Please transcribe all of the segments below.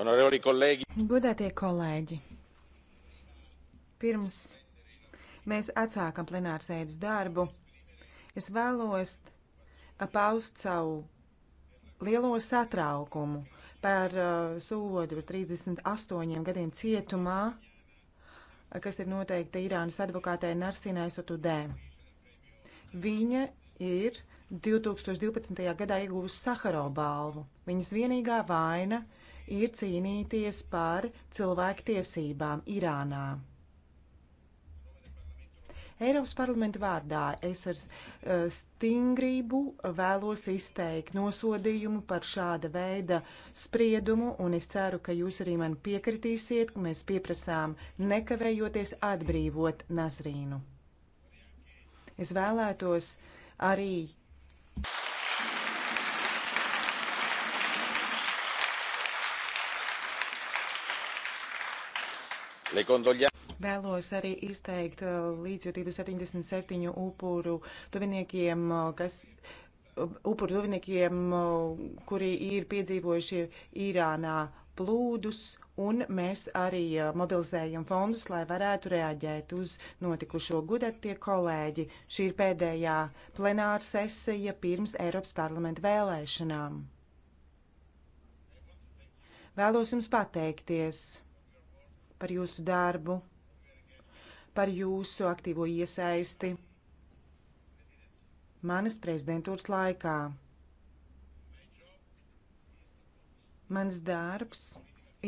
Godātie kolēģi, pirms mēs atsākam plenārsēdes darbu, es vēlos paust savu lielo satraukumu par uh, sodu 38 gadiem cietumā, kas ir noteikta Irānas advokātei Narsinai Sotudē. Viņa ir 2012. gadā ieguvusi Saharo balvu. Viņas vienīgā vaina ir ir cīnīties par cilvēktiesībām Irānā. Eiropas parlamenta vārdā es ar e, stingrību vēlos izteikt nosodījumu par šāda veida spriedumu, un es ceru, ka jūs arī man piekritīsiet, ka mēs pieprasām nekavējoties atbrīvot Nazrīnu. Es vēlētos arī. Vēlos arī izteikt uh, līdzjūtību 77 upuru tuviniekiem, uh, kas uh, upuru tuviniekiem, kuri ir piedzīvojuši Irānā plūdus, un mēs arī mobilizējam fondus, lai varētu reaģēt uz notikušo gudatie kolēģi. Šī ir pēdējā plenāra sesija pirms Eiropas parlamenta vēlēšanām. Vēlos jums pateikties! par jūsu darbu, par jūsu aktīvo iesaisti manas prezidentūras laikā. Mans darbs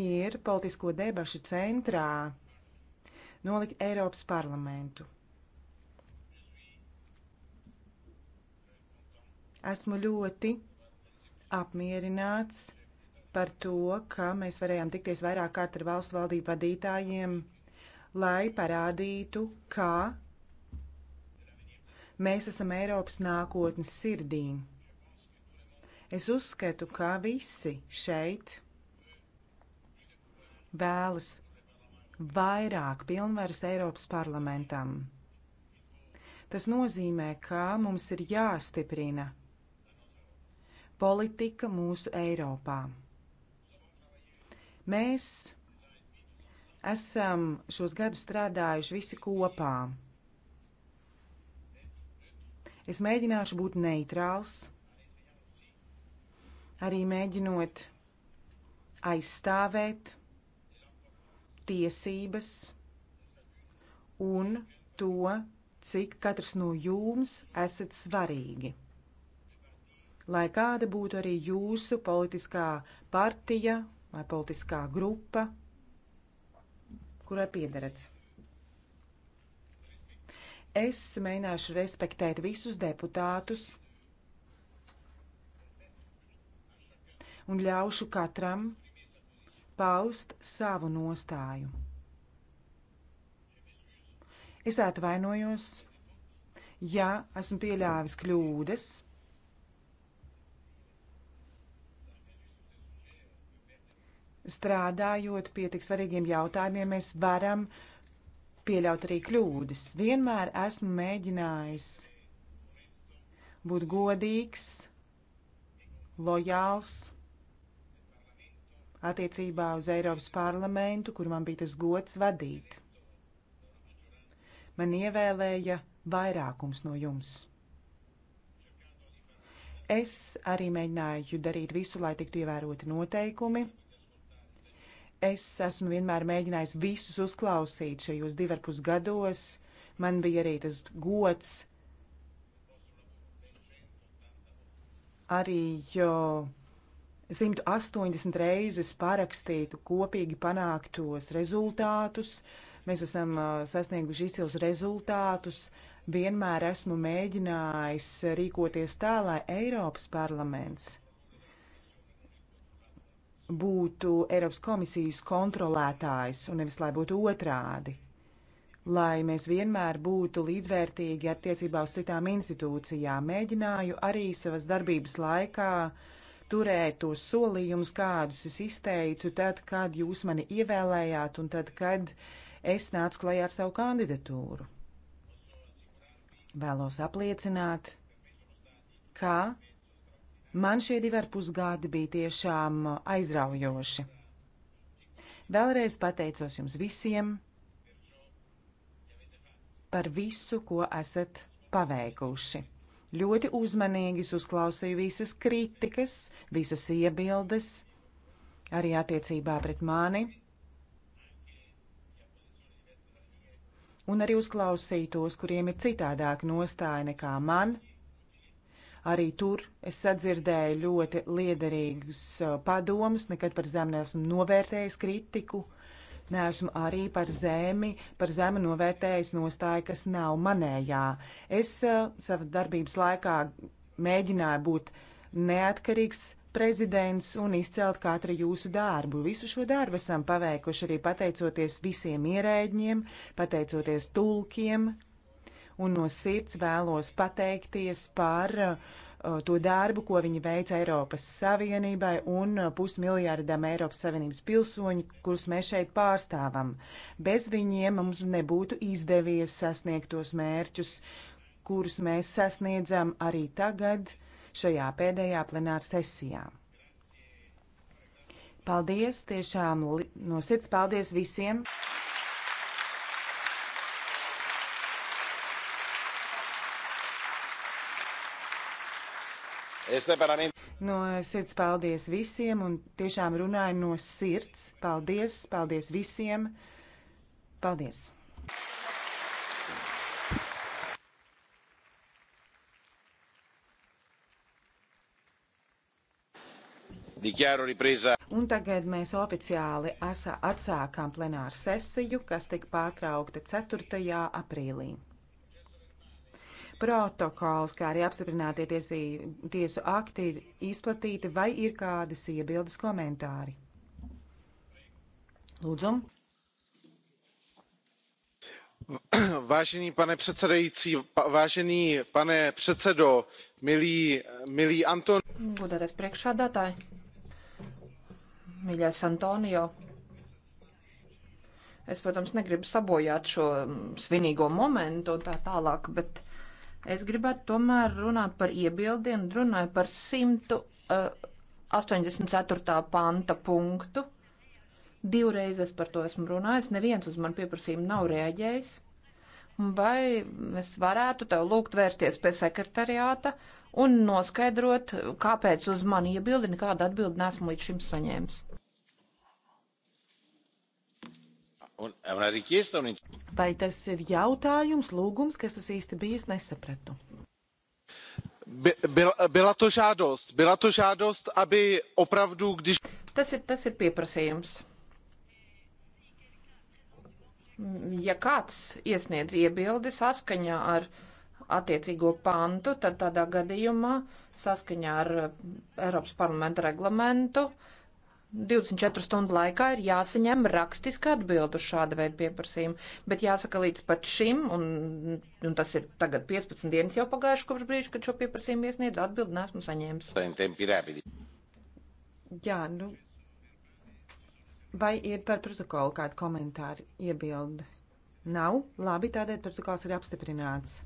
ir politisko debašu centrā nolikt Eiropas parlamentu. Esmu ļoti apmierināts par to, ka mēs varējām tikties vairāk kārt ar valstu valdību vadītājiem, lai parādītu, kā mēs esam Eiropas nākotnes sirdī. Es uzskatu, ka visi šeit vēlas vairāk pilnvaras Eiropas parlamentam. Tas nozīmē, ka mums ir jāstiprina politika mūsu Eiropā. Mēs esam šos gadus strādājuši visi kopā. Es mēģināšu būt neitrāls, arī mēģinot aizstāvēt tiesības un to, cik katrs no jums esat svarīgi. Lai kāda būtu arī jūsu politiskā partija vai politiskā grupa, kurai piederat. Es mēģināšu respektēt visus deputātus un ļaušu katram paust savu nostāju. Es atvainojos, ja esmu pieļāvis kļūdas. strādājot pie tik svarīgiem jautājumiem, mēs varam pieļaut arī kļūdas. Vienmēr esmu mēģinājis būt godīgs, lojāls attiecībā uz Eiropas parlamentu, kur man bija tas gods vadīt. Man ievēlēja vairākums no jums. Es arī mēģināju darīt visu, lai tiktu ievēroti noteikumi Es esmu vienmēr mēģinājis visus uzklausīt šajos divarpus gados. Man bija arī tas gods arī 180 reizes parakstītu kopīgi panāktos rezultātus. Mēs esam sasnieguši izcils rezultātus. Vienmēr esmu mēģinājis rīkoties tā, lai Eiropas parlaments būtu Eiropas komisijas kontrolētājs un nevis lai būtu otrādi, lai mēs vienmēr būtu līdzvērtīgi attiecībā uz citām institūcijām. Mēģināju arī savas darbības laikā turēt tos solījumus, kādus es izteicu tad, kad jūs mani ievēlējāt un tad, kad es nācu klajā ar savu kandidatūru. Vēlos apliecināt, ka Man šie divi ar pusgadi bija tiešām aizraujoši. Vēlreiz pateicos jums visiem par visu, ko esat paveikuši. Ļoti uzmanīgi uzklausīju visas kritikas, visas iebildes, arī attiecībā pret mani. Un arī uzklausīju tos, kuriem ir citādāk nostāja nekā man. Arī tur es sadzirdēju ļoti liederīgus padomus, nekad par zemu neesmu novērtējis kritiku, neesmu arī par zemi, par zemi novērtējis nostāju, kas nav manējā. Es savas darbības laikā mēģināju būt neatkarīgs prezidents un izcelt katru jūsu darbu. Visu šo darbu esam paveikuši arī pateicoties visiem ierēģiem, pateicoties tulkiem, un no sirds vēlos pateikties par uh, to darbu, ko viņi veica Eiropas Savienībai un uh, pusmiljārdam Eiropas Savienības pilsoņu, kurus mēs šeit pārstāvam. Bez viņiem mums nebūtu izdevies sasniegt tos mērķus, kurus mēs sasniedzam arī tagad šajā pēdējā plenāra sesijā. Paldies, tiešām no sirds paldies visiem! No sirds paldies visiem un tiešām runāju no sirds. Paldies, paldies visiem. Paldies! Un tagad mēs oficiāli atsākām plenāru sesiju, kas tika pārtraukta 4. aprīlī protokols, kā arī apstiprinātie tiesī, tiesu akti ir izplatīti, vai ir kādas iebildes komentāri? Lūdzu. Vážený pane předsedající, vážený pane předsedo, milý, milý Anton. Godātais priekšādātāji, mīļais Antonio, Es, protams, negribu sabojāt šo svinīgo momentu un tā tālāk, bet Es gribētu tomēr runāt par iebildi un runāju par 184. Eh, panta punktu. Divreiz es par to esmu runājis, neviens uz man pieprasījumu nav reaģējis. Vai es varētu tev lūgt vērsties pie sekretariāta un noskaidrot, kāpēc uz mani iebildi nekāda atbildi nesmu līdz šim saņēmis? E, Vai tas ir jautājums, lūgums, kas tas īsti bijis, nesapratu. By, byla, byla to žádost, byla to žádost, aby opravdu, když... Tas ir, tas ir pieprasījums. Ja kāds iesniedz iebildi saskaņā ar attiecīgo pantu, tad tādā gadījumā saskaņā ar Eiropas parlamenta reglamentu uh, 24 stundu laikā ir jāsaņem rakstiski atbildu šāda veida pieprasījumu. Bet jāsaka, līdz pat šim, un, un tas ir tagad 15 dienas jau pagājuši kopš brīža, kad šo pieprasījumu iesniedz, atbildi nesmu saņēmis. Jā, nu, vai ir par protokolu kādu komentāru iebildi? Nav, labi, tādēļ protokols ir apstiprināts.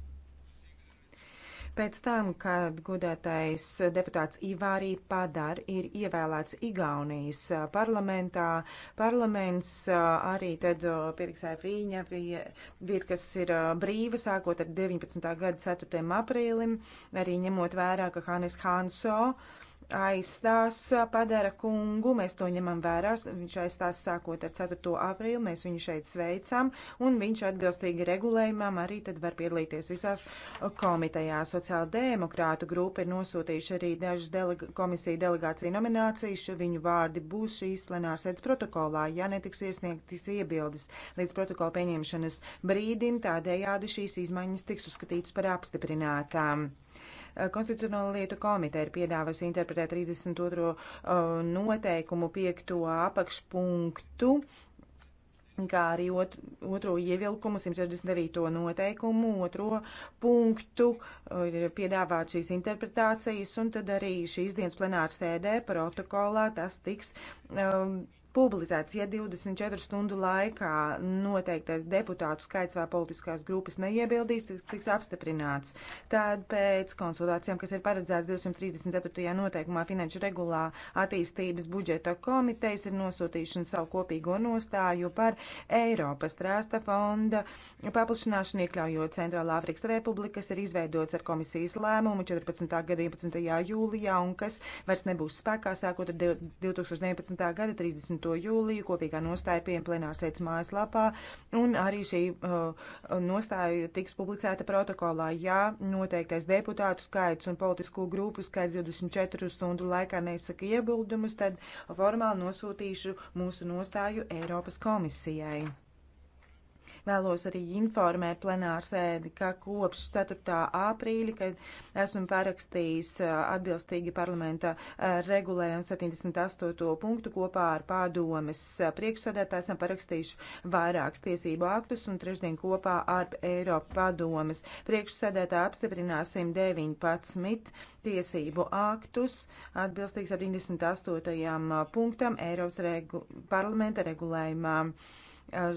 Pēc tam, kad gudētais deputāts Ivārī Padar ir ievēlēts Igaunijas parlamentā, parlaments arī tad pierakstīja viņa vietu, kas ir brīva, sākot ar 19. gada 4. aprīlim, arī ņemot vērā, ka Hanis Hanso uh, aizstās padara kungu, mēs to ņemam vērā, viņš aizstās sākot ar 4. aprīlu, mēs viņu šeit sveicam, un viņš atbilstīgi regulējumam arī tad var piedalīties visās komitejās. Sociāla demokrātu grupa ir nosūtījuši arī dažu delega komisiju delegāciju nominācijas, viņu vārdi būs šīs plenāras sēdes protokolā, ja netiks iesniegtas iebildes līdz protokola pieņemšanas brīdim, tādējādi šīs izmaiņas tiks uzskatītas par apstiprinātām. Konstitucionāla lietu komiteja ir piedāvājusi interpretēt 32. Uh, noteikumu 5. apakšpunktu kā arī otru, otro ievilkumu, 169. noteikumu, otro punktu, uh, ir piedāvāt šīs interpretācijas, un tad arī šīs dienas plenāra sēdē protokolā tas tiks um, publicēts, ja 24 stundu laikā noteiktais deputātu skaits vai politiskās grupas neiebildīs, tiks, tiks apstiprināts. Tad pēc konsultācijām, kas ir paredzēts 234. noteikumā finanšu regulā attīstības budžeta komitejas ir nosūtīšana savu kopīgo nostāju par Eiropas trāsta fonda paplašināšanu iekļaujot Centrālā Afrikas Republika, kas ir izveidots ar komisijas lēmumu 14. gada 11. jūlijā un kas vairs nebūs spēkā sākot ar 2019. gada 30. 8. jūliju kopīgā nostāja pie plenārsēdes mājaslapā, un arī šī uh, nostāja tiks publicēta protokolā, ja noteiktais deputātu skaits un politisko grupu skaits 24 stundu laikā nesaka iebildumus, tad formāli nosūtīšu mūsu nostāju Eiropas komisijai. Vēlos arī informēt plenārsēdi, ka kopš 4. aprīļa, kad esmu parakstījis atbilstīgi parlamenta regulējumu 78. punktu kopā ar pārdomes priekšsādātāju, esam parakstījuši vairākus tiesību aktus un trešdien kopā ar Eiropa padomes priekšsādātāju apstiprināsim 19 tiesību aktus atbilstīgi 78. punktam Eiropas regu parlamenta regulējumā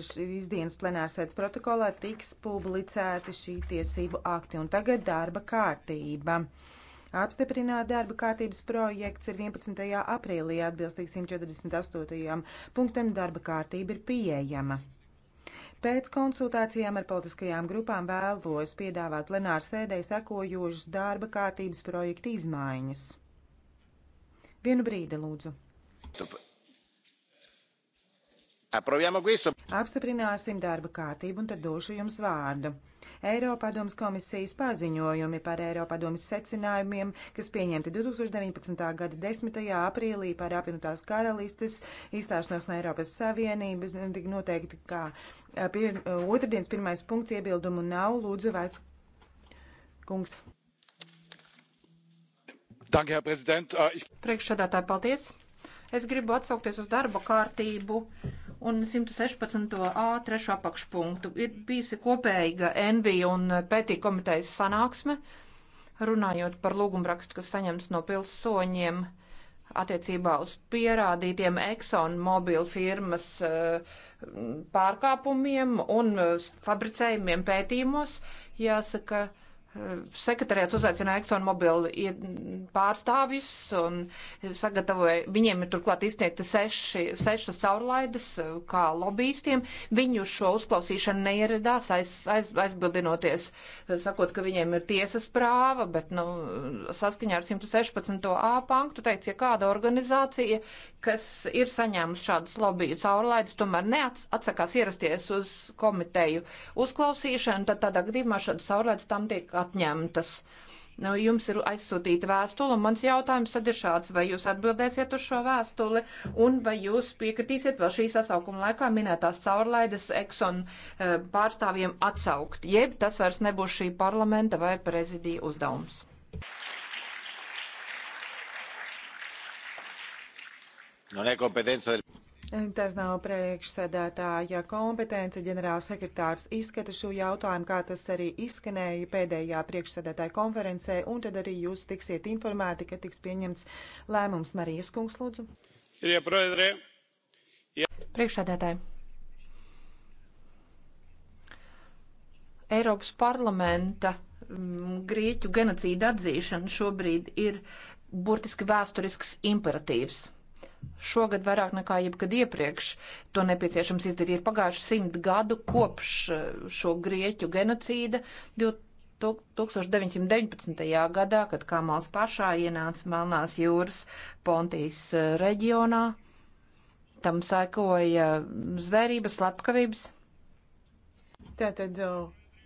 šīs dienas plenārsēdes protokolā tiks publicēti šī tiesību akti. Un tagad darba kārtība. Apstiprināt darba kārtības projekts ir 11. aprīlī atbilstīgi 148. punktam darba kārtība ir pieejama. Pēc konsultācijām ar politiskajām grupām vēlos piedāvāt plenāru sēdē sekojošas darba kārtības projekta izmaiņas. Vienu brīdi, lūdzu. Tāpēc. Apstiprināsim darba kārtību un tad došu jums vārdu. Eiropadomas komisijas paziņojumi par Eiropadomas secinājumiem, kas pieņemti 2019. gada 10. aprīlī par apvienotās karalistes izstāšanos no Eiropas Savienības, tik noteikti kā pir, otrdienas pirmais punkts iebildumu nav, lūdzu, vēc kungs. Priekšsādātāji, paldies! Es gribu atsaukties uz darba kārtību un 116a trešo apakšpunktu. Ir bijusi kopīga NV un pētī komitejas sanāksme, runājot par lūgumrakstu, kas saņemts no pilsoņiem attiecībā uz pierādītiem Exxon mobil firmas eh, pārkāpumiem un eh, fabricējumiem pētījumos. Jāsaka, sekretariāts uzaicināja ExxonMobil pārstāvjus un sagatavoja, viņiem ir turklāt izsniegta seši, sešas caurlaides uh, kā lobbyistiem. Viņi uz šo uzklausīšanu neieradās, aiz, aiz, aizbildinoties, uh, sakot, ka viņiem ir tiesas prāva, bet, nu, saskaņā ar 116. A panktu teica, ja kāda organizācija kas ir saņēmusi šādus lobiju caurlaidus, tomēr neatsakās ierasties uz komiteju uzklausīšanu, tad tādā gadījumā šādas caurlaidas tam tiek atņemtas. Nu, jums ir aizsūtīta vēstule, un mans jautājums tad ir šāds, vai jūs atbildēsiet uz šo vēstuli, un vai jūs piekritīsiet vēl šī sasaukuma laikā minētās caurlaidas Exxon eh, pārstāvjiem atsaukt, jeb tas vairs nebūs šī parlamenta vai prezidija uzdevums. Thank you. Non è competenza del. Tas nav priekšsēdētāja kompetence. Ģenerālsekretārs izskata šo jautājumu, kā tas arī izskanēja pēdējā priekšsēdētāja konferencē, un tad arī jūs tiksiet informēti, ka tiks pieņemts lēmums. Marijas kungs, lūdzu. Priekšsēdētāji. Eiropas parlamenta mm, grieķu genocīda atzīšana šobrīd ir burtiski vēsturisks imperatīvs. Šogad vairāk nekā jebkad iepriekš to nepieciešams izdarīt. Ir pagājuši simt gadu kopš eh, šo grieķu genocīda, jo 1919. gadā, kad Kamals pašā ienāca Melnās jūras Pontijas eh, reģionā, tam sekoja zvērības, slepkavības. Tātad, eh,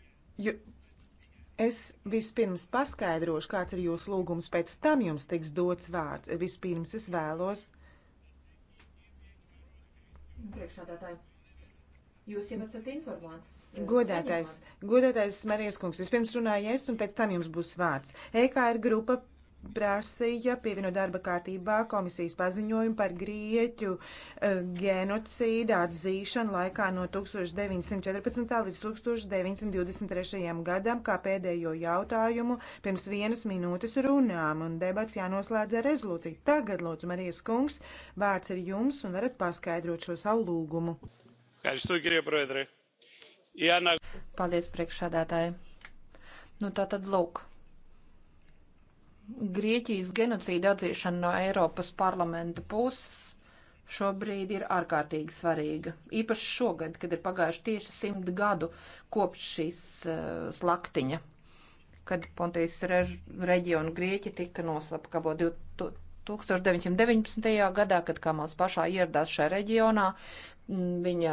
jo, Es vispirms paskaidrošu, kāds ir jūsu lūgums, pēc tam jums tiks dots vārds. Vispirms es vēlos Priekšādātāji. Jūs jau esat informants. Eh, godātais, saņemot. godātais Marijas kungs, vispirms runāju es un pēc tam jums būs vārds. EKR grupa prasīja pievienot darba kārtībā komisijas paziņojumu par Grieķu eh, genocīdu atzīšanu laikā no 1914. līdz 1923. gadam, kā pēdējo jautājumu pirms vienas minūtes runām, un debats jānoslēdz ar rezolūciju. Tagad, lūdzu, Marijas kungs, vārds ir jums, un varat paskaidrot šo savu lūgumu. Paldies, priekšsādātāji. Nu, tā tad lūk. Grieķijas genocīda atzīšana no Eiropas parlamenta puses šobrīd ir ārkārtīgi svarīga. Īpaši šogad, kad ir pagājuši tieši simt gadu kopš šīs uh, slaktiņa, kad Pontijas rež, reģionu Grieķi tika noslapkavo 1919. gadā, kad Kamals pašā ieradās šajā reģionā, Viņa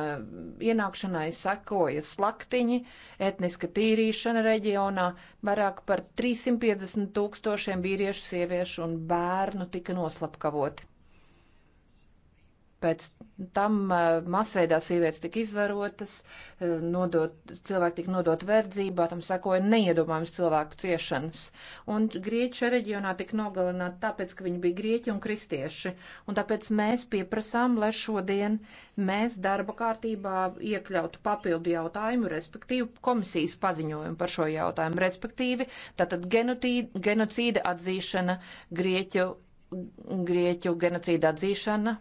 ienākšanai sekoja slaktiņi, etniska tīrīšana reģionā, vairāk par 350 tūkstošiem vīriešu, sieviešu un bērnu tika noslapkavoti. Pēc tam masveidā sievietes tika izvarotas, nodot, cilvēki tika nodot verdzībā, tam sekoja neiedomājams cilvēku ciešanas. Un grieķi šajā reģionā tika nogalināti tāpēc, ka viņi bija grieķi un kristieši. Un tāpēc mēs pieprasām, lai šodien mēs darba kārtībā iekļautu papildu jautājumu, respektīvi komisijas paziņojumu par šo jautājumu, respektīvi tātad genocīda atzīšana, grieķu, grieķu genocīda atzīšana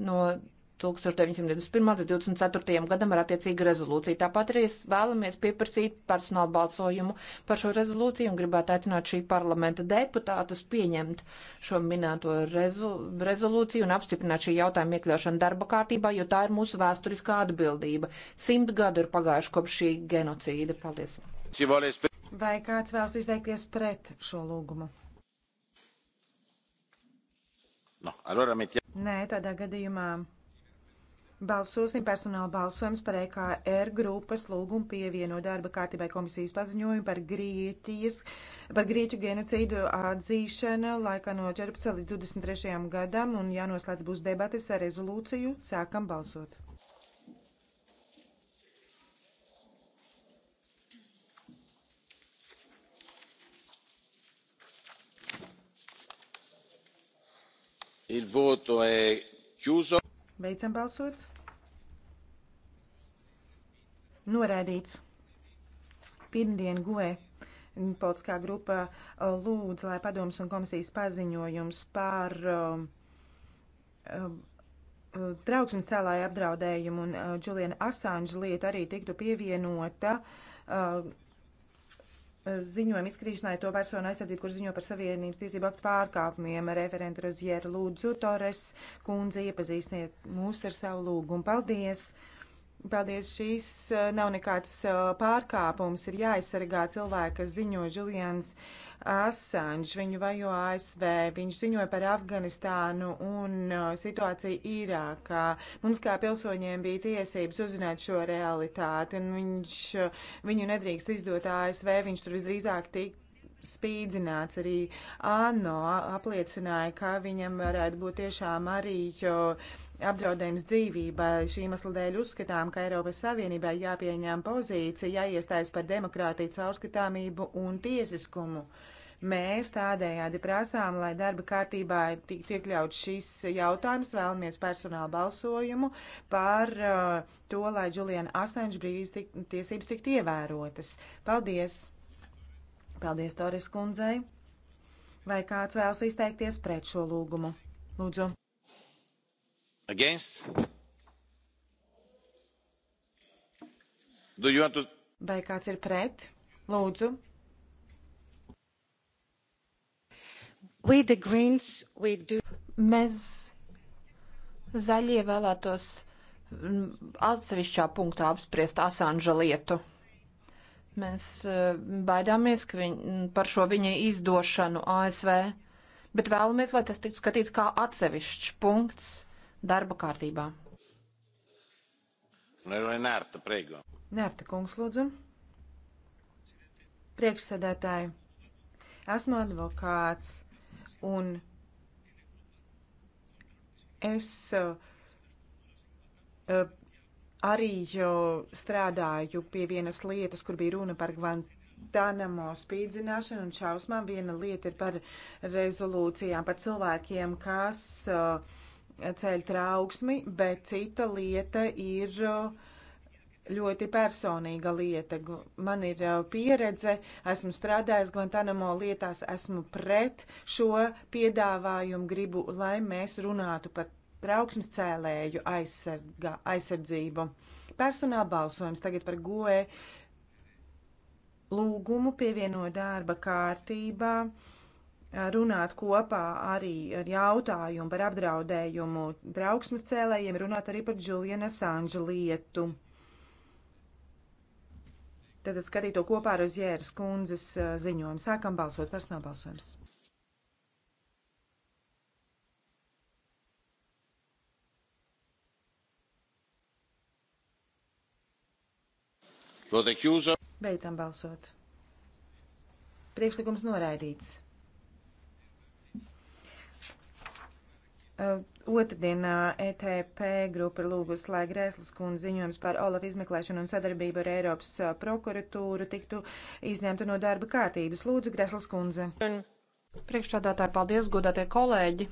no 1921. līdz 24. gadam ar attiecīgu rezolūciju. Tāpat arī vēlamies pieprasīt personālu balsojumu par šo rezolūciju un gribētu aicināt šī parlamenta deputātus pieņemt šo minēto rezo rezolūciju un apstiprināt šī jautājuma iekļaušanu darba kārtībā, jo tā ir mūsu vēsturiskā atbildība. Simt gadu ir pagājuši kopš šī genocīda. Paldies! Vai kāds vēlas izteikties pret šo lūgumu? No, allora metti... Nē, tādā gadījumā balsosim personāla balsojums par EKR grupas lūgumu pievienot darba kārtībai komisijas paziņojumu par Grieķijas, par Grieķu genocīdu atzīšanu laikā no 14 līdz 23 gadam un jānoslēdz būs debates ar rezolūciju. Sākam balsot! Il voto è chiuso. Beidzam balsot. Noraidīts. Pirmdien guē. E politiskā grupa uh, lūdz, lai padoms un komisijas paziņojums par uh, uh, trauksmes cēlāja apdraudējumu un Džuliena uh, Asāņa lieta arī tiktu pievienota uh, ziņojuma izskrīšanai to personu aizsardzību, kur ziņo par savienības tiesību aktu pārkāpumiem. Referenta Rozjēra Lūdzu Tores kundze iepazīstiniet mūs ar savu lūgumu. Paldies! Paldies, šīs eh, nav nekāds eh, pārkāpums, ir jāaizsargā cilvēki, kas ziņo Žiljans. Uh, Assange, viņu vajo ASV, viņš ziņoja par Afganistānu un uh, situāciju Irākā. Mums kā pilsoņiem bija tiesības uzzināt šo realitāti, un viņš, uh, viņu nedrīkst izdot ASV, viņš tur visdrīzāk tik spīdzināts arī ANO apliecināja, ka viņam varētu būt tiešām arī. Jo, uh, apdraudējums dzīvībai. Šī iemesla dēļ uzskatām, ka Eiropas Savienībai jāpieņem pozīcija, jāiestājas par demokrātiju, caurskatāmību un tiesiskumu. Mēs tādējādi prasām, lai darba kārtībā tiktu iekļauts šis jautājums, vēlamies personāla balsojumu par uh, to, lai Juliana Asenča brīvības tik, tiesības tiktu ievērotas. Paldies! Paldies, Toris kundzei! Vai kāds vēlas izteikties pret šo lūgumu? Lūdzu! against do you want to vai kāds ir pret lūdzu we the greens we do mēs zaļie vēlētos mm, atsevišķā punktā apspriest Asanža lietu mēs mm, baidāmies viņ, mm, par šo viņa izdošanu ASV, bet vēlamies, lai tas tiktu skatīts kā atsevišķs punkts darba kārtībā. Nērta, prego. Nērta kungs, lūdzu. Priekšsēdētāji, esmu advokāts un es uh, arī strādāju pie vienas lietas, kur bija runa par Guantanamo spīdzināšanu un šausmām. Viena lieta ir par rezolūcijām, par cilvēkiem, kas uh, ceļ trauksmi, bet cita lieta ir uh, ļoti personīga lieta. Man ir uh, pieredze, esmu strādājis Guantanamo lietās, esmu pret šo piedāvājumu, gribu, lai mēs runātu par trauksmes cēlēju aizsarga, aizsardzību. Personāla balsojums tagad par goe lūgumu pievienot darba kārtībā runāt kopā arī ar jautājumu par apdraudējumu trauksmes cēlējiem, runāt arī par Džuljana Sanža lietu. Tad skatīt to kopā ar Uzjēras kundzes uh, ziņojumu. Sākam balsot, personāla balsojums. Beidzam balsot. Priekšlikums noraidīts. Uh, Otradienā uh, ETP grupa ir lūgusi, lai Grēslas kundze ziņojums par Olaf izmeklēšanu un sadarbību ar Eiropas uh, prokuratūru tiktu izņemta no darba kārtības. Lūdzu, Grēslas kundze. Priekšādātāji, paldies, godātie kolēģi.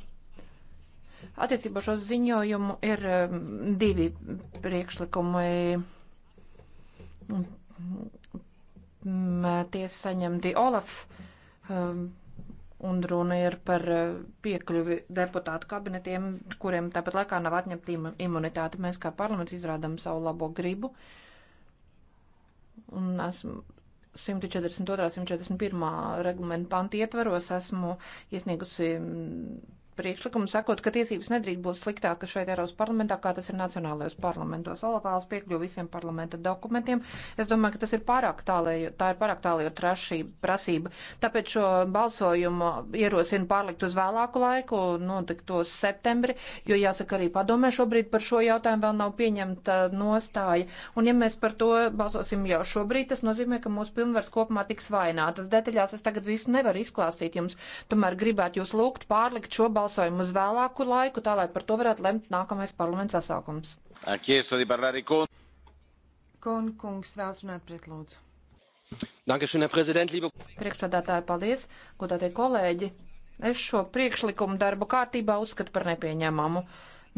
Attiecībā šo ziņojumu ir um, divi priekšlikumi. Mm, mm, tiesa saņemti Olaf. Um, un runa ir par eh, piekļuvi deputātu kabinetiem, kuriem tāpat laikā nav atņemta imunitāte. Mēs kā parlaments izrādām savu labo gribu. Un esmu 142. 141. reglamenta panti ietveros, esmu iesniegusi mm, priekšlikumu, sakot, ka tiesības nedrīkst būt sliktākas šeit Eiropas parlamentā, kā tas ir nacionālajos parlamentos. Olatāls piekļuva visiem parlamenta dokumentiem. Es domāju, ka tas ir pārāk tālējo, tā ir pārāk tālējo trašība, prasība. Tāpēc šo balsojumu ierosinu pārlikt uz vēlāku laiku, notiktos septembri, jo jāsaka arī padomē šobrīd par šo jautājumu vēl nav pieņemta nostāja. Un ja mēs par to balsosim jau šobrīd, tas nozīmē, ka mūsu pilnvars kopumā tiks vainātas. Detaļās es tagad visu nevaru izklāstīt jums, tomēr gribētu jūs lūgt pārlikt šo balsojumu balsojumu uz vēlāku laiku, tā lai par to varētu lemt nākamais parlaments sasaukums. Konkungs vēlas runāt pret lūdzu. Priekšsādātāji, paldies, godātie kolēģi. Es šo priekšlikumu darbu kārtībā uzskatu par nepieņemamu.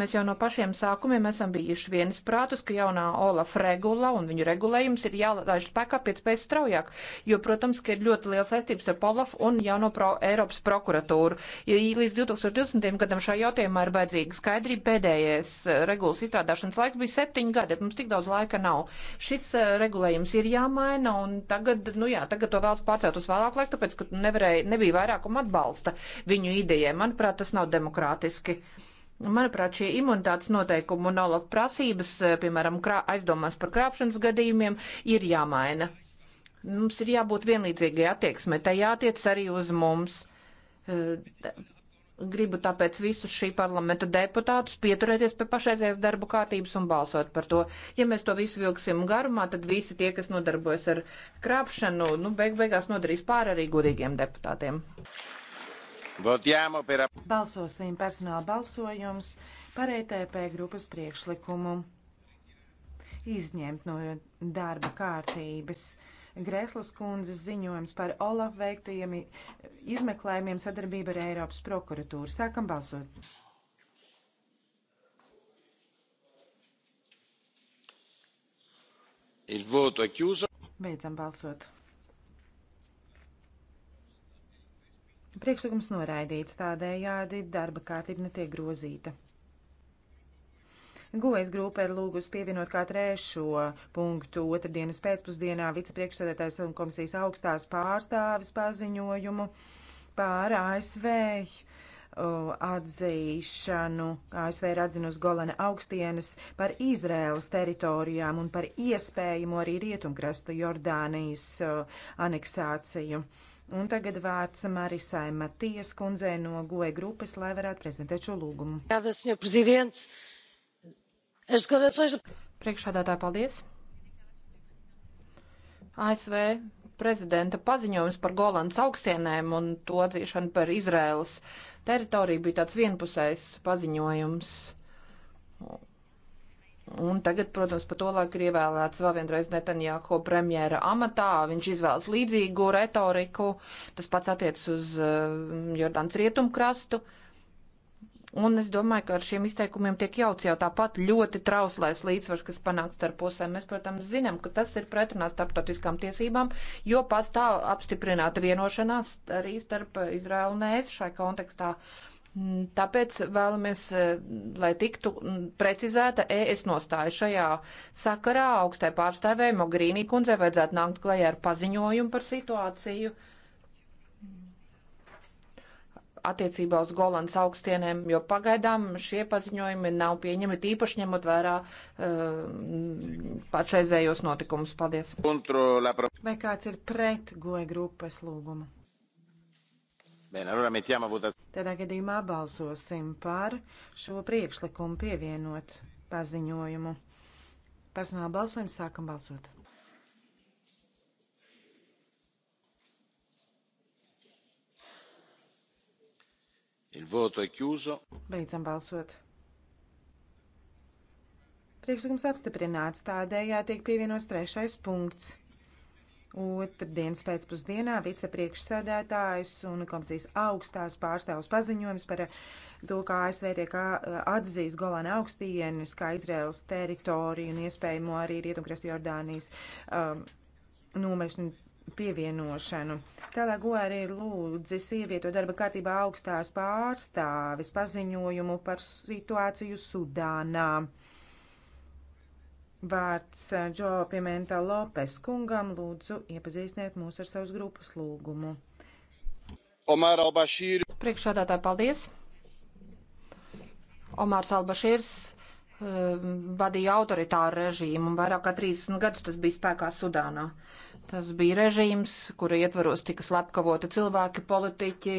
Mēs jau no pašiem sākumiem esam bijuši vienas prātus, ka jaunā Olaf regula un viņu regulējums ir jālaiž spēkā pēc pēc straujāk, jo, protams, ka ir ļoti liels saistības ar Olaf un jauno pro Eiropas prokuratūru. Ja līdz 2020. gadam šā jautājumā ir vajadzīga skaidrība, pēdējais eh, regulas izstrādāšanas laiks bija septiņi gadi, mums tik daudz laika nav. Šis eh, regulējums ir jāmaina un tagad, nu jā, tagad to vēlas pārcelt uz vēlāku laiku, tāpēc, ka nevarēja, nebija vairākuma atbalsta viņu idejai. Manuprāt, tas nav demokrātiski. Manuprāt, šie imunitātes noteikumi un olaf prasības, eh, piemēram, krā, aizdomās par krāpšanas gadījumiem, ir jāmaina. Mums ir jābūt vienlīdzīgai attieksmei, tai jātiec arī uz mums. Eh, gribu tāpēc visus šī parlamenta deputātus pieturēties pie pašreizējās darbu kārtības un balsot par to. Ja mēs to visu vilksim garumā, tad visi tie, kas nodarbojas ar krāpšanu, nu, beig beigās nodarīs pāri arī godīgiem deputātiem. Votiamo per. Balsosim personāla balsojums par ETP grupas priekšlikumu izņemt no darba kārtības. Grēslas kundzes ziņojums par Olaf veiktajiem izmeklējumiem sadarbību ar Eiropas prokuratūru. Sākam balsot! Il voto è chiuso. Beidzam balsot. Priekšlikums noraidīts, tādējādi darba kārtība netiek grozīta. Guvējas grupa ir lūgusi pievienot kā trešo punktu otrdienas pēcpusdienā vicepriekšsēdētājs un komisijas augstās pārstāvis paziņojumu pār ASV uh, atzīšanu. ASV ir atzinusi Golana augstienas par Izraēlas teritorijām un par iespējamo arī rietumkrasta Jordānijas uh, aneksāciju. Uh, Un tagad vārds Marisai Matijas kundzei no GOE grupas, lai varētu prezentēt šo lūgumu. Priekšādātāji, paldies! ASV prezidenta paziņojums par Golandas augstienēm un to atzīšanu par Izraēlas teritoriju bija tāds vienpusējs paziņojums. Un tagad, protams, pa to laiku ir ievēlēts vēl vienreiz Netanjāho premjera amatā. Viņš izvēlas līdzīgu retoriku. Tas pats attiec uz uh, eh, Jordāns rietumkrastu. Un es domāju, ka ar šiem izteikumiem tiek jauts jau tāpat ļoti trauslais līdzsvars, kas panāks starp pusēm. Mēs, protams, zinām, ka tas ir pretrunā starptautiskām tiesībām, jo pastāv apstiprināta vienošanās arī starp Izraēlu un ES šai kontekstā. Uh, Mm, tāpēc vēlamies, eh, lai tiktu mm, precizēta ES nostāja šajā sakarā. Augstai pārstāvēji Mogrīnī kundze vajadzētu nākt klajā ar paziņojumu par situāciju attiecībā uz Golandas augstieniem, jo pagaidām šie paziņojumi nav pieņemi, tīpaši ņemot vērā uh, pašreizējos notikumus. Paldies! Vai kāds ir pret goja grupas lūgumu? Tādā gadījumā balsosim par šo priekšlikumu pievienot paziņojumu. Personāla balsojumu sākam balsot. Il voto è chiuso. Beidzam balsot. Priekšlikums apstiprināts, tādējā tiek pievienots trešais punkts. Otrdienas pēcpusdienā vicepriekšsēdētājs un komisijas augstās pārstāvs paziņojums par to, kā ASV tiek atzīst Golana augstienes kā Izraels teritoriju un iespējamo arī Rietumkrastu Jordānijas um, nomešanu pievienošanu. Tālāk arī ir lūdzis ievieto darba kārtībā augstās pārstāvis paziņojumu par situāciju Sudānā. Vārds Džo eh, Pimenta Lopes kungam lūdzu iepazīstiniet mūs ar savas grupas lūgumu. Omar Albašīr. Priekšādātāji, paldies. Omārs Albašīrs eh, vadīja autoritāru režīmu, un vairāk kā 30 gadus tas bija spēkā Sudānā. Tas bija režīms, kura ietvaros tika slepkavota cilvēki, politiķi,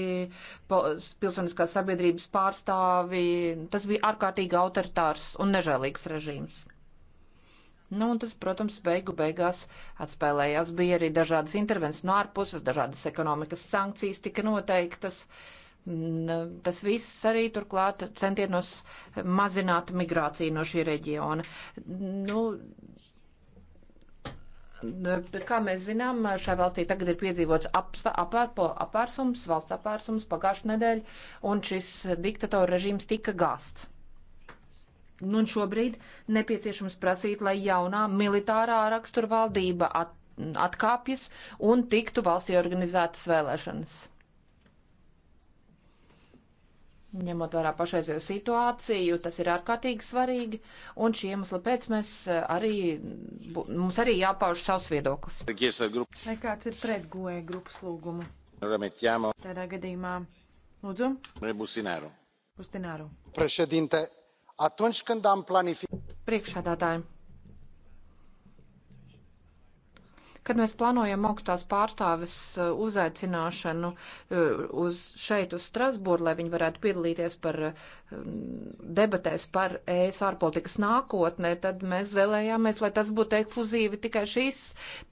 po, pilsoniskās sabiedrības pārstāvi. Tas bija ārkārtīgi autoritārs un nežēlīgs režīms. Nu, un tas, protams, beigu beigās atspēlējās. Bija arī dažādas intervences no ārpuses, dažādas ekonomikas sankcijas tika noteiktas. Tas viss arī turklāt centienos mazināt migrāciju no šī reģiona. Nu, Kā mēs zinām, šai valstī tagad ir piedzīvots apvērsums, valsts apvērsums pagājušajā nedēļā, un šis diktatora režīms tika gāsts. Nu, un šobrīd nepieciešams prasīt, lai jaunā militārā rakstura valdība at, atkāpjas un tiktu valstī organizētas vēlēšanas. Ņemot vērā pašreizējo situāciju, tas ir ārkārtīgi svarīgi, un šī iemesla pēc mēs eh, arī, mums arī jāpauž savs viedoklis. Vai kāds ir pret goja e grupas lūgumu? Tādā gadījumā, lūdzu. Bustināru. Bustināru. Prešedinte, atunci când am planificat. priekšsēdētāji Kad mēs plānojam augstās pārstāves uh, uzaicināšanu uh, uz šeit, uz Strasbūru, lai viņi varētu piedalīties par um, debatēs par ES ārpolitikas nākotnē, tad mēs vēlējāmies, lai tas būtu ekskluzīvi tikai šīs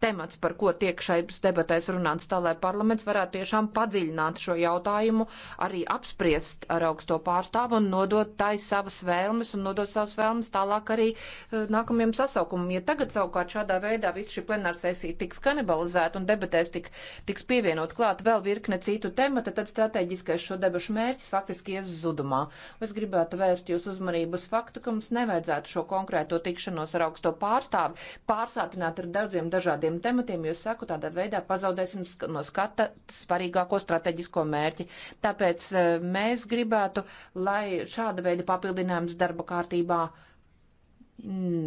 temats, par ko tiek šeit debatēs runāts, tā lai parlaments varētu tiešām padziļināt šo jautājumu, arī apspriest ar augsto pārstāvu un nodot tai savas vēlmes un nodot savas vēlmes tālāk arī uh, nākamajam sasaukumam. Ja tagad savukārt šādā veidā viss šī plenārsesija tiks kanibalizēta un debatēs tik, tiks pievienot klāt vēl virkne citu temata, tad strateģiskais šo debašu mērķis faktiski ies zudumā. Es gribētu vērst jūs uzmanību uz faktu, ka mums nevajadzētu šo konkrēto tikšanos ar augsto pārstāvi pārsātināt ar daudziem dažādiem tematiem, jo, saku, tādā veidā pazaudēsim no skata svarīgāko strateģisko mērķi. Tāpēc e, mēs gribētu, lai šāda veida papildinājums darba kārtībā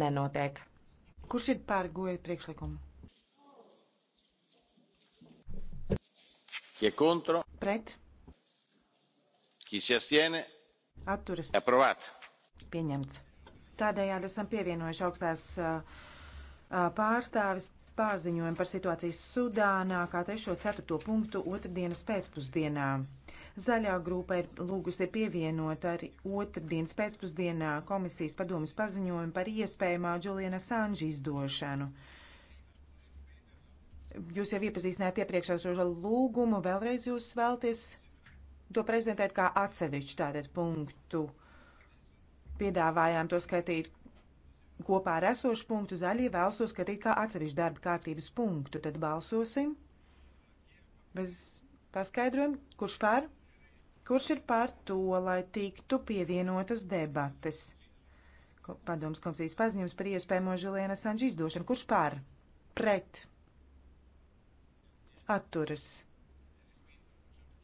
nenotiek. Kurš ir pārgoja priekšlikumu? Chi è contro? Pret. Chi si astiene? Atturas. Approvato. Pieņemts. Tādējādi esam pievienojuši augstās pārstāvis pārziņojumu par situāciju Sudānā, kā 3.4. punktu otrdienas pēcpusdienā. Zaļā grupa ir lūgusi pievienot arī otrdienas pēcpusdienā komisijas padomas paziņojumu par iespējamā Džuliena Sanža izdošanu. Jūs jau iepazīstināt iepriekš ar šo lūgumu, vēlreiz jūs vēlties to prezentēt kā atsevišķu tātad punktu. Piedāvājām to skatīt kopā ar esošu punktu, zaļie vēlas to skatīt kā atsevišķu darba kārtības punktu. Tad balsosim bez paskaidrojumu, kurš pār, kurš ir pār to, lai tiktu pievienotas debates. Padoms komisijas paziņojums par iespējamo Žilienas Sanģi izdošanu. Kurš pār? Pret atturas.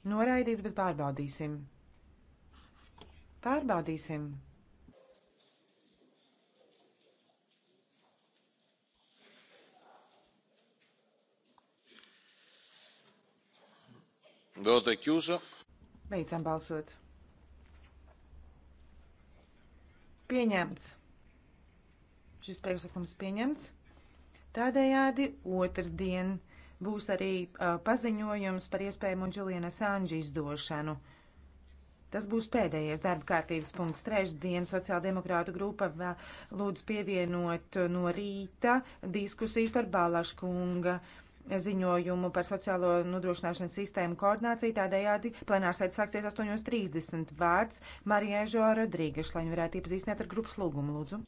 Noraidīts, bet pārbaudīsim. Pārbaudīsim. Voto è chiuso. Beidzam balsot. Pieņemts. Šis priekšlikums pieņemts. Tādējādi otrdien būs arī uh, paziņojums par iespējamu Džulienas Sanģi izdošanu. Tas būs pēdējais darba kārtības punkts. Trešdien sociāldemokrātu grupa vēl lūdz pievienot no rīta diskusiju par Balaškunga ziņojumu par sociālo nodrošināšanas sistēmu koordināciju. Tādējādi plenārsēde sāksies 8.30 vārds Marijai Žo Rodrīgas, lai viņi varētu iepazīstināt ar grupas lūgumu, lūdzu.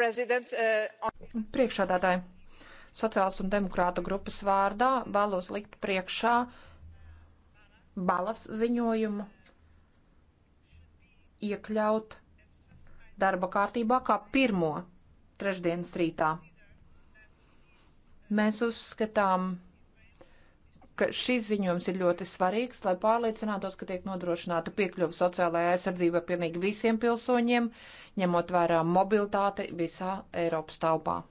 Uh, on... Priekšādātāji sociāls un demokrāta grupas vārdā vēlos likt priekšā balas ziņojumu iekļaut darba kārtībā kā pirmo trešdienas rītā. Mēs uzskatām, ka šis ziņojums ir ļoti svarīgs, lai pārliecinātos, ka tiek nodrošināta piekļuva sociālajai aizsardzībai pilnīgi visiem pilsoņiem, ņemot vērā mobilitāti visā Eiropas telpā.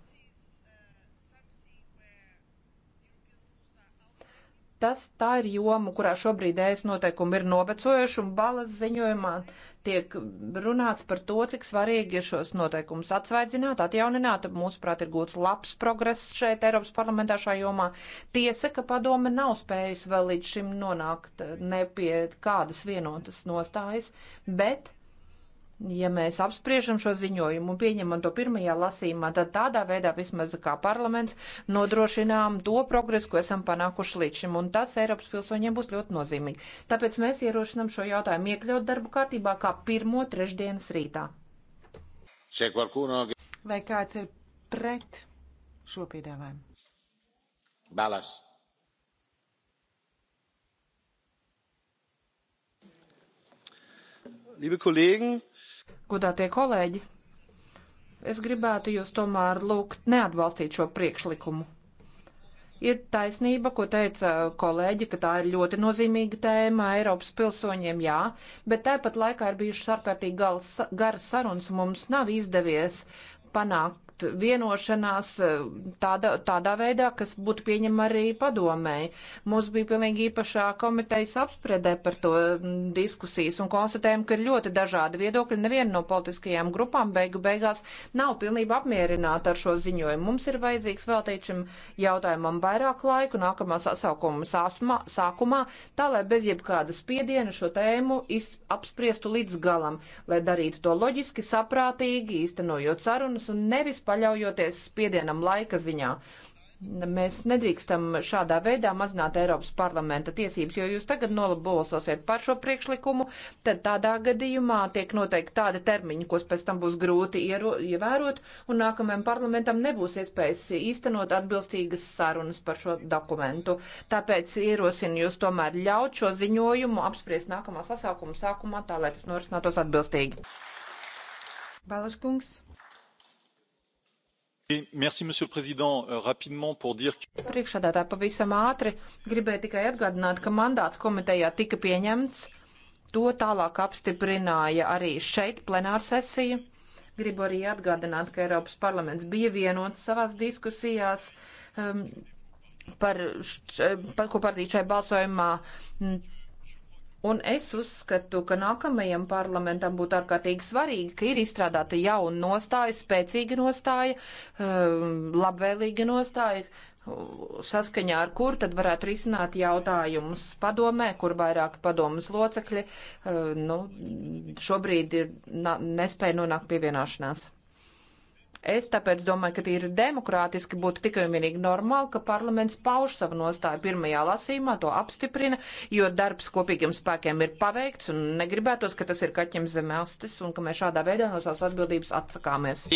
Tas tā ir joma, kurā šobrīd ēs noteikumi ir novecojuši, un balas ziņojumā tiek runāts par to, cik svarīgi ir šos noteikumus atsvaidzināt, atjaunināt. Mūsuprāt, ir gūts labs progress šeit Eiropas parlamentā šā jomā. Tiesa, ka padome nav spējusi vēl līdz šim nonākt ne pie kādas vienotas nostājas, bet ja mēs apspriežam šo ziņojumu un pieņemam to pirmajā lasījumā, tad tādā veidā vismaz kā parlaments nodrošinām to progresu, ko esam panākuši līdz šim, un tas Eiropas pilsoņiem būs ļoti nozīmīgi. Tāpēc mēs ierošinam šo jautājumu iekļaut darbu kārtībā kā pirmo trešdienas rītā. Vai kāds ir pret šo piedāvājumu? Balas. Liebe Kollegen, godātie kolēģi, es gribētu jūs tomēr lūgt neatbalstīt šo priekšlikumu. Ir taisnība, ko teica kolēģi, ka tā ir ļoti nozīmīga tēma Eiropas pilsoņiem, jā, bet tāpat laikā ir bijušas ārkārtīgi garas sarunas, mums nav izdevies panākt panākt vienošanās eh, tādā, tādā veidā, kas būtu pieņem arī padomēji. Mums bija pilnīgi īpašā komitejas apspredē par to mm, diskusijas un konstatējām, ka ir ļoti dažādi viedokļi. Neviena no politiskajām grupām beigu beigās nav pilnībā apmierināta ar šo ziņojumu. Mums ir vajadzīgs veltīt šim jautājumam vairāk laiku nākamā sasaukuma sāsumā, sākumā, tā lai bez jebkāda spiediena šo tēmu iz, apspriestu līdz galam, lai darītu to loģiski, saprātīgi, īstenojot sarunas un nevis paļaujoties spiedienam laika ziņā. Mēs nedrīkstam šādā veidā mazināt Eiropas parlamenta tiesības, jo jūs tagad nolabolsosiet par šo priekšlikumu, tad tādā gadījumā tiek noteikti tādi termiņi, kos pēc tam būs grūti ievērot, un nākamajam parlamentam nebūs iespējas īstenot atbilstīgas sarunas par šo dokumentu. Tāpēc ierosinu jūs tomēr ļaut šo ziņojumu apspriest nākamā sasaukuma sākumā, tā lai tas norisinātos atbilstīgi. Balas kungs. Monsieur le Président, euh, rapidement pour dire. Priekšādātāji pavisam ātri gribēju tikai atgādināt, ka mandāts komitejā tika pieņemts. To tālāk apstiprināja arī šeit plenārsesija. Gribu arī atgādināt, ka Eiropas parlaments bija vienots savās diskusijās um, par, š, par, ko partija šai balsojumā Un es uzskatu, ka nākamajam parlamentam būtu ārkārtīgi svarīgi, ka ir izstrādāta jauna nostāja, spēcīga nostāja, um, labvēlīga nostāja, saskaņā ar kur tad varētu risināt jautājumus padomē, kur vairāk padomas locekļi uh, nu, šobrīd ir nespēja nonākt pie vienošanās. Es tāpēc domāju, ka ir demokrātiski būtu tikai un vienīgi normāli, ka parlaments pauž savu nostāju pirmajā lasīmā, to apstiprina, jo darbs kopīgiem spēkiem ir paveikts un negribētos, ka tas ir kaķiem zem astes un ka mēs šādā veidā no savas atbildības atsakāmies.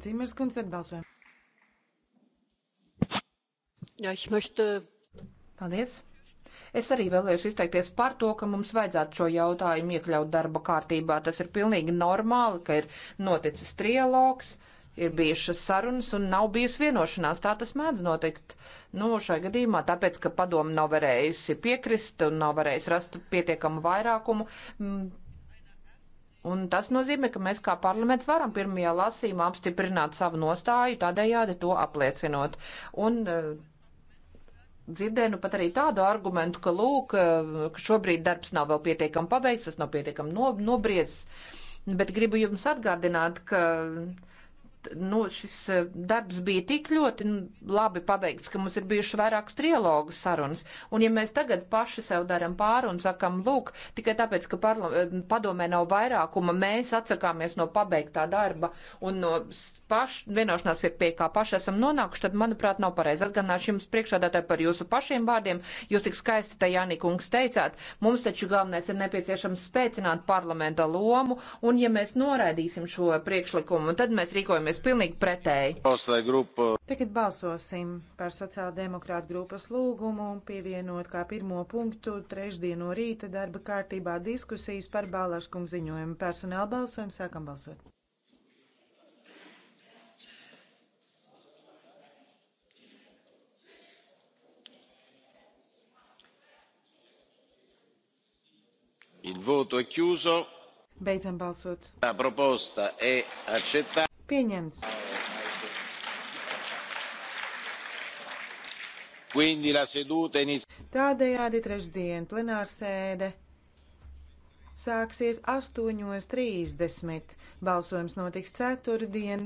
Dzimers kundze atbalsojam. Ja, ich möchte... Paldies. Es arī vēlēšu izteikties par to, ka mums vajadzētu šo jautājumu iekļaut darba kārtībā. Tas ir pilnīgi normāli, ka ir noticis trialogs, ir bijušas sarunas un nav bijusi vienošanās. Tā tas mēdz notikt. Nu, šai gadījumā, tāpēc, ka padomu nav varējusi piekrist un nav varējusi rast pietiekamu vairākumu, mm, Un tas nozīmē, ka mēs kā parlaments varam pirmajā lasīmā apstiprināt savu nostāju, tādējādi to apliecinot. Un eh, dzirdēju nu pat arī tādu argumentu, ka lūk, eh, ka šobrīd darbs nav vēl pietiekami paveikts, tas nav pietiekami no, nobriedzis, bet gribu jums atgādināt, ka uh, nu, šis e, darbs bija tik ļoti nu, labi pabeigts, ka mums ir bijuši vairākas trialogu sarunas. Un ja mēs tagad paši sev daram pāri un sakam, lūk, tikai tāpēc, ka e, padomē nav vairākuma, mēs atsakāmies no pabeigtā darba un no paš, vienošanās, pie, pie kā paši esam nonākuši, tad, manuprāt, nav pareizi. Atgādināšu jums priekšādātāju par jūsu pašiem vārdiem. Jūs tik skaisti, tā Jānīkungs, teicāt, mums taču galvenais ir nepieciešams spēcināt parlamenta lomu, un ja mēs noraidīsim šo priekšlikumu, tad mēs rīkojamies rīkojamies pilnīgi pretēji. Tagad balsosim par sociāldemokrātu grupas lūgumu pievienot kā pirmo punktu trešdien no rīta darba kārtībā diskusijas par Bālaškungu ziņojumu. Personāla balsojumu sākam balsot. il voto è chiuso. beidzam balsot. la proposta è accettata. Pieņemts. Tādējādi trešdien plenārsēde sāksies 8.30. Balsojums notiks ceturtdien.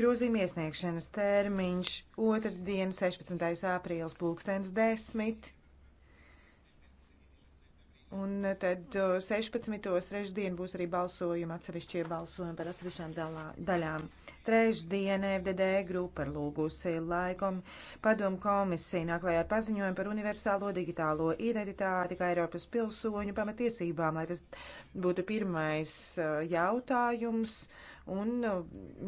Grozījuma iesniegšanas termiņš otrdien 16. aprīlis pulkstens 10. Un tad 16. trešdien būs arī balsojuma atsevišķie balsojumi par atsevišķām dalā, daļām. Trešdien FDD grupa ir lūgusi laikom padomu komisiju nāklājā ar paziņojumu par universālo digitālo identitāti kā Eiropas pilsoņu pamatiesībām, lai tas būtu pirmais jautājums. Un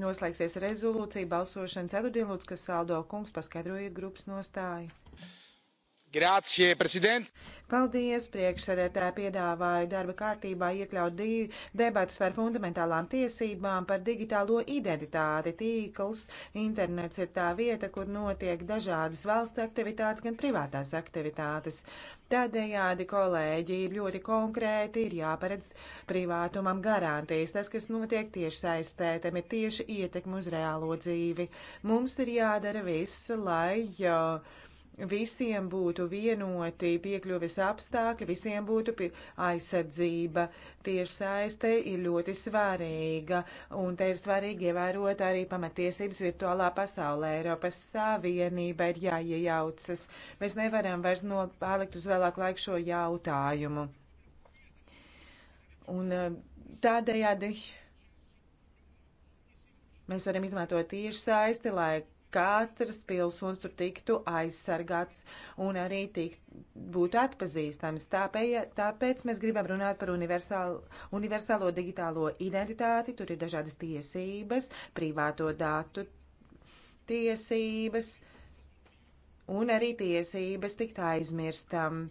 noslēgsies rezolūcija balsošana ceturtdien, lūdzu, kas saldo kungs paskaidrojiet grupas nostāju. Grācie, prezident! Paldies, priekšsēdētāji piedāvāja darba kārtībā iekļaut debatas par fundamentālām tiesībām par digitālo identitāti. Tīkls, internets ir tā vieta, kur notiek dažādas valsts aktivitātes, gan privātās aktivitātes. Tādējādi, kolēģi, ir ļoti konkrēti, ir jāparedz privātumam garantijas. Tas, kas notiek tieši saistētam, ir tieši ietekmi uz reālo dzīvi. Mums ir jādara viss, lai. Uh, visiem būtu vienoti piekļuvis apstākļi, visiem būtu aizsardzība. Tieši saiste ir ļoti svarīga, un te ir svarīgi ievērot arī pamatiesības virtuālā pasaulē. Eiropas Savienība ir jāiejaucas. Mēs nevaram vairs nopalikt uz vēlāku laiku šo jautājumu. Un e, tādējādi mēs varam izmantot tieši saisti, lai katrs pilsonis tur tiktu aizsargāts un arī tik, būtu atpazīstams. Tāpēc, tāpēc mēs gribam runāt par universālo, universālo digitālo identitāti, tur ir dažādas tiesības, privāto datu tiesības un arī tiesības tikt aizmirstam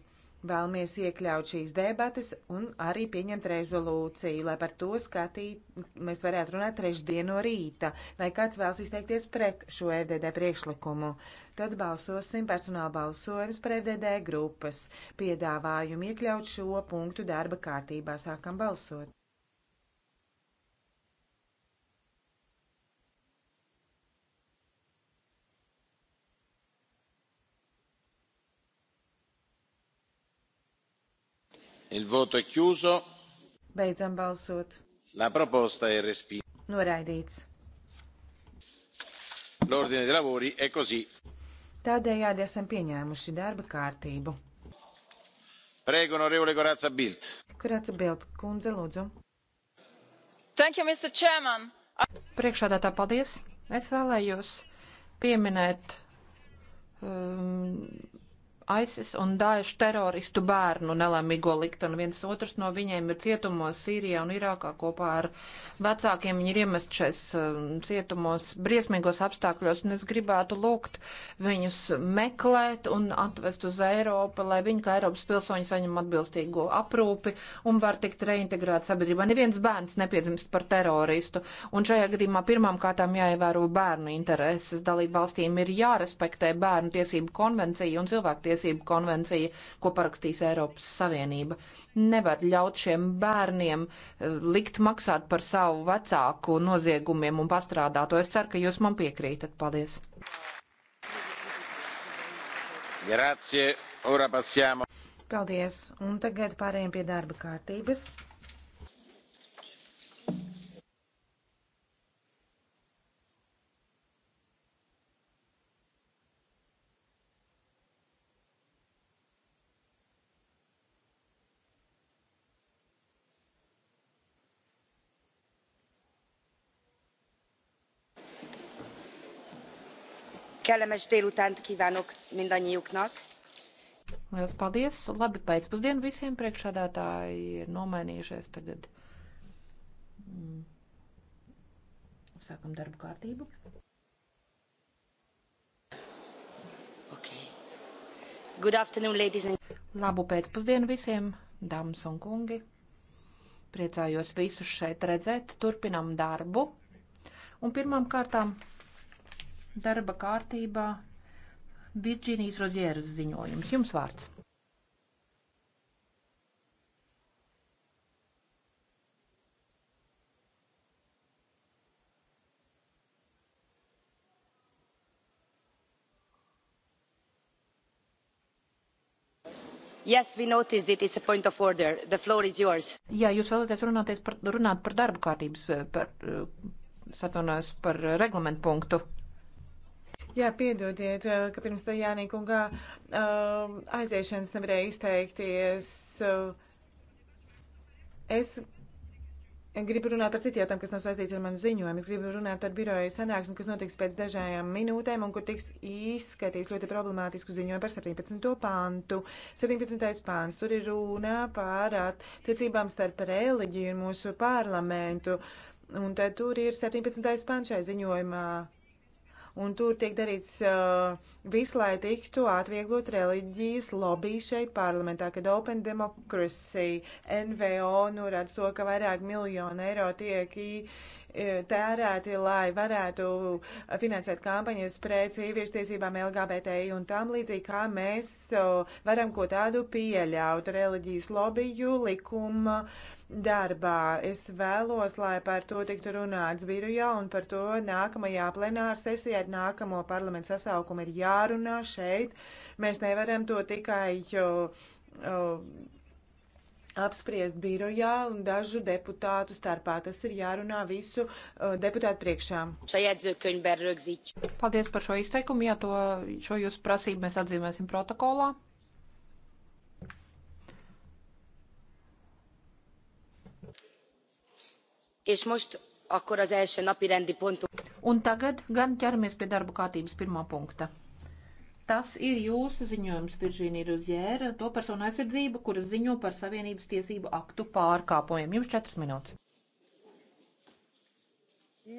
Vēlamies iekļaut šīs debates un arī pieņemt rezolūciju, lai par to skatīt, mēs varētu runāt trešdien no rīta, vai kāds vēlas izteikties pret šo FDD priekšlikumu. Tad balsosim personāla balsojums par FDD grupas piedāvājumu iekļaut šo punktu darba kārtībā. Sākam balsot! il voto è chiuso beidzam balsot la proposta è respinta noraidīts l'ordine dei lavori è così tādējādi esam pieņēmuši darba kārtību prego onorevole corazza bildt corazza bildt kundze lūdzu thank you mr chairman priekšādātā paldies es vēlējos pieminēt um, ISIS un Daesh teroristu bērnu nelēmīgo likteni. Viens otrs no viņiem ir cietumos Sīrijā un Irākā kopā ar vecākiem. Viņi ir iemest šais um, cietumos briesmīgos apstākļos, un es gribētu lūgt viņus meklēt un atvest uz Eiropu, lai viņi kā Eiropas pilsoņi saņem atbilstīgo aprūpi un var tikt reintegrēt sabiedrībā. Neviens bērns nepiedzimst par teroristu, un šajā gadījumā pirmām kārtām jāievēro bērnu intereses. Dalību valstīm ir jārespektē bērnu tiesību konvencija un cilvēktiesību cilvēktiesību konvencija, ko parakstīs Eiropas Savienība. Nevar ļaut šiem bērniem eh, likt maksāt par savu vecāku noziegumiem un pastrādāto. Es ceru, ka jūs man piekrītat. Paldies! Grazie, ora passiamo. Paldies, un tagad pārējiem pie darba kārtības. kellemes délutánt kívánok mindannyiuknak. Lielas paldies! Labi pēcpusdienu visiem priekšādātāji ir nomainījušies tagad. Mm, sākam darbu kārtību. Okay. Good afternoon, ladies and Labu pēcpusdienu visiem, dāmas un kungi. Priecājos visus šeit redzēt. Turpinam darbu. Un pirmām kārtām darba kārtībā Virģīnijas Rozieras ziņojums. Jums vārds. Yes, jā, jūs vēlaties runāties par, runāt par darba kārtības, eh, par, eh, es atvainojos, par reglamentu punktu. Jā, piedodiet, eh, ka pirms tā Jānīkunga uh, um, aiziešanas nevarēja izteikties. Eh, es gribu runāt par citu jautājumu, kas nav saistīts ar manu ziņojumu. Es gribu runāt par biroju sanāksmi, kas notiks pēc dažām minūtēm un kur tiks izskatīts ļoti problemātisku ziņojumu par 17. pantu. 17. pants, tur ir runa par attiecībām starp reliģiju un mūsu parlamentu. Un tad tur ir 17. pants šai ziņojumā un tur tiek darīts uh, viss, lai tiktu atvieglot reliģijas lobby šeit parlamentā, kad Open Democracy NVO norāda nu, to, ka vairāk miljonu eiro tiek uh, E, tērēti, lai varētu finansēt kampaņas pret sieviešu tiesībām LGBTI un tam līdzīgi, kā mēs varam ko tādu pieļaut reliģijas lobiju likuma darbā. Es vēlos, lai par to tiktu runāts birojā un par to nākamajā plenāra sesijā ar nākamo parlamentu sasaukumu ir jārunā šeit. Mēs nevaram to tikai. Jo, jo, apspriest birojā un dažu deputātu starpā. Tas ir jārunā visu uh, deputātu priekšā. Paldies par šo izteikumu. Jā, to, šo jūsu prasību mēs atzīmēsim protokolā. És most akkor az első napi rendi pontunk. Un tagad gan ķeramies pie darba kārtības pirmā punkta. Tas ir jūsu ziņojums, Viržīnija Ruzjēra, to personu aizsardzību, kuras ziņo par Savienības tiesību aktu pārkāpojumiem. Jums četras minūtes.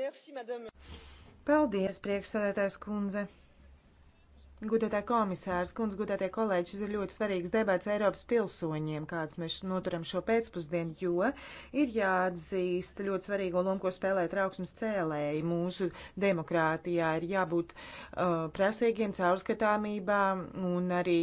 Merci, madame. Paldies, priekšsēdētājs kundze. Gudētā komisārs, kundz, gudētie kolēģi, šis ir ļoti svarīgs debats Eiropas pilsoņiem, kāds mēs noturam šo pēcpusdienu, jo ir jāatzīst ļoti svarīgo lomu, ko spēlē trauksmes cēlēji. Mūsu demokrātijā ir jābūt uh, prasīgiem caurskatāmībā un arī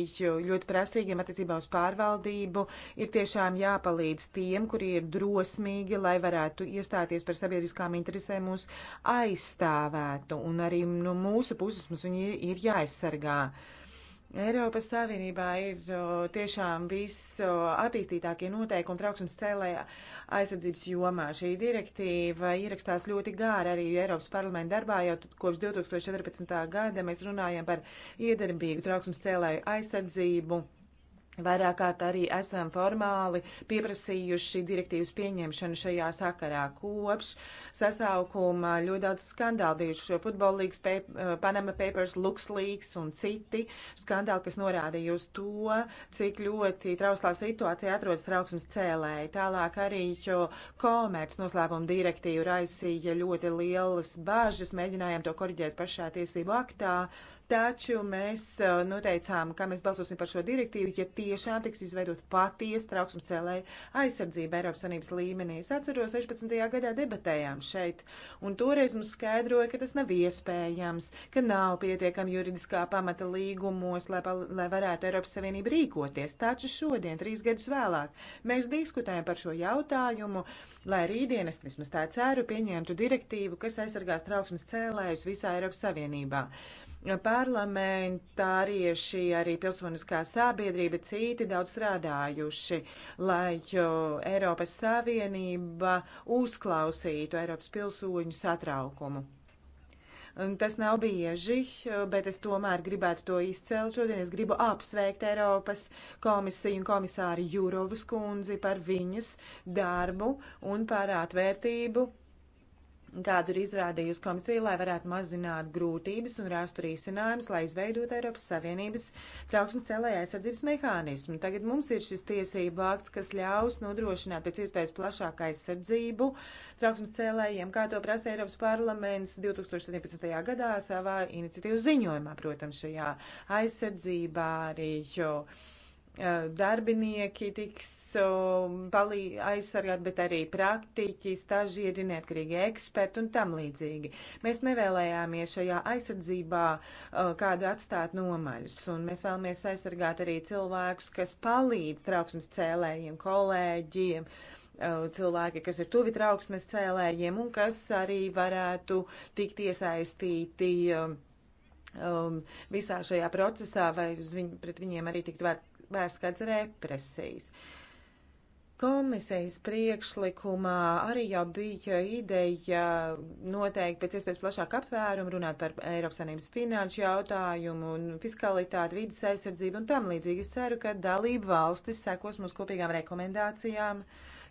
ļoti prasīgiem attiecībā uz pārvaldību. Ir tiešām jāpalīdz tiem, kuri ir drosmīgi, lai varētu iestāties par sabiedriskām interesēm mūs aizstāvētu. Un arī no nu, mūsu puses mums viņi ir, ir jāaizsargā jāsargā. Eiropas Savienībā ir o, tiešām visattīstītākie noteikumi trauksmes cēlē aizsardzības jomā. Šī direktīva ierakstās ļoti gāri arī Eiropas parlamenta darbā. Jau kopš 2014. gada mēs runājam par iedarbīgu trauksmes cēlē aizsardzību Vairāk kārt arī esam formāli pieprasījuši direktīvas pieņemšanu šajā sakarā. Kopš sasaukuma ļoti daudz skandālu bijuši Futbola līgas, eh, Panama Papers, LuxLeaks un citi skandāli, kas norādīja uz to, cik ļoti trauslā situācija atrodas trauksmes cēlēji. Tālāk arī komerc noslēpuma direktīva raisīja ļoti lielas bāžas, mēģinājām to korģēt pašā tiesību aktā. Taču mēs noteicām, ka mēs balsosim par šo direktīvu, ja tiešām tiks izveidot patiesa trauksmes cēlēja aizsardzība Eiropas Sanības līmenī. Es atceros, 16. gadā debatējām šeit, un toreiz mums skaidroja, ka tas nav iespējams, ka nav pietiekam juridiskā pamata līgumos, lai, lai varētu Eiropas Savienība rīkoties. Taču šodien, trīs gadus vēlāk, mēs diskutējam par šo jautājumu, lai rītdien, es vismaz tā ceru, pieņemtu direktīvu, kas aizsargās trauksmes cēlējus visā Eiropas Savienībā. Parlamentārieši, arī pilsoniskā sabiedrība, citi daudz strādājuši, lai Eiropas Savienība uzklausītu Eiropas pilsoņu satraukumu. Tas nav bieži, bet es tomēr gribētu to izcelt šodien. Es gribu apsveikt Eiropas komisiju un komisāri Jurovas kundzi par viņas darbu un par atvērtību kādu ir izrādījusi komisija, lai varētu mazināt grūtības un rastu risinājumus, lai izveidotu Eiropas Savienības trauksmes cēlēja aizsardzības mehānismu. Tagad mums ir šis tiesību akts, kas ļaus nodrošināt pēc iespējas plašāku aizsardzību trauksmes cēlējiem, kā to prasa Eiropas parlaments 2017. gadā savā iniciatīvas ziņojumā, protams, šajā aizsardzībā arī. Jo, uh, Eh, darbinieki tiks um, aizsargāti, bet arī praktiķi, stažieri, neatkarīgi eksperti un tam līdzīgi. Mēs nevēlējāmies šajā aizsardzībā eh, kādu atstāt nomaļus, un mēs vēlamies aizsargāt arī cilvēkus, kas palīdz trauksmes cēlējiem, kolēģiem, eh, cilvēki, kas ir tuvi trauksmes cēlējiem un kas arī varētu tikt iesaistīti um, um visā šajā procesā, vai viņu, pret viņiem arī tiktu vērt vērsts kāds represijas. Komisijas priekšlikumā arī jau bija ideja noteikti pēc iespējas plašāk aptvērumu, runāt par Eiropas Savienības finanšu jautājumu, fiskalitāti, vidas aizsardzību un tam līdzīgi. Es ceru, ka dalību valstis sekos mūsu kopīgām rekomendācijām.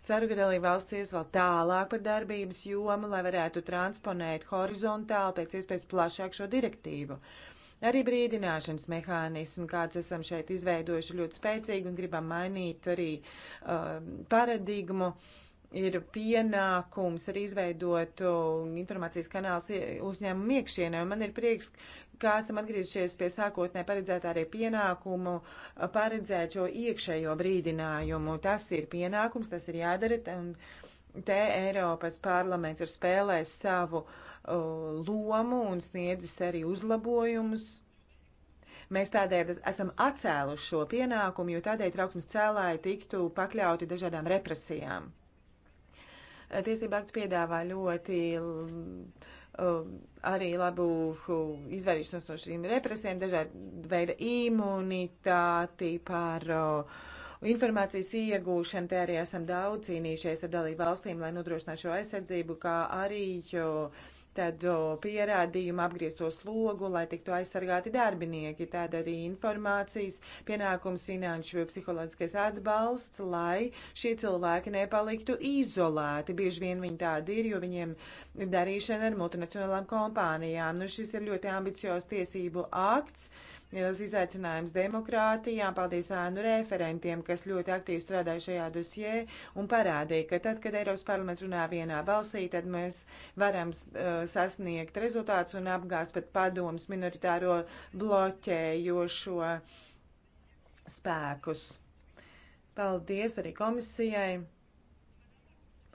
Ceru, ka dalību valsts ies vēl tālāk par darbības jomu, lai varētu transponēt horizontāli pēc iespējas plašāk šo direktīvu. Uh, Arī brīdināšanas mehānismu, kāds esam šeit izveidojuši ļoti spēcīgi un gribam mainīt arī uh, paradigmu. Ir pienākums arī izveidot um, informācijas kanāls uzņēmumu iekšienē, un man ir prieks, kā esam atgriezušies pie sākotnē paredzētā arī pienākumu uh, paredzēt šo iekšējo brīdinājumu. Tas ir pienākums, tas ir jādara, un te Eiropas parlaments ir spēlējis savu uh, Uh, lomu un sniedzis arī uzlabojumus. Mēs tādēļ esam atcēluši šo pienākumu, jo tādēļ trauksmes cēlāji tiktu pakļauti dažādām represijām. Uh, tiesība akts piedāvā ļoti uh, arī labu izvairīšanos no šīm represijām, dažāda veida imunitāti par informācijas iegūšanu. Te arī esam daudz cīnījušies ar dalību valstīm, lai nodrošinātu šo aizsardzību, kā arī. Jo, uh, tad pierādījumu apgriezto slogu, lai tiktu aizsargāti darbinieki, tāda arī informācijas pienākums, finanšu vai psiholoģiskais atbalsts, lai šie cilvēki nepaliktu izolēti. Bieži vien viņi tādi ir, jo viņiem ir darīšana ar multinacionālām kompānijām. Nu, šis ir ļoti ambiciozs tiesību akts. Uh, liels izaicinājums demokrātijām. Paldies ēnu referentiem, kas ļoti aktīvi strādāja šajā dosjē un parādīja, ka tad, kad Eiropas parlaments runā vienā balsī, tad mēs varam uh, sasniegt rezultātus un apgāst pat padomus minoritāro bloķējošo spēkus. Paldies arī komisijai!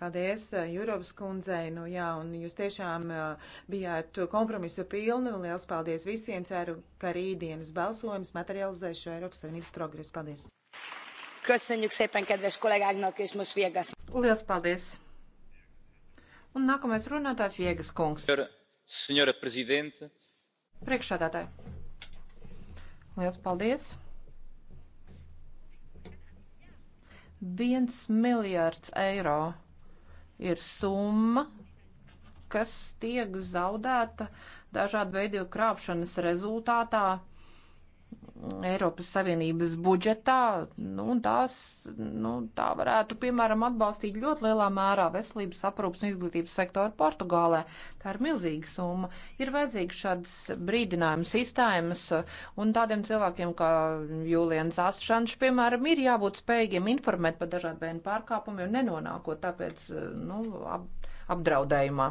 Paldies, eh, Jurovas kundzei. Nu, jā, un jūs tiešām eh, bijāt kompromisu pilni, un liels paldies visiem. Ceru, ka rītdienas balsojums materializēs šo Eiropas Savienības progresu. Paldies! Köszönjük szépen kedves kollégáknak, és most Viegas. Liels paldies! Un nākamais runātājs Viegas kungs. Senjora prezidente. Priekšādātāji. Liels paldies! Viens miljards eiro ir summa, kas tiek zaudēta dažādu veidu krāpšanas rezultātā Eiropas Savienības budžetā, nu, un tās, nu, tā varētu, piemēram, atbalstīt ļoti lielā mērā veselības aprūpas un izglītības sektoru Portugālē. Tā ir milzīga summa. Ir vajadzīga šādas brīdinājuma sistēmas, un tādiem cilvēkiem kā Julians Astšanš, piemēram, ir jābūt spējīgiem informēt par dažādiem pārkāpumiem, nenonākot tāpēc, nu, ap, apdraudējumā.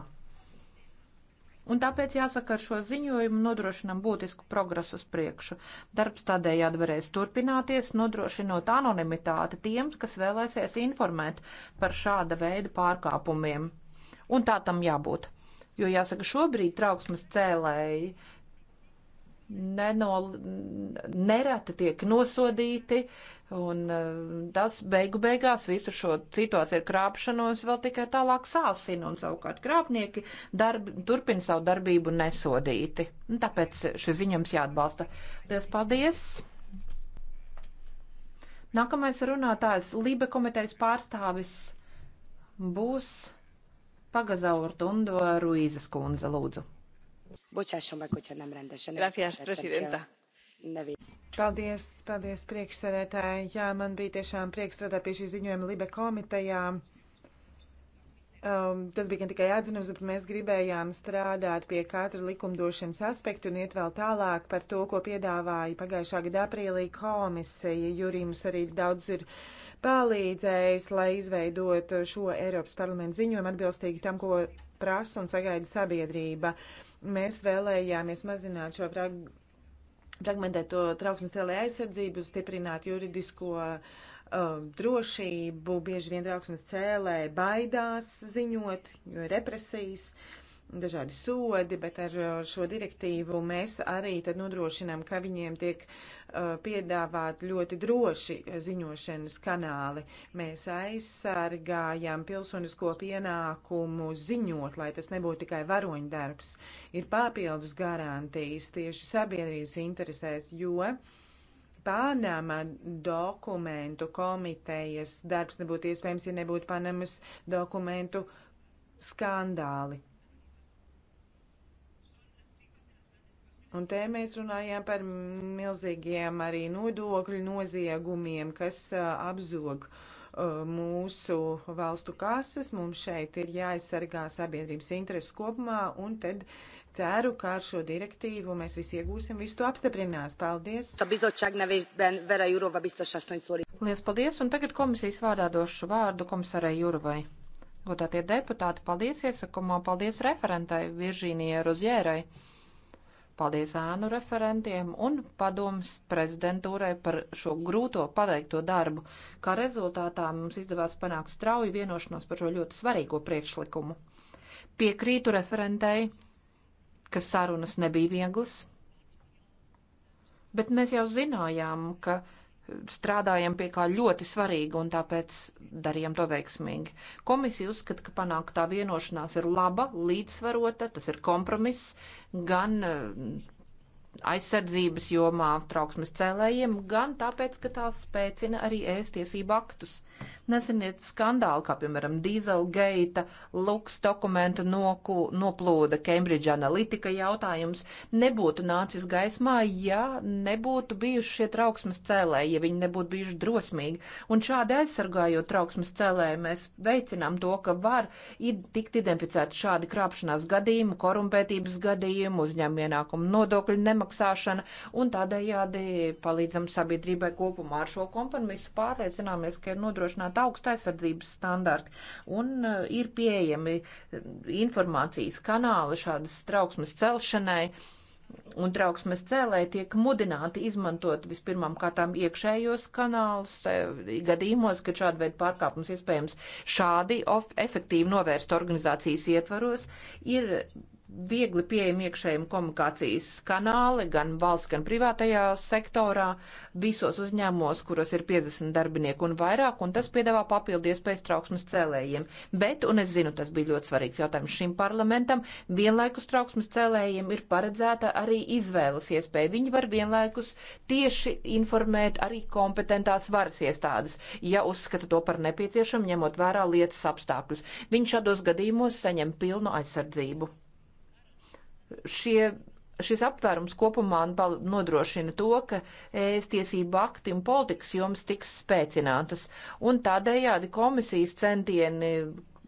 Un tāpēc jāsaka, ar šo ziņojumu nodrošinam būtisku progresu uz priekšu. Darbs tādējādi varēs turpināties, nodrošinot anonimitāti tiem, kas vēlēsies informēt par šāda veida pārkāpumiem. Un tā tam jābūt. Jo jāsaka, šobrīd trauksmes cēlēji nenol, nereti tiek nosodīti, un eh, tas beigu beigās visu šo situāciju ar krāpšanos vēl tikai tālāk sāsina, un savukārt krāpnieki darb, turpina savu darbību nesodīti. Un tāpēc šis ziņums jāatbalsta. Lies paldies! Nākamais runātājs Libe komitejas pārstāvis būs Pagazaurtundu Ruīzes kundze, lūdzu. Gracias, prezidenta. Paldies, paldies priekšsēdētāji. Jā, man bija tiešām prieks strādāt pie šī ziņojuma Libe komitejā. Um, tas bija tikai atzinums, bet mēs gribējām strādāt pie katra likumdošanas aspekta un iet vēl tālāk par to, ko piedāvāja pagājušā gada aprīlī komisija. Jurīms arī daudz ir palīdzējis, lai izveidot šo Eiropas parlamentu ziņojumu atbilstīgi tam, ko prasa un sagaida sabiedrība. Uh, Mēs vēlējāmies mazināt šo frag fragmentēto trauksmes cēlēju aizsardzību, stiprināt juridisko uh, drošību. Bieži vien trauksmes cēlēji baidās ziņot, jo ir represijas. Uh, dažādi sodi, bet ar uh, šo direktīvu mēs arī tad nodrošinām, ka viņiem tiek uh, piedāvāt ļoti droši uh, ziņošanas kanāli. Mēs aizsargājam pilsonisko pienākumu ziņot, lai tas nebūtu tikai varoņdarbs. Ir papildus garantijas tieši sabiedrības interesēs, jo Panama dokumentu komitejas darbs nebūtu iespējams, ja nebūtu Panamas dokumentu skandāli. Un te mēs runājām par milzīgiem arī nodokļu noziegumiem, kas uh, apzog uh, mūsu valstu kases. Mums šeit ir jāaizsargā sabiedrības intereses kopumā, un tad ceru, ka ar šo direktīvu mēs visi iegūsim, visu to apstiprinās. Paldies! Lielas paldies, un tagad komisijas vārdā došu vārdu komisarai Jurovai. Godātie deputāti, paldies iesakumā, paldies referentai Viržīnijai Rozjērai. Paldies ēnu referentiem un padomas prezidentūrai par šo grūto paveikto darbu. Kā rezultātā mums izdevās panākt strauju vienošanos par šo ļoti svarīgo priekšlikumu. Piekrītu referentei, ka sarunas nebija vieglas, bet mēs jau zinājām, ka strādājam pie kā ļoti svarīga un tāpēc darījam to veiksmīgi. Komisija uzskata, ka panāktā vienošanās ir laba, līdzsvarota, tas ir kompromiss gan aizsardzības jomā trauksmes cēlējiem, gan tāpēc, ka tās spēcina arī ēstiesību aktus. Neseniet skandāli, kā piemēram Dieselgate, Lux dokumenta noku, noplūda, Cambridge Analytica jautājums, nebūtu nācis gaismā, ja nebūtu bijuši šie trauksmes cēlēji, ja viņi nebūtu bijuši drosmīgi. Un šādi aizsargājot trauksmes cēlēju, mēs veicinām to, ka var tikt identificēti šādi krāpšanās gadījumi, korumpētības gadījumi, uzņēmuma ienākuma nodokļu nemaksājumi nemaksāšana, un tādējādi palīdzam sabiedrībai kopumā. Ar šo kompromisu pārliecināmies, ka ir nodrošināta augsta aizsardzības standarta un eh, ir pieejami eh, informācijas kanāli šādas trauksmes celšanai un trauksmes cēlēji tiek mudināti izmantot vispirmām kārtām iekšējos kanālus, eh, gadījumos, kad šāda veida pārkāpums iespējams šādi of, efektīvi novērst organizācijas ietvaros, ir viegli pieejami iekšējiem komunikācijas kanāli, gan valsts, gan privātajā sektorā, visos uzņēmumos, kuros ir 50 darbinieku un vairāk, un tas piedāvā papildu iespējas trauksmes cēlējiem. Bet, un es zinu, tas bija ļoti svarīgs jautājums šim parlamentam, vienlaikus trauksmes cēlējiem ir paredzēta arī izvēles iespēja. Viņi var vienlaikus tieši informēt arī kompetentās varas iestādes, ja uzskata to par nepieciešamu, ņemot vērā lietas apstākļus. Viņš šādos gadījumos saņem pilnu aizsardzību. Šie šis aptvērums kopumā nodrošina to, ka ēst tiesību akti un politikas joms tiks spēcinātas, un tādējādi komisijas centieni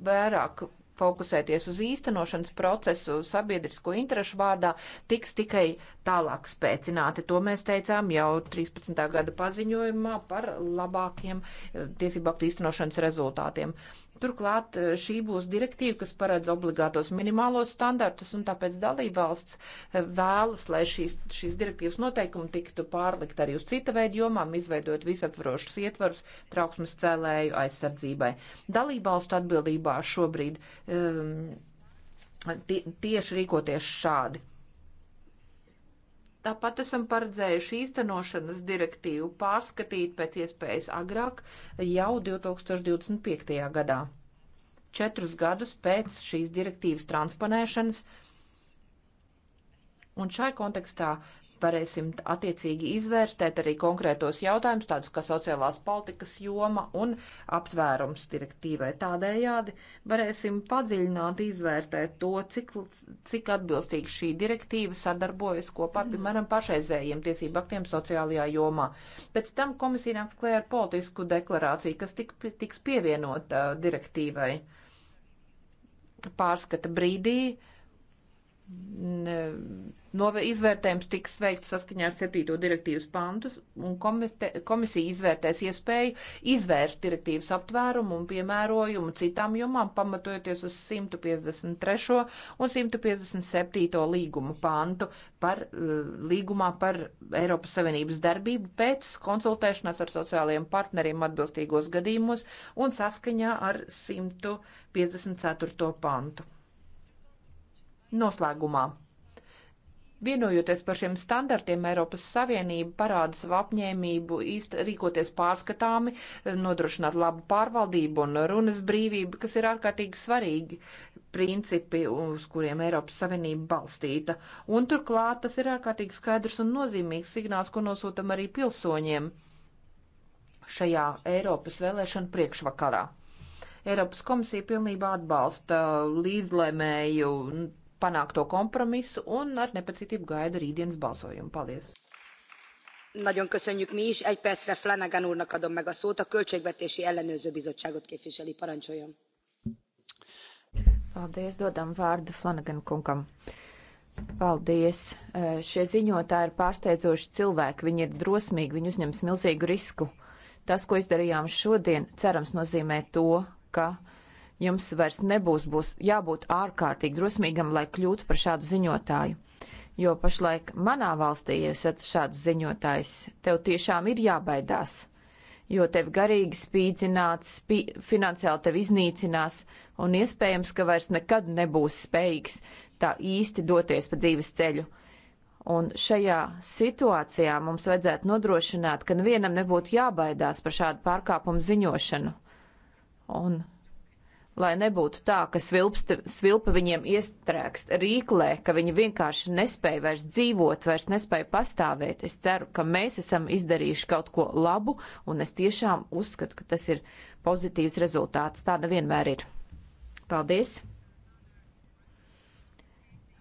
vairāk fokusēties uz īstenošanas procesu sabiedrisko interešu vārdā, tiks tikai tālāk spēcināti. To mēs teicām jau 13. gada paziņojumā par labākiem eh, tiesību aktu īstenošanas rezultātiem. Turklāt e, šī būs direktīva, kas paredz obligātos minimālos standartus, un tāpēc dalībvalsts e, vēlas, lai šīs, šīs direktīvas noteikumi tiktu pārlikt arī uz cita veida jomām, izveidot visaptvarošus ietvarus trauksmes cēlēju aizsardzībai. Dalībvalstu atbildībā šobrīd um, tie, tieši rīkoties šādi. Tāpat esam paredzējuši īstenošanas direktīvu pārskatīt pēc iespējas agrāk jau 2025. gadā. Četrus gadus pēc šīs direktīvas transponēšanas. Un šai kontekstā varēsim attiecīgi izvērstēt arī konkrētos jautājumus, tādus kā sociālās politikas joma un aptvērums direktīvai. Tādējādi varēsim padziļināt, izvērtēt to, cik, cik atbilstīgi šī direktīva sadarbojas kopā, piemēram, pašreizējiem tiesību aktiem sociālajā jomā. Pēc tam komisija nāks klē ar politisku deklarāciju, kas tik, tiks pievienota direktīvai pārskata brīdī Nove izvērtējums tiks veikts saskaņā ar 7. direktīvas pantus, un komite, komisija izvērtēs iespēju izvērst direktīvas aptvērumu un piemērojumu citām jomām, pamatojoties uz 153. un 157. līgumu pantu par eh, līgumā par Eiropas Savienības darbību pēc konsultēšanās ar sociālajiem partneriem atbilstīgos gadījumos un saskaņā ar 154. pantu. Noslēgumā Vienojoties par šiem standartiem, Eiropas Savienība parāda savu apņēmību īst, rīkoties pārskatāmi, nodrošināt labu pārvaldību un runas brīvību, kas ir ārkārtīgi svarīgi principi, uz kuriem Eiropas Savienība balstīta. Un turklāt tas ir ārkārtīgi skaidrs un nozīmīgs signāls, ko nosūtam arī pilsoņiem šajā Eiropas vēlēšanu priekšvakarā. Eiropas komisija pilnībā atbalsta līdzlēmēju panākto kompromisu un ar nepacietību gaidu rītdienas balsojumu. Paldies! Nagyon köszönjük mi is. Egy percre Flanagan úrnak adom meg a szót. A Költségvetési Ellenőrző Bizottságot képviseli. Parancsoljon! Paldies, dodam vārdu Flanagan kungam. Paldies! Šie ziņotāji ir pārsteidzoši cilvēki. Viņi ir drosmīgi, viņi uzņems milzīgu risku. Tas, ko izdarījām šodien, cerams, nozīmē to, ka jums vairs nebūs būs jābūt ārkārtīgi drosmīgam, lai kļūtu par šādu ziņotāju. Jo pašlaik manā valstī, ja esat šāds ziņotājs, tev tiešām ir jābaidās, jo tev garīgi spīdzināts, spī, finansiāli tev iznīcinās, un iespējams, ka vairs nekad nebūs spējīgs tā īsti doties pa dzīves ceļu. Un šajā situācijā mums vajadzētu nodrošināt, ka nevienam nebūtu jābaidās par šādu pārkāpumu ziņošanu. Un lai nebūtu tā, ka svilpsta, svilpa viņiem iestrēgst rīklē, ka viņi vienkārši nespēja vairs dzīvot, vairs nespēja pastāvēt. Es ceru, ka mēs esam izdarījuši kaut ko labu, un es tiešām uzskatu, ka tas ir pozitīvs rezultāts. Tā nevienmēr ir. Paldies!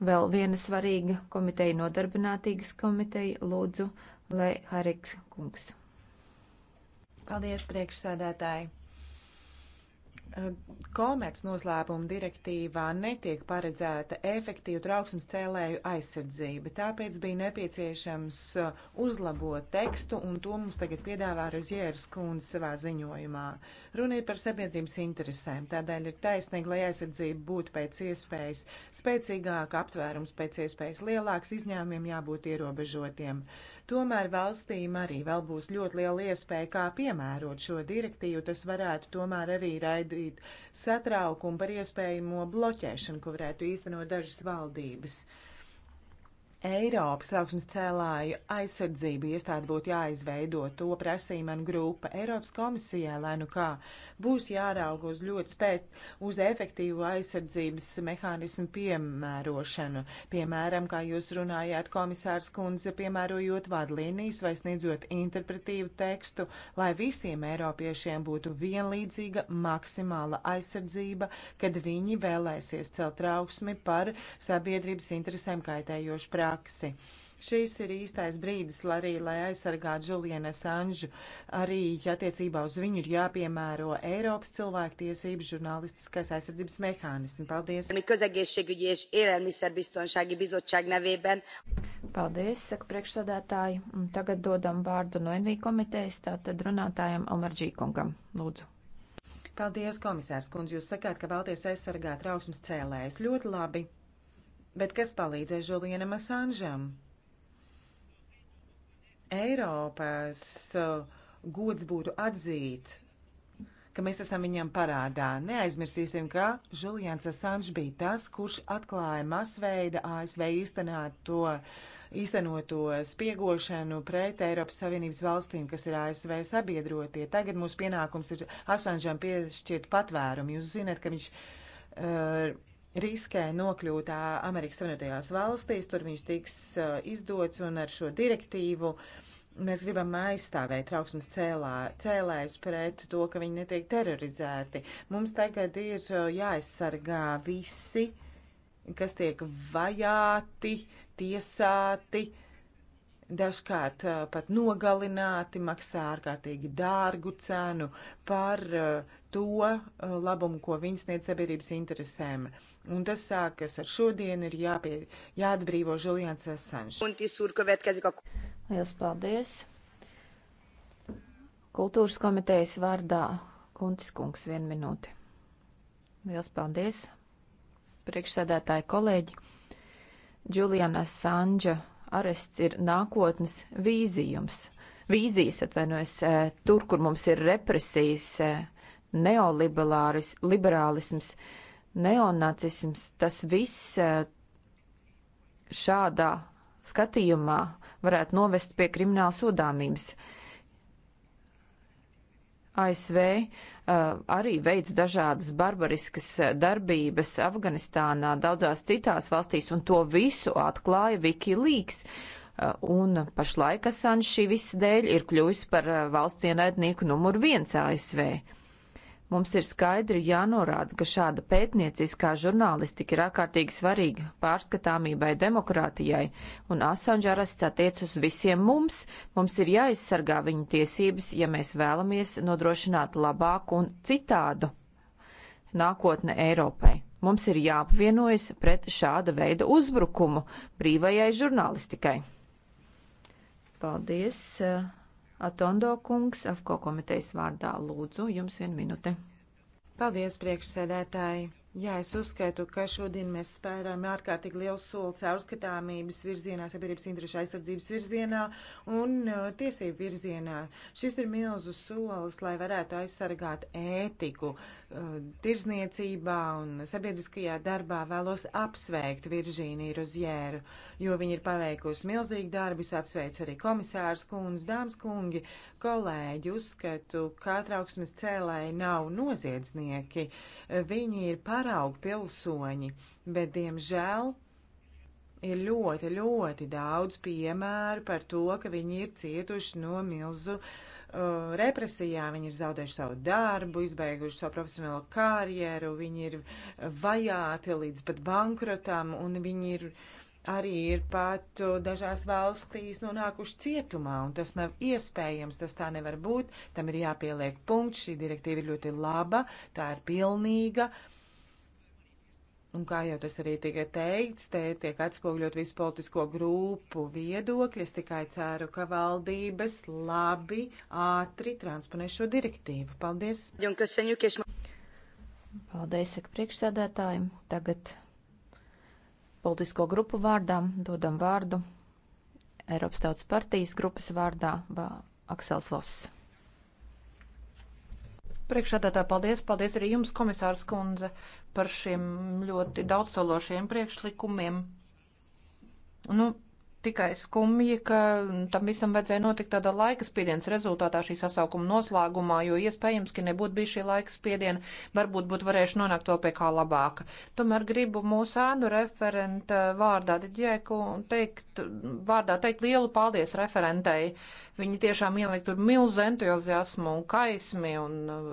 Vēl viena svarīga komiteja nodarbinātīgas komiteja lūdzu, lai Hariks kungs. Paldies, priekšsēdētāji! Komerc noslēpuma direktīvā netiek paredzēta efektīva trauksmes cēlēju aizsardzība, tāpēc bija nepieciešams uh, uzlabot tekstu, un to mums tagad piedāvā Rozjēras kundze savā ziņojumā. Runa ir par sabiedrības interesēm, tādēļ ir taisnīgi, lai aizsardzība būtu pēc iespējas spēcīgāka, aptvērums pēc iespējas lielāks, izņēmumiem jābūt ierobežotiem. Tomēr valstīm arī vēl būs ļoti liela iespēja, kā piemērot šo direktīvu. Tas varētu tomēr arī raidīt satraukumu par iespējamo bloķēšanu, ko varētu īstenot dažas valdības. Eiropas trauksmes cēlāju aizsardzību iestādi būtu jāizveido. To prasīja man grupa Eiropas komisijā, lai nu kā būs jāraug uz ļoti spēt uz efektīvu aizsardzības mehānismu piemērošanu. Piemēram, kā jūs runājāt, komisārs kundze, piemērojot vadlīnijas vai sniedzot interpretīvu tekstu, lai visiem eiropiešiem būtu vienlīdzīga maksimāla aizsardzība, kad viņi vēlēsies celt trauksmi par sabiedrības interesēm kaitējošu prātu praksi. Šis ir īstais brīdis lai arī, lai aizsargātu Žulienu Sanžu. Arī attiecībā uz viņu ir jāpiemēro Eiropas cilvēktiesības žurnālistiskais aizsardzības mehānismi. Paldies! Közegészségügyi és Élelmiszerbiztonsági Bizottság nevében. Paldies, saka priekšsādātāji. Un tagad dodam vārdu no NV komitejas, tātad runātājam Omarģī kungam. Lūdzu. Paldies, komisārs kundze. Jūs sakāt, ka vēlties aizsargāt trauksmes cēlējus. Ļoti labi. Bet kas palīdzēs Žulienam Asanžam? Eiropas uh, gods būtu atzīt, ka mēs esam viņam parādā. Neaizmirsīsim, ka Žulians Asanžs bija tas, kurš atklāja masveida ASV īstenāto, īstenoto spiegošanu pret Eiropas Savienības valstīm, kas ir ASV sabiedrotie. Tagad mūsu pienākums ir Asanžam piešķirt patvērumu. Jūs zināt, ka viņš. Uh, riskē nokļūt Amerikas Savienotajās valstīs, tur viņš tiks izdots un ar šo direktīvu mēs gribam aizstāvēt trauksmes cēlā, cēlājus pret to, ka viņi netiek terorizēti. Mums tagad ir jāaizsargā visi, kas tiek vajāti, tiesāti, dažkārt pat nogalināti, maksā ārkārtīgi dārgu cenu par to uh, labumu, ko viņi sniedz sabiedrības interesēm. Un tas sākas ar šodienu, ir jāpie, jāatbrīvo Žulians Asanš. Lielas paldies! Kultūras komitejas vārdā Kuntis kungs vienu minūti. Lielas paldies! Priekšsēdētāji kolēģi! Džuliana Sanža arests ir nākotnes vīzijums. Vīzijas atvainojas eh, tur, kur mums ir represijas eh, neoliberālisms, neonacisms, tas viss eh, šādā skatījumā varētu novest pie krimināla sodāmības. ASV uh, eh, arī veids dažādas barbariskas eh, darbības Afganistānā, daudzās citās valstīs, un to visu atklāja Wikileaks. Uh, un pašlaik Assange šī visa dēļ ir kļuvis par uh, valsts ienaidnieku numur viens ASV. Uh, Mums ir skaidri jānorāda, ka šāda pētnieciskā žurnālistika ir ārkārtīgi svarīga pārskatāmībai, demokrātijai, un Asanģa arests attiec uz visiem mums. Mums ir jāizsargā viņa tiesības, ja mēs vēlamies nodrošināt labāku un citādu nākotne Eiropai. Mums ir jāapvienojas pret šāda veida uzbrukumu brīvajai žurnālistikai. Paldies! Eh, Atondo kungs, AFCO komitejas vārdā lūdzu, jums vien minūte. Paldies, priekšsēdētāji! Jā, es uzskaitu, ka šodien mēs spērām ārkārtīgi lielu soli caurskatāmības virzienā, sabiedrības interešu aizsardzības virzienā un uh, tiesību virzienā. Šis ir milzu solis, lai varētu aizsargāt ētiku uh, tirzniecībā un sabiedriskajā darbā. Vēlos apsveikt Viržīniju Rozjēru, jo viņa ir paveikusi milzīgi darbus. Apsveicu arī komisārs kundz, dāmas kungi kolēģi, uzskatu, ka trauksmes cēlēji nav noziedznieki. Viņi ir paraugu pilsoņi, bet, diemžēl, ir ļoti, ļoti daudz piemēru par to, ka viņi ir cietuši no milzu uh, represijām, viņi ir zaudējuši savu darbu, izbeiguši savu profesionālo karjeru, viņi ir vajāti līdz pat bankrotam, un viņi ir uh, arī ir pat uh, dažās valstīs nonākuši cietumā, un tas nav iespējams, tas tā nevar būt. Tam ir jāpieliek punkts. Šī direktīva ir ļoti laba, tā ir pilnīga. Un kā jau tas arī tika teikts, te tiek atspogļot visu politisko grupu viedokļi. Es tikai ceru, ka valdības labi, ātri transponē šo direktīvu. Paldies! Paldies, saka priekšsēdētājiem. Tagad Politisko grupu vārdām dodam vārdu Eiropas Tautas partijas grupas vārdā Aksels Voss. Priekšādātā paldies, paldies arī jums, komisārs kundze, par šiem ļoti daudzsološiem priekšlikumiem. Nu, tikai skumji, ka tam visam vajadzēja notikt tādā laika spiediens rezultātā šī sasaukuma noslēgumā, jo iespējams, ka nebūtu bijis šī laika spiediena, varbūt būtu varējuši nonākt vēl pie kā labāka. Tomēr gribu mūsu ēnu referenta vārdā, Diģēku, teikt, vārdā teikt lielu paldies referentei Viņi tiešām ieliek tur milzu entuziasmu un kaismi un uh,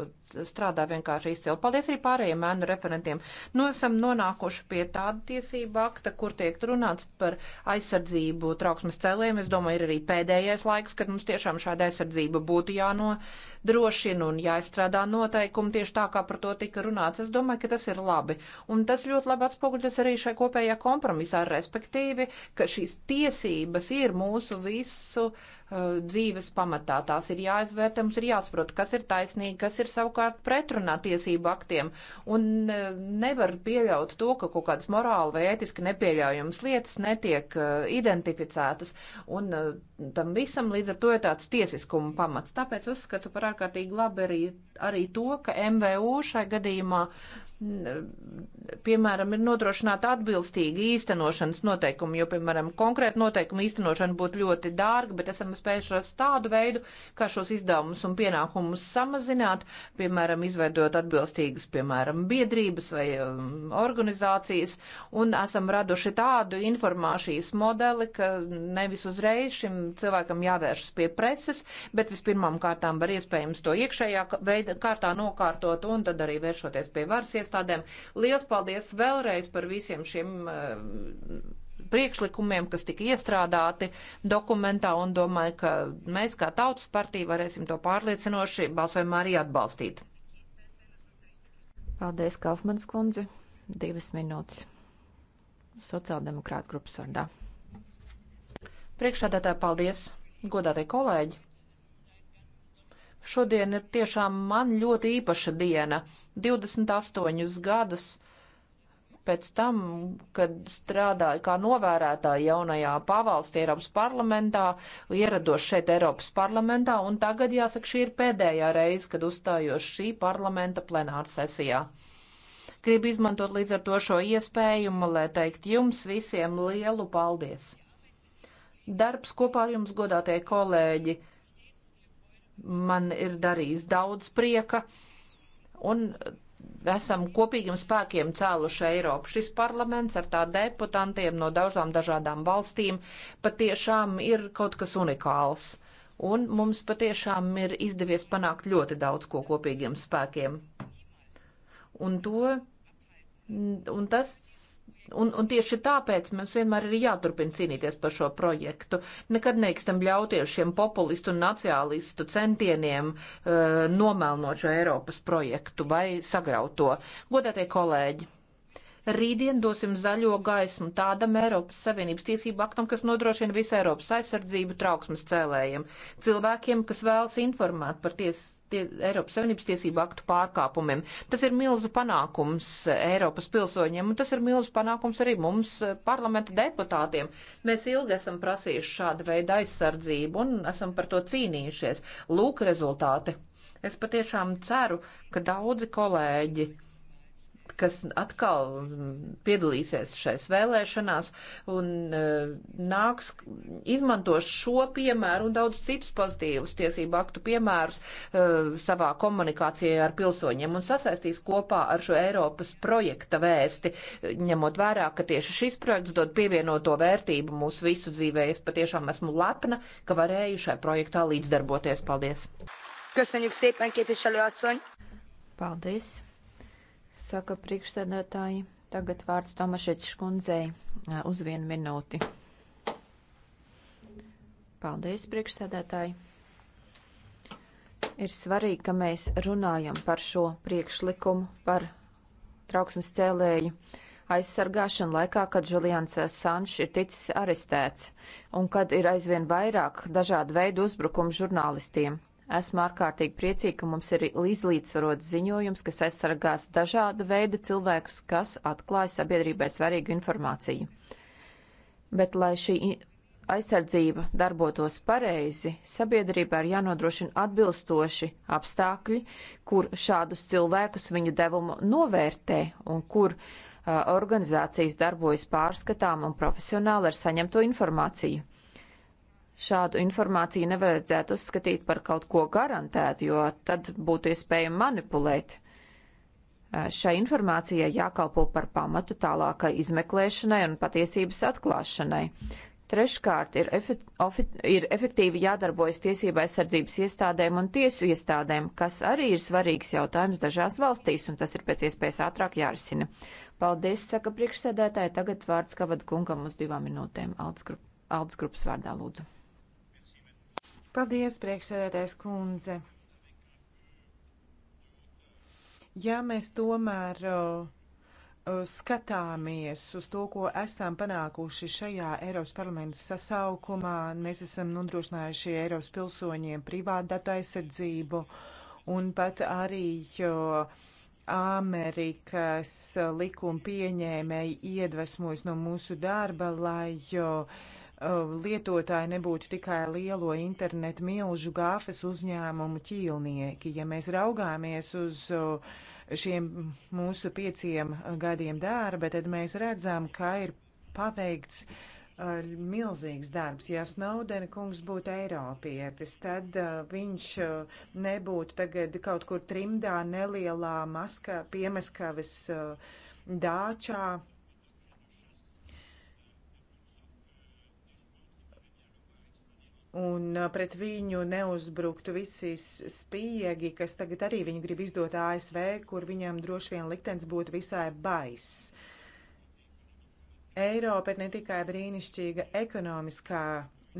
strādā vienkārši izcili. Paldies arī pārējiem mēnu referentiem. Nu, esam nonākuši pie tāda tiesība akta, kur tiek runāts par aizsardzību trauksmes cēliem. Es domāju, ir arī pēdējais laiks, kad mums tiešām šāda aizsardzība būtu jānodrošina un jāizstrādā noteikumi tieši tā, kā par to tika runāts. Es domāju, ka tas ir labi. Un tas ļoti labi atspoguļas arī šai kopējā kompromisā, respektīvi, ka šīs tiesības ir mūsu visu Uh, dzīves pamatā. Tās ir jāizvērtē, mums ir jāsaprot, kas ir taisnīgi, kas ir savukārt pretrunā tiesību aktiem. Un uh, nevar pieļaut to, ka kaut kādas morāli vai ētiski nepieļaujamas lietas netiek uh, identificētas. Un tam visam līdz ar to ir tāds tiesiskuma pamats. Tāpēc uzskatu par ārkārtīgi labi arī, arī to, ka MVU šai gadījumā piemēram, ir nodrošināta atbilstīga īstenošanas noteikuma, jo, piemēram, konkrēta noteikuma īstenošana būtu ļoti dārga, bet esam spējuši rast tādu veidu, kā šos izdevumus un pienākumus samazināt, piemēram, izveidot atbilstīgas, piemēram, biedrības vai um, organizācijas, un esam raduši tādu informācijas modeli, ka nevis uzreiz šim cilvēkam jāvēršas pie preses, bet vispirmām kārtām var iespējams to iekšējā veida kārtā nokārtot un tad arī vēršoties pie varas iestādes iestādēm. Lielas paldies vēlreiz par visiem šiem eh, priekšlikumiem, kas tika iestrādāti dokumentā, un domāju, ka mēs kā tautas partija varēsim to pārliecinoši balsojumā arī atbalstīt. Paldies, Kaufmanis kundze. Divas minūtes. Sociāldemokrāta grupas vārdā. Priekšādātāji, paldies! Godātie kolēģi! Šodien ir tiešām man ļoti īpaša diena. 28 gadus pēc tam, kad strādāju kā novērotāja jaunajā pavalstī Eiropas parlamentā, ierados šeit Eiropas parlamentā, un tagad jāsaka, šī ir pēdējā reize, kad uzstājos šī parlamenta plenāra sesijā. Gribu izmantot līdz ar to šo iespējumu, lai teikt jums visiem lielu paldies! Darbs kopā ar jums, godātie kolēģi! man ir darījis daudz prieka, un esam kopīgiem spēkiem cēluši Eiropu. Šis parlaments ar tā deputantiem no daudzām dažādām valstīm patiešām ir kaut kas unikāls, un mums patiešām ir izdevies panākt ļoti daudz ko kopīgiem spēkiem. Un to, un tas Un, un tieši tāpēc mums vienmēr ir jāturpina cīnīties par šo projektu. Nekad neikstam ļauties šiem populistu un nacionālistu centieniem uh, nomelnot šo Eiropas projektu vai sagraut to. Godātie kolēģi! Rītdien dosim zaļo gaismu tādam Eiropas Savienības tiesību aktam, kas nodrošina visu Eiropas aizsardzību trauksmes cēlējiem, cilvēkiem, kas vēlas informēt par tiesību tie, Eiropas Savienības tiesību aktu pārkāpumiem. Tas ir milzu panākums Eiropas pilsoņiem, un tas ir milzu panākums arī mums, eh, parlamenta deputātiem. Mēs ilgi esam prasījuši šādu veidu aizsardzību un esam par to cīnījušies. Lūk, rezultāti. Es patiešām ceru, ka daudzi kolēģi kas atkal piedalīsies šais vēlēšanās un e, nāks, izmantos šo piemēru un daudz citus pozitīvus tiesību aktu piemērus e, savā komunikācijā ar pilsoņiem un sasaistīs kopā ar šo Eiropas projekta vēsti, ņemot vērā, ka tieši šis projekts dod pievienoto vērtību mūsu visu dzīvē. Es patiešām esmu lepna, ka varēju šai projektā līdzdarboties. Paldies! Köszönjük szépen, képviselő asszony! Paldies! Saka priekšsēdētāji, tagad vārds Tomašeķis kundzei uz vienu minūti. Paldies, priekšsēdētāji! Ir svarīgi, ka mēs runājam par šo priekšlikumu, par trauksmes cēlēju aizsargāšanu laikā, kad Julians Sančs ir ticis arestēts un kad ir aizvien vairāk dažādu veidu uzbrukumu žurnālistiem. Esmu ārkārtīgi priecīga, ka mums ir izlīdzsvarots ziņojums, kas aizsargās dažāda veida cilvēkus, kas atklāja sabiedrībai svarīgu informāciju. Bet, lai šī aizsardzība darbotos pareizi, sabiedrībā ir jānodrošina atbilstoši apstākļi, kur šādus cilvēkus viņu devumu novērtē un kur uh, organizācijas darbojas pārskatām un profesionāli ar saņemto informāciju šādu informāciju nevarētu uzskatīt par kaut ko garantētu, jo tad būtu iespējami manipulēt. Šai informācijai jākalpo par pamatu tālākai izmeklēšanai un patiesības atklāšanai. Treškārt, ir, efekt, ofi, ir efektīvi jādarbojas tiesība aizsardzības iestādēm un tiesu iestādēm, kas arī ir svarīgs jautājums dažās valstīs, un tas ir pēc iespējas ātrāk jārisina. Paldies, saka priekšsēdētāji. Tagad vārds Kavad kungam uz divām minūtēm. Alts, grup, Alts grupas vārdā lūdzu. Paldies, priekšsēdētājs kundze. Ja mēs tomēr uh, skatāmies uz to, ko esam panākuši šajā Eiropas parlamenta sasaukumā, mēs esam nodrošinājuši Eiropas pilsoņiem privātu datu aizsardzību un pat arī Amerikas likuma pieņēmēji iedvesmojas no mūsu darba, lai Uh, lietotāji nebūtu tikai lielo internetu milžu gāfes uzņēmumu ķīlnieki. Ja mēs raugāmies uz uh, šiem mūsu pieciem gadiem darba, tad mēs redzam, ka ir paveikts uh, milzīgs darbs. Ja Snowden kungs būtu Eiropietis, tad uh, viņš uh, nebūtu tagad kaut kur trimdā nelielā maska, piemaskavas uh, dāčā. un pret viņu neuzbruktu visi spiegi, kas tagad arī viņu grib izdot ASV, kur viņam droši vien liktenis būtu visai baiss. Eiropa ir ne tikai brīnišķīga ekonomiskā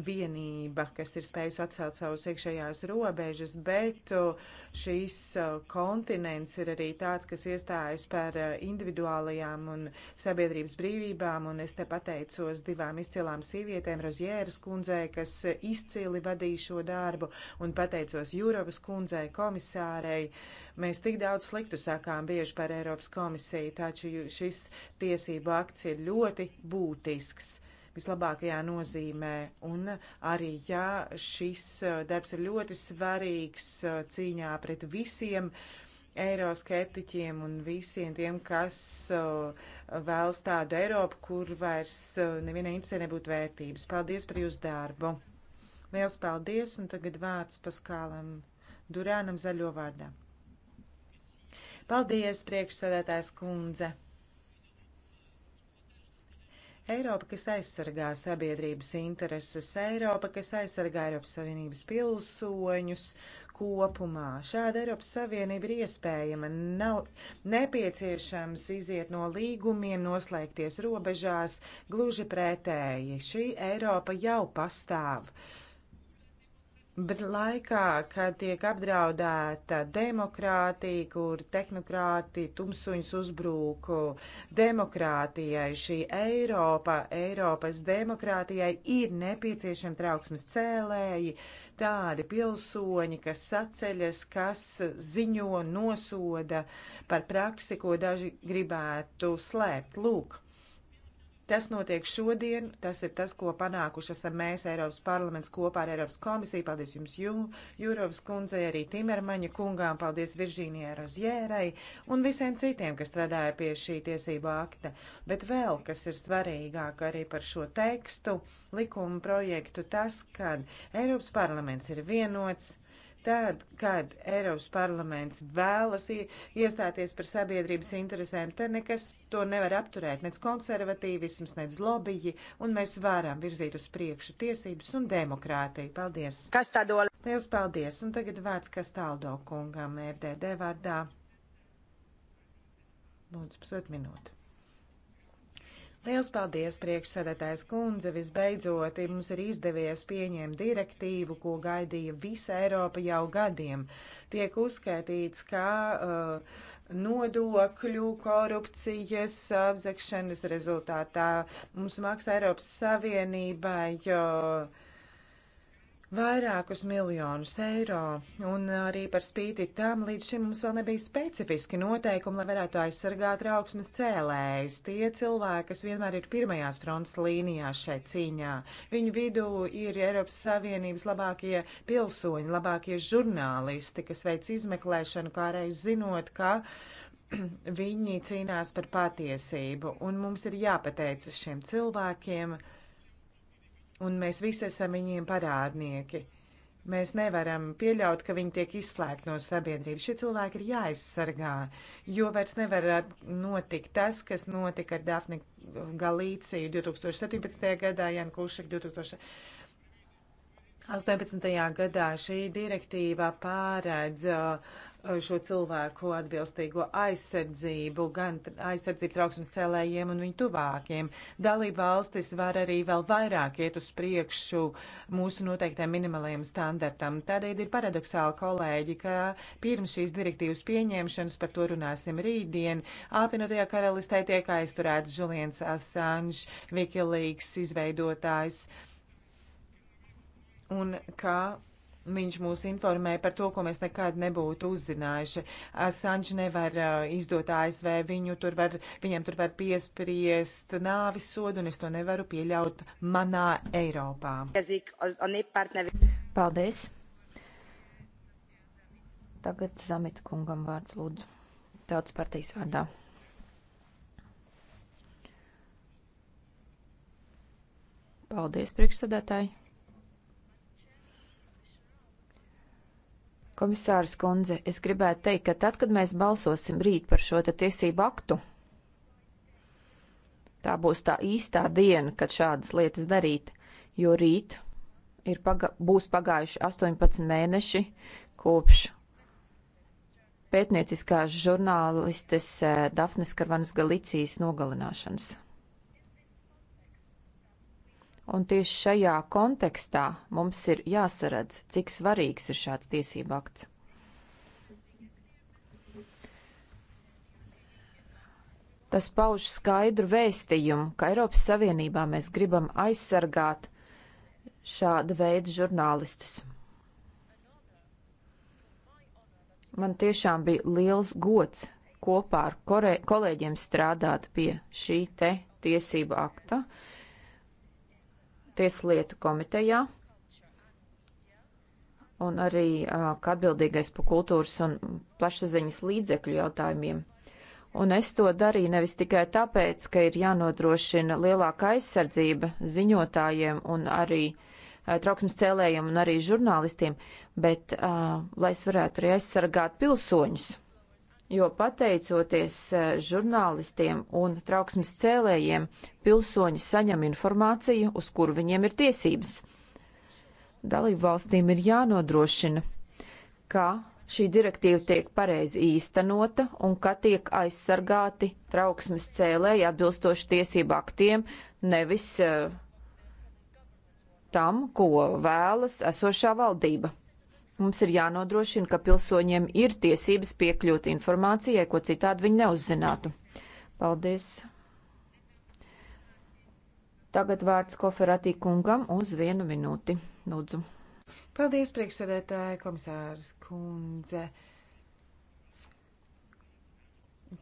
vienība, kas ir spējusi atcelt savus iekšējās robežas, bet uh, šīs uh, kontinents ir arī tāds, kas iestājas par uh, individuālajām un sabiedrības brīvībām, un es te pateicos divām izcilām sievietēm, Rozjēras kundzei, kas izcili vadīja šo darbu, un pateicos Jurovas kundzei, komisārei. Mēs tik daudz sliktu sakām bieži par Eiropas komisiju, taču šis tiesību akts ir ļoti būtisks vislabākajā nozīmē. Un arī, ja šis uh, darbs ir ļoti svarīgs uh, cīņā pret visiem, eiroskeptiķiem un visiem tiem, kas uh, vēlas tādu Eiropu, kur vairs uh, nevienai interesē nebūtu vērtības. Paldies par jūsu darbu! Liels paldies, un tagad vārds Paskālam Durānam zaļo vārdā. Paldies, priekšsēdētājs kundze! Eiropa, kas aizsargā sabiedrības intereses, Eiropa, kas aizsargā Eiropas Savienības pilsoņus kopumā. Šāda Eiropas Savienība ir iespējama. Nav nepieciešams iziet no līgumiem, noslēgties robežās, gluži pretēji. Šī Eiropa jau pastāv. Uh, Bet laikā, kad tiek apdraudēta demokrātija, kur tehnokrāti tumsuņus uzbruku demokrātijai, šī Eiropa, Eiropas demokrātijai ir nepieciešami trauksmes cēlēji, tādi pilsoņi, kas saceļas, kas ziņo, nosoda par praksi, ko daži gribētu slēpt. Lūk! Tas notiek šodien, tas ir tas, ko panākuši esam mēs, Eiropas parlaments, kopā ar Eiropas komisiju. Paldies jums, Jū, Jūrovas kundzei, arī Timermaņa kungām, paldies Viržīnijai Rozjērai un visiem citiem, kas strādāja pie šī tiesību akta. Bet vēl, kas ir svarīgāk arī par šo tekstu, likumu projektu, tas, ka Eiropas parlaments ir vienots Tad, kad Eiropas parlaments vēlas iestāties par sabiedrības interesēm, tad nekas to nevar apturēt, nec konservatīvisms, nec lobiji, un mēs varam virzīt uz priekšu tiesības un demokrātiju. Paldies! Kas tā dola? Liels paldies! Un tagad vārds Kastaldo kungam, FDD vārdā. Lūdzu, pusotru minūti. Liels paldies, priekšsēdētājs kundze! Visbeidzot, mums ir izdevies pieņemt direktīvu, ko gaidīja visa Eiropa jau gadiem. Tiek uzskaitīts, ka uh, nodokļu, korupcijas apzakšanas rezultātā mums maksā Eiropas Savienībai. Uh, vairākus miljonus eiro, un arī par spīti tam līdz šim mums vēl nebija specifiski noteikumi, lai varētu aizsargāt trauksmes cēlējus. Tie cilvēki, kas vienmēr ir pirmajās fronts līnijās šai cīņā, viņu vidū ir Eiropas Savienības labākie pilsoņi, labākie žurnālisti, kas veic izmeklēšanu, kā arī zinot, ka viņi cīnās par patiesību, un mums ir jāpateicas šiem cilvēkiem un mēs visi esam viņiem parādnieki. Mēs nevaram pieļaut, ka viņi tiek izslēgti no sabiedrības. Šie cilvēki ir jāaizsargā, jo vairs nevar notikt tas, kas notika ar Dafni Galīciju 2017. gadā, Janu Kušek 2018. gadā. Šī direktīva pārēdz uh, Uh, šo cilvēku atbilstīgo aizsardzību, gan aizsardzību trauksmes cēlējiem un viņu tuvākiem. Dalība valstis var arī vēl vairāk iet uz priekšu mūsu noteiktajiem minimālajiem standartam. Tādēļ ir paradoxāli, kolēģi, ka pirms šīs direktīvas pieņemšanas, par to runāsim rītdien, apvienotajā karalistē tiek aizturēts Julians Assange, Wikileaks izveidotājs. Un kā Viņš mūs informē par to, ko mēs nekad nebūtu uzzinājuši. Assange nevar uh, izdot ASV, viņu tur var, viņam tur var piespriest nāvis sodu, un es to nevaru pieļaut manā Eiropā. Paldies! Tagad Zamita kungam vārds lūdzu. Tautas partijas vārdā. Paldies, priekšsēdētāji! Komisārs Kundze, es gribētu teikt, ka tad, kad mēs balsosim rīt par šo tiesību aktu, tā būs tā īstā diena, kad šādas lietas darīt, jo rīt ir paga būs pagājuši 18 mēneši kopš pētnieciskās žurnālistes eh, Dafnes Karvanas Galicijas nogalināšanas. Un tieši šajā kontekstā mums ir jāsaredz, cik svarīgs ir šāds tiesību akts. Tas pauž skaidru vēstījumu, ka Eiropas Savienībā mēs gribam aizsargāt šāda veida žurnālistus. Man tiešām bija liels gods kopā ar kolēģiem strādāt pie šī te tiesību akta, uh, Tieslietu komitejā un arī kā atbildīgais par kultūras un plašsaziņas līdzekļu jautājumiem. Un es to darīju nevis tikai tāpēc, ka ir jānodrošina lielāka aizsardzība ziņotājiem un arī trauksmes cēlējiem un arī žurnālistiem, bet uh, lai es varētu arī aizsargāt pilsoņus jo pateicoties eh, žurnālistiem un trauksmes cēlējiem, pilsoņi saņem informāciju, uz kuru viņiem ir tiesības. Dalību valstīm ir jānodrošina, ka šī direktīva tiek pareizi īstenota un ka tiek aizsargāti trauksmes cēlēji atbilstoši tiesību aktiem, nevis uh, tam, ko vēlas esošā valdība. Mums ir jānodrošina, ka pilsoņiem ir tiesības piekļūt informācijai, ko citādi viņi neuzzinātu. Paldies! Tagad vārds koferatī kungam uz vienu minūti. Lūdzu. Paldies, priekšsēdētāja komisārs kundze. Uh,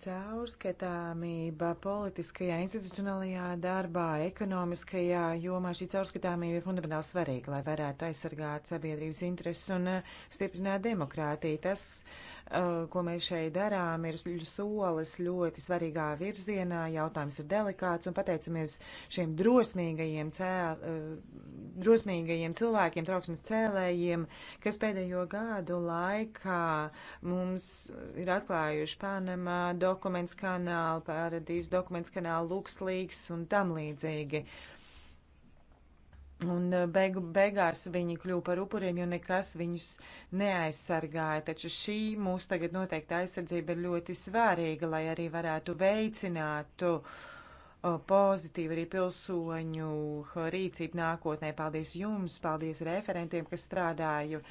Caurskatāmība politiskajā, institucionālajā darbā, ekonomiskajā jomā šī caurskatāmība ir fundamentāli svarīga, lai varētu aizsargāt sabiedrības intereses un uh, stiprināt demokrātiju. Tas uh, Eh, ko mēs šeit darām, ir solis ļoti svarīgā virzienā. Jautājums ir delikāts un pateicamies šiem drosmīgajiem, cēl, eh, drosmīgajiem cilvēkiem, trauksmes cēlējiem, kas pēdējo gadu laikā mums ir atklājuši Panamā dokuments kanālu, paradīzes dokuments kanālu, Luxlīgs un tam līdzīgi. Uh, Un eh, beigu, beigās viņi kļuva par upuriem, jo nekas viņus neaizsargāja. Taču šī mūsu tagad noteikta aizsardzība ir ļoti svērīga, lai arī varētu veicināt eh, pozitīvu arī pilsoņu rīcību nākotnē. Paldies jums, paldies referentiem, kas strādāju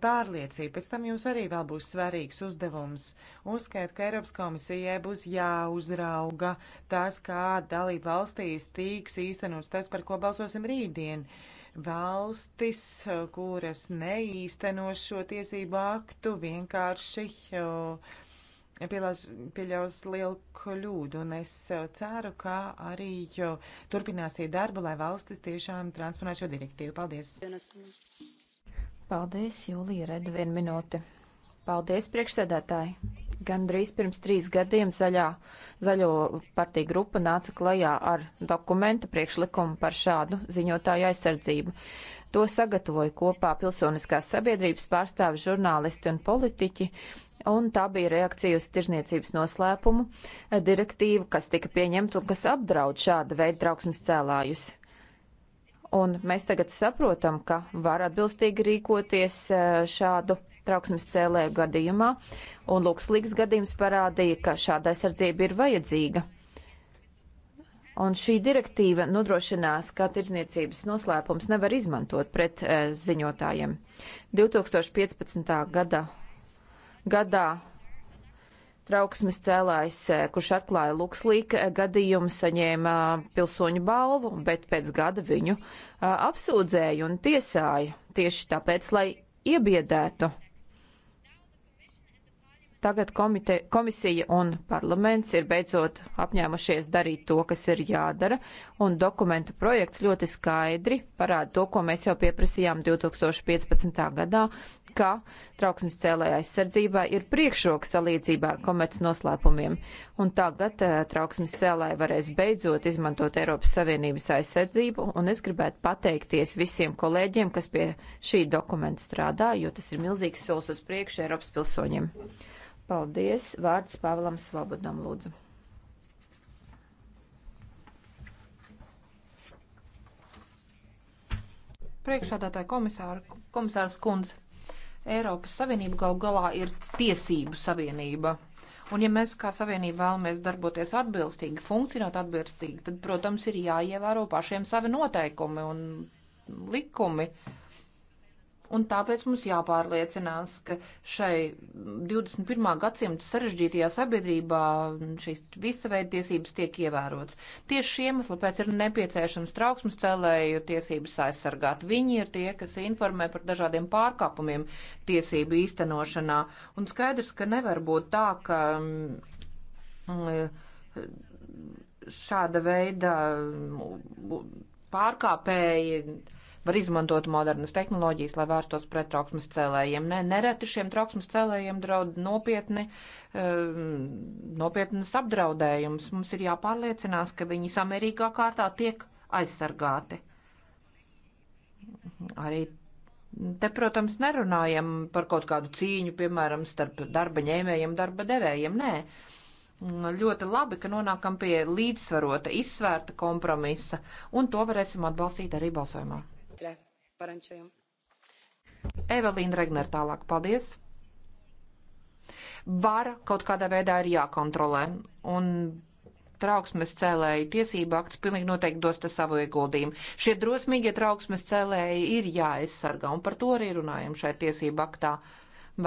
pārliecība. Pēc tam jums arī vēl būs svarīgs uzdevums. Uzskaitu, ka Eiropas komisijai būs jāuzrauga tas, kā dalība valstīs tiks īstenots tas, par ko balsosim rītdien. Valstis, kuras neīstenos šo tiesību aktu, vienkārši pieļaus, pieļaus lielu kļūdu. Un es ceru, ka arī turpināsiet darbu, lai valstis tiešām transponētu šo direktīvu. Paldies! Dienas. Paldies, Jūlija, redzu vienu minūti. Paldies, priekšsēdētāji. Gan drīz pirms trīs gadiem zaļā, zaļo partija grupa nāca klajā ar dokumentu priekšlikumu par šādu ziņotāju aizsardzību. To sagatavoja kopā pilsoniskās sabiedrības pārstāvi žurnālisti un politiķi, un tā bija reakcija uz tirzniecības noslēpumu direktīvu, kas tika pieņemta un kas apdraud šāda veida trauksmes cēlājus. Un mēs tagad saprotam, ka var atbilstīgi rīkoties e, šādu trauksmes cēlēju gadījumā, un Lūkslīgs gadījums parādīja, ka šāda aizsardzība ir vajadzīga. Un šī direktīva nodrošinās, ka tirdzniecības noslēpums nevar izmantot pret e, ziņotājiem. 2015. gada gadā trauksmes cēlājs, eh, kurš atklāja Lukslīka eh, gadījumu, saņēma eh, pilsoņu balvu, bet pēc gada viņu apsūdzēja un tiesāja tieši tāpēc, lai iebiedētu. Tagad komite, komisija un parlaments ir beidzot apņēmušies darīt to, kas ir jādara, un dokumenta projekts ļoti skaidri parāda to, ko mēs jau pieprasījām 2015. gadā, ka trauksmes cēlēja aizsardzībā ir priekšroka salīdzībā ar komerc noslēpumiem, un tagad eh, trauksmes cēlēja varēs beidzot izmantot Eiropas Savienības aizsardzību, un es gribētu pateikties visiem kolēģiem, kas pie šī dokumenta strādā, jo tas ir milzīgs solis uz priekšu Eiropas pilsoņiem. Paldies. Vārds Pāvlam Svobodam lūdzu. Priekšādātāja komisāra, komisārs Kunz, Eiropas Savienība gal galā ir tiesību savienība. Un, ja mēs kā savienība vēlamies darboties atbilstīgi, funkcionēt atbilstīgi, tad, protams, ir jāievēro pašiem savi noteikumi un likumi. Uh, Un tāpēc mums jāpārliecinās, ka šai 21. gadsimta sarežģītajā sabiedrībā šīs visa veida tiesības tiek ievērotas. Tieši šiem iemesla pēc ir nepieciešams trauksmes cēlēju tiesības aizsargāt. Viņi ir tie, kas informē par dažādiem pārkāpumiem tiesību īstenošanā. Un skaidrs, ka nevar būt tā, ka. Mm, šāda veida mm, pārkāpēji var izmantot modernas tehnoloģijas, lai vērstos pret trauksmes cēlējiem. Nē, nereti šiem trauksmes cēlējiem draud nopietni, ehm, nopietnas apdraudējums. Mums ir jāpārliecinās, ka viņi samērīgā kārtā tiek aizsargāti. Arī Te, protams, nerunājam par kaut kādu cīņu, piemēram, starp darba ņēmējiem, darba devējiem. Nē, ļoti labi, ka nonākam pie līdzsvarota, izsvērta kompromisa, un to varēsim atbalstīt arī balsojumā. Regner, parancējam. Evelīna Regner tālāk, paldies. Vara kaut kādā veidā ir jākontrolē, un trauksmes cēlēju tiesību akts pilnīgi noteikti dos te savu ieguldījumu. Šie drosmīgie trauksmes cēlēji ir jāaizsargā, un par to arī runājam šajā tiesību aktā.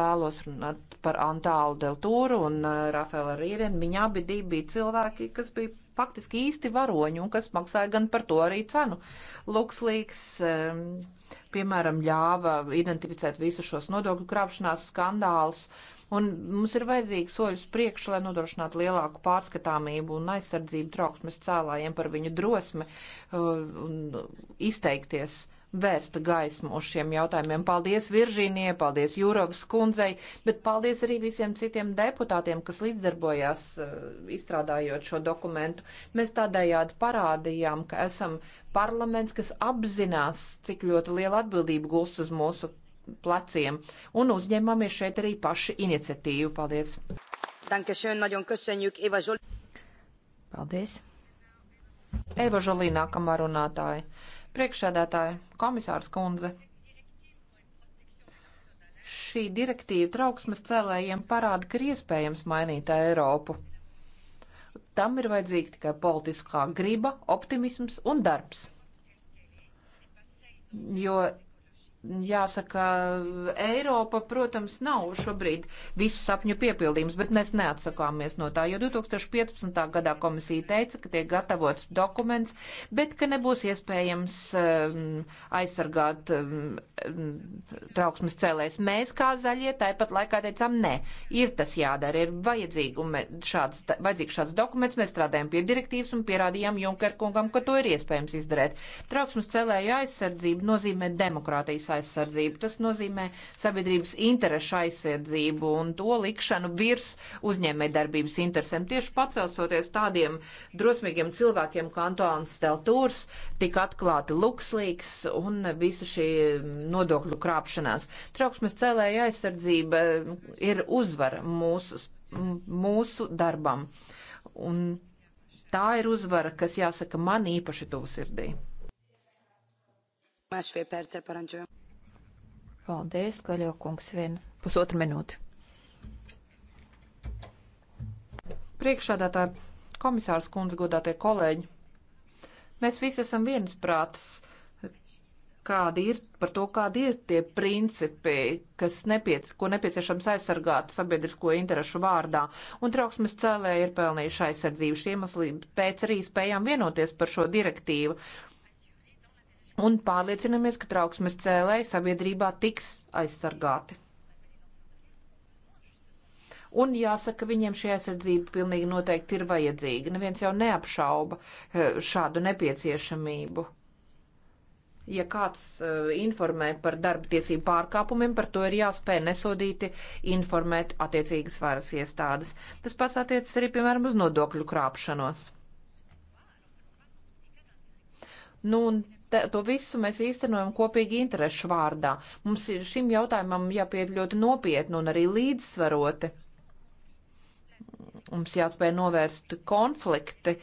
Vēlos runāt par Antālu Deltūru un uh, eh, Rafaelu Rīrenu. Viņa abi bija cilvēki, kas bija faktiski īsti varoņi un kas maksāja gan par to arī cenu. Lukslīgs, piemēram, ļāva identificēt visus šos nodokļu krāpšanās skandālus. Un mums ir vajadzīgi soļus priekš, lai nodrošinātu lielāku pārskatāmību un aizsardzību trauksmes cēlājiem par viņu drosmi eh, un izteikties vērsta gaismu uz šiem jautājumiem. Paldies Viržīnie, paldies Jūrovas kundzei, bet paldies arī visiem citiem deputātiem, kas līdzdarbojās eh, izstrādājot šo dokumentu. Mēs tādējādi parādījām, ka esam parlaments, kas apzinās, cik ļoti liela atbildība gulst uz mūsu pleciem, un uzņēmāmies šeit arī paši iniciatīvu. Paldies! Paldies! Eva Žalīnā, kamā runātāja. Priekšsēdētāja, komisārs kundze. Šī direktīva trauksmes cēlējiem parāda, ka ir iespējams mainīt Eiropu. Tam ir vajadzīga tikai politiskā griba, optimisms un darbs. Jo Jāsaka, Eiropa, protams, nav šobrīd visu sapņu piepildījums, bet mēs neatsakāmies no tā, jo 2015. gadā komisija teica, ka tiek gatavots dokuments, bet ka nebūs iespējams um, aizsargāt um, trauksmes cēlēs. Mēs, kā zaļie, tāpat laikā teicām, nē, ir tas jādara, ir vajadzīgi šāds, vajadzīgs šāds dokuments, mēs strādājam pie direktīvas un pierādījām Junkerkungam, ka to ir iespējams izdarīt. Trauksmes cēlēju aizsardzība nozīmē demokrātijas aizsardzību. Tas nozīmē sabiedrības interešu aizsardzību un to likšanu virs uzņēmē darbības interesēm. Tieši pacelsoties tādiem drosmīgiem cilvēkiem kā Antoāns Steltūrs, tika atklāti lukslīgs un visa šī nodokļu krāpšanās. Trauksmes cēlēja aizsardzība ir uzvara mūsu, mūsu darbam. Un tā ir uzvara, kas jāsaka man īpaši tuvu sirdī. Másfél percre parancsoljon. Paldies, Kaļo kungs, vien pusotru minūti. Priekšādātāji, komisārs kundze, godātie kolēģi, mēs visi esam viensprātis kādi ir, par to, kādi ir tie principi, kas nepiec, ko nepieciešams aizsargāt sabiedrisko interešu vārdā. Un trauksmes cēlē ir pelnījuši aizsardzību. Šiem iemesliem pēc arī spējām vienoties par šo direktīvu un pārliecinamies, ka trauksmes cēlēji sabiedrībā tiks aizsargāti. Un jāsaka, viņiem šī aizsardzība pilnīgi noteikti ir vajadzīga. Neviens jau neapšauba eh, šādu nepieciešamību. Ja kāds uh, informē par darba tiesību pārkāpumiem, par to ir jāspēj nesodīti informēt attiecīgas varas iestādes. Tas pats attiecas arī, piemēram, uz nodokļu krāpšanos. Nu, un te, to visu mēs īstenojam kopīgi interešu vārdā. Mums ir šim jautājumam jāpiet ļoti nopietni un arī līdzsvaroti. Mums jāspēj novērst konflikti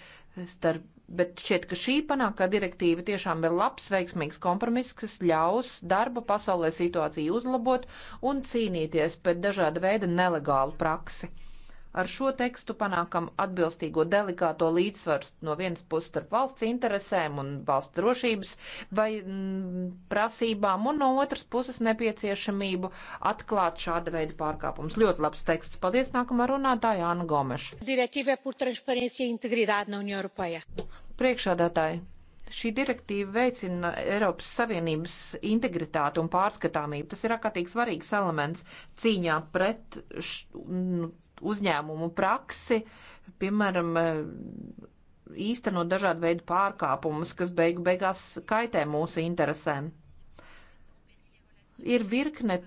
starp, bet šķiet, ka šī panākā direktīva tiešām ir labs, veiksmīgs kompromiss, kas ļaus darba pasaulē situāciju uzlabot un cīnīties pret dažāda veida nelegālu praksi. Ar šo tekstu panākam atbilstīgo delikāto līdzsvaru no vienas puses starp valsts interesēm un valsts drošības vai m, mm, prasībām, un no otras puses nepieciešamību atklāt šāda veida pārkāpumus. Ļoti labs teksts. Paldies nākamā runātāja Anna Gomeša. Direktīva par transparenci integritāti no Unija Europaja. Priekšādātāji. Šī direktīva veicina Eiropas Savienības integritāti un pārskatāmību. Tas ir ārkārtīgi svarīgs elements cīņā pret š, uzņēmumu praksi, piemēram, īstenot dažādu veidu pārkāpumus, kas beigu beigās kaitē mūsu interesēm. Ir virkne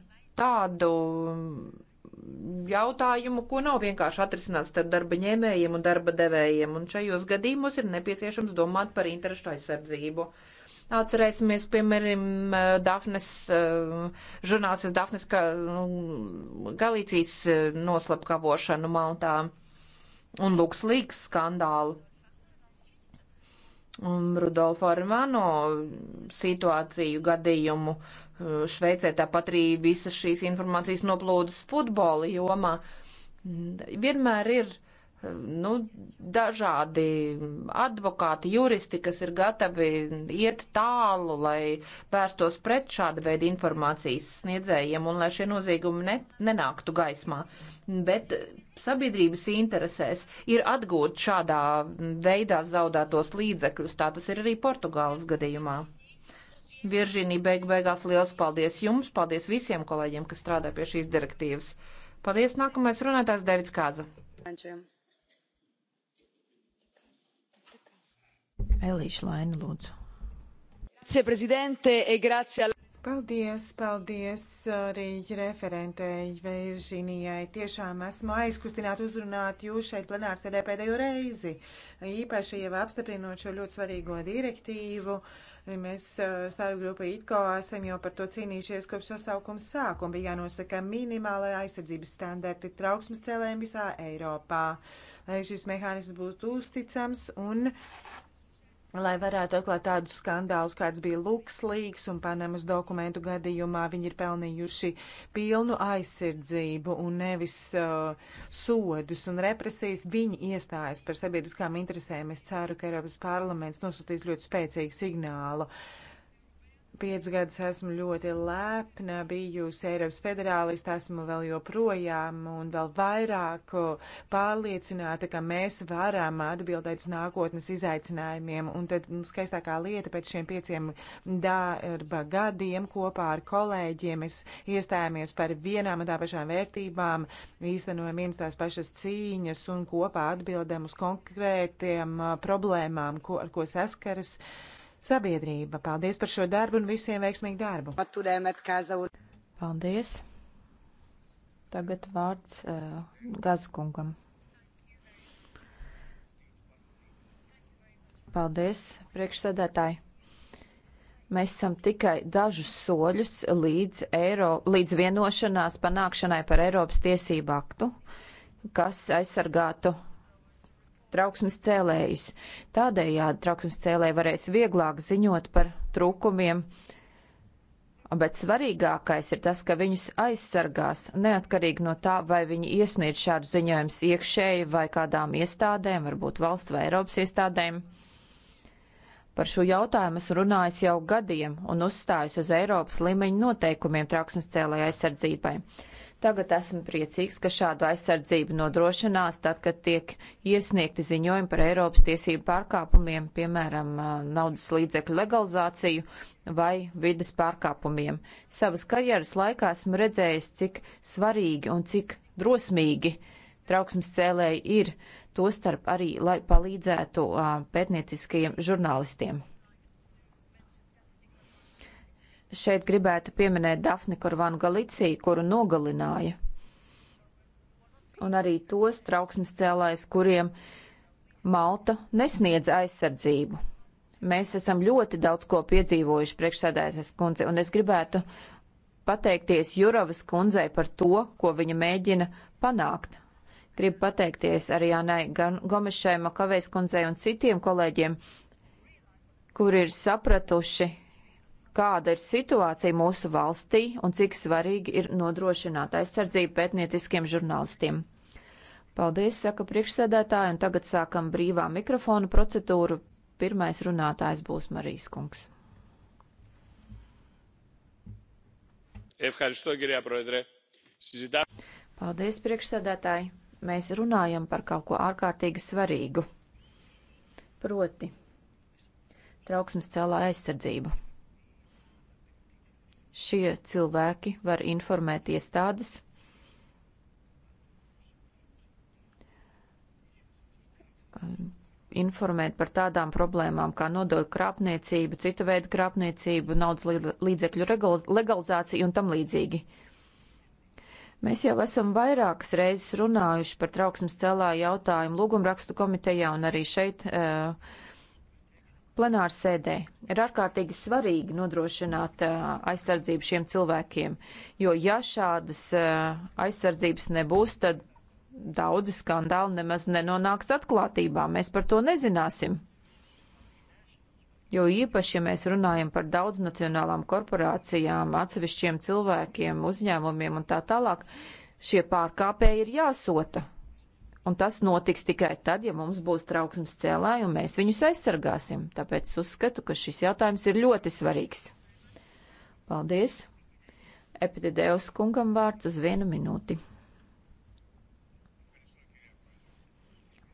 tādu jautājumu, ko nav vienkārši atrisināts starp darba ņēmējiem un darba devējiem, un šajos gadījumos ir nepieciešams domāt par interešu aizsardzību. Uh, Atcerēsimies, piemēram, eh, Dafnes, eh, žurnālistas Dafnes mm, Galīcijas eh, noslapkavošanu Maltā un Luks Līks skandālu. Un Rudolfo Armano situāciju gadījumu Šveicē, tāpat arī visas šīs informācijas noplūdes futbola jomā. Mm, vienmēr ir nu, dažādi advokāti, juristi, kas ir gatavi iet tālu, lai vērstos pret šādu veidu informācijas sniedzējiem un lai šie noziegumi ne, nenāktu gaismā. Bet sabiedrības interesēs ir atgūt šādā veidā zaudētos līdzekļus, tā tas ir arī Portugāles gadījumā. Viržīnī beig beigās liels paldies jums, paldies visiem kolēģiem, kas strādā pie šīs direktīvas. Paldies, nākamais runātājs Devits Kāza. Thank you. Elīša Laina, lūdzu. E paldies, paldies arī referentei Vēržīnijai. Tiešām esmu aizkustināta uzrunāt jūs šeit plenārsēdē pēdējo reizi, īpaši jau apstiprinot šo ļoti svarīgo direktīvu. Mēs eh, stāru grupa ITKO esam jau par to cīnījušies kopš sasaukuma sākuma. Bija jānosaka minimālai aizsardzības standarti trauksmes cēlējiem visā Eiropā, lai šis mehānisms būtu uzticams un lai varētu atklāt tādus skandālus, kāds bija Luxlīgs un Panamas dokumentu gadījumā, viņi ir pelnījuši pilnu aizsardzību un nevis uh, sodus un represijas. Viņi iestājas par sabiedriskām interesēm. Es ceru, ka Eiropas parlaments nosūtīs ļoti spēcīgu signālu. Uh, piecus gadus esmu ļoti lepna bijusi Eiropas federālista, esmu vēl joprojām un vēl vairāk pārliecināta, ka mēs varam atbildēt uz nākotnes izaicinājumiem. Un tad skaistākā lieta pēc šiem pieciem darba gadiem kopā ar kolēģiem es iestājāmies par vienām un tā pašām vērtībām, īstenojam viens tās pašas cīņas un kopā atbildam uz konkrētiem uh, problēmām, ko, ar ko saskaras. Uh, sabiedrība. Paldies par šo darbu un visiem veiksmīgu darbu. Paldies. Tagad vārds uh, Gazkungam. Paldies, priekšsēdētāji. Mēs esam tikai dažus soļus līdz, Eiro, līdz vienošanās panākšanai par Eiropas tiesību aktu, kas aizsargātu trauksmes cēlējus. Tādējādi trauksmes cēlēji varēs vieglāk ziņot par trūkumiem, bet svarīgākais ir tas, ka viņus aizsargās neatkarīgi no tā, vai viņi iesniedz šādu ziņojumus iekšēji vai kādām iestādēm, varbūt valsts vai Eiropas iestādēm. Par šo jautājumu esmu runājis jau gadiem un uzstājis uz Eiropas līmeņa noteikumiem trauksmes cēlēja aizsardzībai. Tagad esmu priecīgs, ka šādu aizsardzību nodrošinās tad, kad tiek iesniegti ziņojumi par Eiropas tiesību pārkāpumiem, piemēram, naudas līdzekļu legalizāciju vai vidas pārkāpumiem. Savas karjeras laikā esmu redzējis, cik svarīgi un cik drosmīgi trauksmes cēlēji ir, tostarp arī, lai palīdzētu pētnieciskajiem žurnālistiem. Šeit gribētu pieminēt Dafni Korvanu Galiciju, kuru nogalināja. Un arī tos trauksmes cēlājus, kuriem Malta nesniedz aizsardzību. Mēs esam ļoti daudz ko piedzīvojuši priekšsēdētājas kundze, un es gribētu pateikties Juravas kundzei par to, ko viņa mēģina panākt. Gribu pateikties arī Jānai Gomešai, Makavēs kundzei un citiem kolēģiem, kuri ir sapratuši, kāda ir situācija mūsu valstī un cik svarīgi ir nodrošināt aizsardzību pētnieciskiem žurnālistiem. Paldies, saka priekšsēdētāji, un tagad sākam brīvā mikrofona procedūru. Pirmais runātājs būs Marijas kungs. Paldies, priekšsēdētāji! Mēs runājam par kaut ko ārkārtīgi svarīgu. Proti, trauksmes cēlā aizsardzību šie cilvēki var informēt iestādes. informēt par tādām problēmām kā nodokļu krāpniecību, cita veida krāpniecību, naudas līdzekļu legalizāciju un tam līdzīgi. Mēs jau esam vairākas reizes runājuši par trauksmes celāju jautājumu lūgumrakstu komitejā un arī šeit uh, plenāra sēdē ir ārkārtīgi svarīgi nodrošināt aizsardzību šiem cilvēkiem, jo ja šādas aizsardzības nebūs, tad daudzi skandāli nemaz nenonāks atklātībā. Mēs par to nezināsim. Jo īpaši, ja mēs runājam par daudznacionālām korporācijām, atsevišķiem cilvēkiem, uzņēmumiem un tā tālāk, šie pārkāpēji ir jāsota. Un tas notiks tikai tad, ja mums būs trauksmes cēlāji un mēs viņus aizsargāsim. Tāpēc es uzskatu, ka šis jautājums ir ļoti svarīgs. Paldies! Epidēvs kungam vārds uz vienu minūti.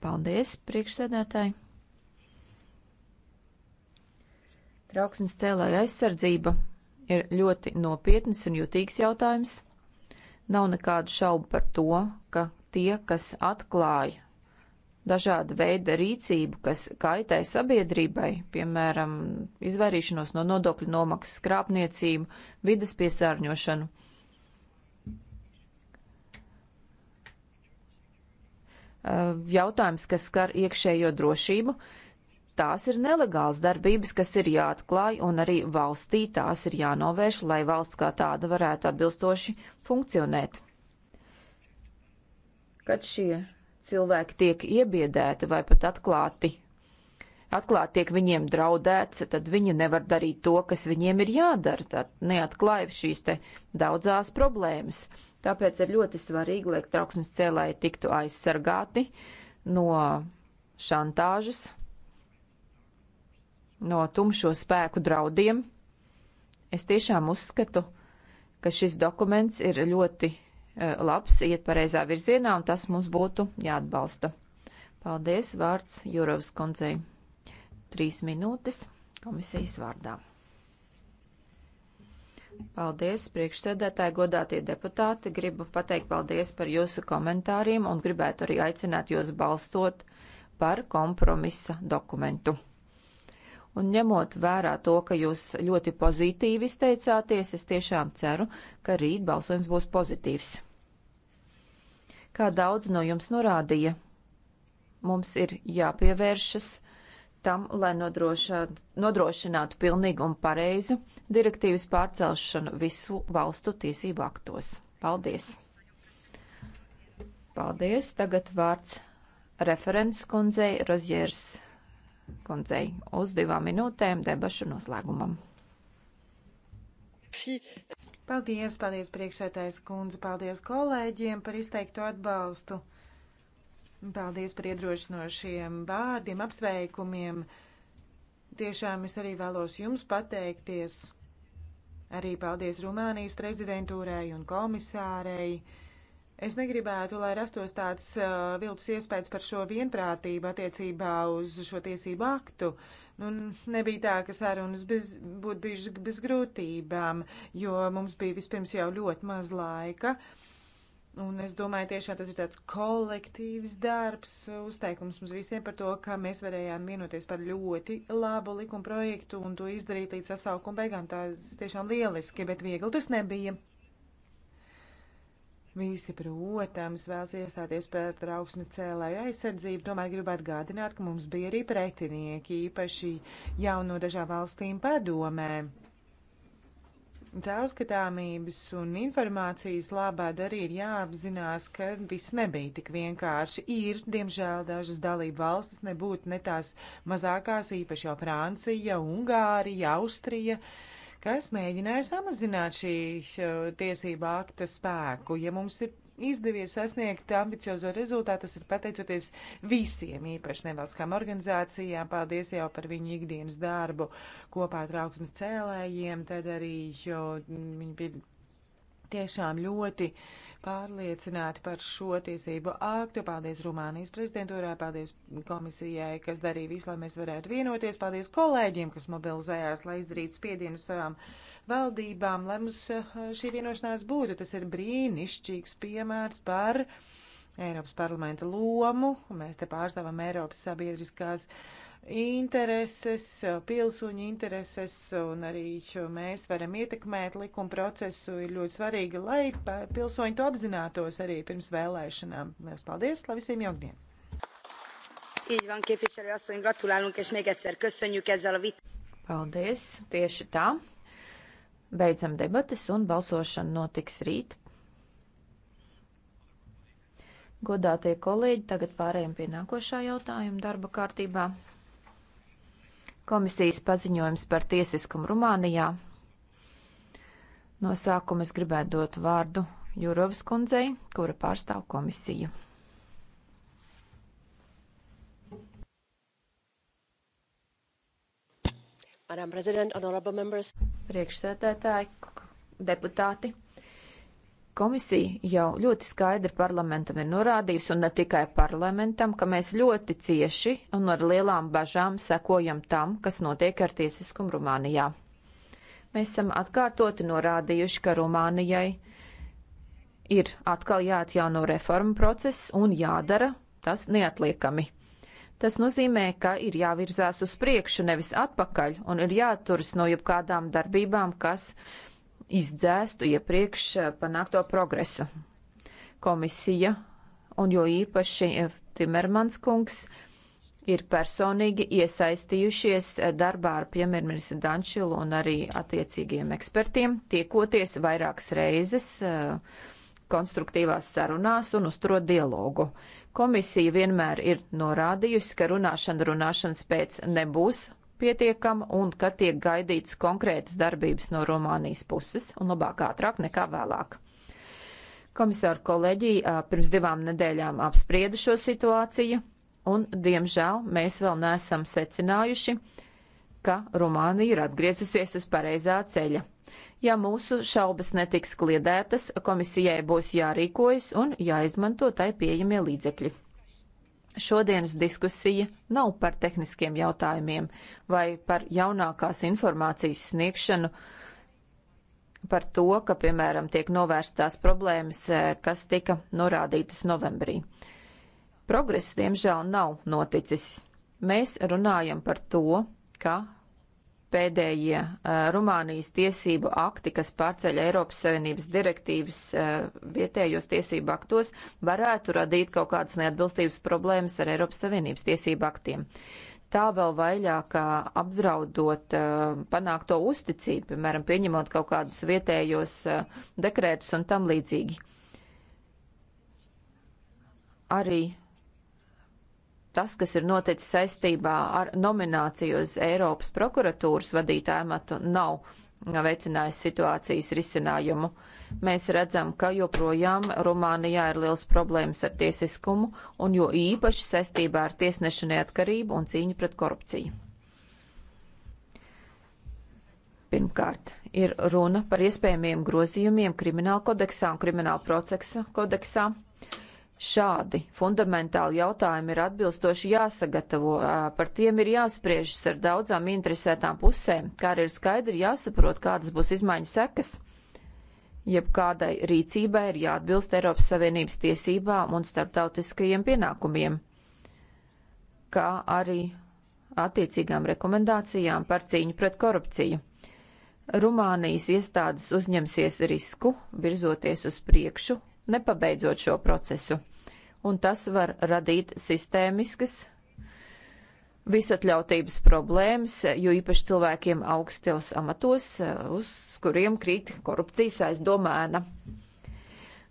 Paldies, priekšsēdētāji! Trauksmes cēlāja aizsardzība ir ļoti nopietnas un jutīgs jautājums. Nav nekādu šaubu par to, ka tie, kas atklāja dažāda veida rīcību, kas kaitē sabiedrībai, piemēram, izvairīšanos no nodokļu nomaksas, krāpniecību, vidas piesārņošanu. Jautājums, kas skar iekšējo drošību, tās ir nelegāls darbības, kas ir jāatklāj, un arī valstī tās ir jānovērš, lai valsts kā tāda varētu atbilstoši funkcionēt kad šie cilvēki tiek iebiedēti vai pat atklāti, atklāti tiek viņiem draudēts, tad viņi nevar darīt to, kas viņiem ir jādara, tad neatklāja šīs te daudzās problēmas. Tāpēc ir ļoti svarīgi, lai trauksmes cēlāji tiktu aizsargāti no šantāžas, no tumšo spēku draudiem. Es tiešām uzskatu, ka šis dokuments ir ļoti Eh, labs, iet pareizā virzienā, un tas mums būtu jāatbalsta. Paldies, vārds Jurovas kundzei. Trīs minūtes komisijas vārdā. Paldies, priekšsēdētāji, godātie deputāti. Gribu pateikt paldies par jūsu komentāriem un gribētu arī aicināt jūs balsot par kompromisa dokumentu. Un ņemot vērā to, ka jūs ļoti pozitīvi izteicāties, es tiešām ceru, ka rīt balsojums būs pozitīvs. Kā daudz no jums norādīja, mums ir jāpievēršas tam, lai nodrošinātu pilnīgu un pareizu direktīvas pārcelšanu visu valstu tiesību aktos. Paldies! Paldies! Tagad vārds referents kundzei Rozjērs kundzei uz divām minūtēm debašu noslēgumam. Paldies, paldies priekšsētājs kundze, paldies kolēģiem par izteikto atbalstu. Paldies par iedrošinošiem vārdiem, apsveikumiem. Tiešām es arī vēlos jums pateikties. Arī paldies Rumānijas prezidentūrai un komisārei. Es negribētu, lai rastos tāds uh, viltus iespējas par šo vienprātību attiecībā uz šo tiesību aktu. Nu, nebija tā, ka sarunas bez, būtu bijušas bez grūtībām, jo mums bija vispirms jau ļoti maz laika. Un es domāju, tiešām tas ir tāds kolektīvs darbs, uzteikums mums visiem par to, ka mēs varējām vienoties par ļoti labu likuma projektu un to izdarīt līdz sasaukuma beigām. Tas tiešām lieliski, bet viegli tas nebija. Visi, protams, vēlas iestāties par trauksmes cēlēju aizsardzību, tomēr gribu atgādināt, ka mums bija arī pretinieki, īpaši jau no dažām valstīm padomē. Caurskatāmības un informācijas labād arī ir jāapzinās, ka viss nebija tik vienkārši. Ir, diemžēl, dažas dalība valstis nebūtu ne tās mazākās, īpaši jau Francija, Ungārija, Austrija. Uh, kas mēģināja samazināt šī eh, tiesība akta spēku. Ja mums ir izdevies sasniegt ambiciozo rezultātu, tas ir pateicoties visiem īpaši nevalstiskām organizācijām. Paldies jau par viņu ikdienas darbu kopā ar trauksmes cēlējiem, tad arī jo, viņi bija tiešām ļoti pārliecināti par šo tiesību aktu. Paldies Rumānijas prezidentūrā, paldies komisijai, kas darīja visu, lai mēs varētu vienoties. Paldies kolēģiem, kas mobilizējās, lai izdarītu spiedienu savām valdībām, lai mums eh, šī vienošanās būtu. Tas ir brīnišķīgs piemērs par Eiropas parlamenta lomu. Mēs te pārstāvam Eiropas sabiedriskās uh, intereses, pilsoņu intereses, un arī mēs varam ietekmēt likuma procesu. Ir ļoti svarīgi, lai pilsoņi to apzinātos arī pirms vēlēšanām. Lielas paldies, lai visiem jogdien! Így van, képviselő asszony, gratulálunk, és még egyszer köszönjük ezzel a vitát. Paldies, tieši tā. Beidzam debates un balsošana notiks rīt. Godātie kolēģi, tagad pārējiem pie nākošā jautājuma darba kārtībā. Komisijas paziņojums par tiesiskumu Rumānijā. Nosākumu es gribētu dot vārdu Jurovas kundzei, kura pārstāv komisiju. Priekšsēdētāji, deputāti, Komisija jau ļoti skaidri parlamentam ir norādījusi, un ne tikai parlamentam, ka mēs ļoti cieši un ar lielām bažām sekojam tam, kas notiek ar tiesiskumu Rumānijā. Mēs esam atkārtoti norādījuši, ka Rumānijai ir atkal jāatjauno reformu process un jādara tas neatliekami. Tas nozīmē, ka ir jāvirzās uz priekšu, nevis atpakaļ, un ir jāturas no jebkādām darbībām, kas uh, izdzēstu iepriekš eh, panākto progresu. Komisija un jo īpaši eh, Timermans kungs ir personīgi iesaistījušies eh, darbā ar premjerministru Dančilu un arī attiecīgiem ekspertiem, tiekoties vairākas reizes konstruktīvās sarunās un uzturot dialogu. Komisija vienmēr ir norādījusi, ka runāšana runāšanas pēc nebūs, pietiekama un ka tiek gaidīts konkrētas darbības no Rumānijas puses un labāk ātrāk nekā vēlāk. Komisāra kolēģija pirms divām nedēļām apsprieda šo situāciju un, diemžēl, mēs vēl neesam secinājuši, ka Rumānija ir atgriezusies uz pareizā ceļa. Ja mūsu šaubas netiks kliedētas, komisijai būs jārīkojas un jāizmanto tai pieejamie līdzekļi. Šodienas diskusija nav par tehniskiem jautājumiem vai par jaunākās informācijas sniegšanu par to, ka, piemēram, tiek novērstās problēmas, eh, kas tika norādītas novembrī. Progress, diemžēl, nav noticis. Mēs runājam par to, ka pēdējie Rumānijas tiesību akti, kas pārceļ Eiropas Savienības direktīvas vietējos tiesību aktos, varētu radīt kaut kādas neatbilstības problēmas ar Eiropas Savienības tiesību aktiem. Tā vēl vairāk apdraudot panākto uzticību, piemēram, pieņemot kaut kādus vietējos dekrētus un tam līdzīgi. Arī tas, kas ir noticis saistībā ar nomināciju uz Eiropas prokuratūras vadītāju amatu, nav veicinājis situācijas risinājumu. Mēs redzam, ka joprojām Rumānijā ir liels problēmas ar tiesiskumu un jo īpaši saistībā ar tiesnešu neatkarību un cīņu pret korupciju. Pirmkārt, ir runa par iespējamiem grozījumiem krimināla kodeksā un krimināla procesa kodeksā. kodeksā Šādi fundamentāli jautājumi ir atbilstoši jāsagatavo, par tiem ir jāspriežas ar daudzām interesētām pusēm, kā arī ir skaidri jāsaprot, kādas būs izmaiņu sekas. Jebkādai rīcībai ir jāatbilst Eiropas Savienības tiesībām un starptautiskajiem pienākumiem, kā arī attiecīgām rekomendācijām par cīņu pret korupciju. Rumānijas iestādes uzņemsies risku, virzoties uz priekšu nepabeidzot šo procesu. Un tas var radīt sistēmiskas visatļautības problēmas, jo īpaši cilvēkiem augstos amatos, uz kuriem krīt korupcijas aizdomēna.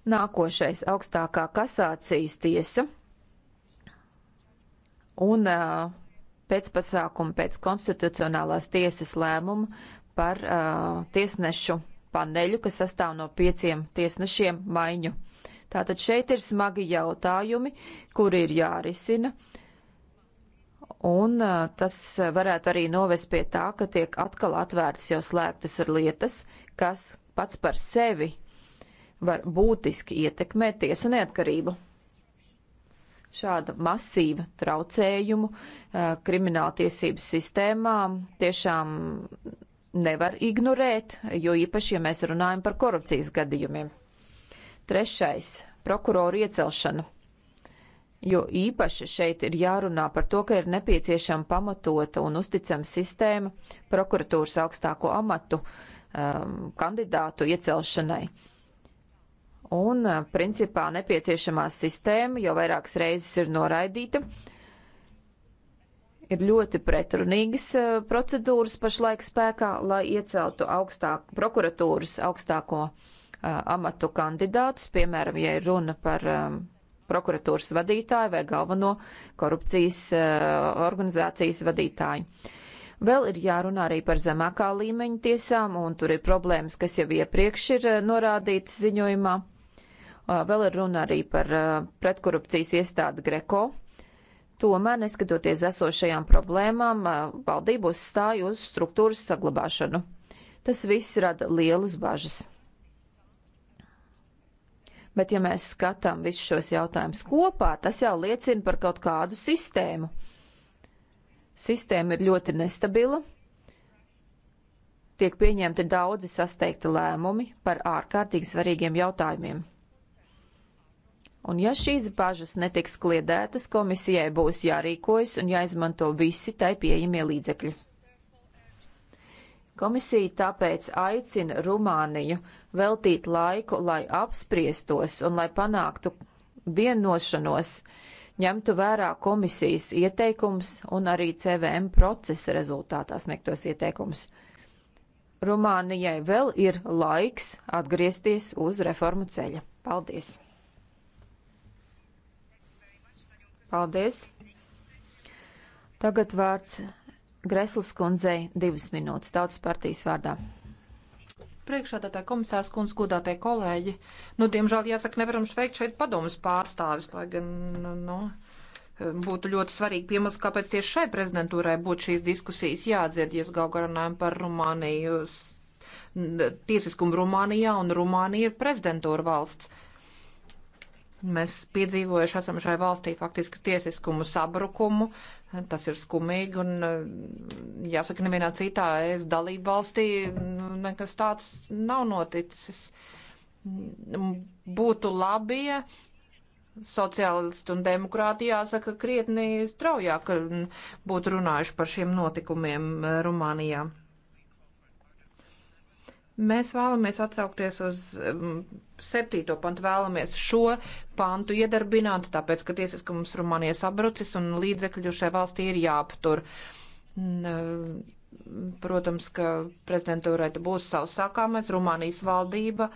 Nākošais augstākā kasācijas tiesa un pēcpasākumu pēc konstitucionālās tiesas lēmumu par uh, tiesnešu paneļu, kas sastāv no pieciem tiesnešiem maiņu Tātad šeit ir smagi jautājumi, kuri ir jārisina. Un tas varētu arī novest pie tā, ka tiek atkal atvērtas jau slēgtas ar lietas, kas pats par sevi var būtiski ietekmēt tiesu neatkarību. Šāda masīva traucējumu krimināltiesību sistēmām tiešām nevar ignorēt, jo īpaši, ja mēs runājam par korupcijas gadījumiem. Trešais - prokuroru iecelšanu. Jo īpaši šeit ir jārunā par to, ka ir nepieciešama pamatota un uzticama sistēma prokuratūras augstāko amatu um, kandidātu iecelšanai. Un, uh, principā, nepieciešamā sistēma jau vairākas reizes ir noraidīta. Ir ļoti pretrunīgas uh, procedūras pašlaik spēkā, lai ieceltu augstāk, prokuratūras augstāko amatu amatu kandidātus, piemēram, ja ir runa par prokuratūras vadītāju vai galveno korupcijas organizācijas vadītāju. Vēl ir jārunā arī par zemākā līmeņa tiesām, un tur ir problēmas, kas jau iepriekš ir norādītas ziņojumā. Vēl ir runa arī par pretkorupcijas iestādi Greko. Tomēr, neskatoties esošajām problēmām, valdība uzstāj uz struktūras saglabāšanu. Tas viss rada lielas bažas. Bet, ja mēs skatām visus šos jautājumus kopā, tas jau liecina par kaut kādu sistēmu. Sistēma ir ļoti nestabila, tiek pieņemti daudzi sasteigti lēmumi par ārkārtīgi svarīgiem jautājumiem. Un ja šīs bažas netiks kliedētas, komisijai būs jārīkojas un jāizmanto visi tai pieejamie līdzekļi. Komisija tāpēc aicina Rumāniju veltīt laiku, lai apspriestos un lai panāktu vienošanos, ņemtu vērā komisijas ieteikums un arī CVM procesa rezultātā sniegtos ieteikumus. Rumānijai vēl ir laiks atgriezties uz reformu ceļa. Paldies! Paldies! Tagad vārds Gresls kundzei divas minūtes tautas partijas vārdā. Priekšādātāja komisārs kundze, godātie kolēģi, nu, diemžēl jāsaka, nevaram veikt šeit padomus pārstāvis, lai gan, nu, nu, būtu ļoti svarīgi piemērs, kāpēc tieši šai prezidentūrai būtu šīs diskusijas jādzird, ja galgaranājam par Rumāniju, tiesiskumu Rumānijā, un Rumānija ir prezidentūra valsts. Mēs piedzīvojuši esam šai valstī faktiski tiesiskumu sabrukumu, uh, Tas ir skumīgi, un eh, jāsaka, nevienā citā es dalību valstī nu, nekas tāds nav noticis. Mm, būtu labi, ja sociālisti un demokrāti jāsaka krietni straujāk būtu runājuši par šiem notikumiem eh, Rumānijā. Mēs vēlamies atsaukties uz um, septīto pantu, vēlamies šo pantu iedarbināt, tāpēc, ka tiesiskums Rumānijā sabrucis un līdzekļu šai valstī ir jāaptur. Uh, protams, ka prezidentūrai būs savs sākāmais, Rumānijas valdība,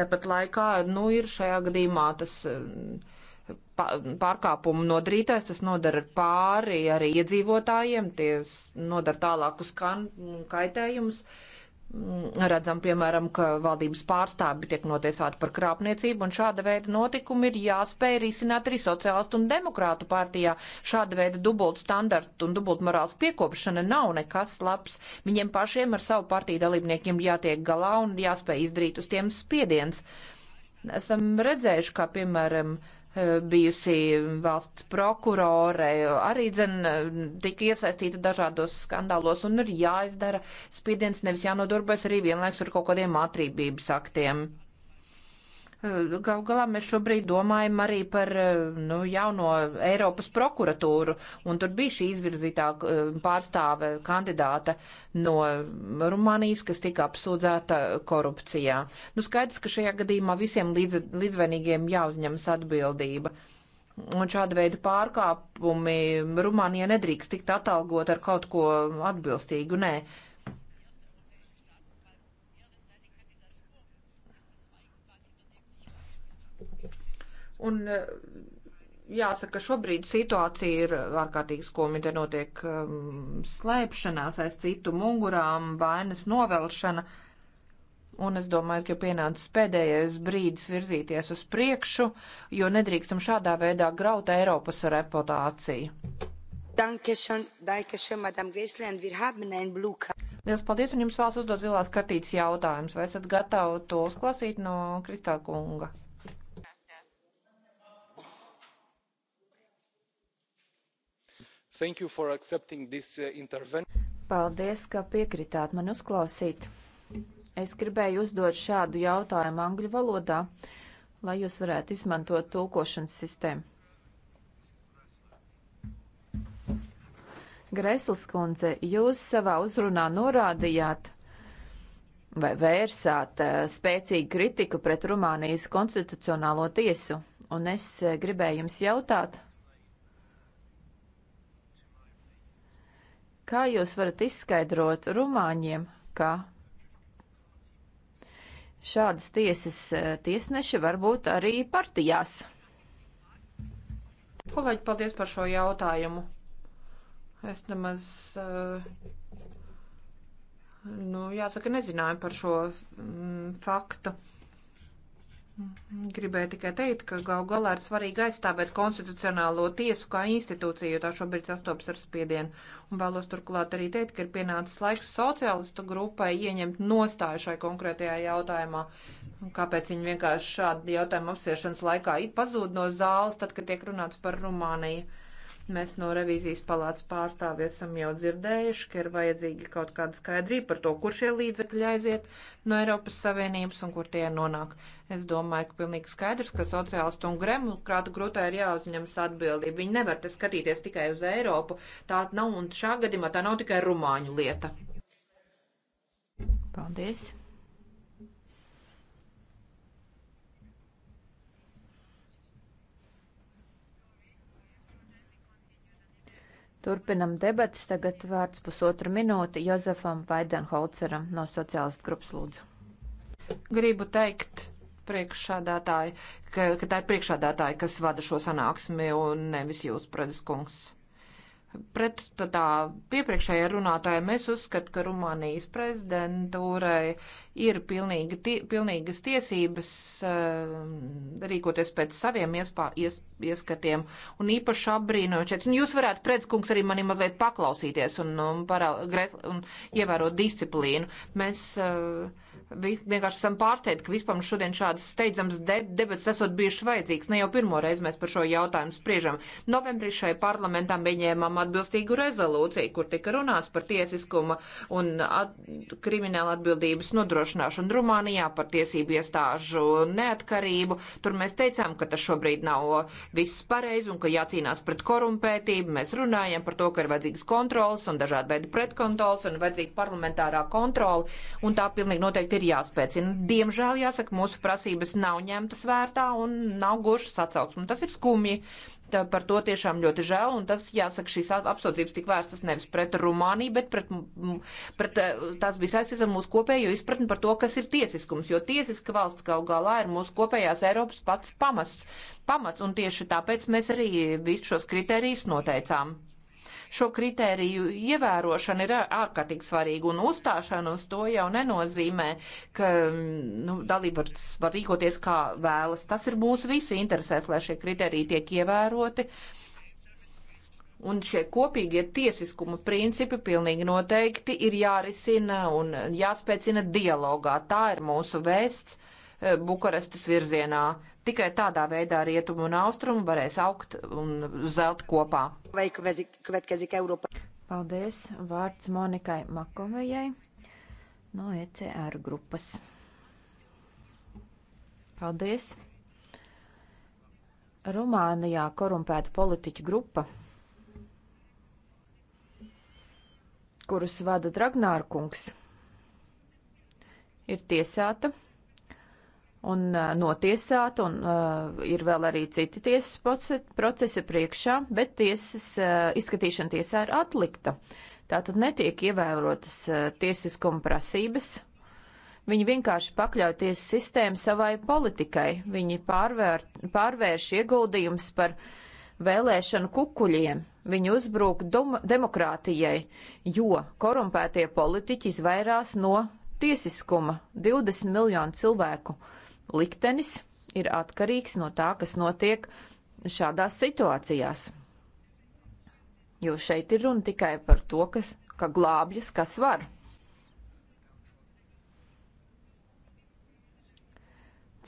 tāpat laikā, nu, ir šajā gadījumā tas um, pārkāpumu nodarītājs, tas nodara pāri arī iedzīvotājiem, tie nodara tālākus kaitējumus. Kan Mm, redzam, piemēram, ka valdības pārstāvi tiek notiesāti par krāpniecību, un šāda veida notikumi ir jāspēj risināt arī sociālistu un demokrātu partijā. Šāda veida dubult standartu un dubult morāls piekopšana nav nekas labs. Viņiem pašiem ar savu partiju dalībniekiem jātiek galā un jāspēj izdarīt uz tiem spiediens. Esam redzējuši, kā, piemēram, uh, bijusi valsts prokurore, arī dzen tika iesaistīta dažādos skandālos un ir jāizdara spiediens, nevis jānodarbojas arī vienlaiks ar kaut kādiem atrībības aktiem. Eh, gal galā mēs šobrīd domājam arī par eh, nu, jauno Eiropas prokuratūru, un tur bija šī izvirzītā eh, pārstāve kandidāte no Rumānijas, kas tika apsūdzēta korupcijā. Nu, skaidrs, ka šajā gadījumā visiem līdz, līdzvainīgiem jāuzņemas atbildība. Un šāda veida pārkāpumi Rumānijā nedrīkst tikt atalgot ar kaut ko atbilstīgu, nē. Ne Un eh, jāsaka, šobrīd situācija ir eh, ārkārtīgi skumja. Te notiek um, slēpšanās aiz citu mugurām, vainas novelšana. Un es domāju, ka pienācis pēdējais brīdis virzīties uz priekšu, jo nedrīkstam šādā veidā graut Eiropas reputāciju. Dankešan, dankešan, madam Grēslēn, wir haben ein blue card. Liels paldies, un jums vēlas uzdot zilās kartītes jautājumus. Vai esat gatavi to uzklausīt no Kristā kunga? Thank you for accepting this uh, intervention. Paldies, ka piekritāt man uzklausīt. Es gribēju uzdot šādu jautājumu angļu valodā, lai jūs varētu izmantot tulkošanas sistēmu. Gresls kundze, jūs savā uzrunā norādījāt vai vērsāt uh, spēcīgu kritiku pret Rumānijas konstitucionālo tiesu, un es uh, gribēju jums jautāt, Kā jūs varat izskaidrot Rumāņiem, ka šādas tiesas eh, tiesneši var būt arī partijās? Kolēģi, paldies par šo jautājumu. Es nemaz, eh, nu, jāsaka, nezināju par šo mm, faktu. Gribēju tikai teikt, ka gal galā ir svarīgi aizstāvēt konstitucionālo tiesu kā institūciju, jo tā šobrīd sastopas ar spiedienu. Un vēlos turklāt arī teikt, ka ir pienācis laiks sociālistu grupai ieņemt nostāju šai konkrētajā jautājumā. Kāpēc viņi vienkārši šādu jautājumu apsvēršanas laikā it pazūd no zāles, tad, kad tiek runāts par Rumāniju? Mēs no revīzijas palātas pārstāvja esam jau dzirdējuši, ka ir vajadzīga kaut kāda skaidrība par to, kur šie līdzekļi aiziet no Eiropas Savienības un kur tie nonāk. Es domāju, ka pilnīgi skaidrs, ka sociālistu un gremukrātu grūtā ir jāuzņemas atbildība. Viņi nevar te skatīties tikai uz Eiropu. Tā nav un šā gadījumā tā nav tikai rumāņu lieta. Paldies! Turpinam debatas. Tagad vārds pusotra minūte Jozefam Vaidenholceram no sociālistu grupas lūdzu. Gribu teikt priekšādātāji, ka, ka tā ir priekšādātāji, kas vada šo sanāksmi un nevis jūs, Predes kungs. Pret tā piepriekšējā runātāja mēs uzskat, ka Rumānijas prezidentūrai ir pilnīga, tie, pilnīgas tiesības uh, rīkoties pēc saviem iespā, ies, ieskatiem un īpaši apbrīnojot šeit. Un jūs varētu, predskungs, arī mani mazliet paklausīties un, un, para, gres, un ievērot disciplīnu. Mēs uh, vienkārši esam pārsteigti, ka vispār šodien šādas steidzams de debats esot bijuši vajadzīgs. Ne jau pirmo reizi mēs par šo jautājumu spriežam. Novembrī šai parlamentā pieņēmām atbilstīgu rezolūciju, kur tika runāts par tiesiskuma un at krimināla atbildības nodrošināšanu nodrošināšanu Rumānijā, par tiesību iestāžu neatkarību. Tur mēs teicām, ka tas šobrīd nav viss pareizi un ka jācīnās pret korumpētību. Mēs runājam par to, ka ir vajadzīgas kontrolas un dažādi veidi pretkontrolas un vajadzīga parlamentārā kontrola, un tā pilnīgi noteikti ir jāspēcina. Diemžēl, jāsaka, mūsu prasības nav ņemtas vērtā un nav gošas atsauksmes. Tas ir skumji tā, eh, par to tiešām ļoti žēl, un tas, jāsaka, šīs apsūdzības tik vērstas nevis pret Rumāniju, bet pret, pret eh, tās bija saistīts ar mūsu kopējo izpratni par to, kas ir tiesiskums, jo tiesiska valsts gal galā ir mūsu kopējās Eiropas pats pamasts, pamats, un tieši tāpēc mēs arī visus šos kriterijus noteicām. Šo kritēriju ievērošana ir ārkārtīgi svarīga, un uzstāšana uz to jau nenozīmē, ka nu, dalībvalsts var rīkoties kā vēlas. Tas ir mūsu visu interesēs, lai šie kritēriji tiek ievēroti. Un šie kopīgie tiesiskuma principi pilnīgi noteikti ir jārisina un jāspēcina dialogā. Tā ir mūsu vēsts Bukarestas virzienā. Tikai tādā veidā rietumu un austrumu varēs augt un zelt kopā. Paldies! Vārds Monikai Makovejai no ECR grupas. Paldies! Rumānijā korumpēta politiķu grupa, kurus vada Dragnārkungs, ir tiesāta un notiesāta, un uh, ir vēl arī citi tiesas procesi priekšā, bet tiesas uh, izskatīšana tiesā ir atlikta. Tātad netiek ievērotas uh, tiesiskuma prasības. Viņi vienkārši pakļauj tiesu sistēmu savai politikai. Viņi pārvēr, pārvērš ieguldījums par vēlēšanu kukuļiem. Viņi uzbrūk demokrātijai, jo korumpētie politiķi izvairās no tiesiskuma 20 miljonu cilvēku. Uh, liktenis ir atkarīgs no tā, kas notiek šādās situācijās. Jo šeit ir runa tikai par to, kas, ka glābjas, kas var.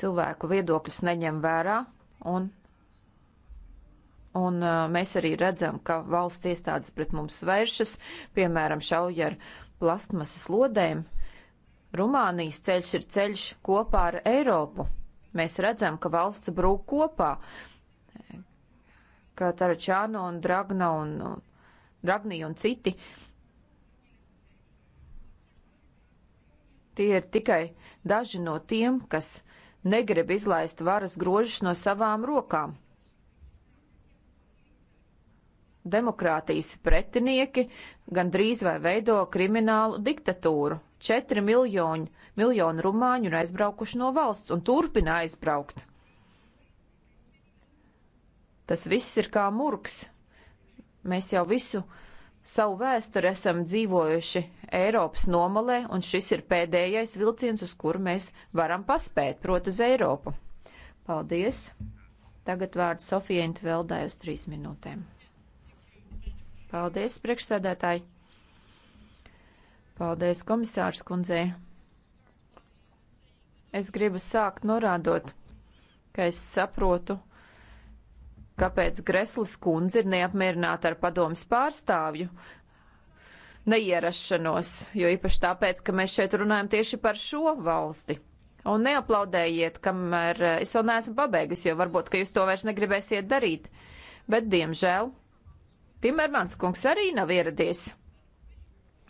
Cilvēku viedokļus neņem vērā, un, un uh, mēs arī redzam, ka valsts iestādes pret mums vēršas, piemēram, šauj ar plastmasas lodēm, Rumānijas ceļš ir ceļš kopā ar Eiropu. Mēs redzam, ka valsts brūk kopā, ka Taračāno un Dragna un, un Dragnī un citi. Tie ir tikai daži no tiem, kas negrib izlaist varas grožus no savām rokām. Demokrātijas pretinieki gandrīz vai veido kriminālu diktatūru, 4 miljoni, miljoni rumāņu ir aizbraukuši no valsts un turpina aizbraukt. Tas viss ir kā murgs. Mēs jau visu savu vēsturi esam dzīvojuši Eiropas nomalē, un šis ir pēdējais vilciens, uz kuru mēs varam paspēt, proti uz Eiropu. Paldies! Tagad vārds Sofijai Intveldai uz trīs minūtēm. Paldies, priekšsēdētāji! Paldies komisārs kundzei. Es gribu sākt norādot, ka es saprotu, kāpēc Greslis kundze ir neapmierināta ar padomas pārstāvju neierašanos, jo īpaši tāpēc, ka mēs šeit runājam tieši par šo valsti. Un neaplaudējiet, kamēr es vēl neesmu pabeigusi, jo varbūt, ka jūs to vairs negribēsiet darīt. Bet, diemžēl, Timermans kungs arī nav ieradies.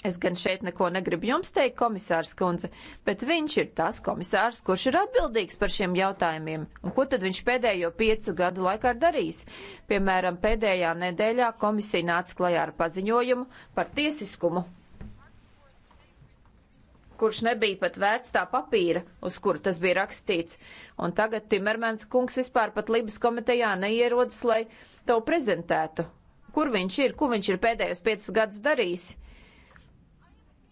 Es gan šeit neko negribu jums teikt, komisārs kundze, bet viņš ir tas komisārs, kurš ir atbildīgs par šiem jautājumiem. Un ko tad viņš pēdējo piecu gadu laikā ir darījis? Piemēram, pēdējā nedēļā komisija nāca klajā ar paziņojumu par tiesiskumu, kurš nebija pat vērts tā papīra, uz kura tas bija rakstīts. Un tagad Timermans kungs vispār pat Libas komitejā neierodas, lai to prezentētu. Kur viņš ir, ko viņš ir pēdējos piecus gadus darījis?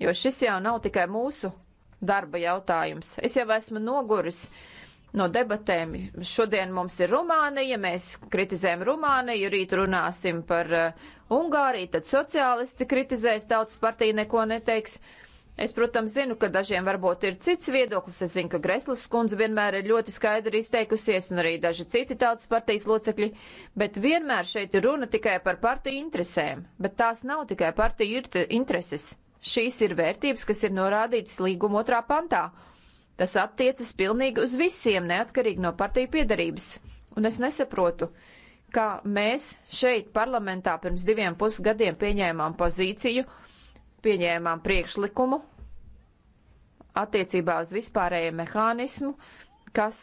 jo šis jau nav tikai mūsu darba jautājums. Es jau esmu noguris no debatēm. Šodien mums ir Rumānija, mēs kritizējam Rumāniju, rīt runāsim par uh, Ungāriju, tad sociālisti kritizēs, tautas partija neko neteiks. Es, protams, zinu, ka dažiem varbūt ir cits viedoklis. Es zinu, ka Greslas kundze vienmēr ir ļoti skaidri izteikusies, un arī daži citi tautas partijas locekļi, bet vienmēr šeit ir runa tikai par partiju interesēm, bet tās nav tikai partiju intereses. Šīs ir vērtības, kas ir norādītas līguma otrā pantā. Tas attiecas pilnīgi uz visiem, neatkarīgi no partiju piedarības. Un es nesaprotu, kā mēs šeit parlamentā pirms diviem pusgadiem pieņēmām pozīciju, pieņēmām priekšlikumu attiecībā uz vispārējiem mehānismu, kas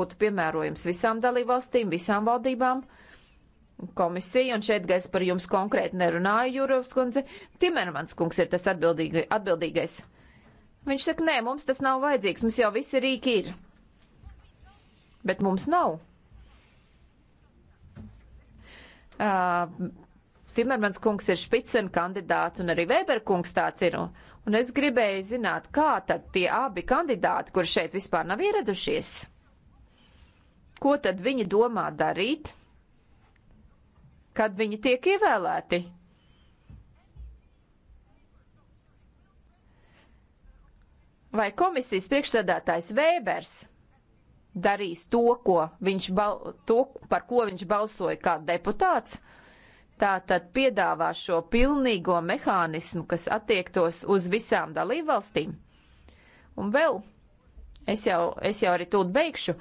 būtu piemērojams visām dalībvalstīm, visām valdībām. Uh, komisija, un šeit gaisa par jums konkrēti nerunāju, Jūrovs kundze, Timermans kungs ir tas atbildīga, atbildīgais. Viņš saka, nē, mums tas nav vajadzīgs, mums jau visi rīki ir. Bet mums nav. Uh, Timermans kungs ir špicen kandidāts, un arī Weber kungs tāds ir. Un, un es gribēju zināt, kā tad tie abi kandidāti, kur šeit vispār nav ieradušies, ko tad viņi domā darīt? kad viņi tiek ievēlēti. Vai komisijas priekšstādātājs Vēbers darīs to, ko viņš bal, to, par ko viņš balsoja kā deputāts? Tā tad piedāvā šo pilnīgo mehānismu, kas attiektos uz visām dalībvalstīm. Un vēl, es jau, es jau arī tūlīt beigšu,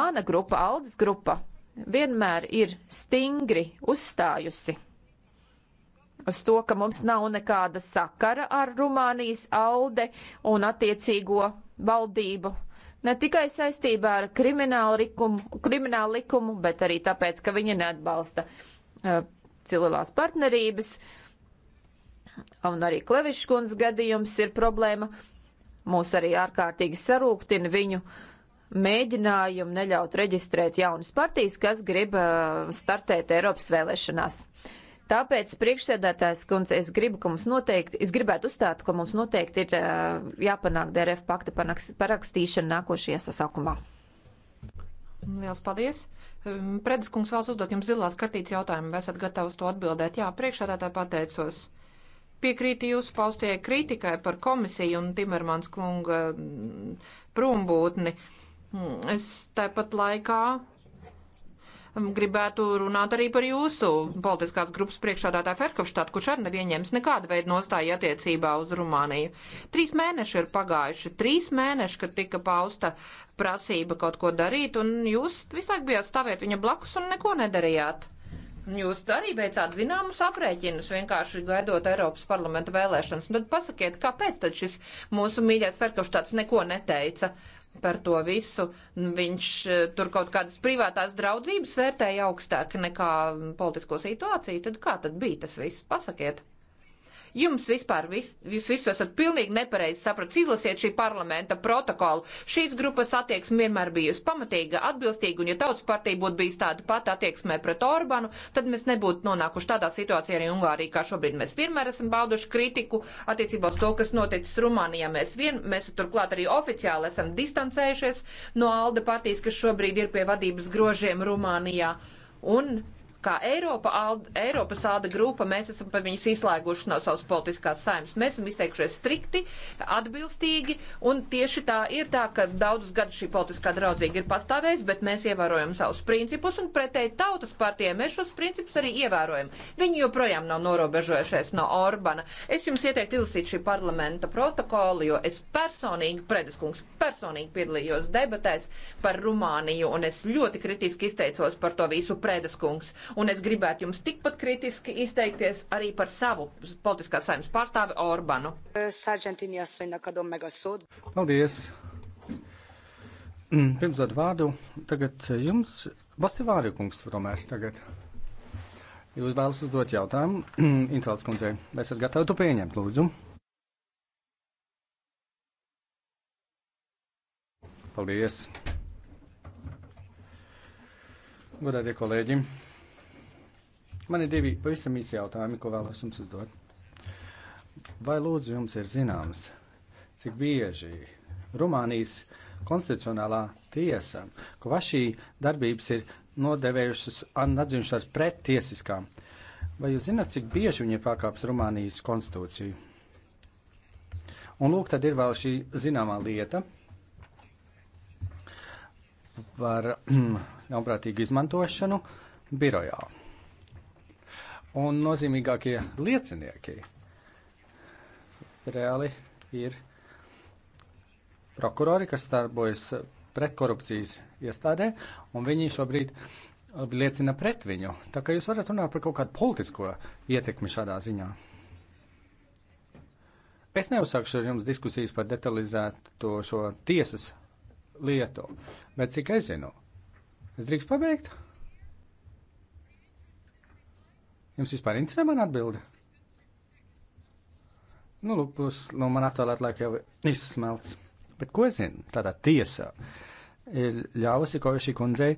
mana grupa, Aldas grupa, vienmēr ir stingri uzstājusi uz to, ka mums nav nekāda sakara ar Rumānijas alde un attiecīgo valdību. Ne tikai saistībā ar kriminālu likumu, kriminālu likumu bet arī tāpēc, ka viņa neatbalsta uh, civilās partnerības. Un arī Kleviškundas gadījums ir problēma. Mūs arī ārkārtīgi sarūktina viņu uh, mēģinājumu neļaut reģistrēt jaunas partijas, kas grib uh, startēt Eiropas vēlēšanās. Tāpēc, priekšsēdētājs kundze, es gribu, ka mums noteikti, es gribētu uzstāt, ka mums noteikti ir uh, jāpanāk DRF pakta parakstīšana nākošajā sasaukumā. Lielas paldies! Um, Predeskungs vēlas uzdot jums zilās kartītes jautājumu, vai esat gatavs to atbildēt? Jā, priekšsēdētāji pateicos. Piekrītu jūsu paustajai kritikai par komisiju un Timermans kunga mm, prombūtni. Uh, Mm, es tāpat laikā mm, gribētu runāt arī par jūsu politiskās grupas priekšādātāju Ferkovštātu, kurš arī nevieņems nekādu veidu nostāju attiecībā uz Rumāniju. Trīs mēneši ir pagājuši, trīs mēneši, kad tika pausta prasība kaut ko darīt, un jūs visu laiku bijāt stāvēt viņa blakus un neko nedarījāt. Jūs arī veicāt zināmus aprēķinus, vienkārši gaidot Eiropas parlamenta vēlēšanas. Un nu, tad pasakiet, kāpēc tad šis mūsu mīļais Ferkovštāts neko neteica? Uh, par to visu. Viņš e, tur kaut kādas privātās draudzības vērtēja augstāk nekā politisko situāciju. Tad kā tad bija tas viss? Pasakiet! Jums vispār vis, jūs visus esat pilnīgi nepareizi sapratis. Izlasiet šī parlamenta protokolu. Šīs grupas attieksme vienmēr bijusi pamatīga, atbilstīga, un ja tautas partija būtu bijis tāda pati attieksmē pret Orbanu, tad mēs nebūtu nonākuši tādā situācijā arī Ungārijā, kā šobrīd mēs vienmēr esam bauduši kritiku attiecībā uz to, kas noticis Rumānijā. Mēs, vien, mēs turklāt arī oficiāli esam distancējušies no Alde partijas, kas šobrīd ir pie vadības grožiem Rumānijā. Un kā Eiropa, Alde, Eiropas alda grupa, mēs esam par viņus izslēguši no savas politiskās saimas. Mēs esam izteikušies strikti, atbilstīgi, un tieši tā ir tā, ka daudzus gadus šī politiskā draudzīga ir pastāvējusi, bet mēs ievērojam savus principus, un pretēji tautas partijai mēs šos principus arī ievērojam. Viņi joprojām nav norobežojušies no Orbana. Es jums ieteiktu izlasīt šī parlamenta protokolu, jo es personīgi, predeskungs, personīgi piedalījos debatēs par Rumāniju, un es ļoti kritiski izteicos par to visu predeskungs. Un es gribētu jums tikpat kritiski izteikties arī par savu politiskās saimnes pārstāvi Orbanu. Paldies! Mm, pirms dod vārdu, tagad jums, Bastivāri kungs, tomēr tagad. Jūs vēlas uzdot jautājumu mm, Intrāls kundzei. Vai esat gatavi to pieņemt, lūdzu? Paldies! Godātie kolēģi! Man ir divi pavisam īsi jautājumi, ko vēlos jums uzdot. Vai lūdzu jums ir zināms, cik bieži Rumānijas konstitucionālā tiesa, ka vašī darbības ir nodevējušas atzinušās pret tiesiskām? Vai jūs zināt, cik bieži viņi ir pārkāpis Rumānijas konstitūciju? Un lūk, tad ir vēl šī zināmā lieta par ļaunprātīgu izmantošanu birojā un nozīmīgākie liecinieki reāli ir prokurori, kas darbojas pretkorupcijas iestādē, un viņi šobrīd liecina pret viņu. Tā kā jūs varat runāt par kaut kādu politisko ietekmi šādā ziņā. Es neuzsākšu ar jums diskusijas par detalizēto šo tiesas lietu, bet cik es zinu, es drīkst pabeigt? Jums vispār interesē man atbildi? Nu, lūk, būs no nu, man atvēlēt laika jau izsmelts. Bet ko es zinu? Tādā tiesā ir ļāvusi Kojuši kundzei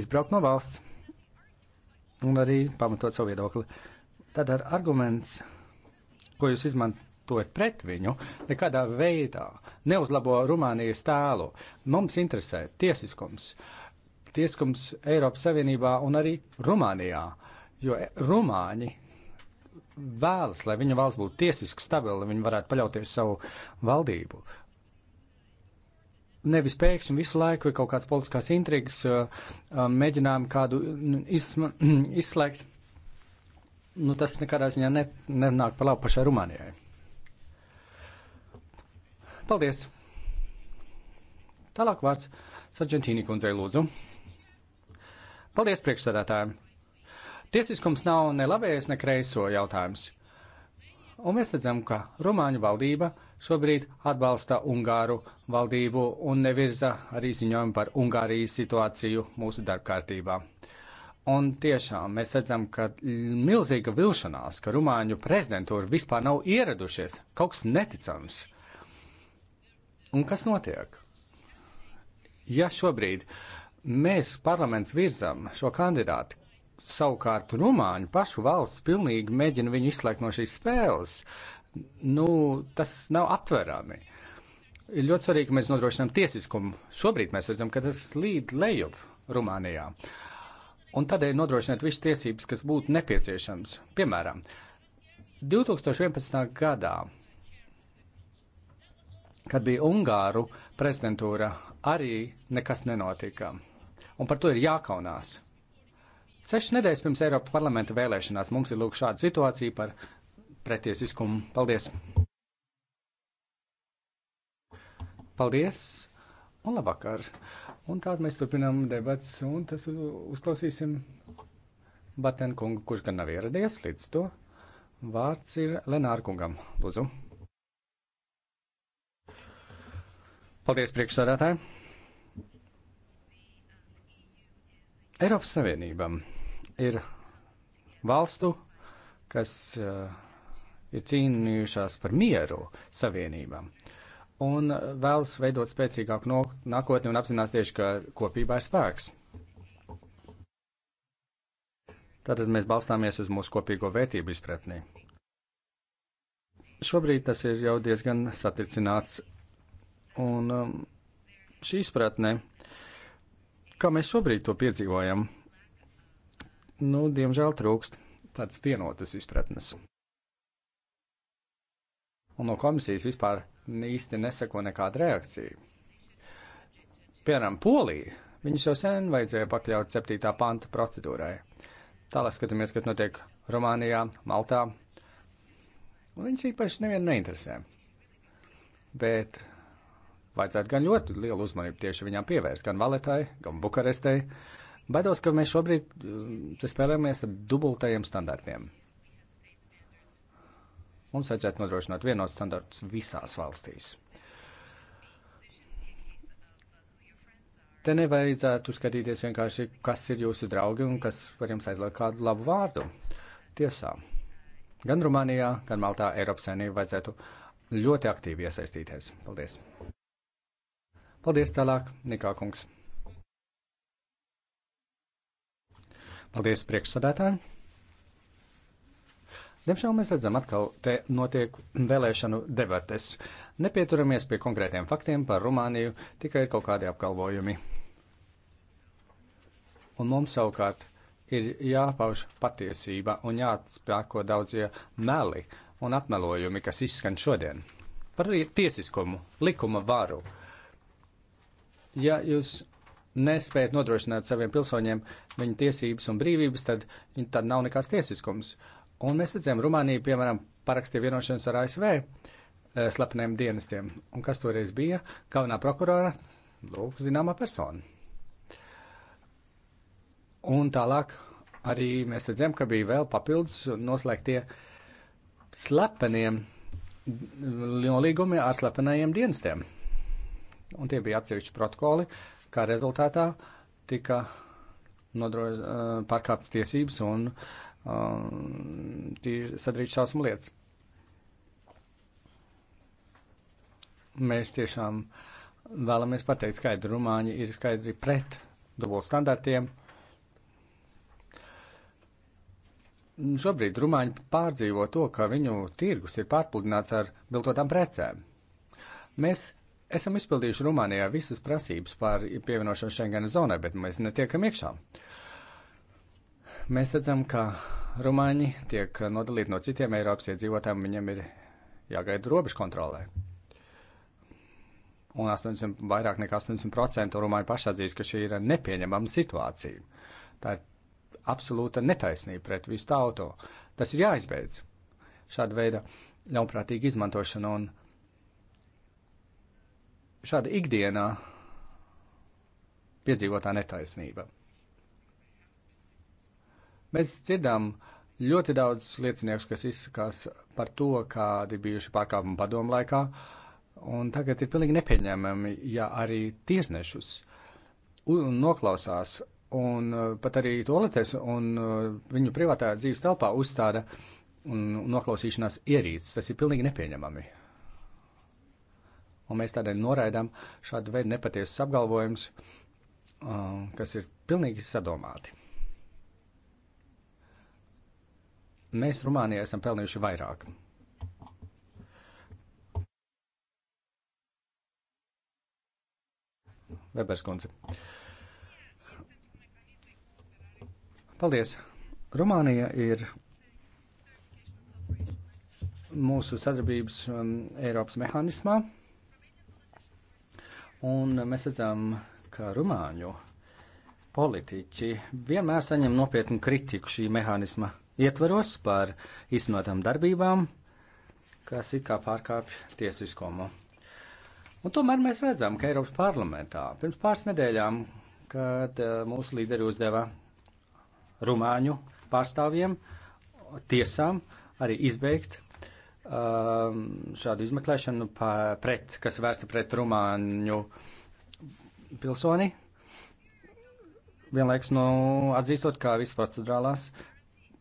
izbraukt no valsts un arī pamatot savu viedokli. Tad ar arguments, ko jūs izmantojat pret viņu, nekādā veidā neuzlabo Rumānijas tēlu. Mums interesē tiesiskums. Tiesiskums Eiropas Savienībā un arī Rumānijā. Uh, Jo Rumāņi vēlas, lai viņa valsts būtu tiesiski stabila, lai viņi varētu paļauties savu valdību. Nevis pēkšņi visu laiku ir kaut kāds politiskās intrigas, uh, um, mēģinājumi kādu nu, izsma, izslēgt. Nu, tas nekādā ziņā ne, nenāk par labu pašai Rumānijai. Paldies! Tālāk vārds Sargentīni kundzei lūdzu. Paldies priekšsēdētājiem! Tiesiskums nav ne labējais, ne kreiso jautājums. Un mēs redzam, ka Rumāņu valdība šobrīd atbalsta Ungāru valdību un nevirza arī ziņojumu par Ungārijas situāciju mūsu darbkārtībā. Un tiešām mēs redzam, ka milzīga vilšanās, ka Rumāņu prezidentūra vispār nav ieradušies, kaut kas neticams. Un kas notiek? Ja šobrīd mēs parlaments virzam šo kandidātu, savukārt Rumāņu pašu valsts pilnīgi mēģina viņu izslēgt no šīs spēles. Nu, tas nav aptverami. Ir ļoti svarīgi, ka mēs nodrošinām tiesiskumu. Šobrīd mēs redzam, ka tas līd lejup Rumānijā. Un tādēļ nodrošināt visas tiesības, kas būtu nepieciešams. Piemēram, 2011. gadā, kad bija Ungāru prezidentūra, arī nekas nenotika. Un par to ir jākaunās. Sešas nedēļas pirms Eiropas parlamenta vēlēšanās mums ir lūk šāda situācija par pretiesiskumu. Paldies! Paldies! Un labvakar! Un tādā mēs turpinām debats, un tas uzklausīsim Batenkungu, kurš gan nav ieradies līdz to. Vārds ir Lenārkungam. Lūdzu! Paldies, priekšsādātāji! Eiropas Savienībam ir valstu, kas uh, ir cīnījušās par mieru savienībām un eh, vēlas veidot spēcīgāku no, nākotni un apzinās tieši, ka kopībā ir spēks. Tātad mēs balstāmies uz mūsu kopīgo vērtību izpratnī. Šobrīd tas ir jau diezgan satricināts, un um, šī izpratne, kā mēs šobrīd to piedzīvojam, nu, diemžēl trūkst tādas vienotas izpratnes. Un no komisijas vispār īsti neseko nekāda reakcija. Piemēram, Polija. Viņus jau sen vajadzēja pakļaut 7. panta procedūrai. Tālāk skatāmies, kas notiek Rumānijā, Maltā. Un viņš īpaši nevienu neinteresē. Bet vajadzētu gan ļoti lielu uzmanību tieši viņām pievērst, gan Valetai, gan Bukarestei. Uh, Baidos, ka mēs šobrīd mm, spēlējamies ar dubultajiem standartiem. Mums vajadzētu nodrošināt vienos standartus visās valstīs. Te nevajadzētu skatīties vienkārši, kas ir jūsu draugi un kas var jums aizliegt kādu labu vārdu. Tiesā, gan Rumānijā, gan Maltā Eiropas saimnība vajadzētu ļoti aktīvi iesaistīties. Paldies! Paldies tālāk, Nikā kungs! Paldies, priekšsadētāji! Diemžēl mēs redzam, atkal te notiek vēlēšanu debates. Nepieturamies pie konkrētiem faktiem par Rumāniju, tikai ir kaut kādi apgalvojumi. Un mums savukārt ir jāpauž patiesība un jāatspēko daudzie meli un apmelojumi, kas izskan šodien. Par tiesiskumu, likuma varu. Ja jūs nespējat nodrošināt saviem pilsoņiem viņu tiesības un brīvības, tad tad nav nekāds tiesiskums. Un mēs redzējām, Rumānija, piemēram, parakstīja vienošanos ar ASV e, eh, slepeniem dienestiem. Un kas toreiz bija? Galvenā prokurora, lūk, zināmā persona. Un tālāk arī mēs redzējām, ka bija vēl papildus noslēgtie slepeniem nolīgumi ar slepenajiem dienestiem. Un tie bija atsevišķi protokoli, uh, kā rezultātā tika nodroz, eh, pārkāptas tiesības un um, sadarīt šausmu lietas. Mēs tiešām vēlamies pateikt skaidri, Rumāņi ir skaidri pret dubultstandartiem. Šobrīd Rumāņi pārdzīvo to, ka viņu tirgus ir pārpludināts ar viltotām precēm. Mēs Esam izpildījuši Rumānijā visas prasības par pievienošanos Schengena zonai, bet mēs netiekam iekšā. Mēs redzam, ka Rumāņi tiek nodalīti no citiem Eiropas iedzīvotājiem, viņiem ir jāgaida robežu kontrolē. Un 80, vairāk nekā 80% Rumāņi pašatzīst, ka šī ir nepieņemama situācija. Tā ir absolūta netaisnība pret visu tautu. Tas ir jāizbeidz. Šāda veida ļaunprātīga izmantošana un izmantošana šāda ikdienā piedzīvotā netaisnība. Mēs dzirdam ļoti daudz liecinieku, kas izsakās par to, kādi bijuši pārkāpumi padomu laikā, un tagad ir pilnīgi nepieņemami, ja arī tiesnešus noklausās un uh, pat arī toaletes un uh, viņu privātā dzīves telpā uzstāda noklausīšanās ierīces. Tas ir pilnīgi nepieņemami un mēs tādēļ noraidām šādu veidu nepatiesus apgalvojumus, uh, kas ir pilnīgi sadomāti. Mēs Rumānijā esam pelnījuši vairāk. Weberskundze. Paldies! Rumānija ir mūsu sadarbības um, Eiropas mehānismā, Un mēs redzam, ka rumāņu politiķi vienmēr saņem nopietnu kritiku šī mehānisma ietvaros par īstenotām darbībām, kas it kā pārkāpj tiesiskumu. Un tomēr mēs redzam, ka Eiropas parlamentā pirms pāris nedēļām, kad eh, mūsu līderi uzdeva Rumāņu pārstāvjiem tiesām arī izbeigt Um, šādu izmeklēšanu pa, pret, kas vērsta pret rumāņu pilsoni. Vienlaiks nu, atzīstot, ka visas procedurālās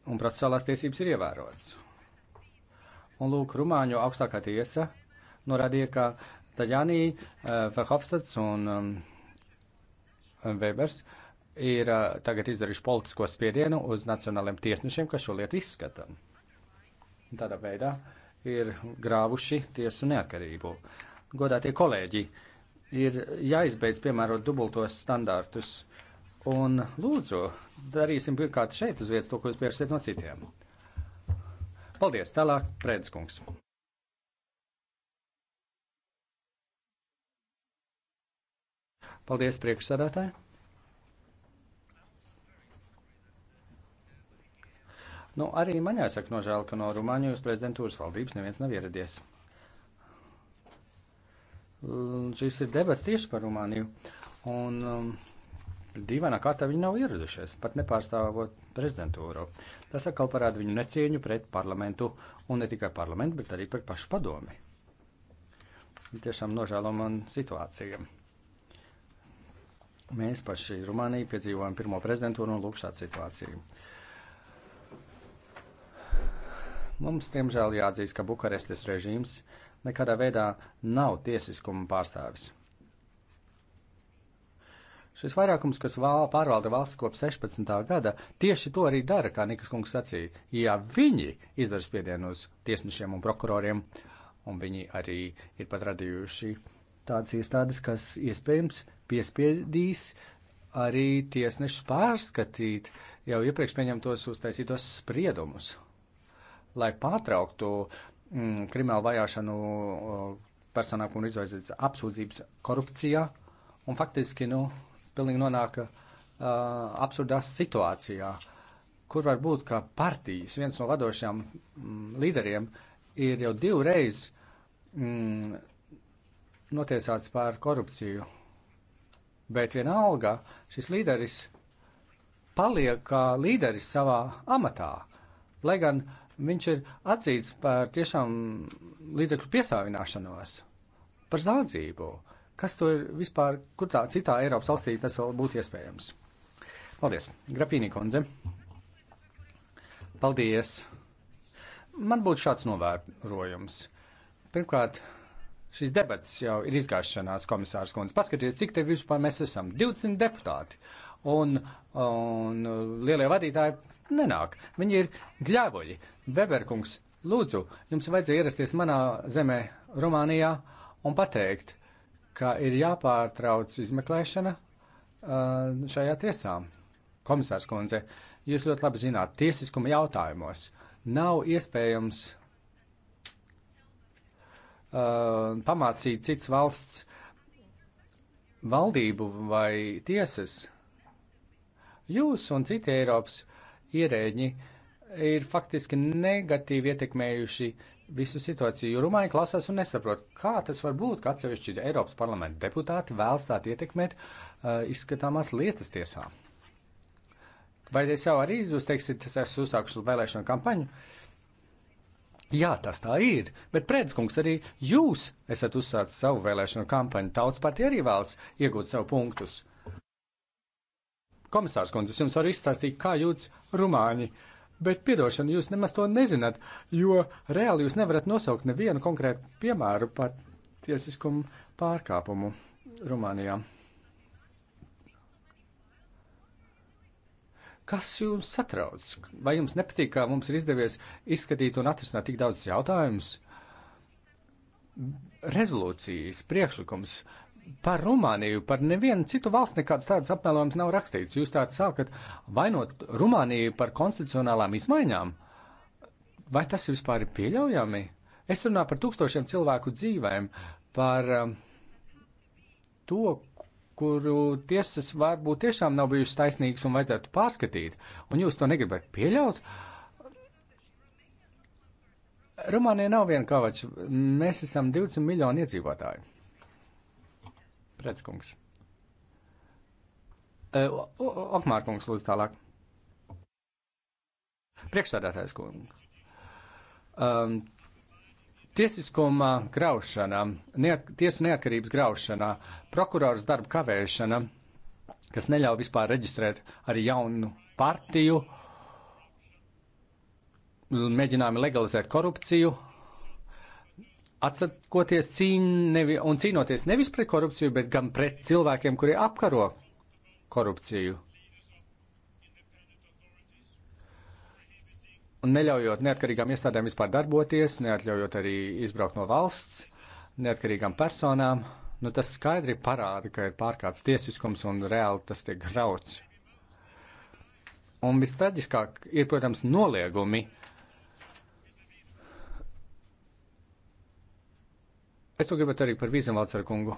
un procesuālās tiesības ir ievērotas. Un lūk, Rumāņu augstākā tiesa norādīja, ka Taģānī, uh, Verhofstads un um, Webers ir uh, tagad izdarījuši politisko spiedienu uz nacionāliem tiesnešiem, kas šo lietu izskata. Tādā veidā uh, ir grāvuši tiesu neatkarību. Godātie kolēģi, ir jāizbeidz piemērot dubultos standārtus. Un lūdzu, darīsim pirmkārt šeit uz vietas to, ko jūs pierastat no citiem. Paldies, tālāk, Prēdiskungs. Paldies, priekšsādātāji! Nu, arī man jāsaka nožēla, ka no Rumānijas prezidentūras valdības neviens nav ieradies. Šis ir debats tieši par Rumāniju. Un, um, Dīvainā kārtā viņi nav ieradušies, pat nepārstāvot prezidentūru. Tas atkal parāda viņu necieņu pret parlamentu, un ne tikai parlamentu, bet arī pret pašu padomi. Tiešām nožēloma situācija. Mēs paši Rumānija piedzīvojam pirmo prezidentūru un lūk šādu situāciju. Uh, Mums, diemžēl, jāatzīst, ka Bukarestes režīms nekādā veidā nav tiesiskuma pārstāvis. Šis vairākums, kas vēl pārvalda valsts kopš 16. gada, tieši to arī dara, kā Nikas kungs sacīja. Ja viņi izdara spiedienu uz tiesnešiem un prokuroriem, un viņi arī ir pat radījuši tādas iestādes, kas iespējams piespiedīs arī tiesnešus pārskatīt jau iepriekš pieņemtos uztaisītos spriedumus lai pārtrauktu mm, kriminālu vajāšanu personām, kur izraisīts apsūdzības korupcijā, un faktiski, nu, pilnīgi nonāk uh, absurdā situācijā, kur var būt, ka partijas viens no vadošajiem mm, līderiem ir jau divreiz mm, notiesāts par korupciju, bet vienalga šis līderis paliek kā līderis savā amatā, lai gan uh, Viņš ir atzīts par tiešām līdzekļu piesāvināšanos, par zaudzību. Kas to ir vispār, kur tā citā Eiropas valstī tas vēl būtu iespējams? Paldies, Grapīnī kundze. Paldies. Man būtu šāds novērojums. Pirmkārt, šīs debats jau ir izgāšanās, komisārs kundze. Paskaties, cik te vispār mēs esam. 20 deputāti un, un lielie vadītāji nenāk. Viņi ir gļēvoļi. Weberkungs, lūdzu, jums vajadzēja ierasties manā zemē, Rumānijā, un pateikt, ka ir jāpārtrauc izmeklēšana uh, šajā tiesā. Komisārs Kundze, jūs ļoti labi zināt, tiesiskuma jautājumos nav iespējams uh, pamācīt cits valsts valdību vai tiesas. Jūs un citi Eiropas ierēģi uh, ir faktiski negatīvi ietekmējuši visu situāciju, jo Rumāņi klasās un nesaprot, kā tas var būt, ka atsevišķi Eiropas parlamenta deputāti vēlas tāt ietekmēt uh, izskatāmās lietas tiesā. Vai es jau arī jūs teiksiet, es uzsākšu vēlēšanu kampaņu? Jā, tas tā ir, bet Prēdiskungs arī jūs esat uzsācis savu vēlēšanu kampaņu. Tautas partija arī vēlas iegūt savu punktus. Komisārs kundze, es jums varu izstāstīt, kā jūtas rumāņi. Uh, Bet, piedošana, jūs nemaz to nezināt, jo reāli jūs nevarat nosaukt nevienu konkrētu piemēru par tiesiskumu pārkāpumu Rumānijā. Kas jums satrauc? Vai jums nepatīk, kā mums ir izdevies izskatīt un atrisināt tik daudz jautājumus? Rezolūcijas priekšlikums uh, par Rumāniju, par nevienu citu valsts nekāds tāds apmelojums nav rakstīts. Jūs tāds sākat vainot Rumāniju par konstitucionālām izmaiņām? Vai tas vispār ir pieļaujami? Es runāju par tūkstošiem cilvēku dzīvēm, par um, to, kuru tiesas varbūt tiešām nav bijušas taisnīgas un vajadzētu pārskatīt, un jūs to negribat pieļaut? Rumānija nav viena kavača, mēs esam 20 miljoni iedzīvotāji. Pretskungs. Okmārkungs, lūdzu tālāk. Priekšsādātājs kungs. Um, tiesiskuma graušana, neat, tiesu neatkarības graušana, prokurors darba kavēšana, kas neļauj vispār reģistrēt arī jaunu partiju, mēģinājumi legalizēt korupciju, atsakoties cīn, nevi, un cīnoties nevis pret korupciju, bet gan pret cilvēkiem, kuri apkaro korupciju. Un neļaujot neatkarīgām iestādēm vispār darboties, neatļaujot arī izbraukt no valsts, neatkarīgām personām, nu tas skaidri parāda, ka ir pārkāpts tiesiskums un reāli tas tiek grauts. Un vistraģiskāk ir, protams, noliegumi, uh, Es to gribētu arī par Vīzenvalcaru kungu.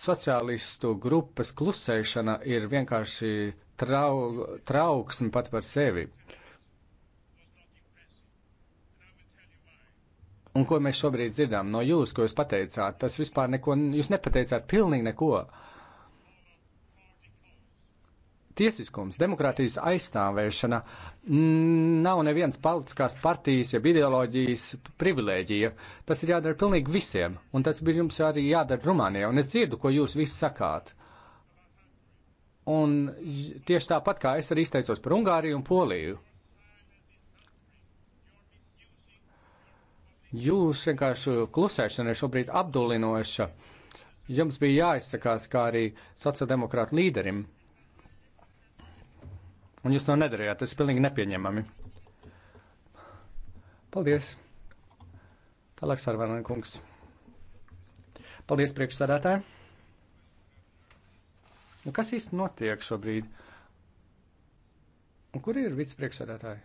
Sociālistu grupas klusēšana ir vienkārši trau, trauksme pat par sevi. Un ko mēs šobrīd dzirdam no jūs, ko jūs pateicāt, tas vispār neko, jūs nepateicāt pilnīgi neko. Uh, Tiesiskums, demokrātijas aizstāvēšana nav nevienas politiskās partijas, jeb ideoloģijas privilēģija. Tas ir jādara pilnīgi visiem, un tas bija jums arī jādara Rumānijā, un es dzirdu, ko jūs visi sakāt. Un tieši tāpat kā es arī izteicos par Ungāriju un Poliju, Jūs vienkārši klusēšana ir šobrīd apdulinoša. Jums bija jāizsakās kā arī sociāldemokrāta līderim, un jūs to nedarījāt. Tas ir pilnīgi nepieņemami. Paldies! Tālāk sarvana kungs. Paldies priekšsādātāji! Nu, kas īsti notiek šobrīd? Un kur ir vicepriekšsēdētāji?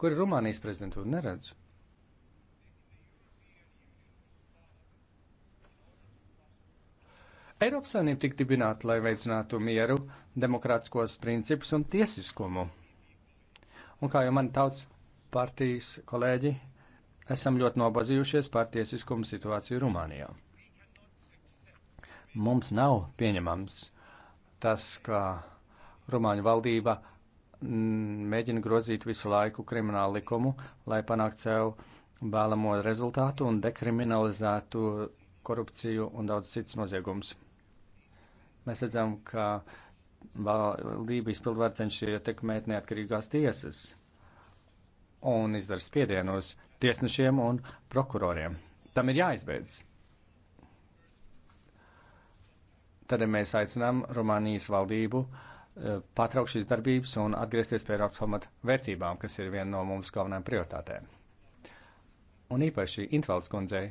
Kur ir Rumānijas prezidentūra? Neredzu. Eiropas Savienība tika dibināta, lai veicinātu mieru, demokrātiskos principus un tiesiskumu. Un kā jau mani tauts partijas kolēģi, esam ļoti nobazījušies par tiesiskumu situāciju Rumānijā. Mums nav pieņemams tas, ka Rumāņu valdība mm, mēģina grozīt visu laiku kriminālu likumu, lai panāktu sev vēlamo rezultātu un dekriminalizētu korupciju un daudz citus noziegumus. Mēs redzam, ka Lībijas pilnvaru cenšas ietekmēt neatkarīgās tiesas un izdara spiedienu uz tiesnešiem un prokuroriem. Tam ir jāizbeidz. Tad ja mēs aicinām Rumānijas valdību eh, patraukt šīs darbības un atgriezties pie Eiropas pamatvērtībām, kas ir viena no mums galvenajām prioritātēm. Un īpaši Intvalds kundzei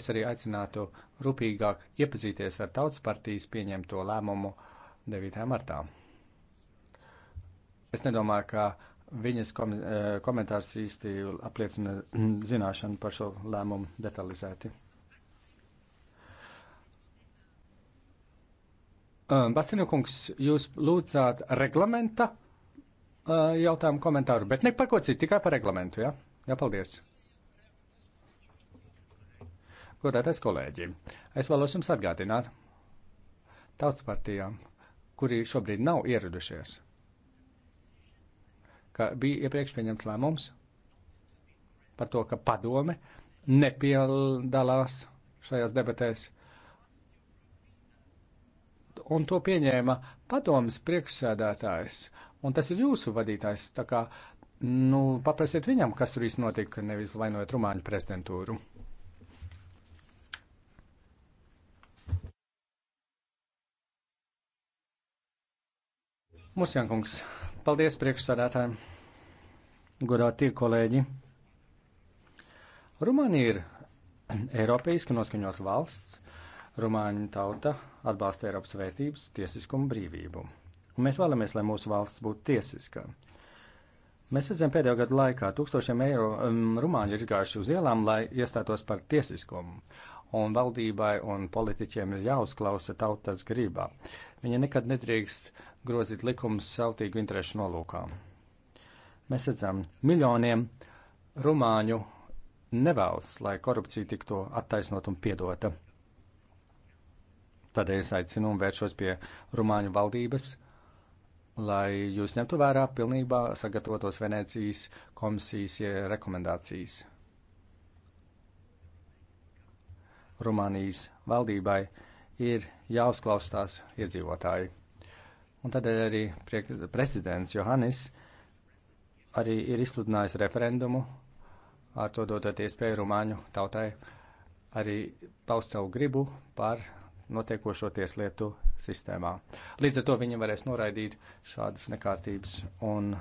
es arī aicinātu rūpīgāk iepazīties ar Tautas partijas pieņemto lēmumu 9. martā. Es nedomāju, ka viņas kom eh, komentārs īsti apliecina zināšanu par šo lēmumu detalizēti. Eh, Basinukungs, jūs lūdzāt reglamenta eh, jautājumu komentāru, bet ne par ko citu, tikai par reglamentu, jā? Ja? Jā, paldies! Godātais kolēģi, es vēlos jums atgādināt tautas partijām, kuri šobrīd nav ieradušies, ka bija iepriekš pieņemts lēmums par to, ka padome nepiedalās šajās debatēs un to pieņēma padomas priekšsēdētājs, un tas ir jūsu vadītājs. Tā kā, nu, paprasiet viņam, kas tur īsti notika, nevis vainojot Rumāņu prezidentūru. Musjankungs, paldies priekšsādātājiem, godātie kolēģi. Rumānija ir Eiropeiski noskaņots valsts. Rumāņu tauta atbalsta Eiropas vērtības, tiesiskumu, brīvību. Un mēs vēlamies, lai mūsu valsts būtu tiesiska. Mēs redzam, pēdējo gadu laikā tūkstošiem eiro um, rumāņu ir gājuši uz ielām, lai iestātos par tiesiskumu un valdībai un politiķiem ir jāuzklausa tautas grībā. Viņa nekad nedrīkst grozīt likumus sautīgu interešu nolūkā. Mēs redzam, miljoniem rumāņu nevēlas, lai korupcija tiktu attaisnot un piedota. Tādēļ es aicinu un vēršos pie Rumāņu valdības, lai jūs ņemtu vērā pilnībā sagatavotos Venecijas komisijas rekomendācijas. Rumānijas valdībai ir jāuzklausās iedzīvotāji. Un tādēļ arī prezidents Johannis arī ir izsludinājis referendumu, ar to dodot iespēju Rumāņu tautai arī paust savu gribu par notiekošo tieslietu sistēmā. Līdz ar to viņi varēs noraidīt šādas nekārtības un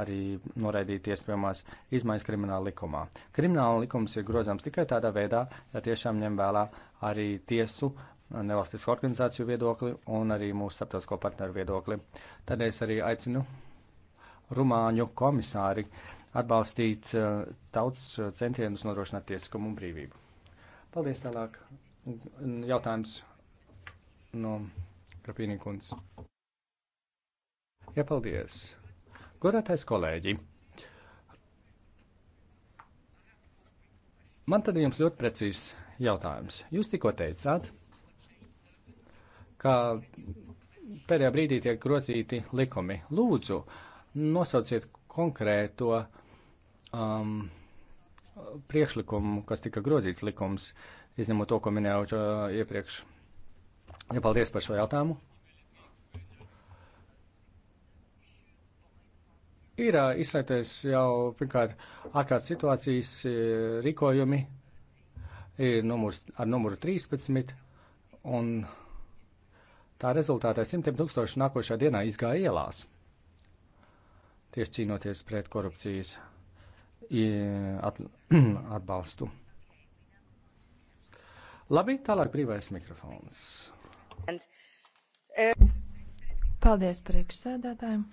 arī noraidīt iespējamās izmaiņas krimināla likumā. Krimināla likums ir grozams tikai tādā veidā, ja tiešām ņem vērā arī tiesu, nevalstisko organizāciju viedokli un arī mūsu starptautisko partneru viedokli. Tad es arī aicinu Rumāņu komisāri atbalstīt eh, tautas centienus nodrošināt tiesiskumu un brīvību. Paldies tālāk. Jautājums no Grapīnī kundzes. Jā, paldies. Godātais kolēģi, man tad jums ļoti precīzs jautājums. Jūs tikko teicāt, ka pēdējā brīdī tiek grozīti likumi. Lūdzu, nosauciet konkrēto um, priekšlikumu, kas tika grozīts likums, izņemot to, ko minēju uh, iepriekš. Ja paldies par šo jautājumu! ir izsaities jau pirmkārt ārkārtas situācijas rīkojumi, ir numurs, ar numuru 13, un tā rezultātā simtiem tūkstoši nākošā dienā izgāja ielās, tieši cīnoties pret korupcijas at, atbalstu. Labi, tālāk brīvais mikrofons. Paldies priekšsēdētājiem!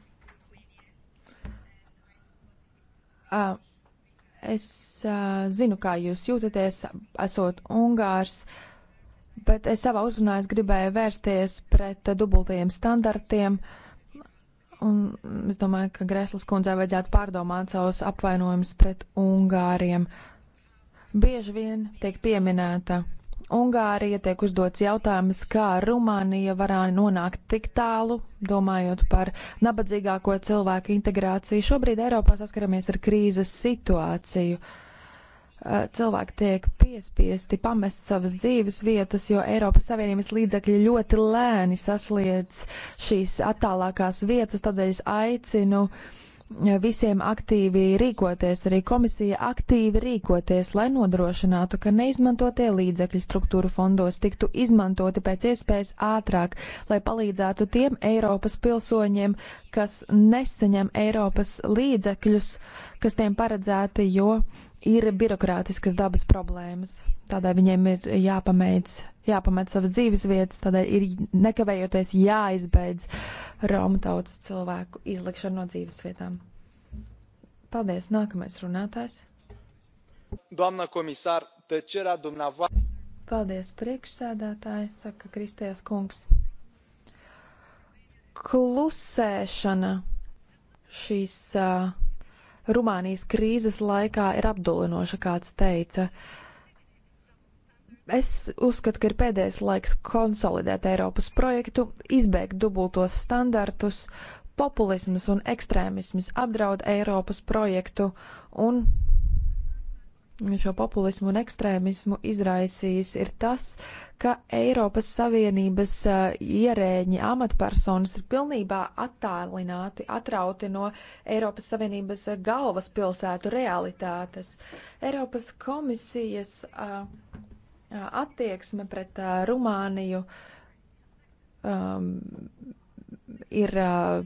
Es zinu, kā jūs jūtaties, esot Ungārs, bet es savā uzrunā gribēju vērsties pret dubultajiem standartiem. Un es domāju, ka Grēslas kundzei vajadzētu pārdomāt savus apvainojumus pret Ungāriem. Bieži vien tiek pieminēta Ungārija tiek uzdots jautājums, kā Rumānija varētu nonākt tik tālu, domājot par nabadzīgāko cilvēku integrāciju. Šobrīd Eiropā saskaramies ar krīzes situāciju. Cilvēki tiek piespiesti pamest savas dzīves vietas, jo Eiropas Savienības līdzekļi ļoti lēni sasliedz šīs attālākās vietas, tādēļ es aicinu uh, visiem aktīvi rīkoties, arī komisija aktīvi rīkoties, lai nodrošinātu, ka neizmantotie līdzekļi struktūru fondos tiktu izmantoti pēc iespējas ātrāk, lai palīdzētu tiem Eiropas pilsoņiem, kas nesaņem Eiropas līdzekļus, kas tiem paredzēti, jo ir birokrātiskas dabas problēmas. Tādēļ viņiem ir jāpamēdz, jāpamet savas dzīves vietas, tādēļ ir nekavējoties jāizbeidz Romu tautas cilvēku izlikšana no dzīves vietām. Paldies, nākamais runātājs. Doamna komisār, tecerea dumneavoastră. Paldies, priekšsēdētāji, saka Kristējas kungs. Klusēšana šīs uh, Rumānijas krīzes laikā ir apdulinoša, kāds teica. Uh, Es uzskatu, ka ir pēdējais laiks konsolidēt Eiropas projektu, izbēgt dubultos standartus, populisms un ekstrēmisms apdraud Eiropas projektu un šo populismu un ekstrēmismu izraisījis ir tas, ka Eiropas Savienības uh, ierēģi amatpersonas ir pilnībā attālināti, atrauti no Eiropas Savienības galvaspilsētu realitātes. Eiropas komisijas uh, attieksme pret uh, Rumāniju um, ir uh,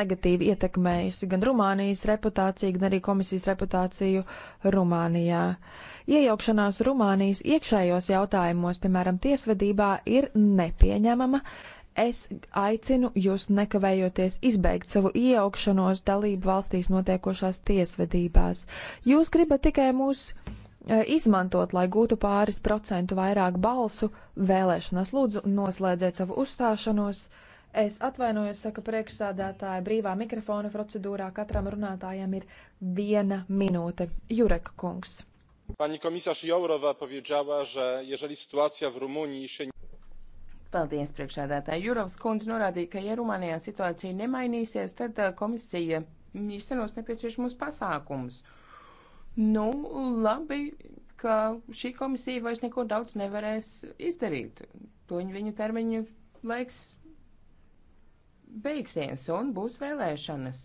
negatīvi ietekmējusi gan Rumānijas reputāciju, gan arī komisijas reputāciju Rumānijā. Iejaukšanās Rumānijas iekšējos jautājumos, piemēram, tiesvedībā, ir nepieņemama. Es aicinu jūs nekavējoties izbeigt savu iejaukšanos dalību valstīs notiekošās tiesvedībās. Jūs gribat tikai mūs E, izmantot, lai gūtu pāris procentu vairāk balsu vēlēšanās. Lūdzu, noslēdziet savu uzstāšanos. Es atvainojos, saka priekšsādātāja, brīvā mikrofona procedūrā katram runātājam ir viena minūte. Jurek kungs. Pani komisārš Jourova powiedziała, že jeżeli situācija v Rumuniji še... Paldies, priekšsādātāja. Jurovs kundze norādīja, ka ja Rumānijā situācija nemainīsies, tad e, komisija īstenos nepieciešamos pasākumus. Uh, Nu, labi, ka šī komisija vairs neko daudz nevarēs izdarīt. To viņu termiņu laiks beigsies un būs vēlēšanas.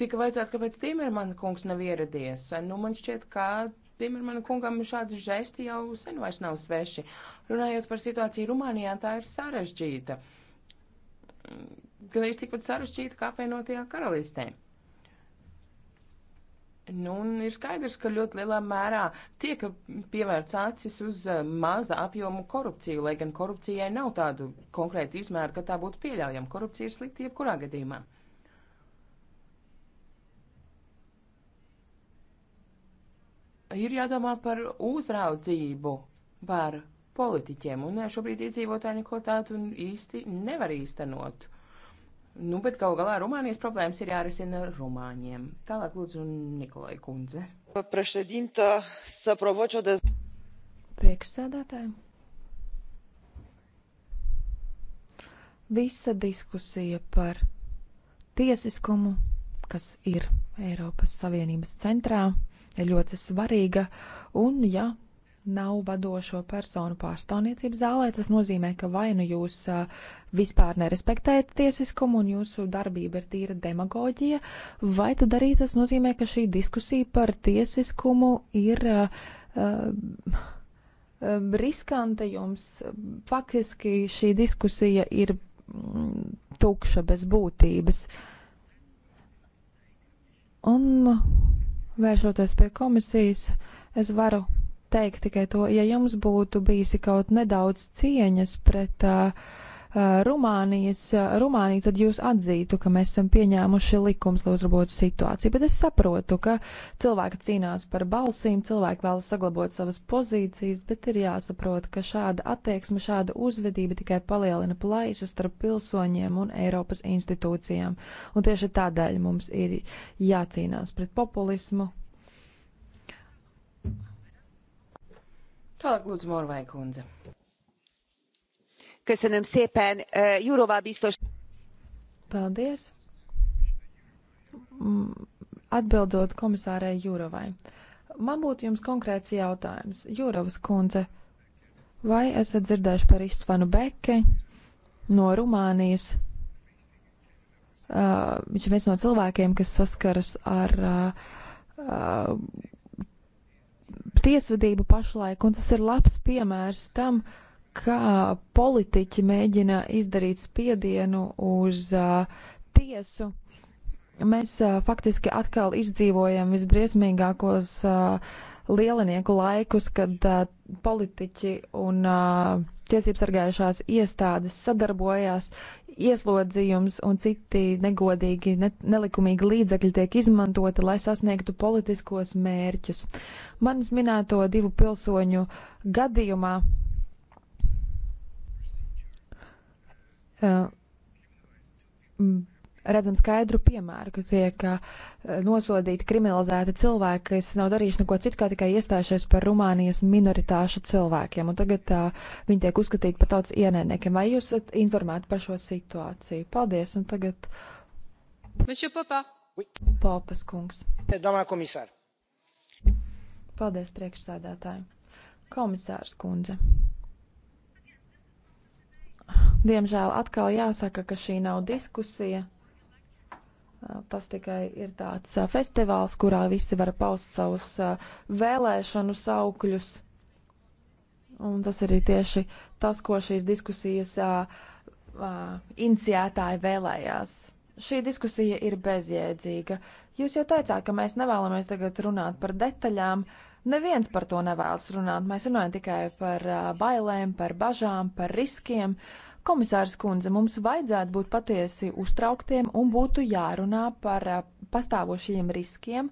Tika vajadzēts, kāpēc Timermana kungs nav ieradies. Nu, man šķiet, ka Timermana kungam šādi žesti jau sen vairs nav sveši. Runājot par situāciju Rumānijā, tā ir sarežģīta. Gan arī tikpat sarežģīta kā apvienotajā karalistē. Nu, un ir skaidrs, ka ļoti lielā mērā tiek pievērts acis uz eh, maza apjomu korupciju, lai gan korupcijai nav tādu konkrētu izmēru, ka tā būtu pieļaujama. Korupcija ir slikta jebkurā gadījumā. Ir jādomā par uzraudzību par politiķiem, un eh, šobrīd iedzīvotāji neko tādu īsti nevar īstenot. Uh, Nu, bet gal galā Rumānijas problēmas ir jārisina Rumāņiem. Tālāk lūdzu Nikolai Kundze. Prešedinta să provoce o dez... Priekšsēdētāji. Visa diskusija par tiesiskumu, kas ir Eiropas Savienības centrā, ir ļoti svarīga, un, ja nav vadošo personu pārstāvniecības zālē, tas nozīmē, ka vai nu jūs vispār nerespektējat tiesiskumu un jūsu darbība ir tīra demagoģija, vai tad arī tas nozīmē, ka šī diskusija par tiesiskumu ir uh, uh, riskanta jums. Faktiski šī diskusija ir mm, tukša bez būtības. Un vēršoties pie komisijas, es varu teikt tikai to, ja jums būtu bijusi kaut nedaudz cieņas pret uh, Rumānijas, Rumāniju, tad jūs atzītu, ka mēs esam pieņēmuši likums, lai uzlabotu situāciju. Bet es saprotu, ka cilvēki cīnās par balsīm, cilvēki vēlas saglabot savas pozīcijas, bet ir jāsaprot, ka šāda attieksme, šāda uzvedība tikai palielina plaisu starp pilsoņiem un Eiropas institūcijām. Un tieši tādēļ mums ir jācīnās pret populismu, Tālāk lūdzu Morvai kundze. Köszönöm szépen, Jurová biztos. Paldies. Mm, atbildot komisārai Jurovai. Man būtu jums konkrēts jautājums. Jurovas kundze, vai esat dzirdējuši par Istvanu Beke no Rumānijas? Uh, viņš ir viens no cilvēkiem, kas saskaras ar uh, uh, tiesvedību pašlaik, un tas ir labs piemērs tam, kā politiķi mēģina izdarīt spiedienu uz uh, tiesu. Mēs uh, faktiski atkal izdzīvojam visbriesmīgākos uh, lielenieku laikus, kad uh, politiķi un uh, tiesības sargājušās iestādes sadarbojās, ieslodzījums un citi negodīgi, ne, nelikumīgi līdzekļi tiek izmantoti, lai sasniegtu politiskos mērķus. Manis minēto divu pilsoņu gadījumā uh, redzam skaidru piemēru, ka tiek eh, nosodīti, kriminalizēti cilvēki, kas nav darījuši neko citu, kā tikai iestājušies par Rumānijas minoritāšu cilvēkiem. Un tagad uh, viņi tiek uzskatīti par tautas ienēdniekiem. Vai jūs esat informēti par šo situāciju? Paldies. Un tagad. Monsieur Popa. Popas kungs. Domā komisār. Paldies priekšsēdētāji. Komisārs kundze. Diemžēl atkal jāsaka, ka šī nav diskusija, Eh, tas tikai ir tāds eh, festivāls, kurā visi var paust savus eh, vēlēšanu saukļus. Un tas arī tieši tas, ko šīs diskusijas iniciētāji vēlējās. Šī diskusija ir bezjēdzīga. Jūs jau teicāt, ka mēs nevēlamies tagad runāt par detaļām. Neviens par to nevēlas runāt. Mēs runājam tikai par bailēm, par bažām, par riskiem. Uh, Komisārs kundze, mums vajadzētu būt patiesi uztrauktiem un būtu jārunā par eh, pastāvošajiem riskiem,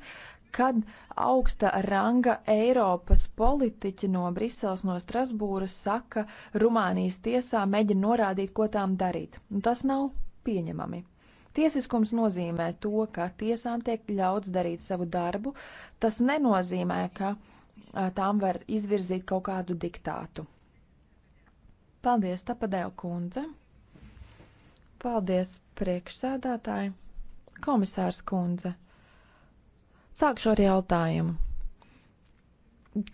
kad augsta ranga Eiropas politiķi no Briseles, no Strasbūras saka, Rumānijas tiesā mēģina norādīt, ko tām darīt. Un tas nav pieņemami. Tiesiskums nozīmē to, ka tiesām tiek ļauts darīt savu darbu. Tas nenozīmē, ka eh, tām var izvirzīt kaut kādu diktātu. Paldies, Tapadēl kundze. Paldies, priekšsēdētāji. Komisārs kundze. Sākšu ar jautājumu.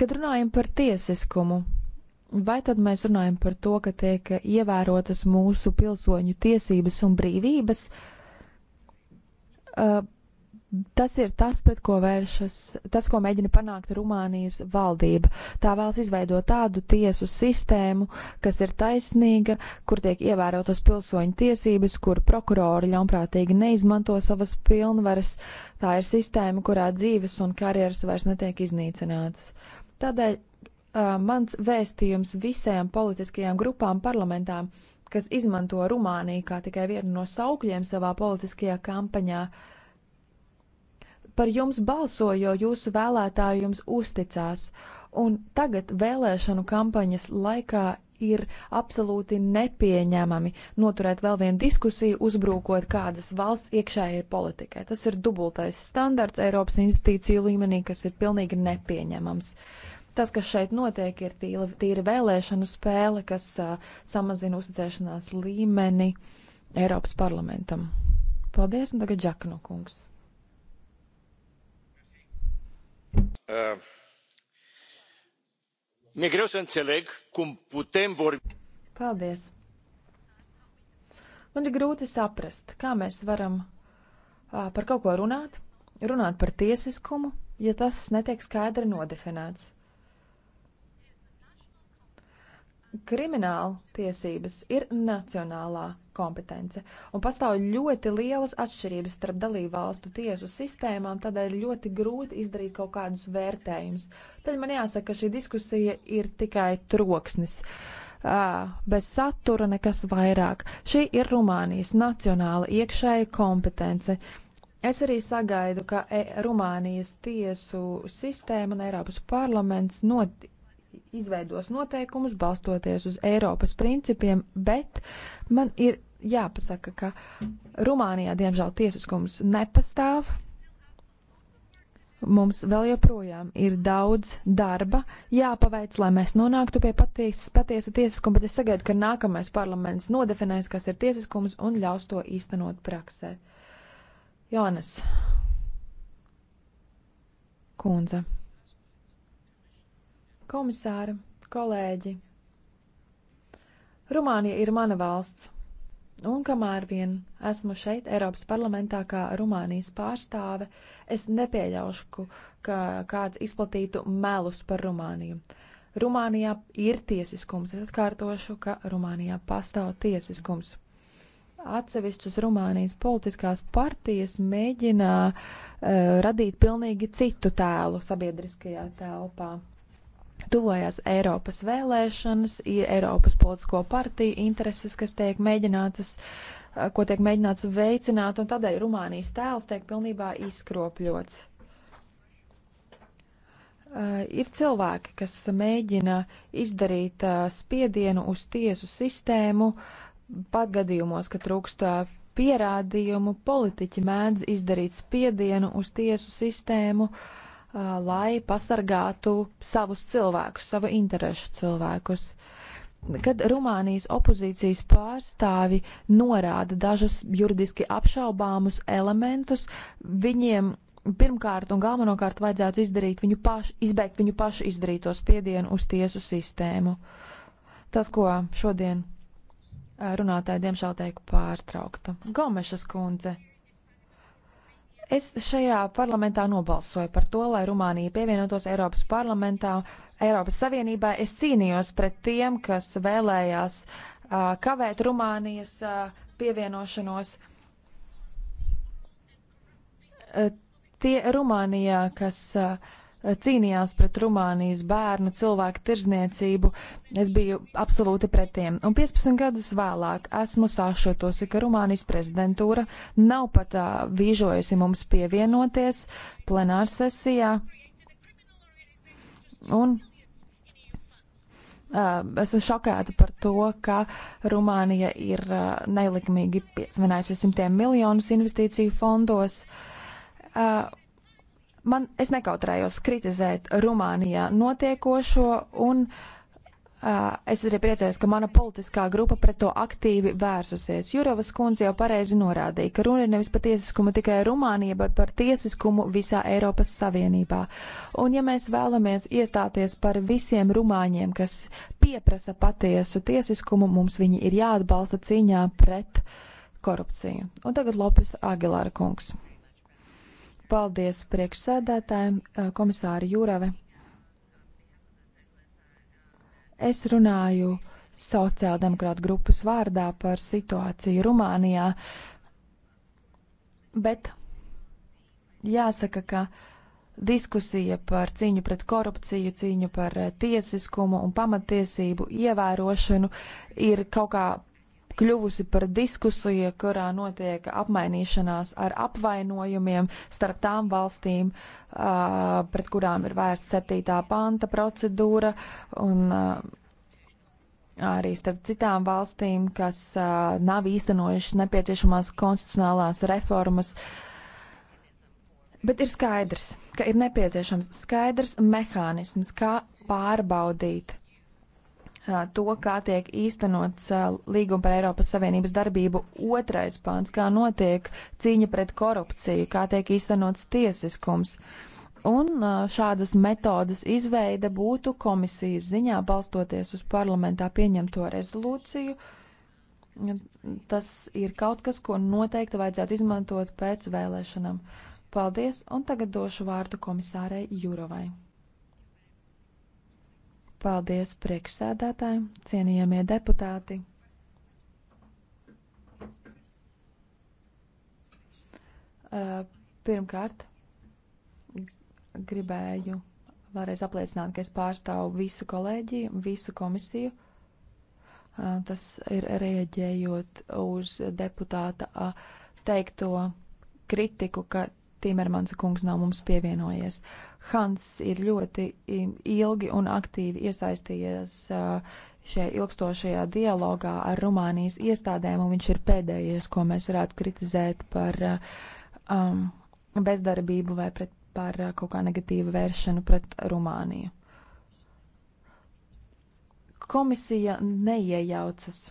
Kad runājam par tiesiskumu, vai tad mēs runājam par to, ka tiek ievērotas mūsu pilsoņu tiesības un brīvības? Uh, Tas ir tas, pret ko vēršas, tas, ko mēģina panākt Rumānijas valdība. Tā vēlas izveidot tādu tiesu sistēmu, kas ir taisnīga, kur tiek ievērotas pilsoņu tiesības, kur prokurori ļaunprātīgi neizmanto savas pilnvaras. Tā ir sistēma, kurā dzīves un karjeras vairs netiek iznīcināts. Tādēļ uh, mans vēstījums visajām politiskajām grupām parlamentā, kas izmanto Rumāniju kā tikai vienu no saukļiem savā politiskajā kampaņā, uh, par jums balso, jo jūsu vēlētāji jums uzticās. Un tagad vēlēšanu kampaņas laikā ir absolūti nepieņemami noturēt vēl vienu diskusiju, uzbrūkot kādas valsts iekšējai politikai. Tas ir dubultais standarts Eiropas institīciju līmenī, kas ir pilnīgi nepieņemams. Tas, kas šeit notiek, ir tīra, tīra vēlēšanu spēle, kas uh, samazina uzticēšanās līmeni Eiropas parlamentam. Paldies, un tagad Džakno kungs. mi ehm, e greu să înțeleg cum putem vorbi. Paldies! Man ir grūti saprast, kā mēs varam uh, par kaut ko runāt, runāt par tiesiskumu, ja tas netiek skaidri nodefinēts. krimināla tiesības ir nacionālā kompetence, un pastāv ļoti lielas atšķirības starp dalību valstu tiesu sistēmām, tādēļ ļoti grūti izdarīt kaut kādus vērtējumus. Tad man jāsaka, ka šī diskusija ir tikai troksnis. Bez satura nekas vairāk. Šī ir Rumānijas nacionāla iekšēja kompetence. Es arī sagaidu, ka e Rumānijas tiesu sistēma un Eiropas parlaments not izveidos noteikumus balstoties uz Eiropas principiem, bet man ir jāpasaka, ka Rumānijā diemžēl tiesiskums nepastāv. Mums vēl joprojām ir daudz darba jāpaveic, lai mēs nonāktu pie patiesa, patiesa tiesiskuma, bet es sagaidu, ka nākamais parlaments nodefinēs, kas ir tiesiskums un ļaus to īstenot praksē. Jonas Kunze. Komisāra, kolēģi, Rumānija ir mana valsts, un kamēr vien esmu šeit, Eiropas parlamentā, kā Rumānijas pārstāve, es nepieļaušu, ka kāds izplatītu melus par Rumāniju. Rumānijā ir tiesiskums. Es atkārtošu, ka Rumānijā pastāv tiesiskums. Atsevišķas Rumānijas politiskās partijas mēģina uh, radīt pilnīgi citu tēlu sabiedriskajā telpā. Tuvojās Eiropas vēlēšanas, ir Eiropas politisko partiju intereses, kas tiek mēģinātas, eh, ko tiek mēģināts veicināt, un tādēļ Rumānijas tēls tiek pilnībā izkropļots. Uh, ir cilvēki, kas mēģina izdarīt uh, spiedienu uz tiesu sistēmu, pat gadījumos, ka trūkst uh, pierādījumu, politiķi mēdz izdarīt spiedienu uz tiesu sistēmu, uh, Uh, lai pasargātu savus cilvēkus, savu interesu cilvēkus. Kad Rumānijas opozīcijas pārstāvi norāda dažus juridiski apšaubāmus elementus, viņiem pirmkārt un galvenokārt vajadzētu izdarīt viņu pašu, izbeigt viņu pašu izdarīto spiedienu uz tiesu sistēmu. Tas, ko šodien uh, runātāji diemžēl teika pārtraukta. Gomešas kundze. Es šajā parlamentā nobalsoju par to, lai Rumānija pievienotos Eiropas parlamentā, Eiropas Savienībā. Es cīnījos pret tiem, kas vēlējās uh, kavēt Rumānijas uh, pievienošanos. Uh, tie Rumānijā, kas uh, cīnījās pret Rumānijas bērnu cilvēku tirzniecību. Es biju absolūti pret tiem. Un 15 gadus vēlāk esmu sāšotosi, ka Rumānijas prezidentūra nav pat uh, vīžojusi mums pievienoties plenārsesijā. Un esmu šokēta par to, ka Rumānija ir nelikumīgi piesavinājusi simtiem miljonus investīciju fondos. Uh, Man, es nekautrējos kritizēt Rumānijā notiekošo, un uh, es arī priecājos, ka mana politiskā grupa pret to aktīvi vērsusies. Jurovas kundze jau pareizi norādīja, ka runa ir nevis par tiesiskumu tikai Rumānijā, bet par tiesiskumu visā Eiropas Savienībā. Un ja mēs vēlamies iestāties par visiem rumāņiem, kas pieprasa patiesu tiesiskumu, mums viņi ir jāatbalsta cīņā pret korupciju. Un tagad Lopes Agilāra kungs. Paldies priekšsēdētājiem, komisāri Jūrave. Es runāju sociāldemokrāta grupas vārdā par situāciju Rumānijā, bet jāsaka, ka diskusija par cīņu pret korupciju, cīņu par tiesiskumu un pamatiesību ievērošanu ir kaut kā kļuvusi par diskusiju, kurā notiek apmainīšanās ar apvainojumiem starp tām valstīm, uh, pret kurām ir vērsta 7. panta procedūra, un uh, arī starp citām valstīm, kas uh, nav īstenojušas nepieciešamās konstitucionālās reformas. Bet ir skaidrs, ka ir nepieciešams skaidrs mehānisms, kā pārbaudīt to, kā tiek īstenots līguma par Eiropas Savienības darbību otrais pāns, kā notiek cīņa pret korupciju, kā tiek īstenots tiesiskums. Un šādas metodas izveida būtu komisijas ziņā, balstoties uz parlamentā pieņemto rezolūciju. Tas ir kaut kas, ko noteikti vajadzētu izmantot pēc vēlēšanām. Paldies, un tagad došu vārdu komisārai Jurovai. Paldies priekšsēdētāji, cienījamie deputāti. Pirmkārt, gribēju vēlreiz apliecināt, ka es pārstāvu visu kolēģiju, visu komisiju. Tas ir rēģējot uz deputāta teikto kritiku, ka Timermans kungs nav mums pievienojies. Uh, Hans ir ļoti ilgi un aktīvi iesaistījies uh, šajā ilgstošajā dialogā ar Rumānijas iestādēm, un viņš ir pēdējais, ko mēs varētu kritizēt par uh, um, bezdarbību vai pret, par uh, kaut kā negatīvu vēršanu pret Rumāniju. Komisija neiejaucas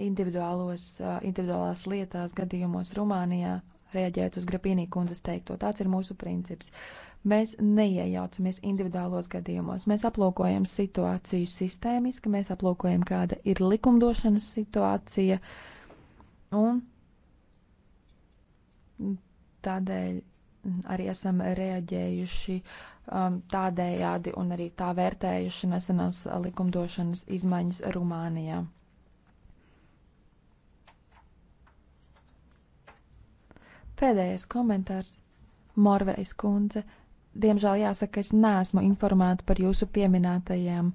individuālās lietās gadījumos Rumānijā, reaģēt uz Grapīnī kundzes teikto. Tāds ir mūsu princips. Uh, Mēs neiejaucamies individuālos gadījumos. Mēs aplūkojam situāciju sistēmiski, mēs aplūkojam, kāda ir likumdošanas situācija. Un tādēļ arī esam reaģējuši um, tādējādi un arī tā vērtējuši nesenās likumdošanas izmaiņas Rumānijā. Pēdējais komentārs Morvejas kundze diemžēl jāsaka, es neesmu informēta par jūsu pieminētajiem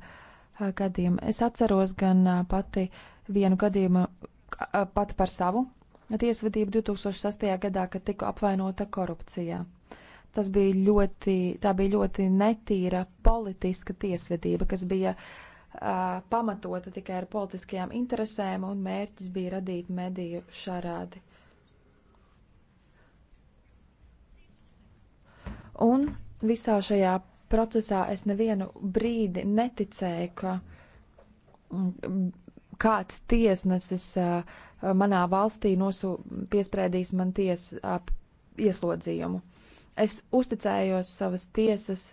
gadījumiem. Es atceros gan pati vienu gadījumu, pati par savu tiesvedību 2008. gadā, kad tiku apvainota korupcijā. Tas bija ļoti, tā bija ļoti netīra politiska tiesvedība, kas bija uh, pamatota tikai ar politiskajām interesēm, un mērķis bija radīt mediju šarādi. Un Visā šajā procesā es nevienu brīdi neticēju, ka kāds tiesnesis manā valstī nosū, piesprēdīs man tiesu ieslodzījumu. Es uzticējos savas tiesas,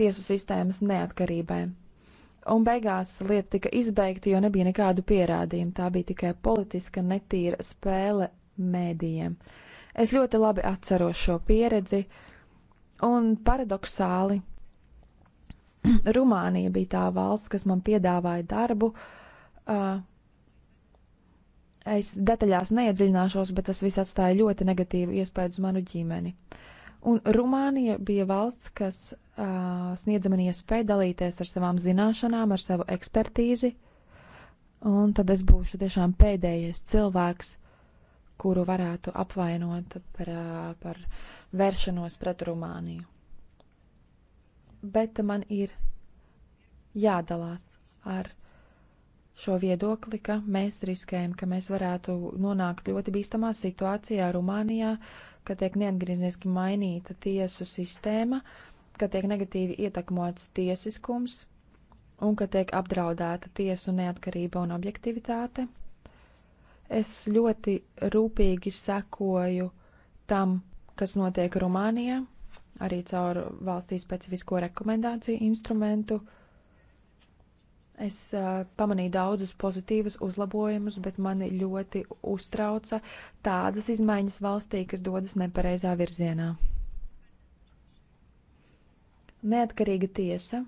tiesu sistēmas neatkarībai. Un beigās lieta tika izbeigta, jo nebija nekādu pierādījumu. Tā bija tikai politiska netīra spēle mēdījiem. Es ļoti labi atceros šo pieredzi, uh, Un paradoxāli, Rumānija bija tā valsts, kas man piedāvāja darbu. Uh, es detaļās neiedziļināšos, bet tas viss atstāja ļoti negatīvu iespēju uz manu ģimeni. Un Rumānija bija valsts, kas uh, sniedza man iespēju dalīties ar savām zināšanām, ar savu ekspertīzi. Un tad es būšu tiešām pēdējais cilvēks, kuru varētu apvainot par, par vēršanos pret Rumāniju. Bet man ir jādalās ar šo viedokli, ka mēs riskējam, ka mēs varētu nonākt ļoti bīstamā situācijā Rumānijā, ka tiek neatgriezniski mainīta tiesu sistēma, ka tiek negatīvi ietekmots tiesiskums un ka tiek apdraudēta tiesu neatkarība un objektivitāte Es ļoti rūpīgi sekoju tam, kas notiek Rumānijā, arī caur valstī specifisko rekomendāciju instrumentu. Es uh, pamanīju daudzus pozitīvus uzlabojumus, bet mani ļoti uztrauca tādas izmaiņas valstī, kas dodas nepareizā virzienā. Neatkarīga tiesa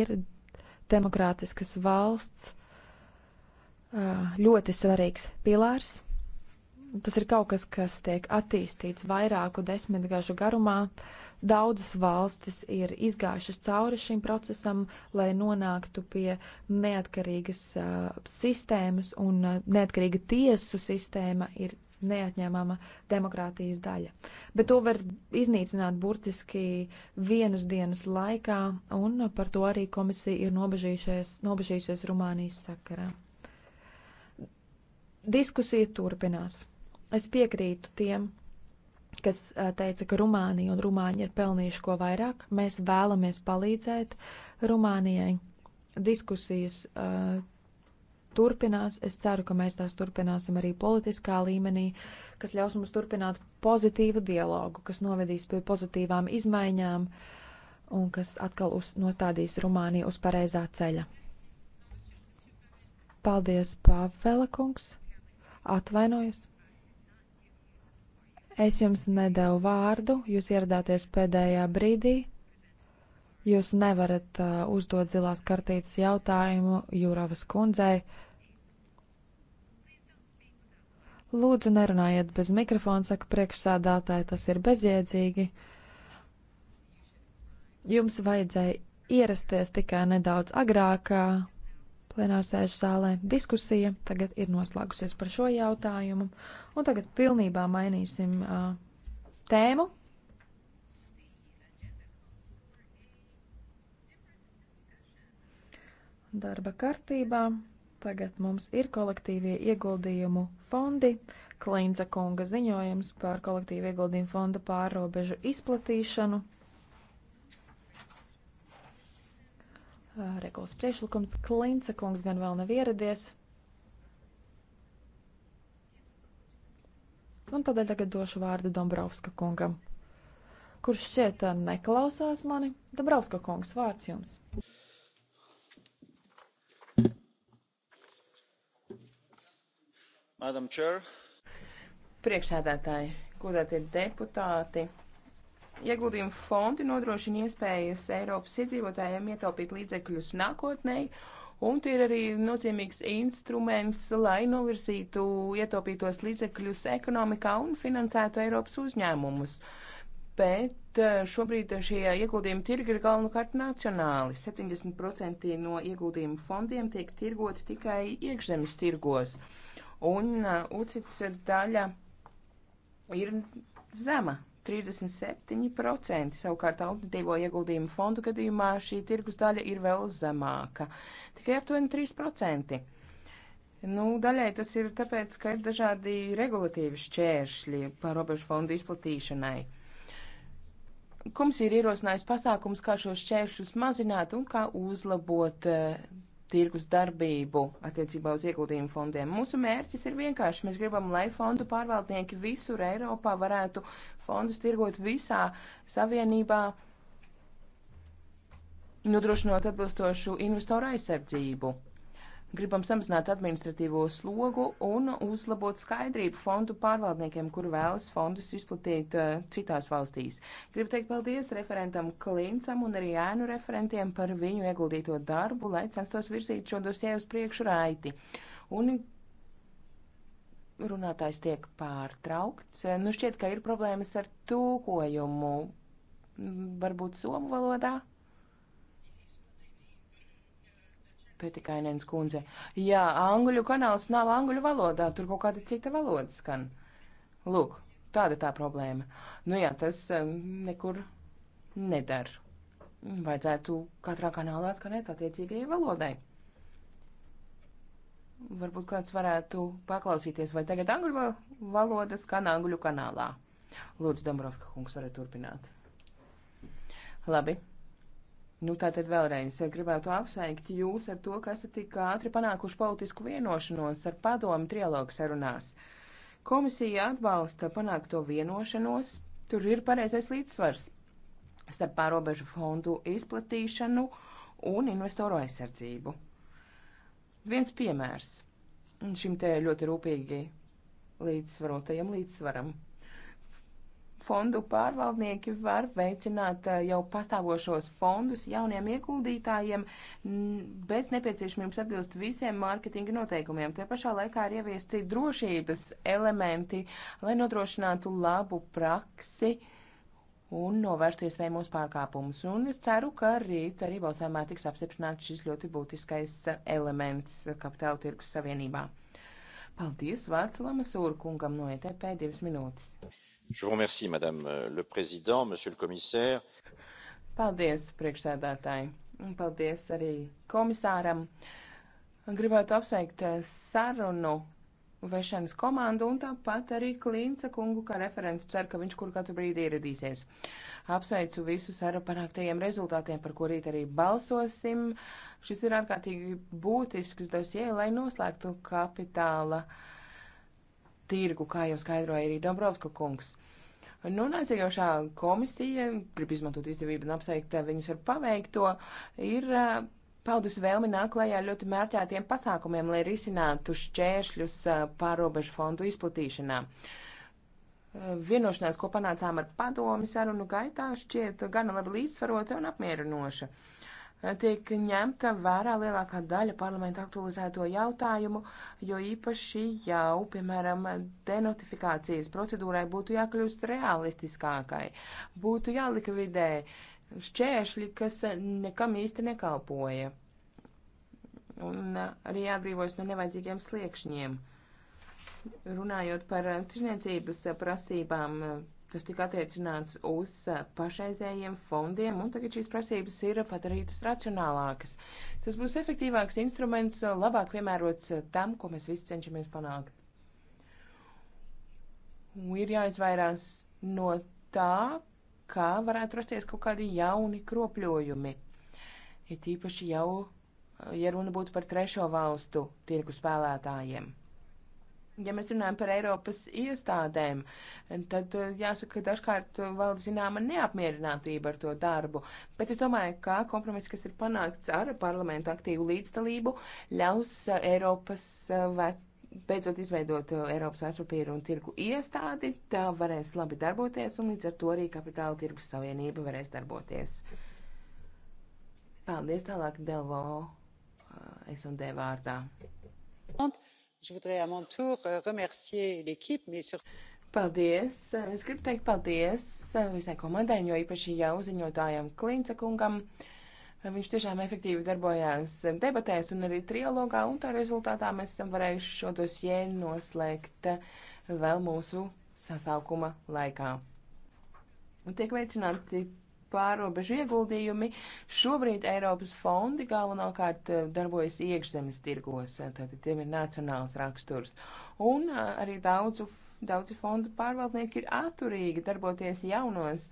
ir demokrātiskas valsts ļoti svarīgs pilārs. Tas ir kaut kas, kas tiek attīstīts vairāku desmitgažu garumā. Daudzas valstis ir izgājušas cauri šim procesam, lai nonāktu pie neatkarīgas uh, sistēmas, un uh, neatkarīga tiesu sistēma ir neatņemama demokrātijas daļa. Bet to var iznīcināt burtiski vienas dienas laikā, un par to arī komisija ir nobežījusies Rumānijas sakarā. Diskusija turpinās. Es piekrītu tiem, kas teica, ka Rumānija un Rumāņi ir pelnījuši ko vairāk. Mēs vēlamies palīdzēt Rumānijai. Diskusijas uh, turpinās. Es ceru, ka mēs tās turpināsim arī politiskā līmenī, kas ļaus mums turpināt pozitīvu dialogu, kas novedīs pie pozitīvām izmaiņām un kas atkal uz, nostādīs Rumāniju uz pareizā ceļa. Paldies, Pāvela kungs! Atvainojos. Es jums nedēvu vārdu, jūs ieradāties pēdējā brīdī. Jūs nevarat uh, uzdot zilās kartītes jautājumu Jūravas kundzei. Lūdzu, nerunājiet bez mikrofona, saka priekšsādātāji, tas ir bezjēdzīgi. Jums vajadzēja ierasties tikai nedaudz agrāk, plenārsēžu zālē. Diskusija tagad ir noslēgusies par šo jautājumu, un tagad pilnībā mainīsim uh, tēmu. Darba kārtībā tagad mums ir kolektīvie ieguldījumu fondi. Klīnca kunga ziņojums par kolektīvu ieguldījumu fonda pārobežu izplatīšanu. regulas priešlikums. Klinca kungs gan vēl nav ieradies. Un tādēļ tagad došu vārdu Dombrovska kungam, kurš šķiet neklausās mani. Dombrovska kungs, vārds jums. Madam Chair. Priekšsēdētāji, godātie deputāti, Ieguldījumu fondi nodrošina iespējas Eiropas iedzīvotājiem ietaupīt līdzekļus nākotnē, un tie ir arī nozīmīgs instruments, lai novirzītu ietaupītos līdzekļus ekonomikā un finansētu Eiropas uzņēmumus. Bet eh, šobrīd šie ieguldījumi tirgi ir galvenokārt nacionāli. 70% no ieguldījumu fondiem tiek tirgoti tikai iekšzemes tirgos, un UCITS eh, daļa ir zema 37%. Savukārt alternatīvo ieguldījumu fondu gadījumā šī tirgus daļa ir vēl zemāka - tikai aptuveni 3%. Nu, daļai tas ir tāpēc, ka ir dažādi regulatīvi šķēršļi pārobežu fondu izplatīšanai. Komisija ir ierosinājusi pasākums, kā šos šķēršļus mazināt un kā uzlabot eh, tirgus darbību attiecībā uz ieguldījumu fondiem. Mūsu mērķis ir vienkārši. Mēs gribam, lai fondu pārvaldnieki visur Eiropā varētu fondus tirgot visā savienībā, nodrošinot atbilstošu investoru aizsardzību. Gribam samazināt administratīvo slogu un uzlabot skaidrību fondu pārvaldniekiem, kur vēlas fondus izplatīt uh, citās valstīs. Gribu teikt paldies referentam Klincam un arī ēnu referentiem par viņu ieguldīto darbu, lai censtos virzīt šo dosē uz priekšu raiti. Un runātājs tiek pārtraukts. Nu šķiet, ka ir problēmas ar tūkojumu. Varbūt somu valodā? Petikainēns kundze. Jā, angļu kanāls nav angļu valodā, tur kaut kāda cita valoda skan. Lūk, tāda tā problēma. Nu jā, tas um, nekur nedar. Vajadzētu katrā kanālā skanēt attiecīgajai valodai. Varbūt kāds varētu paklausīties, vai tagad angļu valoda skan angļu kanālā. Lūdzu, Dombrovska kungs, varat turpināt. Labi. Nu, tātad vēlreiz eh, gribētu apsveikt jūs ar to, ka esat tik ātri panākuši politisku vienošanos ar padomu trialogu sarunās. Komisija atbalsta panākto vienošanos, tur ir pareizais līdzsvars starp pārobežu fondu izplatīšanu un investoru aizsardzību. Viens piemērs šim te ļoti rūpīgi līdzsvarotajam līdzsvaram fondu pārvaldnieki var veicināt eh, jau pastāvošos fondus jauniem ieguldītājiem bez nepieciešamības atbilst visiem mārketinga noteikumiem. Te pašā laikā ir ieviesti drošības elementi, lai nodrošinātu labu praksi un novērstu iespējamos pārkāpumus. Un es ceru, ka rīt arī balsojumā tiks apstiprināts šis ļoti būtiskais elements kapitāla tirgus savienībā. Paldies vārds Lamasūra kungam no ETP divas minūtes madame euh, le président, monsieur le commissaire. Paldies, priekšsēdētāji. Un paldies arī komisāram. Gribētu apsveikt eh, sarunu vešanas komandu un tāpat arī Klīnca kungu kā referentu ceru, ka viņš kur katru brīdi ieradīsies. Apsveicu visus ar panāktajiem rezultātiem, par ko rīt arī balsosim. Šis ir ārkārtīgi būtisks dosie, lai noslēgtu kapitāla uh, tirgu, kā jau skaidroja arī Dombrovska kungs. Nonācījošā nu, komisija, grib izmantot izdevību un apsveikt eh, viņus ar paveikto, ir eh, paudus vēlmi nāklējā ļoti mērķētiem pasākumiem, lai risinātu šķēršļus eh, pārobežu fondu izplatīšanā. Vienošanās, ko panācām ar padomi sarunu gaitā, šķiet gana labi līdzsvarota un apmierinoša. Uh, tiek ņemta vērā lielākā daļa parlamenta aktualizēto jautājumu, jo īpaši jau, piemēram, denotifikācijas procedūrai būtu jākļūst realistiskākai, būtu jālikvidē šķēršļi, kas nekam īsti nekalpoja, un arī jāatbrīvojas no nevajadzīgiem sliekšņiem. Runājot par tirzniecības prasībām, kas tika attiecināts uz pašreizējiem fondiem, un tagad šīs prasības ir padarītas racionālākas. Tas būs efektīvāks instruments, labāk piemērots tam, ko mēs visi cenšamies panākt. Ir jāizvairās no tā, ka varētu rasties kaut kādi jauni kropļojumi. Ir ja tīpaši jau, ja runa būtu par trešo valstu tirgu spēlētājiem. Ja mēs runājam par Eiropas iestādēm, tad eh, jāsaka, ka dažkārt valda zināma neapmierinātība ar to darbu. Bet es domāju, ka kompromiss, kas ir panākts ar parlamentu aktīvu līdzdalību, ļaus eh, Eiropas eh, vec, beidzot izveidot Eiropas vērtspapīru un tirgu iestādi. Tā varēs labi darboties un līdz ar to arī kapitāla tirgus savienība varēs darboties. Paldies tālāk Delvo, es un D vārdā. Und Euh, paldies! Euh, es gribu teikt paldies euh, visai komandai, jo īpaši jau ziņotājam Klinca kungam. Viņš tiešām efektīvi darbojās um, debatēs un arī trialogā, un tā rezultātā mēs esam varējuši šo dosjē noslēgt uh, vēl mūsu sasaukuma laikā. Un tiek veicināti pārobežu ieguldījumi. Šobrīd Eiropas fondi galvenokārt eh, darbojas iekšzemes tirgos, tātad eh, tiem ir nacionāls raksturs. Un eh, arī daudzu, daudzi fondu pārvaldnieki ir atturīgi darboties jaunos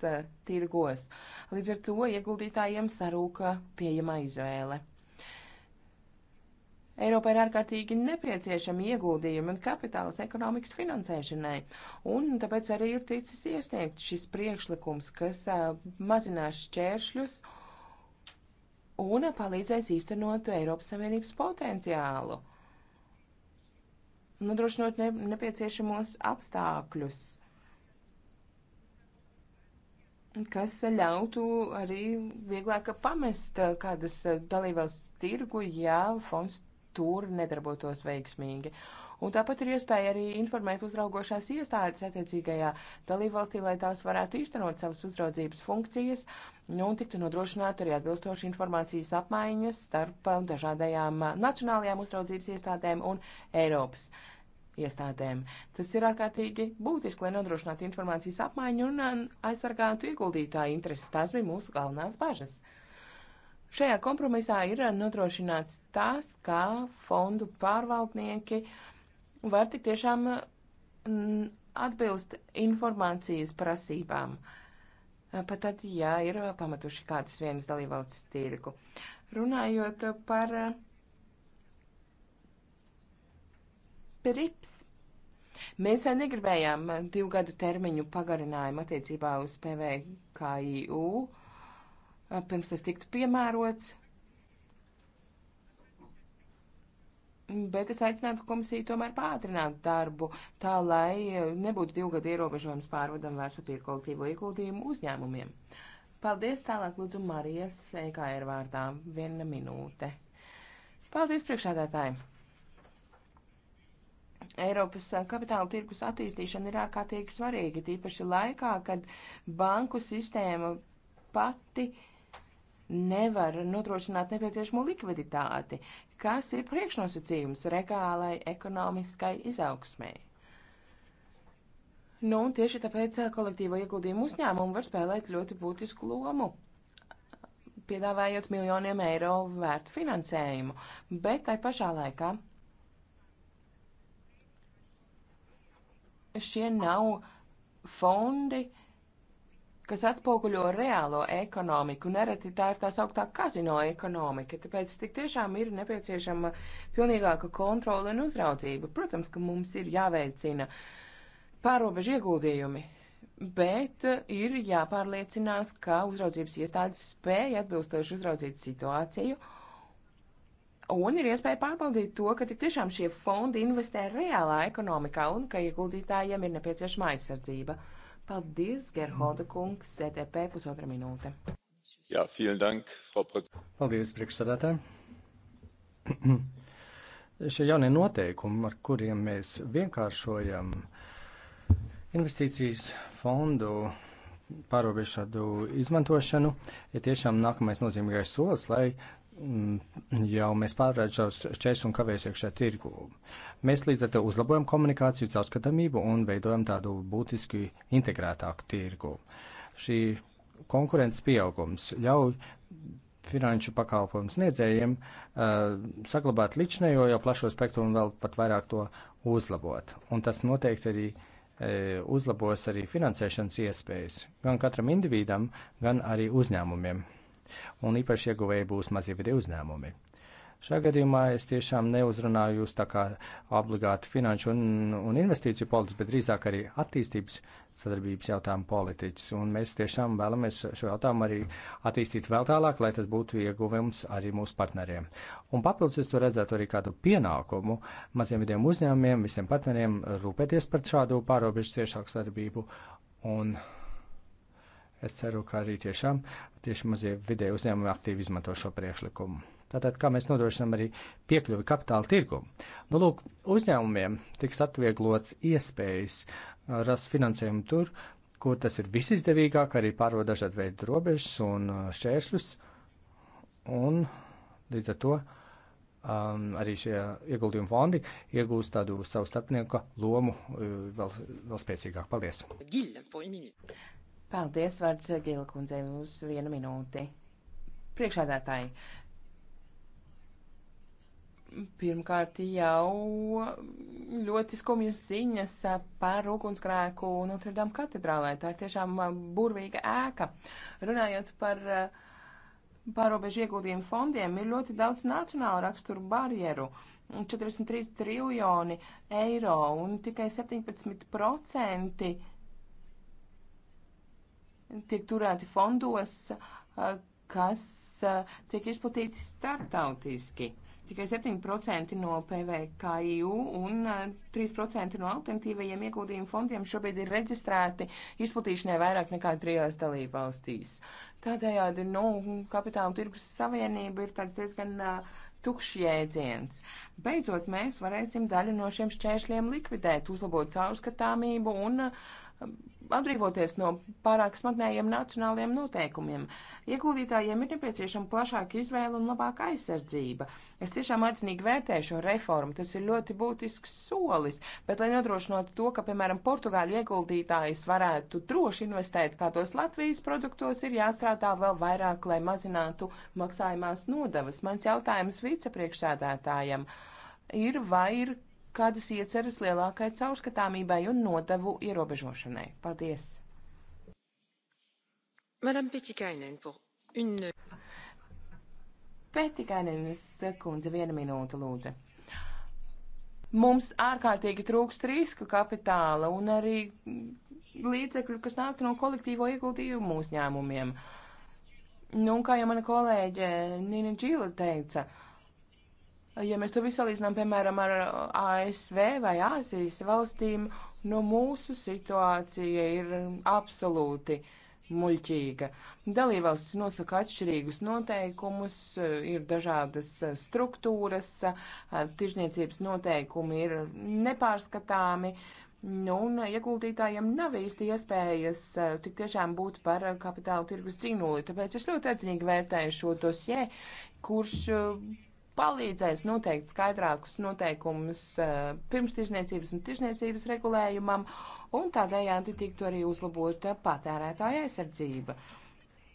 tirgos. Līdz ar to ieguldītājiem sarūka pieejama izvēle. Eiropai ir ārkārtīgi nepieciešami ieguldījumi un kapitāls ekonomikas finansēšanai, un tāpēc arī ir ticis iesniegts šis priekšlikums, kas mazinās šķēršļus un palīdzēs īstenot Eiropas Savienības potenciālu, nodrošinot ne, nepieciešamos apstākļus, kas ļautu arī vieglāk pamest kādas dalībās tirgu, ja fonds tur nedarbotos veiksmīgi. Un tāpat ir iespēja arī informēt uzraugošās iestādes attiecīgajā dalībvalstī, lai tās varētu īstenot savas uzraudzības funkcijas, nu, un tiktu nodrošināta arī atbilstoša informācijas apmaiņas starp dažādajām nacionālajām uzraudzības iestādēm un Eiropas iestādēm. Tas ir ārkārtīgi būtiski, lai nodrošinātu informācijas apmaiņu un uh, aizsargātu ieguldītāju intereses. Tās bija mūsu galvenās bažas. Šajā kompromisā ir eh, nodrošināts tas, ka fondu pārvaldnieki var tik tiešām mm, atbilst informācijas prasībām. Eh, pat tad, ja ir pamatuši kādas vienas dalībvalsts tirgu. Runājot par eh, prips, mēs negribējām divu gadu termiņu pagarinājumu attiecībā uz PVKIU. Uh, pirms tas tiktu piemērots. Bet es aicinātu komisiju tomēr pātrināt darbu, tā lai nebūtu divu gadu ierobežojums pārvadam vērtspapīru kolektīvo ieguldījumu uzņēmumiem. Paldies tālāk, lūdzu, Marijas EKR vārdā. Viena minūte. Paldies priekšādātājiem! Eiropas kapitāla tirkus attīstīšana ir ārkārtīgi svarīga, tīpaši laikā, kad banku sistēma pati uh, nevar nodrošināt nepieciešamo likviditāti, kas ir priekšnosacījums regālai ekonomiskai izaugsmēji. Nu, tieši tāpēc uh, kolektīvo ieguldījumu uzņēmumu var spēlēt ļoti būtisku lomu, piedāvājot miljoniem eiro vērtu finansējumu, bet tai pašā laikā šie nav fondi, uh, kas atspoguļo reālo ekonomiku. Nereti tā ir tā sauktā kazino ekonomika, tāpēc tik tiešām ir nepieciešama pilnīgāka kontrola un uzraudzība. Protams, ka mums ir jāveicina pārobežu ieguldījumi, bet ir jāpārliecinās, ka uzraudzības iestādes spēja atbilstoši uzraudzīt situāciju. Un ir iespēja pārbaudīt to, ka tik tiešām šie fondi investē reālā ekonomikā un ka ieguldītājiem ir nepieciešama aizsardzība. Uh, Paldies, Gerhoda kungs, CTP e pusotra minūte. Jā, vielen dank, Frau Prezident. Paldies, priekšsēdētāji. Šie jaunie noteikumi, ar kuriem mēs vienkāršojam investīcijas fondu pārobežu izmantošanu, ir tiešām nākamais nozīmīgais solis, lai Mm, jau mēs pārredzam šķēršļus un kavēs iekšā tirgu. Mēs līdz ar to uzlabojam komunikāciju, caurskatāmību un veidojam tādu būtiski integrētāku tirgu. Šī konkurences pieaugums ļauj finanšu pakalpojumu sniedzējiem uh, saglabāt līdzinējo jau plašo spektru un vēl pat vairāk to uzlabot. Un tas noteikti arī uh, uzlabos arī finansēšanas iespējas gan katram individam, gan arī uzņēmumiem un īpaši ieguvēji būs mazie vidē uzņēmumi. Šajā gadījumā es tiešām neuzrunāju jūs tā kā obligāti finanšu un, un investīciju politiķis, bet drīzāk arī attīstības sadarbības jautājumu politiķis. Un mēs tiešām vēlamies šo jautājumu arī attīstīt vēl tālāk, lai tas būtu ieguvums arī mūsu partneriem. Un papildus es to redzētu arī kādu pienākumu maziem vidiem uzņēmumiem, visiem partneriem rūpēties par šādu pārobežu ciešāku sadarbību. Un Es ceru, ka arī tiešām tieši mazie vidēji uzņēmumi aktīvi izmanto šo priekšlikumu. Tātad, kā mēs nodrošinām arī piekļuvi kapitāla tirgumu? Nu, lūk, uzņēmumiem tiks atvieglots iespējas uh, rast finansējumu tur, kur tas ir visizdevīgāk, arī pārvar dažādu veidu robežas un uh, šķēršļus. Un līdz ar to um, arī šie ieguldījumu fondi iegūst tādu savu starpnieku lomu uh, vēl, vēl spēcīgāk. Paldies! Paldies, vārds Gila kundzei, uz vienu minūti. Priekšādātāji, pirmkārt jau ļoti skumjas ziņas par ugunsgrēku Notredam katedrālē. Tā ir tiešām burvīga ēka. Runājot par pārobežu ieguldījumu fondiem, ir ļoti daudz nacionālu raksturu barjeru. 43 triljoni eiro un tikai 17% tiek turēti fondos, kas tiek izplatīti startautiski. Tikai 7% no PVKIU un 3% no alternatīvajiem ieguldījumu fondiem šobrīd ir reģistrēti izplatīšanai vairāk nekā trijās dalībvalstīs. Tādējādi, nu, kapitāla tirgus savienība ir tāds diezgan uh, tukšs jēdziens. Beidzot, mēs varēsim daļu no šiem šķēršļiem likvidēt, uzlabot caurskatāmību un uh, atbrīvoties no pārāk smagnējiem nacionāliem noteikumiem. Ieguldītājiem ir nepieciešama plašāka izvēle un labāka aizsardzība. Es tiešām aicinīgi vērtēju šo reformu, tas ir ļoti būtisks solis, bet lai nodrošinātu to, ka, piemēram, portugāļu ieguldītājs varētu droši investēt kādos Latvijas produktos, ir jāstrādā vēl vairāk, lai mazinātu maksājumās nodevas. Mans jautājums vicepriekšsēdētājam ir, vai ir kādas ieceras lielākai caurskatāmībai un nodevu ierobežošanai. Paldies! Madame Petikainen, pour une... Petikainenes kundze, viena minūte, lūdzu. Mums ārkārtīgi trūkst riska kapitāla un arī līdzekļu, kas nāktu no kolektīvo ieguldījumu uzņēmumiem. Nu, kā jau mana kolēģe Nina Džila teica, uh, Ja mēs to visu salīdzinām, piemēram, ar uh, ASV vai Āzijas valstīm, nu mūsu situācija ir absolūti muļķīga. Dalībvalstis nosaka atšķirīgus noteikumus, uh, ir dažādas uh, struktūras, tirzniecības noteikumi ir nepārskatāmi, nu, un ieguldītājiem nav īsti iespējas tik tiešām būt par kapitāla tirgus dzīnuli. Tāpēc es ļoti atzinīgi vērtēju šo dosie, kurš palīdzēs noteikt skaidrākus noteikumus eh, pirms tirzniecības un tirzniecības regulējumam, un tādējādi tiktu arī uzlabota patērētāja aizsardzība.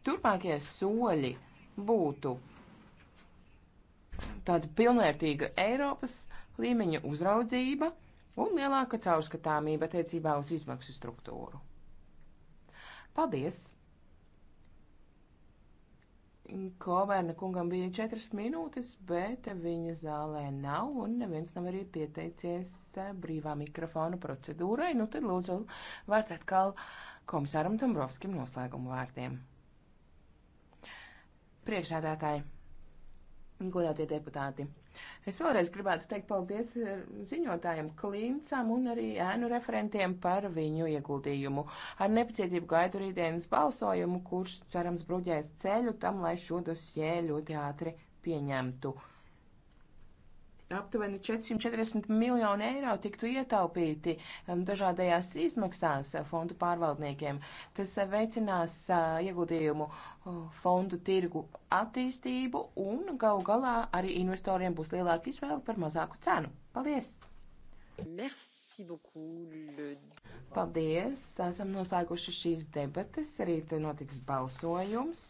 Turpmākie soļi būtu tāda pilnvērtīga Eiropas līmeņa uzraudzība un lielāka caurskatāmība attiecībā uz izmaksu struktūru. Paldies! Kovērna kungam bija četras minūtes, bet viņa zālē nav un neviens nav arī pieteicies brīvā mikrofona procedūrai. Nu tad lūdzu vārds atkal komisāram Tombrovskim noslēgumu vārdiem. Priekšādātāji, godātie deputāti. Es vēlreiz gribētu teikt paldies eh, ziņotājiem Klīncam un arī ēnu referentiem par viņu ieguldījumu. Ar nepacietību gaidu rītdienas balsojumu, kurš cerams bruģēs ceļu tam, lai šo dosjē ļoti ātri pieņemtu aptuveni 440 miljoni eiro tiktu ietaupīti um, dažādajās izmaksās uh, fondu pārvaldniekiem. Tas uh, veicinās uh, ieguldījumu fondu tirgu attīstību un galu galā arī investoriem būs lielāka izvēle par mazāku cenu. Paldies! Merci beaucoup. Le... Paldies! Esam noslēguši šīs debates. Rīt notiks balsojums.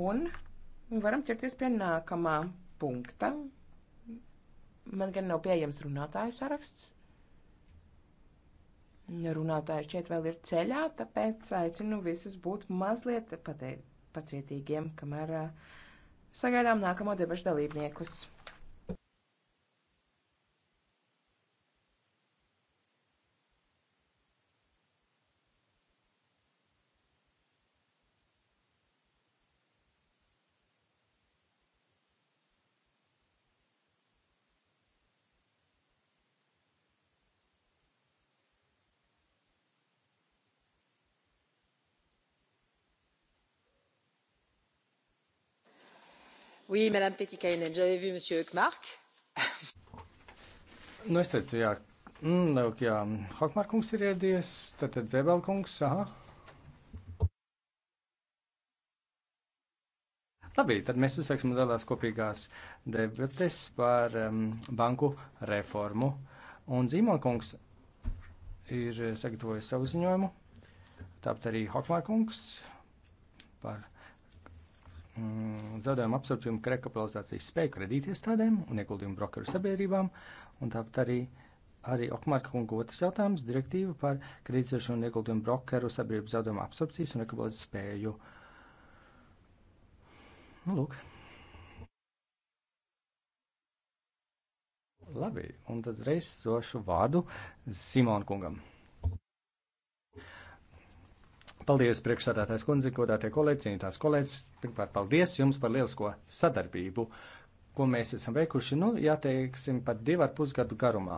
Un varam ķerties pie nākamā punkta. Man gan nav pieejams runātāju saraksts. Runātāji šķiet vēl ir ceļā, tāpēc aicinu visus būt mazliet patē, pacietīgiem, kamēr uh, sagaidām nākamo debašu dalībniekus. madame Petikainen, j'avais vu monsieur Hökmark. nu, es teicu, jā, mm, lūk, jā, Hökmark kungs ir ieradies, tad, tad Zebel kungs, aha. Labi, tad mēs uzsāksim lielās kopīgās debates par um, banku reformu. Un Zīmolkungs ir sagatavojis savu ziņojumu, tāpat arī Hokmārkungs par Mm, zaudējumu apsardzības rekapitalizācijas spēju kredītiestādēm un ieguldījumu brokeru sabiedrībām, un tāpat arī, arī Okmārka kunga otrs jautājums - direktīva par kredītiešanu un ieguldījumu brokeru sabiedrību zaudējumu apsardzības un rekapitalizācijas spēju. Nu, lūk. Labi, un tad reiz došu vārdu Simona kungam. Paldies, priekšsādātājs kundze, godātie kolēģi, cienītās kolēģis. Pirmkārt, paldies jums par lielisko sadarbību, ko mēs esam veikuši, nu, jāteiksim, pat divu ar pus gadu garumā.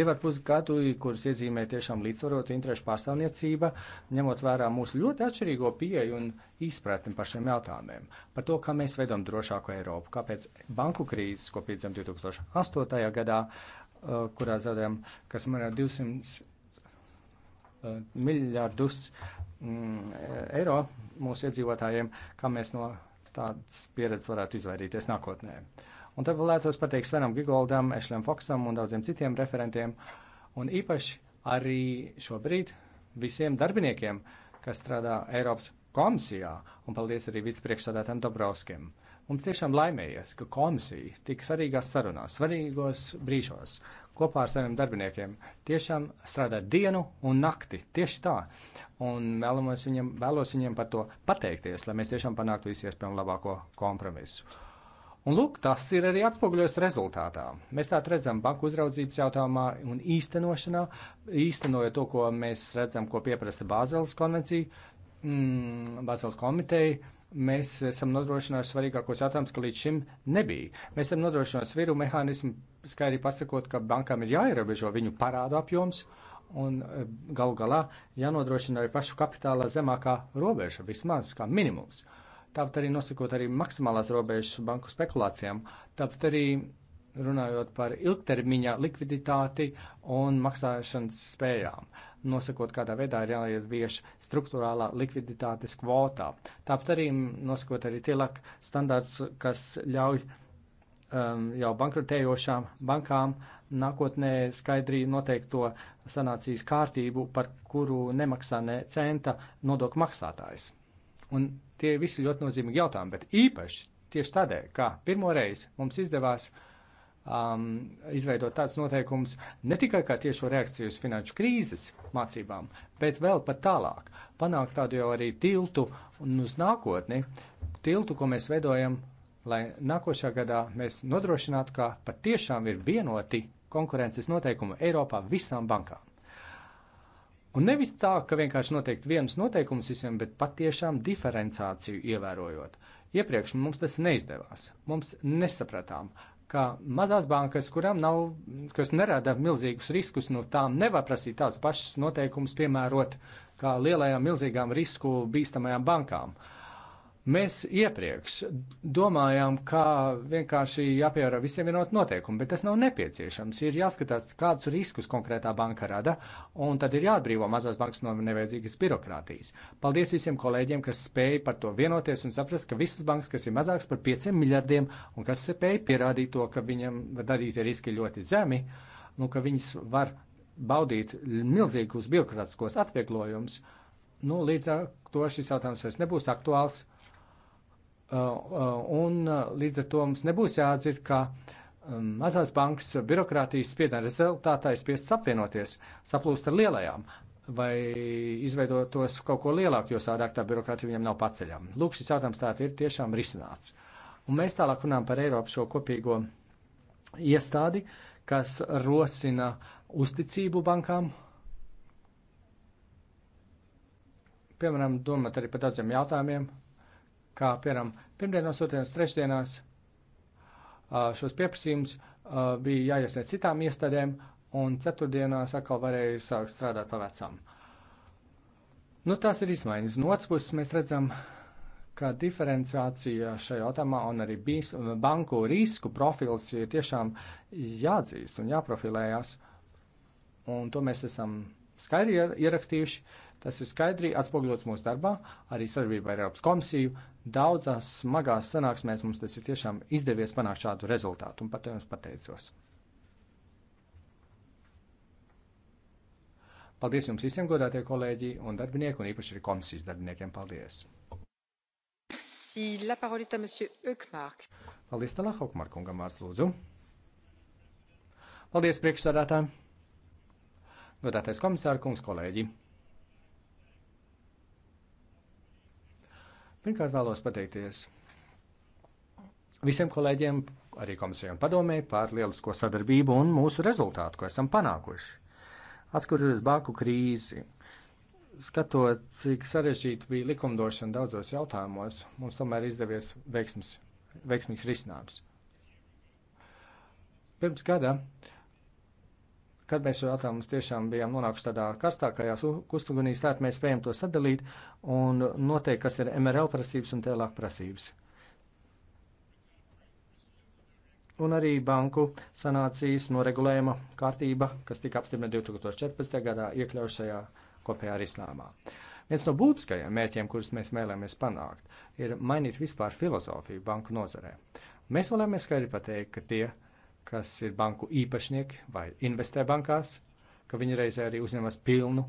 Divu ar pus gadu, kuras iezīmē tiešām līdzsvarot interešu pārstāvniecība, ņemot vērā mūsu ļoti atšķirīgo pieeju un izpratni par šiem jautājumiem. Par to, kā mēs veidojam drošāko Eiropu, kāpēc banku krīzes, ko piedzem 2008. gadā, uh, kurā zaudējam, kas man ir 200 uh, miljardus mm, e, eiro mūsu iedzīvotājiem, kā mēs no tādas pieredzes varētu izvairīties nākotnē. Un tad vēlētos pateikt Svenam Gigoldam, Ešlem Foksam un daudziem citiem referentiem, un īpaši arī šobrīd visiem darbiniekiem, kas strādā Eiropas komisijā, un paldies arī vicepriekšsādātājiem Dobrovskim. Mums tiešām laimējies, ka komisija tik svarīgās sarunās, svarīgos brīžos kopā ar saviem darbiniekiem. Tiešām strādāt dienu un nakti, tieši tā. Un vēlamies viņiem, vēlos viņiem par to pateikties, lai mēs tiešām panāktu visu iespējamo labāko kompromisu. Un lūk, tas ir arī atspoguļojis rezultātā. Mēs tā redzam banku uzraudzības jautājumā un īstenošanā, īstenojot to, ko mēs redzam, ko pieprasa Bāzeles konvencija, mm, Bāzeles komiteja, mēs esam nodrošinājuši svarīgākos jautājumus, ka līdz šim nebija. Mēs esam nodrošinājuši viru mehānismu skaidri pasakot, ka bankām ir jāierobežo viņu parādu apjoms un e, gal galā jānodrošina arī pašu kapitāla zemākā robeža, vismaz kā minimums. Tāpat arī nosakot arī maksimālās robežas banku spekulācijām, tāpat arī runājot par ilgtermiņa likviditāti un maksāšanas spējām, nosakot, kādā veidā ir jāievieš struktūrālā likviditātes kvotā. Tāpat arī nosakot arī tielāk standārts, kas ļauj uh, um, jau bankrotējošām bankām nākotnē skaidri noteikto sanācijas kārtību, par kuru nemaksā ne centa nodokļu maksātājs. Un tie visi ļoti nozīmīgi jautājumi, bet īpaši tieši tādēļ, ka pirmo reizi mums izdevās um, izveidot tāds noteikums ne tikai kā tiešo reakciju uz finanšu krīzes mācībām, bet vēl pat tālāk panākt tādu jau arī tiltu un uz nākotni, tiltu, ko mēs veidojam lai nākošā gadā mēs nodrošinātu, ka patiešām ir vienoti konkurences noteikumi Eiropā visām bankām. Un nevis tā, ka vienkārši noteikti vienus noteikumus visiem, bet patiešām diferenciāciju ievērojot. Iepriekš mums tas neizdevās. Mums nesapratām, ka mazās bankas, kurām nav, kas nerada milzīgus riskus, no tām nevar prasīt tādus pašus noteikumus piemērot kā lielajām milzīgām risku bīstamajām bankām. Uh, Mēs iepriekš domājām, kā vienkārši jāpievērā visiem vienot noteikumi, bet tas nav nepieciešams. Ir jāskatās, kādus riskus konkrētā banka rada, un tad ir jāatbrīvo mazās bankas no nevajadzīgas birokrātijas. Paldies visiem kolēģiem, kas spēja par to vienoties un saprast, ka visas bankas, kas ir mazākas par 5 miljardiem, un kas spēja pierādīt to, ka viņam radītie riski ļoti zemi, nu, ka viņas var baudīt milzīgus birokrātiskos atvieglojumus, nu, līdz ar to šis jautājums vairs nebūs aktuāls Uh, uh, un uh, līdz ar to mums nebūs jāatdzird, ka um, mazās bankas birokrātijas spiediena rezultātā ir spiests apvienoties, saplūst ar lielajām vai izveidotos kaut ko lielāku, jo savādāk tā birokrātija viņam nav paceļama. Lūk, šis jautājums tā ir tiešām risināts. Un mēs tālāk runājam par Eiropu šo kopīgo iestādi, kas rosina uzticību bankām. Piemēram, domāt arī par daudziem jautājumiem, kā piemēram pirmdienās, otrdienās, trešdienās šos pieprasījumus bija jāiesniedz citām iestādēm, un ceturtdienās atkal varēja sākt strādāt pa vecām. Nu, tās ir izmaiņas. No otras puses mēs redzam, ka diferenciācija šajā jautājumā un arī bīs, banku risku profils ir tiešām jāatzīst un jāprofilējās. Un to mēs esam skaidri ierakstījuši. Uh, Tas ir skaidri atspoguļots mūsu darbā, arī sadarbībā ar Eiropas komisiju. Daudzās smagās sanāksmēs mums tas ir tiešām izdevies panākt šādu rezultātu, un par to jums pateicos. Paldies jums visiem, godātie kolēģi un darbinieki, un īpaši arī komisijas darbiniekiem. Paldies! Paldies, Tālāk, Hokmārk kungam vārds lūdzu. Paldies, priekšsādātāji! Godātais komisāra kungs, kolēģi! Pirmkārt, vēlos pateikties visiem kolēģiem, arī komisijai un padomēji par lielisko sadarbību un mūsu rezultātu, ko esam panākuši. Atskatoties banku krīzi, skatot, cik sarežģīta bija likumdošana daudzos jautājumos, mums tomēr izdevies veiksmis, veiksmīgs risinājums. Pirms gada uh, Kad mēs šo jautājumu tiešām bijām nonākuši tādā karstākajā kustugunī, tad mēs spējam to sadalīt un noteikt, kas ir MRL prasības un tālāk prasības. Un arī banku sanācijas noregulējuma kārtība, kas tika apstiprināta 2014. gadā, iekļauj šajā kopējā risinājumā. Viens no būtiskajiem mērķiem, kurus mēs vēlamies panākt, ir mainīt vispār filozofiju banku nozarē. Mēs vēlamies skaidri pateikt, ka tie ir kas ir banku īpašnieki vai investē bankās, ka viņi reizē arī uzņemas pilnu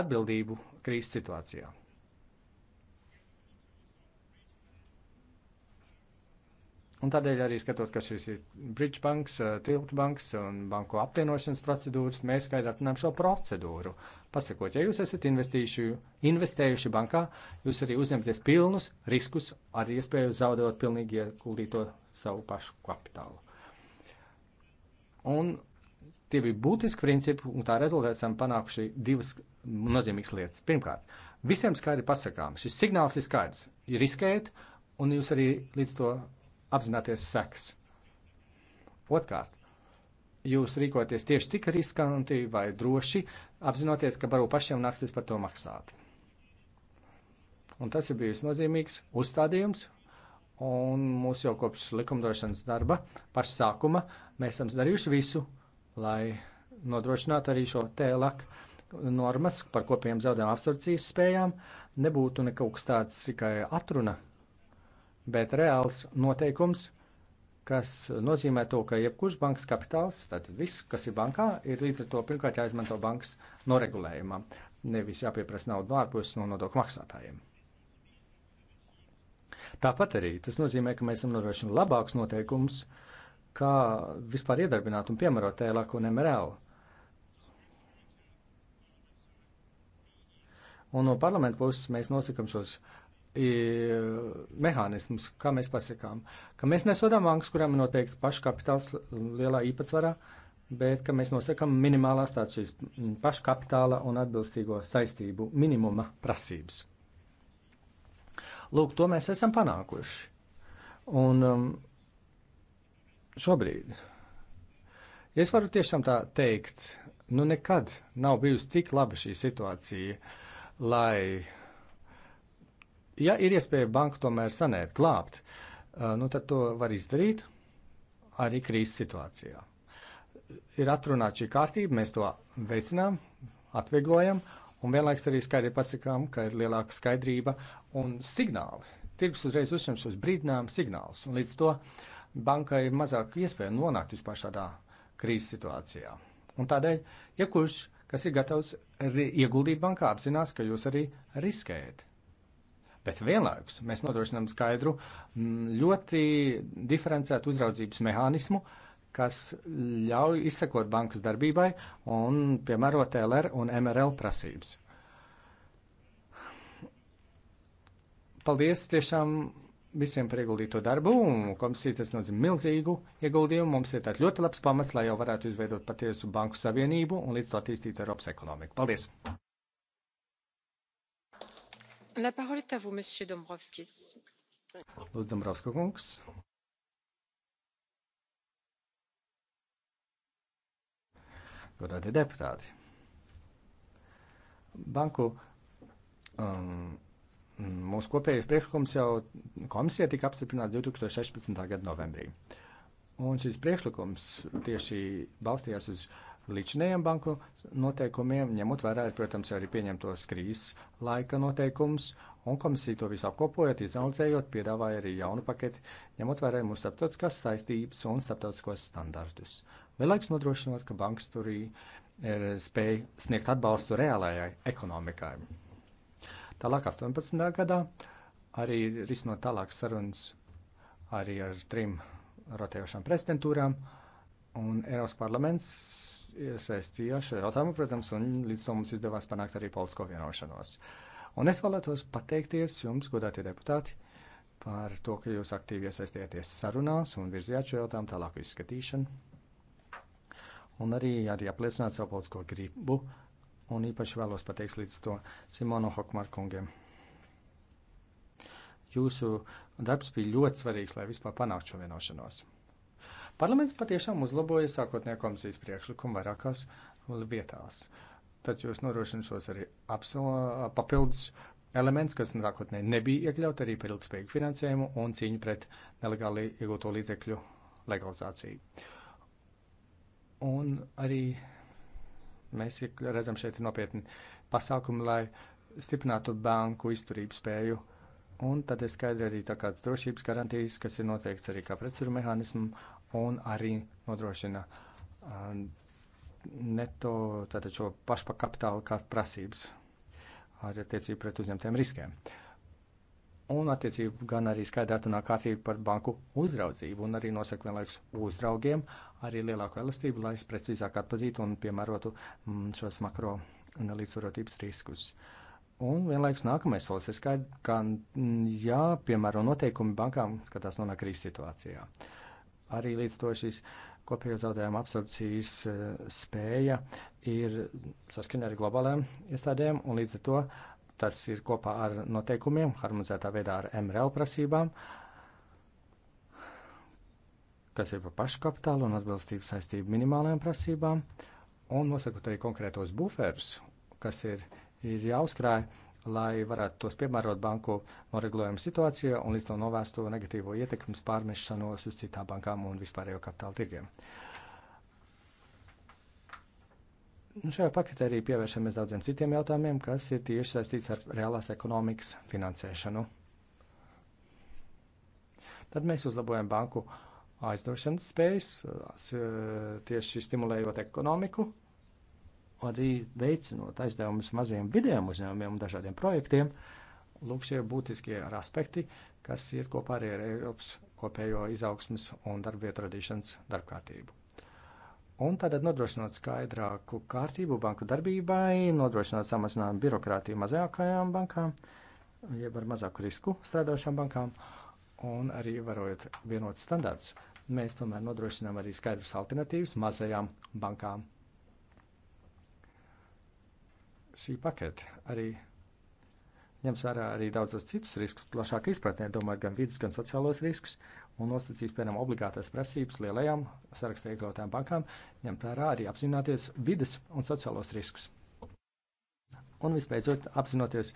atbildību krīzes situācijā. Un tādēļ arī skatot, ka šis ir bridge banks, eh, tilta banks un banku apvienošanas procedūras, mēs skaidrātinām šo procedūru. Pasakot, ja jūs esat investējuši bankā, jūs arī uzņemties pilnus riskus ar iespēju zaudot pilnīgi ieguldīto savu pašu kapitālu. Un tie bija būtiski principi, un tā rezultātā esam panākuši divas nozīmīgas lietas. Pirmkārt, visiem skaidri pasakām, šis signāls ir skaidrs, ir riskēt, un jūs arī līdz to apzināties seks. Otkārt, jūs rīkoties tieši tik riskanti vai droši, apzinoties, ka varu pašiem nāksies par to maksāt. Un tas ir bijis nozīmīgs uzstādījums Un mūs jau kopš likumdošanas darba paša sākuma mēs esam darījuši visu, lai nodrošinātu arī šo tēlāk normas par kopiem zaudējumu absorpcijas spējām. Nebūtu nekauks tāds tikai atruna, bet reāls noteikums, kas nozīmē to, ka jebkurš bankas kapitāls, tātad viss, kas ir bankā, ir līdz ar to pirmkārt jāizmanto bankas noregulējumam, nevis jāpieprasa naudu ārpus no nodokļu maksātājiem. Tāpat arī tas nozīmē, ka mēs esam nodrošinājuši labākus noteikumus, kā vispār iedarbināt un piemērot tēlāko nemerēlu. Un no parlamenta puses mēs nosakam šos mehānismus, kā mēs pasakām, ka mēs nesodām bankas, kurām ir noteikti paškapitāls lielā īpatsvarā, bet ka mēs nosakām minimālās tādas paškapitāla un atbilstīgo saistību minimuma prasības. Lūk, to mēs esam panākuši. Un um, šobrīd, ja es varu tiešām tā teikt, nu nekad nav bijusi tik laba šī situācija, lai, ja ir iespēja banku tomēr sanēt, glābt, uh, nu tad to var izdarīt arī krīzes situācijā. Ir atrunāta šī kārtība, mēs to veicinām, atvieglojam, Un vienlaiks arī skaidri pasakām, ka ir lielāka skaidrība un signāli. Tirgus uzreiz uzņem šos brīdinājumu signālus, un līdz to bankai ir mazāk iespēja nonākt vispār šādā krīzes situācijā. Un tādēļ, ja kurš, kas ir gatavs ieguldīt bankā, apzinās, ka jūs arī riskējat. Bet vienlaikus mēs nodrošinām skaidru, ļoti diferencētu uzraudzības mehānismu, uh, kas ļauj izsekot bankas darbībai un piemērot LR un MRL prasības. Paldies tiešām visiem par ieguldīto darbu. Komisija tas nozīmē milzīgu ieguldījumu. Mums ir tāds ļoti labs pamats, lai jau varētu izveidot patiesu banku savienību un līdz to attīstīt Eiropas ekonomiku. Paldies! La parole est à vous, Monsieur Dombrovskis. Lūdzu, Dombrovska kungs. godāti deputāti. Banku um, mūsu kopējais priekšlikums jau komisija tika apstiprināts 2016. gada novembrī. Un šis priekšlikums tieši balstījās uz līdzinējiem banku noteikumiem, ņemot vērā, protams, arī pieņemtos krīzes laika noteikums, un komisija to visu apkopojot, izanalizējot, piedāvāja arī jaunu paketi, ņemot vērā mūsu starptautiskās saistības un starptautiskos standartus. Uh, Vienlaiks nodrošinot, ka bankas tur ir e, spēj sniegt atbalstu reālajai ekonomikai. Tālāk 18. gadā arī risinot tālāk sarunas arī ar trim rotējošām prezidentūrām un Eiropas parlaments iesaistījās šajā jautājumā, protams, un līdz to mums izdevās panākt arī politisko vienošanos. Un es vēlētos pateikties jums, godātie deputāti, par to, ka jūs aktīvi iesaistījāties sarunās un virzījāt šo jautājumu tālāku izskatīšanu un arī, arī apliecināt savu politisko gribu, un īpaši vēlos pateikt līdz to Simonu Hokmarkungiem. Jūsu darbs bija ļoti svarīgs, lai vispār panāktu šo vienošanos. Parlaments patiešām uzlaboja sākotnējā komisijas priekšlikumu vairākās vietās. Tad jūs norošina šos arī papildus elements, kas sākotnēji nebija iekļaut arī par ilgspējīgu finansējumu un cīņu pret nelegāli iegūto līdzekļu legalizāciju. Un arī mēs redzam šeit nopietni pasākumu, lai stiprinātu banku izturības spēju. Un tad ir skaidri arī tā kāds drošības garantijas, kas ir noteikts arī kā pretsvaru mehānismu un arī nodrošina um, neto tātad šo pašpakapitālu kā prasības ar attiecību pret uzņemtiem riskiem. Uh, un attiecību gan arī skaidrā atrunā kārtība par banku uzraudzību un arī nosaka vienlaikus uzraugiem arī lielāku elastību, lai precīzāk atpazītu un piemērotu mm, šos makro nelīdzsvarotības riskus. Un vienlaikus nākamais solis ir skaidrs, ka mm, jāpiemēro noteikumi bankām, kad tās nonāk krīzes situācijā. Arī līdz to šīs kopējo zaudējumu absorpcijas eh, spēja ir saskaņā ar globālajām iestādēm, un līdz ar to uh, Tas ir kopā ar noteikumiem, harmonizētā veidā ar MRL prasībām, kas ir par pašu kapitālu un atbilstību saistību minimālajām prasībām, un nosakot arī konkrētos buferus, kas ir, ir jāuzkrāj, lai varētu tos piemērot banku noregulējuma situācijā un līdz to novērstu negatīvo ietekmes pārmešanos uz citām bankām un vispārējo kapitāla tirgiem. Uh, Nu, šajā paketē arī pievēršamies daudziem citiem jautājumiem, kas ir tieši saistīts ar reālās ekonomikas finansēšanu. Tad mēs uzlabojam banku aizdošanas spējas, e, tieši stimulējot ekonomiku, arī veicinot aizdevumus maziem vidējiem uzņēmumiem un dažādiem projektiem. Lūk, šie būtiskie aspekti, kas iet kopā arī ar Eiropas kopējo izaugsmas un darbvietu radīšanas darbkārtību un tādēļ nodrošinot skaidrāku kārtību banku darbībai, nodrošinot samazinājumu birokrātiju mazākajām bankām, jeb ar mazāku risku strādošām bankām, un arī varojot vienotus standārts. Mēs tomēr nodrošinām arī skaidrus alternatīvas mazajām bankām. Šī pakete arī ņems vērā arī daudzos citus riskus, plašāk izpratnē, domājot gan vidas, gan sociālos riskus, uh, un nosacīs, piemēram, obligātās prasības lielajām sarakstā iekļautām bankām, ņemt vērā arī apzināties vides un sociālos riskus. Un visbeidzot, apzinoties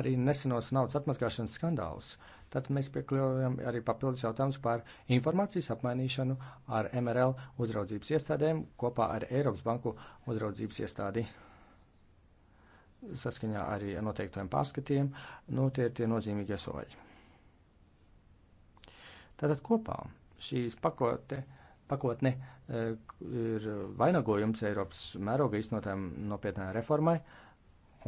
arī nesenos naudas atmazgāšanas skandālus, tad mēs piekļuvām arī papildus jautājumus par informācijas apmainīšanu ar MRL uzraudzības iestādēm kopā ar Eiropas Banku uzraudzības iestādi saskaņā arī ar noteiktiem pārskatiem, nu, tie ir tie nozīmīgie soļi. Tātad kopā šīs pakote, pakotne e, ir vainagojums Eiropas mēroga iznotēm nopietnē reformai,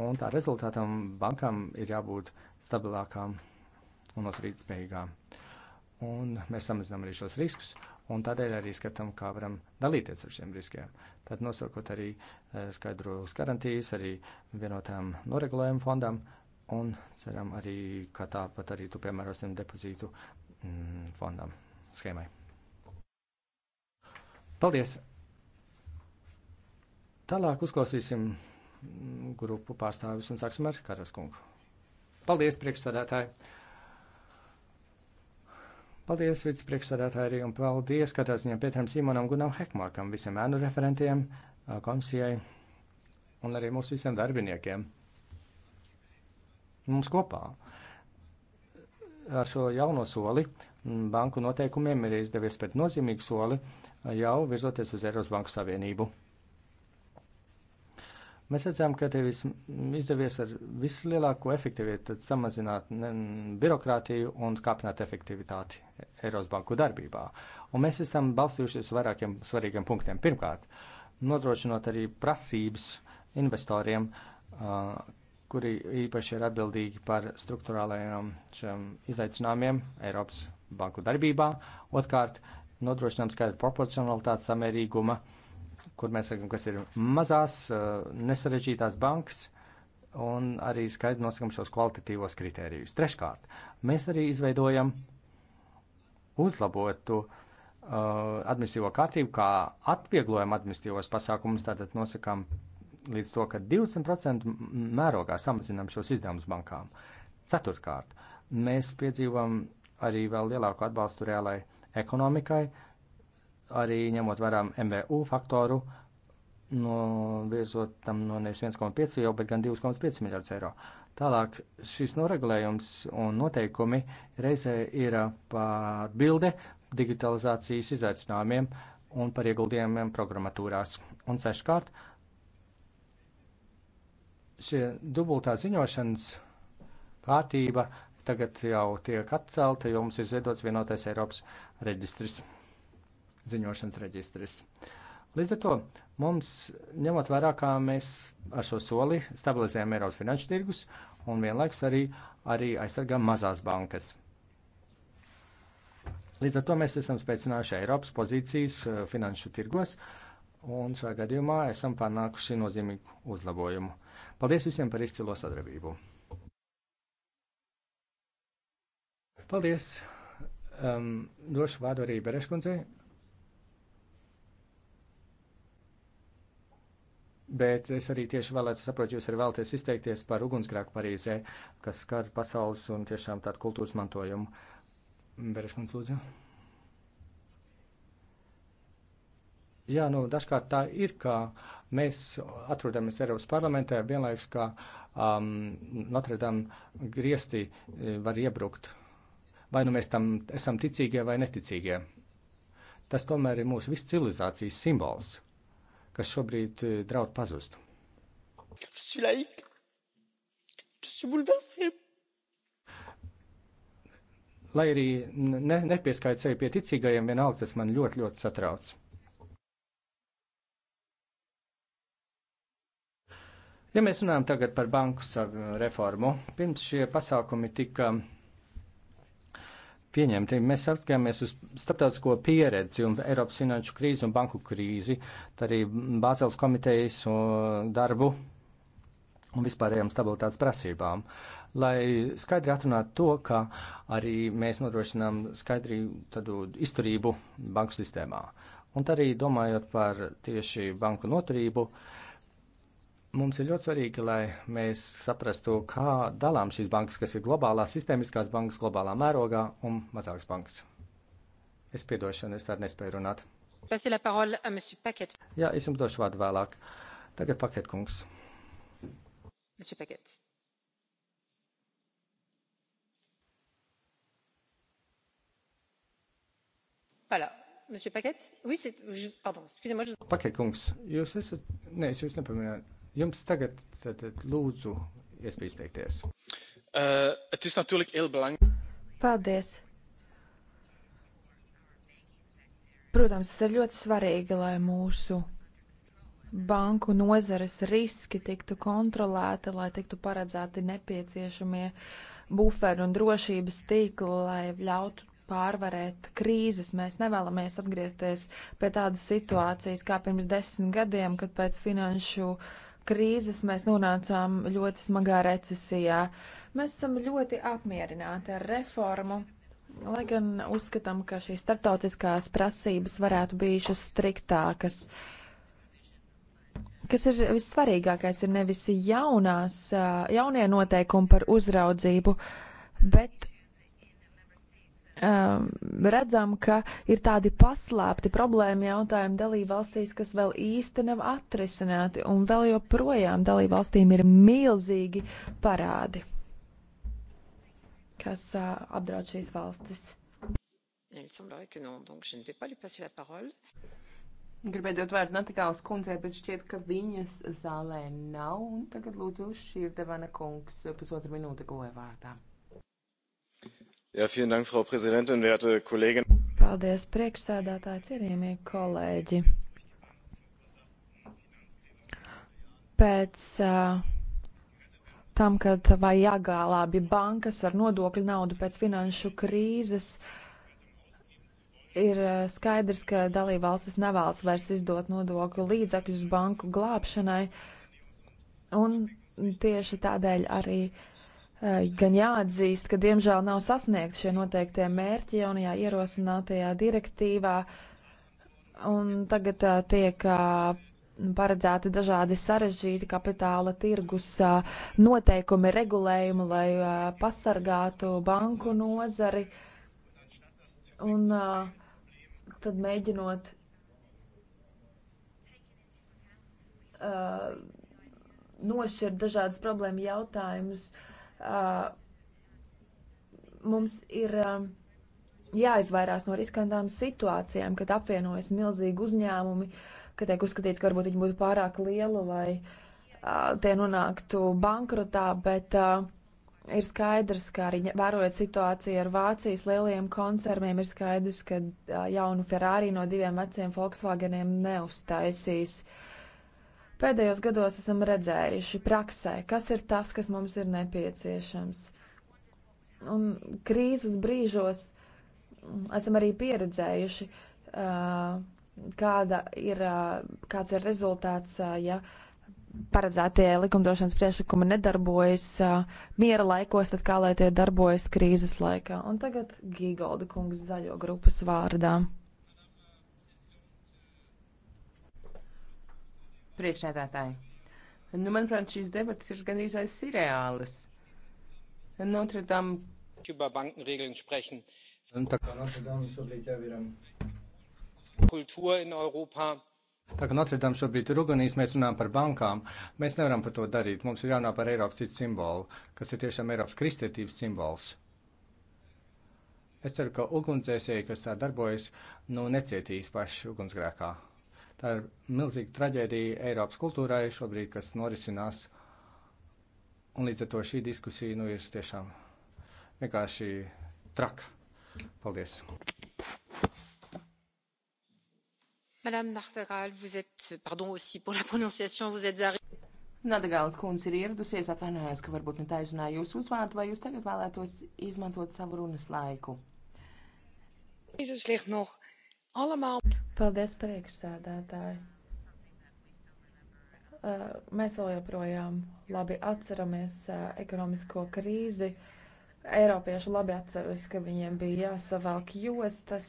un tā rezultātam bankām ir jābūt stabilākām un noturītspējīgām. Un mēs samazinām arī šos riskus, un tādēļ arī skatām, kā varam dalīties ar šiem riskiem. Tad nosaukot arī e, skaidrus garantijas, arī vienotām noregulējumu fondam, un ceram arī, ka tāpat arī tu piemērosim depozītu Mm, fondam schēmai. Paldies! Tālāk uzklausīsim grupu pārstāvis un sāksim ar Karas kungu. Paldies, priekšstādātāji! Paldies, vicepriekšstādātāji, arī un paldies katrā ziņā Pietram Simonam Gunam Hekmarkam, visiem ēnu referentiem, komisijai un arī mūsu visiem darbiniekiem. Mums kopā. Uh, ar šo jauno soli mm, banku noteikumiem ir izdevies spērt nozīmīgu soli jau virzoties uz Eiropas Banku Savienību. Mēs redzam, ka tev mm, izdevies ar vislielāko efektivitāti samazināt birokrātiju un kāpināt efektivitāti Eiropas banku darbībā. Un mēs esam balstījušies vairākiem svarīgiem punktiem. Pirmkārt, nodrošinot arī prasības investoriem, kuri īpaši ir atbildīgi par struktūrālajiem šiem izaicinājumiem Eiropas banku darbībā. Otkārt, nodrošinām skaidru proporcionalitātes samērīguma, kur mēs sakam, kas ir mazās, eh, nesarežģītās bankas, un arī skaidri nosakam šos kvalitatīvos kritērijus. Treškārt, mēs arī izveidojam uzlabotu uh, administratīvo kārtību, kā atvieglojumu administratīvos pasākumus, tātad nosakām līdz to, ka 200% mērogā samazinām šos izdevumus bankām. Ceturtkārt, mēs piedzīvam arī vēl lielāku atbalstu reālai ekonomikai, arī ņemot vērā MVU faktoru, no, virzot tam no nevis 1,5 jau, bet gan 2,5 miljardus eiro. Tālāk šis noregulējums un noteikumi reizē ir pārbilde digitalizācijas izaicinājumiem un par ieguldījumiem programmatūrās. Un seškārt, uh, šie dubultā ziņošanas kārtība tagad jau tiek atcelta, jo mums ir ziedots vienotais Eiropas reģistris, ziņošanas reģistris. Līdz ar to mums, ņemot vērā, kā mēs ar šo soli stabilizējam Eiropas finanšu tirgus un vienlaikus arī, arī aizsargām mazās bankas. Līdz ar to mēs esam spēcinājuši Eiropas pozīcijas eh, finanšu tirgos un šajā gadījumā esam panākuši nozīmīgu uzlabojumu. Paldies visiem par izcilo sadarbību! Paldies! Um, došu vārdu arī Bereškundzei. Bet es arī tieši vēlētu saprot, jūs arī vēlaties izteikties par ugunsgrēku Parīzē, kas skar pasaules un tiešām tādu kultūras mantojumu. Bereškundz, lūdzu. Jā, nu, dažkārt tā ir, ka mēs atrodamies Eiropas parlamentē, vienlaikus kā um, Notre-Dame griestī e, var iebrukt. Vai nu mēs tam esam ticīgie vai neticīgie. Tas tomēr ir mūsu visu civilizācijas simbols, kas šobrīd e, draud pazust. Lai arī ne, nepieskaidroju sevi pie ticīgajiem, vienalga tas man ļoti, ļoti satrauc. Ja mēs runājam tagad par banku reformu, pirms šie pasākumi tika pieņemti, mēs apskatījāmies uz starptautisko pieredzi un Eiropas finanšu krīzi un banku krīzi, tā arī Bāzels komitejas darbu un vispārējām stabilitātes prasībām, lai skaidri atrunātu to, ka arī mēs nodrošinām skaidri tādu izturību banku sistēmā. Un arī domājot par tieši banku noturību, uh, Mums ir ļoti svarīgi, lai mēs saprastu, kā dalām šīs bankas, kas ir globālās, sistēmiskās bankas, globālā mērogā un mazākas bankas. Es piedošanu, es tādu nespēju runāt. Jā, es jums došu vārdu vēlāk. Tagad paketkungs. Monsieur Paquet. Voilà. Monsieur Paquet? Oui, c'est... Je... Pardon, excusez-moi. Je... Paquet kungs, jūs esat... Nē, es jūs nepamanīju. Jums tagad tad, tad, lūdzu iespēju izteikties. Uh, Paldies! Protams, tas ir ļoti svarīgi, lai mūsu banku nozares riski tiktu kontrolēti, lai tiktu paredzēti nepieciešamie buferi un drošības tīkli, lai ļautu pārvarēt krīzes. Mēs nevēlamies atgriezties pie tādas situācijas kā pirms desmit gadiem, kad pēc finanšu uh, krīzes mēs nonācām ļoti smagā recesijā. Mēs esam ļoti apmierināti ar reformu, lai gan uzskatām, ka šīs starptautiskās prasības varētu bijušas striktākas. Kas ir vissvarīgākais, ir nevis jaunās, jaunie noteikumi par uzraudzību, bet um, redzam, ka ir tādi paslēpti problēma jautājumi dalībvalstīs, kas vēl īsti nav atrisināti, un vēl joprojām dalībvalstīm ir milzīgi parādi, kas uh, apdraud šīs valstis. Gribēju dot vārdu Natālas kundzei, bet šķiet, ka viņas zālē nav. Un tagad lūdzu Šīrdevana kungs pusotru minūti goja vārdā frau präsidentin werte kolleginnen und kollegen! paldies priekšsēdētāji cienījamie kolēģi! pēc uh, tam, kad vai jāgālābi bankas ar nodokļu naudu pēc finanšu krīzes, ir skaidrs, ka dalībvalstis nevēlas vairs izdot nodokļu līdzekļus banku glābšanai, un tieši tādēļ arī uh, gan jāatzīst, ka diemžēl nav sasniegt šie noteiktie mērķi jaunajā ierosinātajā direktīvā, un tagad uh, tiek uh, paredzēti dažādi sarežģīti kapitāla tirgus uh, noteikumi, regulējumi, lai uh, pasargātu banku nozari, un uh, tad mēģinot. Uh, nošķirt dažādas problēma jautājumus uh, uh, mums ir uh, jāizvairās no riskantām situācijām, kad apvienojas milzīgi uzņēmumi, kad tiek uzskatīts, ka varbūt viņi būtu pārāk lieli, lai uh, tie nonāktu bankrotā, bet uh, ir skaidrs, ka arī vērojot situāciju ar Vācijas lielajiem koncerniem, ir skaidrs, ka uh, jaunu Ferrari no diviem veciem Volkswageniem neuztaisīs. Uh, Pēdējos gados esam redzējuši praksē, kas ir tas, kas mums ir nepieciešams. Un krīzes brīžos esam arī pieredzējuši, kāda ir, kāds ir rezultāts, ja paredzētie likumdošanas priekšlikumi nedarbojas miera laikos, tad kā lai tie darbojas krīzes laikā. Un tagad Gigolda kungs zaļo grupas vārdā. priekšsēdētāji. Nu, manuprāt, šīs debatas ir gandrīz aiz sirreālas. Notre Dame. Über Bankenregeln sprechen. Tā kā Notre Dame šobrīd jau ir. Um, Kultur in Europa. Tā kā Notre Dame šobrīd ir ugunīs, mēs runājam par bankām. Mēs nevaram par to darīt. Mums ir jārunā par Eiropas citu simbolu, kas ir tiešām Eiropas kristietības simbols. Es ceru, ka ugunsdzēsēji, kas tā darbojas, nu necietīs paši ugunsgrēkā. Tā ir milzīga traģēdija Eiropas kultūrai šobrīd, kas norisinās. Un līdz ar to šī diskusija nu, ir tiešām vienkārši traka. Paldies! Madame Nartagal, vous êtes, pardon aussi pour la prononciation, vous êtes arrivée. Nadagāls kundze ir ieradusies, atvainojās, ka varbūt netaizunāju jūsu uzvārdu, vai jūs tagad vēlētos izmantot savu runas laiku? Paldies, priekšsēdētāji. Mēs vēl joprojām labi atceramies ekonomisko krīzi. Eiropieši labi atceras, ka viņiem bija jāsavalk jostas.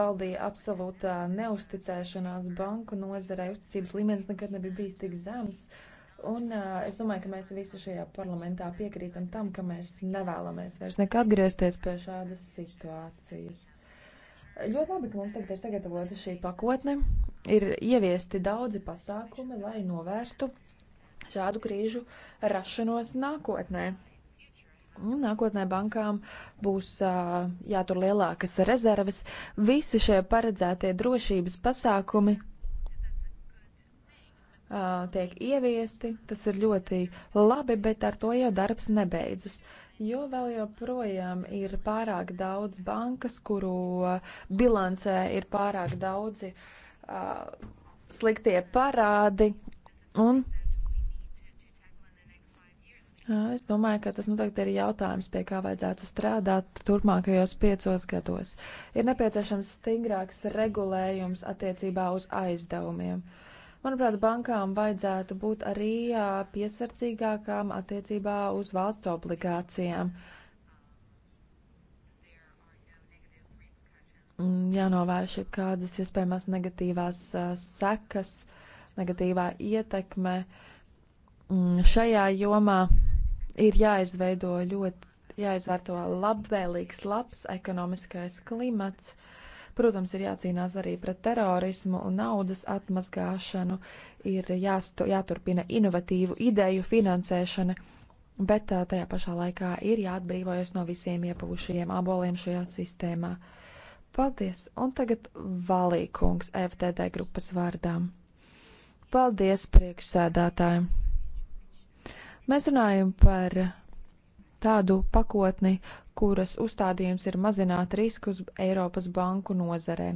Baldīja absolūtā neusticēšanās banku nozarei. Uzticības līmenis nekad nebija bijis tik zems. Un uh, es domāju, ka mēs visi šajā parlamentā piekrītam tam, ka mēs nevēlamies vairs nekad griezties pie šādas situācijas. Ļoti labi, ka mums tagad ir sagatavota šī pakotne. Ir ieviesti daudzi pasākumi, lai novērstu šādu krīžu rašanos nākotnē. Nu, nākotnē bankām būs uh, jātur lielākas rezerves. Visi šie paredzētie drošības pasākumi uh, tiek ieviesti. Tas ir ļoti labi, bet ar to jau darbs nebeidzas. Uh, jo vēl joprojām ir pārāk daudz bankas, kuru uh, bilancē ir pārāk daudzi uh, sliktie parādi. Un, uh, es domāju, ka tas noteikti nu ir jautājums, pie kā vajadzētu strādāt turpmākajos piecos gados. Ir nepieciešams stingrāks regulējums attiecībā uz aizdevumiem. Uh, Manuprāt, bankām vajadzētu būt arī piesardzīgākām attiecībā uz valsts obligācijām. Mm, jānovērš jau kādas iespējamās negatīvās sekas, negatīvā ietekme. Mm, šajā jomā ir jāizveido ļoti, jāizvērto labvēlīgs, labs ekonomiskais klimats. Uh, Protams, ir jācīnās arī pret terorismu un naudas atmazgāšanu, ir jāstu, jāturpina inovatīvu ideju finansēšana, bet tajā pašā laikā ir jāatbrīvojas no visiem iepavušajiem aboliem šajā sistēmā. Paldies! Un tagad Valīkungs FTD grupas vārdām. Paldies priekšsēdātājiem! Mēs runājam par tādu pakotni, kuras uzstādījums ir mazināt riskus Eiropas banku nozarē.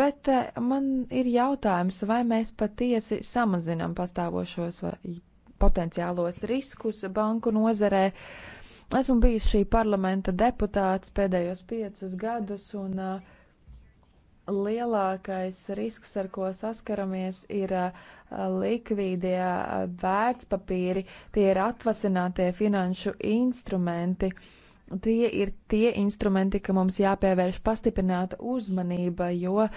Bet eh, man ir jautājums, vai mēs patiesi samazinām pastāvošos vai potenciālos riskus banku nozarē. Esmu bijis šī parlamenta deputāts pēdējos piecus gadus, un uh, lielākais risks, ar ko saskaramies, ir uh, likvīdie uh, vērtspapīri, tie ir atvasinātie finanšu instrumenti. Uh, Tie ir tie instrumenti, ka mums jāpievērš pastiprināta uzmanība, jo a,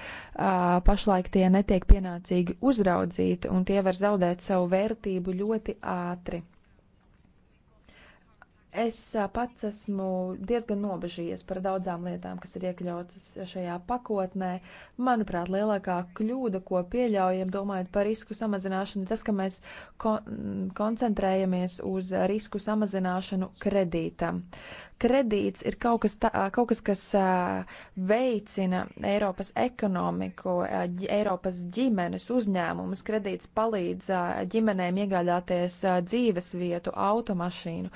pašlaik tie netiek pienācīgi uzraudzīti un tie var zaudēt savu vērtību ļoti ātri. Es a, pats esmu diezgan nobežījies par daudzām lietām, kas ir iekļautas šajā pakotnē. Manuprāt, lielākā kļūda, ko pieļaujam, domājot par risku samazināšanu, ir tas, ka mēs kon koncentrējamies uz risku samazināšanu kredītam Kredīts ir kaut kas, tā, kaut kas kas veicina Eiropas ekonomiku, Eiropas ģimenes uzņēmumus. Kredīts palīdz ģimenēm iegādāties dzīves vietu, automašīnu.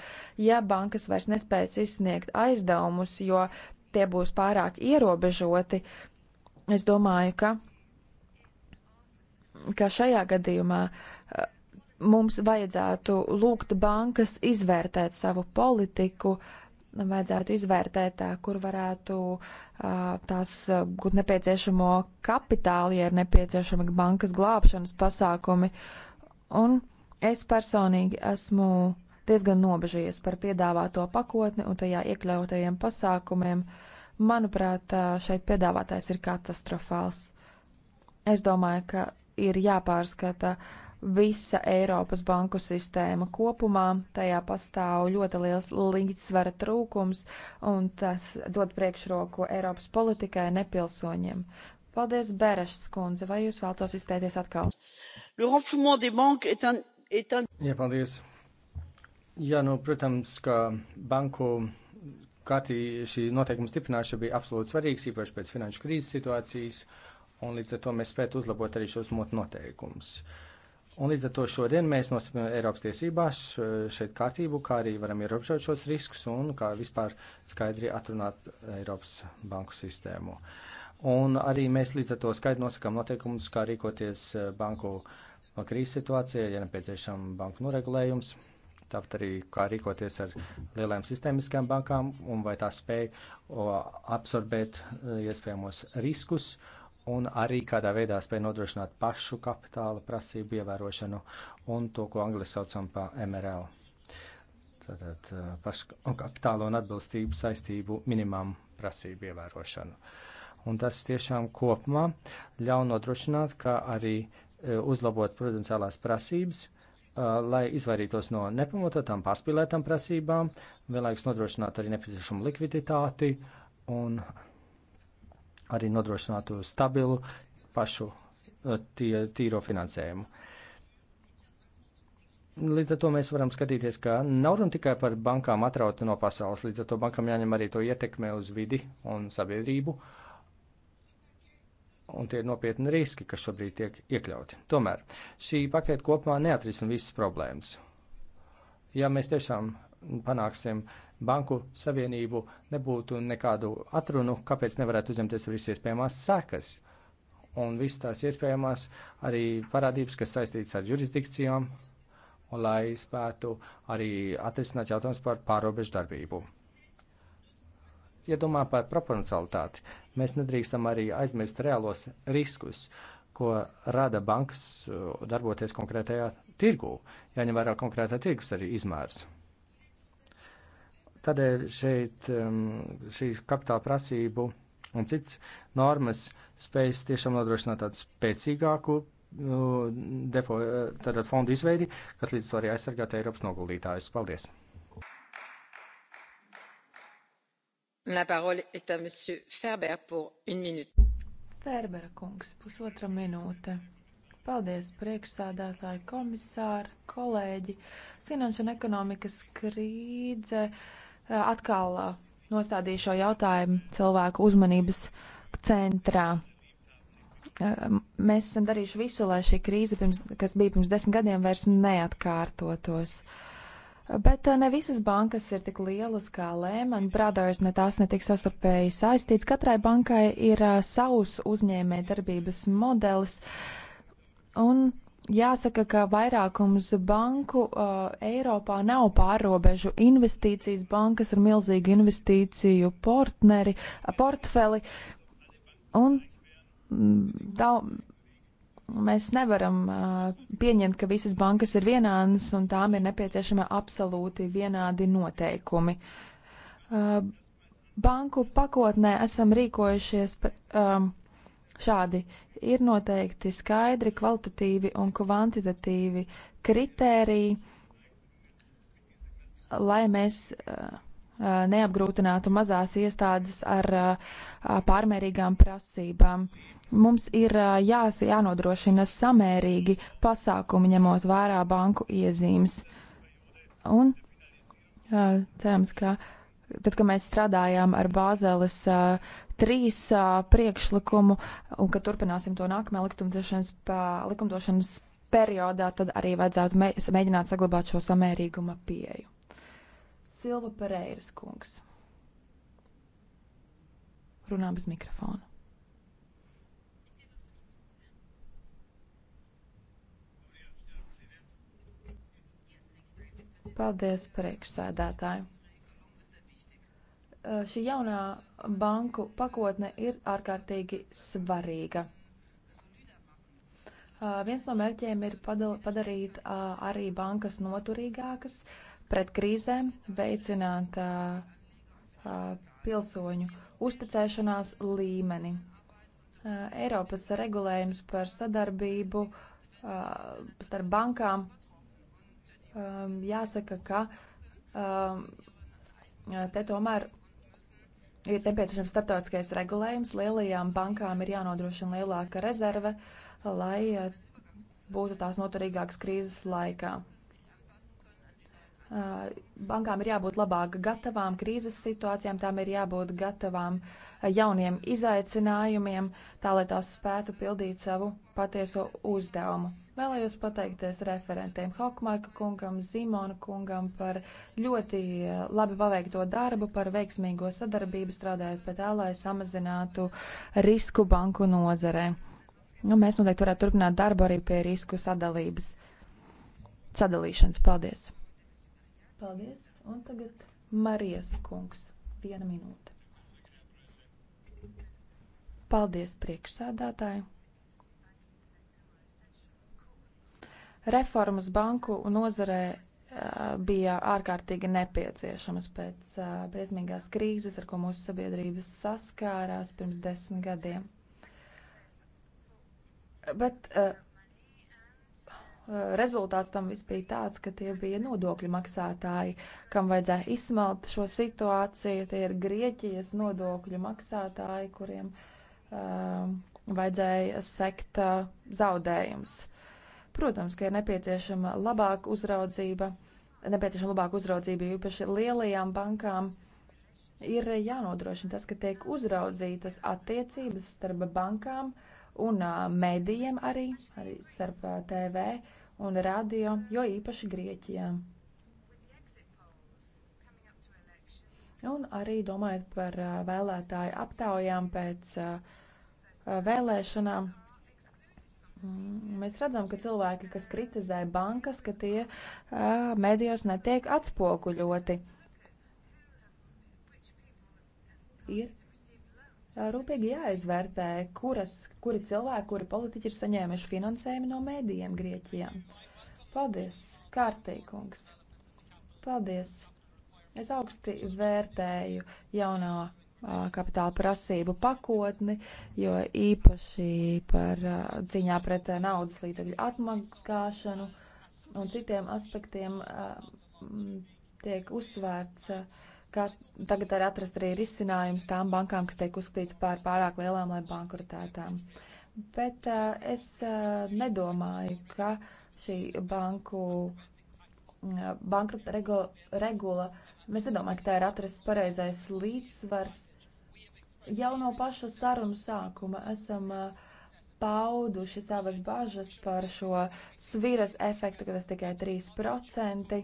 Ja bankas vairs nespēs izsniegt aizdevumus, jo tie būs pārāk ierobežoti, es domāju, ka ka šajā gadījumā mums vajadzētu lūgt bankas izvērtēt savu politiku, vajadzētu izvērtēt, kur varētu tās gūt nepieciešamo kapitālu, ja ir nepieciešami bankas glābšanas pasākumi. Un es personīgi esmu diezgan nobežījies par piedāvāto pakotni un tajā iekļautajiem pasākumiem. Manuprāt, šeit piedāvātais ir katastrofāls. Es domāju, ka ir jāpārskata uh, visa Eiropas banku sistēma kopumā. Tajā pastāv ļoti liels līdzsvara trūkums, un tas dod priekšroku Eiropas politikai nepilsoņiem. Paldies, Berešs kundze, vai jūs vēltos izteikties atkal? Jā, paldies. Jā, nu, protams, ka banku kārtī šī noteikuma stiprināšana bija absolūti svarīgs, īpaši pēc finanšu krīzes situācijas, un līdz ar to mēs spētu uzlabot arī šos noteikumus. Uh, Un līdz ar to šodien mēs nosakām Eiropas tiesībās šeit kārtību, kā arī varam ierobežot šos riskus un kā vispār skaidri atrunāt Eiropas banku sistēmu. Un arī mēs līdz ar to skaidri nosakām noteikumus, kā rīkoties banku krīzes situācijā, ja nepieciešama banku noregulējums. Tāpat arī kā rīkoties ar lielajām sistēmiskām bankām un vai tās spēja absorbēt iespējamos riskus. Uh, un arī kādā veidā spēja nodrošināt pašu kapitāla prasību ievērošanu un to, ko angļu saucam par MRL. Tātad eh, pašu kapitāla un atbilstību saistību minimām prasību ievērošanu. Un tas tiešām kopumā ļauj nodrošināt, ka arī eh, uzlabot prudenciālās prasības, eh, lai izvairītos no nepamatotām pārspīlētām prasībām, vienlaikus nodrošināt arī nepieciešamu likviditāti un arī nodrošinātu stabilu pašu eh, tie, tīro finansējumu. Līdz ar to mēs varam skatīties, ka nav runa tikai par bankām atrauti no pasaules, līdz ar to bankām jāņem arī to ietekme uz vidi un sabiedrību, un tie ir nopietni riski, kas šobrīd tiek iekļauti. Tomēr šī paketa kopumā neatrisina visas problēmas. Ja mēs tiešām panāksim uh, banku savienību nebūtu nekādu atrunu, kāpēc nevarētu uzņemties visas iespējamās sekas un visas tās iespējamās arī parādības, kas saistītas ar jurisdikcijām, un lai spētu arī atrisināt jautājumus par pārobežu darbību. Ja domā par proporcionalitāti, mēs nedrīkstam arī aizmirst reālos riskus, ko rada bankas uh, darboties konkrētajā tirgū, jaņem vērā konkrētā tirgus arī izmērs. Tādēļ šeit um, šīs kapitāla prasību un cits normas spējas tiešām nodrošināt tādu spēcīgāku uh, depo, uh, fondu izveidi, kas līdz to arī aizsargātu Eiropas noguldītājus. Paldies! La parole est à monsieur Ferber pour une minute. Ferbera kungs, pusotra minūte. Paldies, priekšsādātāji, komisāri, kolēģi. Finanšu un ekonomikas krīdze. Uh, Eh, atkal eh, nostādīju šo jautājumu cilvēku uzmanības centrā. Eh, mēs esam darījuši visu, lai šī krīze, pirms, kas bija pirms desmit gadiem, vairs neatkārtotos. Bet ne visas bankas ir tik lielas kā Lehman Brothers, ne tās netika sastarpēji saistīts. Katrai bankai ir savs uzņēmē darbības modelis. Un Jāsaka, ka vairākums banku uh, Eiropā nav pārobežu investīcijas. Bankas ir milzīgi investīciju portneri, portfeli. Un daudz, mm, mēs nevaram uh, pieņemt, ka visas bankas ir vienādas un tām ir nepieciešama absolūti vienādi noteikumi. Uh, banku pakotnē esam rīkojušies par, um, šādi ir noteikti skaidri kvalitatīvi un kvantitatīvi kritēriji, lai mēs eh, eh, neapgrūtinātu mazās iestādes ar eh, pārmērīgām prasībām. Mums ir jās, jānodrošina samērīgi pasākumi, ņemot vērā banku iezīmes. Un cerams, ka uh, tad, kad mēs strādājām ar Bāzeles trīs priekšlikumu un ka turpināsim to nākamajā likumdošanas, likumdošanas periodā, tad arī vajadzētu mē, mēģināt saglabāt šo samērīguma pieeju. Silva Pereiras kungs. Runā bez mikrofona. Paldies, priekšsēdētāji! Eh, šī jaunā banku pakotne ir ārkārtīgi svarīga. Eh, viens no mērķiem ir padarīt eh, arī bankas noturīgākas pret krīzēm, veicināt pilsoņu uzticēšanās līmeni. Eiropas regulējums par sadarbību starp bankām jāsaka, ka te tomēr ir nepieciešams starptautiskais regulējums. Lielajām bankām ir jānodrošina lielāka rezerve, lai eh, būtu tās noturīgākas krīzes laikā. Eh, bankām ir jābūt labāk gatavām krīzes situācijām, tām ir jābūt gatavām eh, jauniem izaicinājumiem, tā lai tās spētu pildīt savu patieso uzdevumu. Vēlējos pateikties referentiem Hokmarka kungam, Zimona kungam par ļoti eh, labi paveikto darbu, par veiksmīgo sadarbību strādājot pie tā, lai samazinātu risku banku nozarē. Nu, mēs noteikti varētu turpināt darbu arī pie risku sadalības. Sadalīšanas. Paldies! Paldies. Un tagad Marijas kungs. Viena minūte. Paldies priekšsēdētāju. Reformas banku nozarē bija ārkārtīgi nepieciešamas pēc briesmīgās krīzes, ar ko mūsu sabiedrības saskārās pirms desmit gadiem. Bet uh, rezultāts tam viss bija tāds, ka tie bija nodokļu maksātāji, kam vajadzēja izsmelt šo situāciju. Tie ir Grieķijas nodokļu maksātāji, kuriem uh, vajadzēja sekt uh, zaudējumus. Protams, ka ir nepieciešama labāka uzraudzība, nepieciešama labāka uzraudzība īpaši lielajām bankām. Ir jānodrošina tas, ka tiek uzraudzītas attiecības starp bankām uh, un medijiem arī, arī starp TV un radio, jo īpaši Grieķijā. Un arī domājot par vēlētāju aptaujām pēc vēlēšanām, mm, Mēs redzam, ka cilvēki, kas kritizē bankas, ka tie uh, medijos netiek atspoguļoti. Ir rūpīgi jāizvērtē, kuras, kuri cilvēki, kuri politiķi ir saņēmuši finansējumu no mēdījiem Grieķijā. Paldies, kārtīkungs! Paldies! Es augsti vērtēju jauno a, kapitāla prasību pakotni, jo īpaši par a, ciņā pret a, naudas līdzekļu atmaksāšanu un citiem aspektiem tiek uzsvērts uh, kā tagad ir atrast arī risinājums tām bankām, kas tiek uzskatīts par pārāk lielām, lai bankrotētām. Bet uh, es uh, nedomāju, ka šī banku uh, bankrota regula, regula, mēs nedomājam, ka tā ir atrasts pareizais līdzsvars. Jau no paša sarunu sākuma esam uh, pauduši savas bažas par šo sviras efektu, ka tas tikai 3%.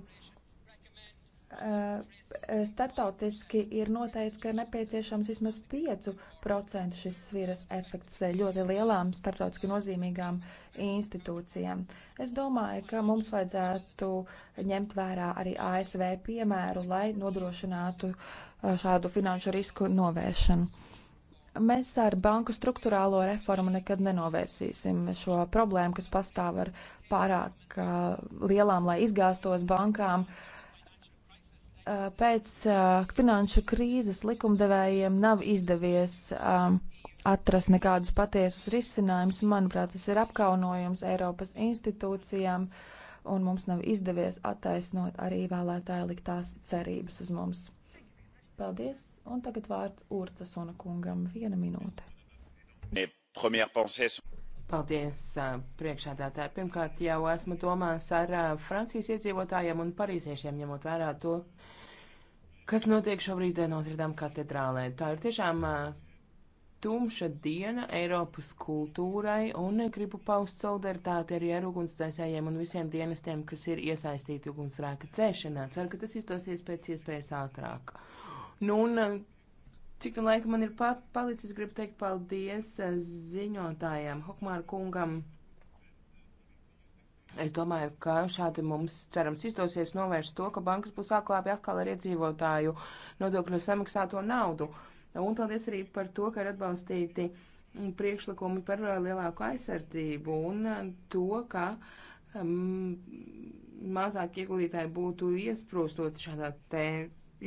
Eh, starptautiski ir noteikts, ka ir nepieciešams vismaz 5% šis sviras efekts ļoti lielām starptautiski nozīmīgām institūcijām. Es domāju, ka mums vajadzētu ņemt vērā arī ASV piemēru, lai nodrošinātu eh, šādu finanšu risku novēršanu. Mēs ar banku struktūrālo reformu nekad nenovērsīsim šo problēmu, kas pastāv ar pārāk eh, lielām, lai izgāstos bankām. Uh, Eh, pēc eh, finanšu krīzes likumdevējiem nav izdevies eh, atrast nekādus patiesus risinājumus. Manuprāt, tas ir apkaunojums Eiropas institūcijām, un mums nav izdevies attaisnot arī vēlētāju liktās cerības uz mums. Paldies, un tagad vārds Urtas un kungam viena minūte. Paldies, priekšādātāji. Pirmkārt, jau esmu domās ar Francijas iedzīvotājiem un parīziešiem, ņemot vērā to, kas notiek šobrīd Notredam katedrālē. Tā ir tiešām tumša diena Eiropas kultūrai un gribu paust solidaritāti arī ar ugunsdzēsējiem un visiem dienestiem, kas ir iesaistīti ugunsrēka cēšanā. Ceru, ka tas izdosies pēc iespējas ātrāk. Nu, un Cik nu laika man ir pat, palicis, gribu teikt paldies eh, ziņotājiem Hokmāra kungam. Es domāju, ka šādi mums cerams izdosies novērst to, ka bankas būs atklāpi atkal ar iedzīvotāju nodokļu samaksāto naudu. Un paldies arī par to, ka ir atbalstīti priekšlikumi par eh, lielāku aizsardzību un eh, to, ka um, mazāk ieguldītāji būtu iesprostot šādā te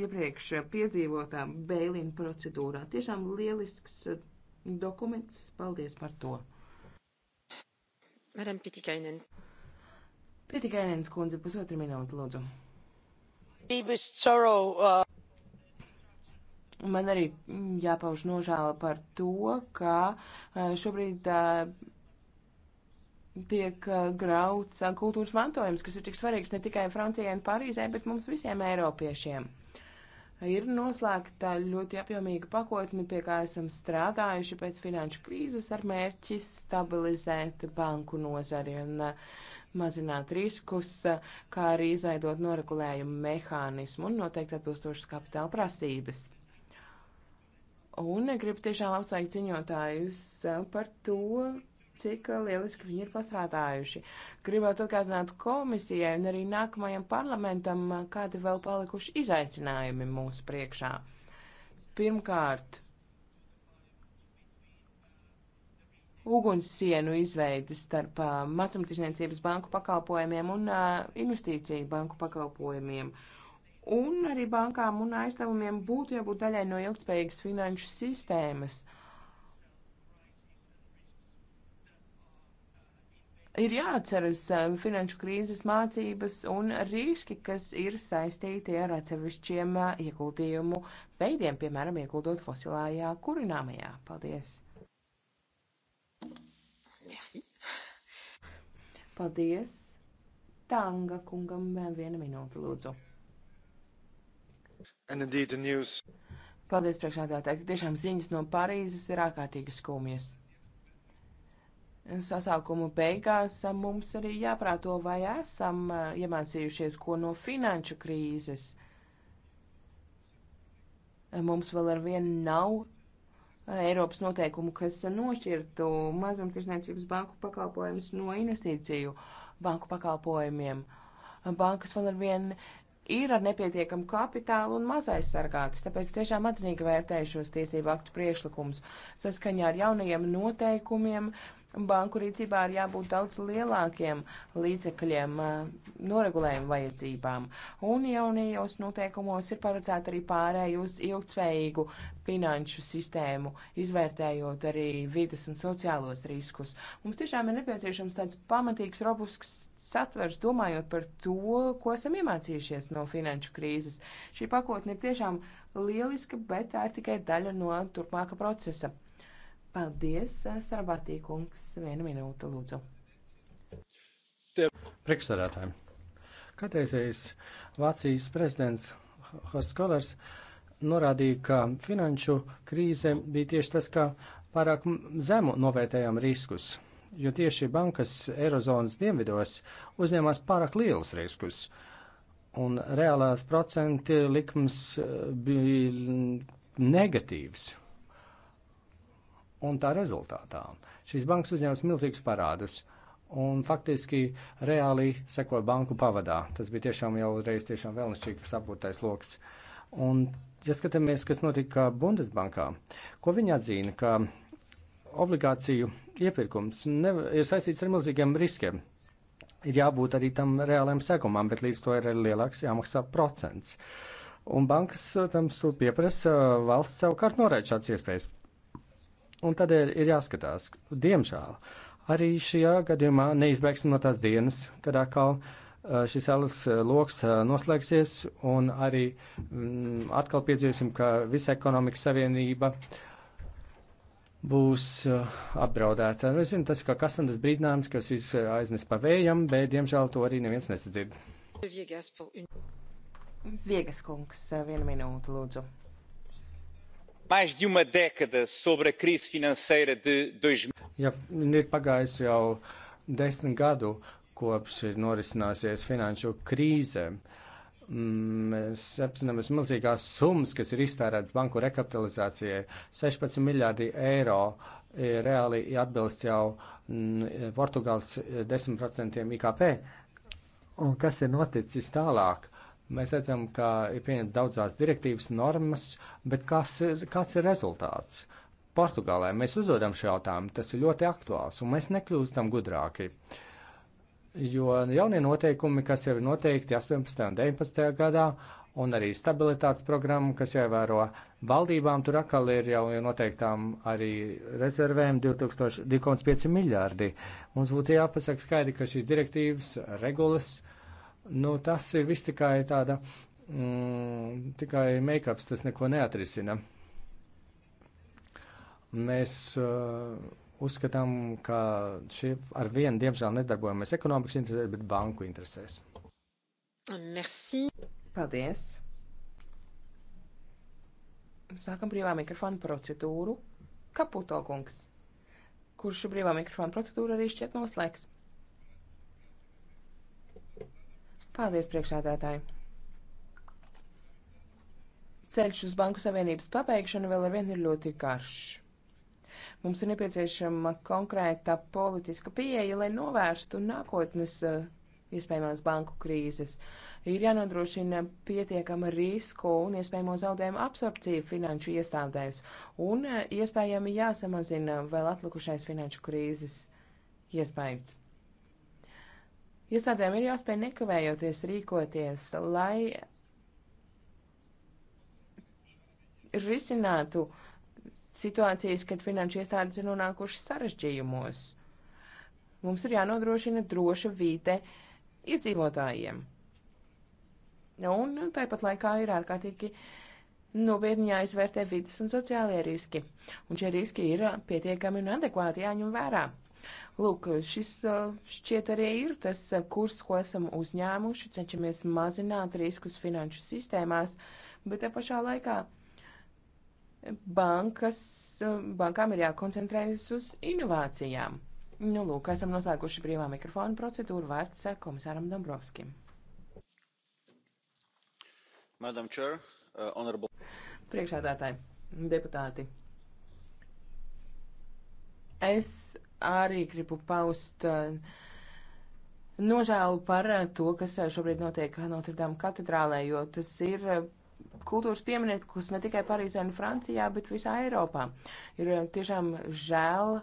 iepriekš piedzīvotā bēlina procedūrā. Tiešām lielisks eh, dokuments. Paldies par to. Madam Pitikainen. Pitikainens kundze, pusotra minūte, lūdzu. Uh, Man arī mm, jāpauž nožēla par to, ka eh, šobrīd eh, tiek grauts kultūras mantojums, kas ir tik svarīgs ne tikai Francijai un Parīzē, bet mums visiem Eiropiešiem ir noslēgta ļoti apjomīga pakotne, pie kā esam strādājuši pēc finanšu krīzes ar mērķi stabilizēt banku nozari un uh, mazināt riskus, uh, kā arī izveidot noregulējumu mehānismu un noteikti atbilstošas kapitāla prasības. Un gribu tiešām apsveikt ziņotājus uh, par to, cik lieliski viņi ir pastrādājuši. Gribētu atgādināt komisijai un arī nākamajam parlamentam, kādi vēl palikuši izaicinājumi mūsu priekšā. Pirmkārt, ugunssienu izveidi starp uh, mazumtirdzniecības banku pakalpojumiem un uh, investīciju banku pakalpojumiem. Un arī bankām un aizdevumiem būtu jābūt daļai no ilgspējīgas finanšu sistēmas. Uh, ir jāatceras eh, finanšu krīzes mācības un riski, kas ir saistīti ar atsevišķiem eh, ieguldījumu veidiem, piemēram, ieguldot fosilājā kurināmajā. Paldies! Merci. Paldies! Tanga kungam eh, viena minūte, lūdzu. And indeed the news. Paldies, priekšādātāji. Tiešām ziņas no Parīzes ir ārkārtīgi skumjas sasaukuma beigās mums arī jāprāto, vai esam iemācījušies ko no finanšu krīzes. Mums vēl ar vienu nav Eiropas noteikumu, kas nošķirtu mazumtirdzniecības banku pakalpojumus no investīciju banku pakalpojumiem. Bankas vēl ar vienu ir ar nepietiekamu kapitālu un maz aizsargātas, tāpēc tiešām atzinīgi vērtēju šos tiesību aktu priešlikumus. Saskaņā ar jaunajiem noteikumiem banku rīcībā ir jābūt daudz lielākiem līdzekļiem eh, noregulējuma vajadzībām. Un jaunajos noteikumos ir paredzēta arī pārēj uz ilgtspējīgu finanšu sistēmu, izvērtējot arī vidas un sociālos riskus. Mums tiešām ir nepieciešams tāds pamatīgs, robusks satvers, domājot par to, ko esam iemācījušies no finanšu krīzes. Šī pakotne ir tiešām lieliska, bet tā ir tikai daļa no turpmāka procesa. Paldies, eh, Starbatī kungs, vienu minūtu lūdzu. Priekšsēdētājiem. Kādreizējais Vācijas prezidents Horst Kollers norādīja, ka finanšu krīze bija tieši tas, ka pārāk zemu novērtējām riskus, jo tieši bankas Eirozonas dienvidos uzņēmās pārāk lielus riskus. Un reālās procentu likums eh, bija negatīvs, Un tā rezultātā šīs bankas uzņēmas milzīgus parādus un faktiski reāli sekoja banku pavadā. Tas bija tiešām jau reiz tiešām vēlnišķīgs apgūtais lokus. Un, ja skatāmies, kas notika Bundesbankā, ko viņi atzina, ka obligāciju iepirkums nev, ir saistīts ar milzīgiem riskiem. Ir jābūt arī tam reālajam sekumam, bet līdz to ir lielāks jāmaksā procents. Un bankas, protams, pieprasa valsts savukārt noraida šāds iespējas. Un tādēļ ir jāskatās, diemžēl, arī šajā gadījumā neizbēgsim no tās dienas, kad atkal uh, šis ēlas uh, lokus uh, noslēgsies, un arī m, mm, atkal piedzīvosim, ka visa ekonomikas savienība būs apdraudēta. Nu, es zinu, tas ir kā kasandas brīdinājums, kas viss aiznes pa vējam, bet, diemžēl, to arī neviens nesadzird. Viegas kungs, viena minūte, lūdzu. Ja ir pagājis jau desmit gadu, kopš ir norisināsies finanšu krīze, mm, mēs apzināmies milzīgās summas, kas ir iztērētas banku rekapitalizācijai. 16 miljārdi eiro reāli atbilst jau mm, Portugāles 10% IKP. Un kas ir noticis tālāk? Mēs redzam, ka ir pieņemta daudzās direktīvas normas, bet kas ir, kāds ir rezultāts? Portugālē mēs uzdodam šo jautājumu, tas ir ļoti aktuāls, un mēs nekļūstam gudrāki. Jo jaunie noteikumi, kas jau ir noteikti 18. un 19. gadā, un arī stabilitātes programma, kas jāievēro valdībām, tur atkal ir jau noteiktām arī rezervēm 2,5 miljārdi. Mums būtu jāpasaka skaidri, ka šīs direktīvas regulas uh, nu, tas ir viss tikai tāda, mm, tikai make-ups, tas neko neatrisina. Mēs uh, uzskatām, ka šī ar vienu, diemžēl, nedarbojamies ekonomikas interesēs, bet banku interesēs. Merci. Paldies. Sākam brīvā mikrofona procedūru. Kaputo kungs, kurš brīvā mikrofona procedūru arī šķiet noslēgs. Paldies, priekšsēdētāji! Ceļš uz Banku Savienības pabeigšanu vēl ar vienu ir ļoti garš. Mums ir nepieciešama konkrēta politiska pieeja, lai novērstu nākotnes eh, iespējamās banku krīzes. Ir jānodrošina pietiekama risku un iespējamo zaudējumu absorpciju finanšu iestādēs un eh, iespējami jāsamazina vēl atlikušais finanšu krīzes iespējas. Iestādēm ir jāspēj nekavējoties rīkoties, lai risinātu situācijas, kad finanšu iestādes ir nonākušas sarežģījumos. Mums ir jānodrošina droša vide iedzīvotājiem. Un tāpat laikā ir ārkārtīgi nopietni jāizvērtē vidas un sociālie riski. Un šie riski ir pietiekami un adekvāti jāņem vērā. Lūk, šis šķiet arī ir tas kurs, ko esam uzņēmuši, cenšamies mazināt riskus finanšu sistēmās, bet te pašā laikā bankas, bankām ir jākoncentrējas uz inovācijām. Nu, lūk, esam noslēguši brīvā mikrofona procedūru vārds komisāram Dombrovskim. Madam Chair, uh, honorable. Priekšādātāji, deputāti. Es arī gribu paust eh, nožēlu par eh, to, kas eh, šobrīd notiek Notrdām katedrālē, jo tas ir kultūras piemineklis ne tikai Parīzē un Francijā, bet visā Eiropā. Ir tiešām žēl,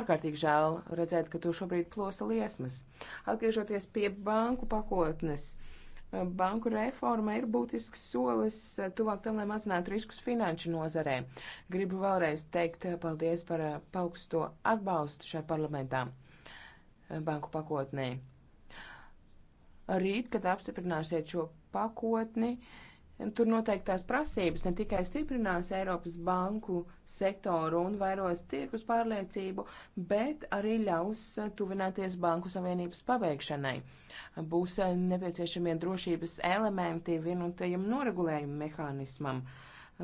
ārkārtīgi žēl redzēt, ka tur šobrīd plosa liesmas. Atgriežoties pie banku pakotnes. Uh, Eh, banku reforma ir būtisks solis eh, tuvāk tam, lai mazinātu riskus finanšu nozarē. Gribu vēlreiz teikt eh, paldies par augsto atbalstu šai parlamentā banku pakotnē. Rīt, kad apstiprināsiet šo pakotni, uh, Tur noteiktās prasības ne tikai stiprinās Eiropas banku sektoru un vairos tirkus pārliecību, bet arī ļaus tuvināties banku savienības pabeigšanai. Būs nepieciešamie drošības elementi vienotajam noregulējuma mehānismam.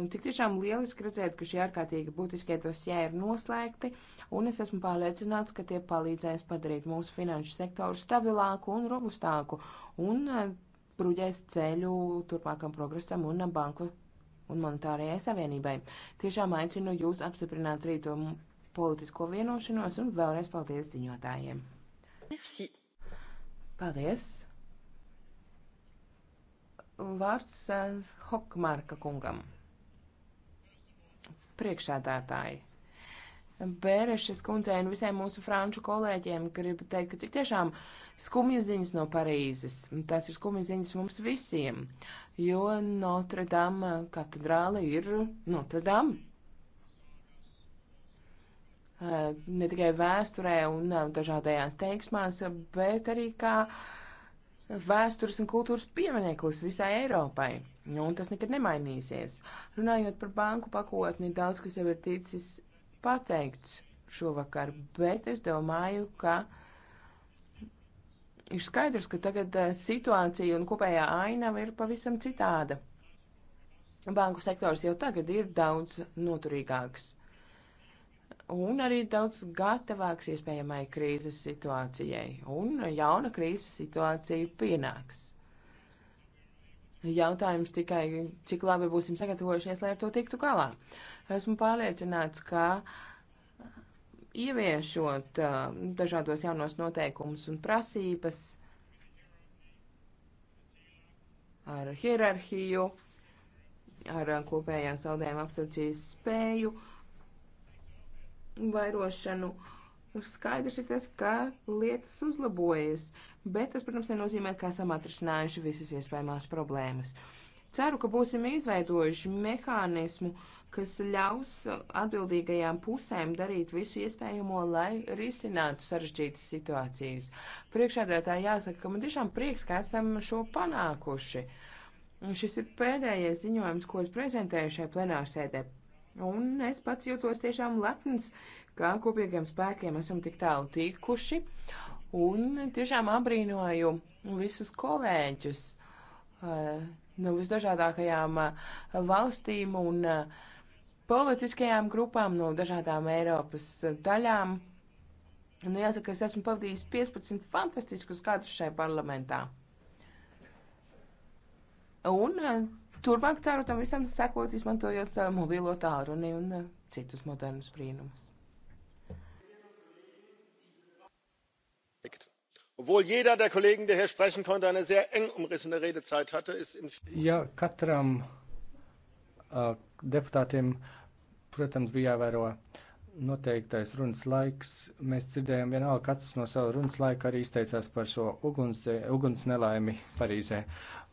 Un tik tiešām lieliski redzēt, ka šie ārkārtīgi būtiskie dosjē ir noslēgti, un es esmu pārliecināts, ka tie palīdzēs padarīt mūsu finanšu sektoru stabilāku un robustāku, un bruģēs ceļu turpmākam progresam un banku un monetārajai savienībai. Tiešām aicinu jūs apstiprināt rīto politisko vienošanos un vēlreiz paldies ziņotājiem. Merci. Paldies. Vārds uh, Hokmarka kungam. Priekšādātāji. Bērešas kundzei un visiem mūsu franču kolēģiem gribu teikt, ka tik tiešām skumjas ziņas no Parīzes. Tās ir skumjas ziņas mums visiem, jo Notre Dame katedrāle ir Notre Dame. Eh, ne tikai vēsturē un eh, dažādajās teiksmās, bet arī kā vēstures un kultūras piemineklis visai Eiropai. Un tas nekad nemainīsies. Runājot par banku pakotni, daudz kas jau ir ticis pateikts šovakar, bet es domāju, ka ir skaidrs, ka tagad eh, situācija un kopējā ainava ir pavisam citāda. Banku sektors jau tagad ir daudz noturīgāks un arī daudz gatavāks iespējamai krīzes situācijai, un jauna krīzes situācija pienāks. Jautājums tikai, cik labi būsim sagatavojušies, lai ar to tiktu galā. Uh, Esmu pārliecināts, ka ieviešot uh, dažādos jaunos noteikumus un prasības ar hierarhiju, ar uh, kopējām saldējuma apsardzības spēju, vairošanu. Skaidrs ir tas, ka lietas uzlabojas, bet tas, protams, nenozīmē, ka esam atrisinājuši visas iespējamās problēmas. Ceru, ka būsim izveidojuši mehānismu, kas ļaus atbildīgajām pusēm darīt visu iespējamo, lai risinātu sarežģītas situācijas. Priekšādētāji jāsaka, ka man tiešām prieks, ka esam šo panākuši. Un šis ir pēdējais ziņojums, ko es prezentēju šai plenārsēdē. Un es pats jūtos tiešām lepns, ka kopīgiem spēkiem esam tik tālu tikuši. Un tiešām abrīnoju visus kolēģus uh, no visdažādākajām uh, valstīm un uh, politiskajām grupām no dažādām Eiropas daļām. Nu, jāsaka, es esmu pavadījis 15 fantastiskus gadus šai parlamentā. Un eh, turpmāk ceru tam visam sekot, izmantojot eh, mobilo tālruni un eh, citus modernus brīnumus. Obwohl jeder der Kollegen, der hier sprechen konnte, eine sehr eng umrissene Redezeit hatte, ist in ja, katram uh, deputātiem, protams, bija jāvēro noteiktais runas laiks. Mēs dzirdējām vienalga, katrs no sava runas laika arī izteicās par šo uguns, uguns nelaimi Parīzē,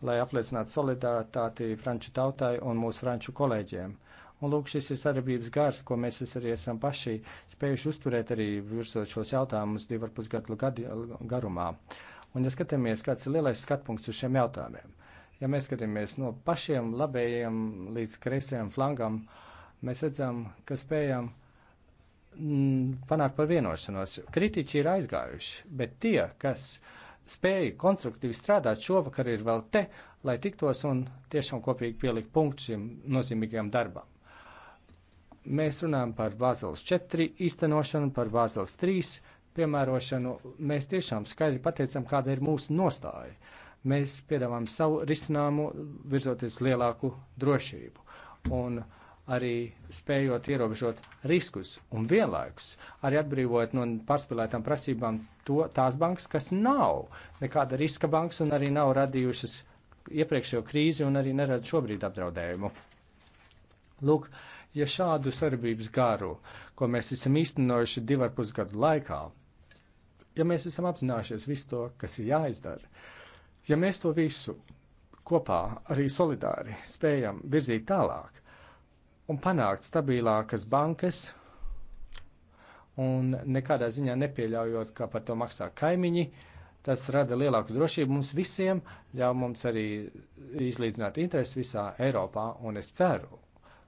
lai apliecinātu solidaritāti franču tautai un mūsu franču kolēģiem. Un lūk, šis ir sadarbības gars, ko mēs es arī esam paši spējuši uzturēt arī virsot šos jautājumus divu ar pusgadu garumā. Un ja skatāmies, kāds ir lielais skatpunkts uz šiem jautājumiem, Ja mēs skatāmies no pašiem labējiem līdz kreisajam flangam, mēs redzam, ka spējam mm, panākt par vienošanos. Kritiķi ir aizgājuši, bet tie, kas spēja konstruktīvi strādāt, šovakar ir vēl te, lai tiktos un tiešām kopīgi pielikt punktu šim nozīmīgajam darbam. Mēs runājam par Bāzeles 4 īstenošanu, par Bāzeles 3 piemērošanu. Mēs tiešām skaidri pateicam, kāda ir mūsu nostāja. Uh, Mēs piedāvājam savu risinājumu, virzoties lielāku drošību un arī spējot ierobežot riskus un vienlaikus arī atbrīvot no pārspīlētām prasībām to, tās bankas, kas nav nekāda riska bankas un arī nav radījušas iepriekšējo krīzi un arī nerada šobrīd apdraudējumu. Lūk, ja šādu sarbības garu, ko mēs esam īstenojuši divu ar pusgadu laikā, ja mēs esam apzinājušies visu to, kas ir jāizdara, Ja mēs to visu kopā arī solidāri spējam virzīt tālāk un panākt stabilākas bankas, un nekādā ziņā nepieļaujot, ka par to maksā kaimiņi, tas rada lielāku drošību mums visiem, ļauj mums arī izlīdzināt interesi visā Eiropā, un es ceru,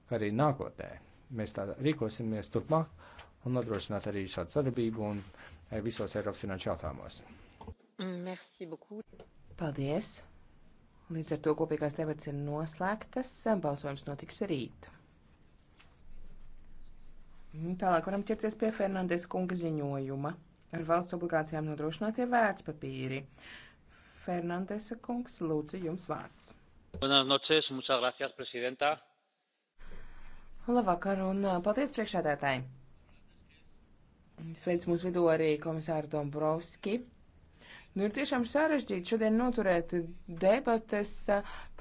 ka arī nākotnē mēs tā rīkosimies turpmāk un nodrošināt arī šādu sadarbību un eh, visos Eiropas finanšu jautājumos. Merci beaucoup. Paldies! Līdz ar to kopīgās debats ir noslēgtas. Balsojums notiks rīt. Nu, tālāk varam ķerties pie Fernandes kunga ziņojuma. Ar valsts obligācijām nodrošinātie vērtspapīri. Fernandesa kungs, lūdzu, jums vārds. Buenas noches, muchas gracias, presidenta. Labvakar un uh, paldies priekšādātāji. Sveic mūsu vidū arī komisāru Dombrovski. Nu, ir tiešām sarežģīti šodien noturēt debates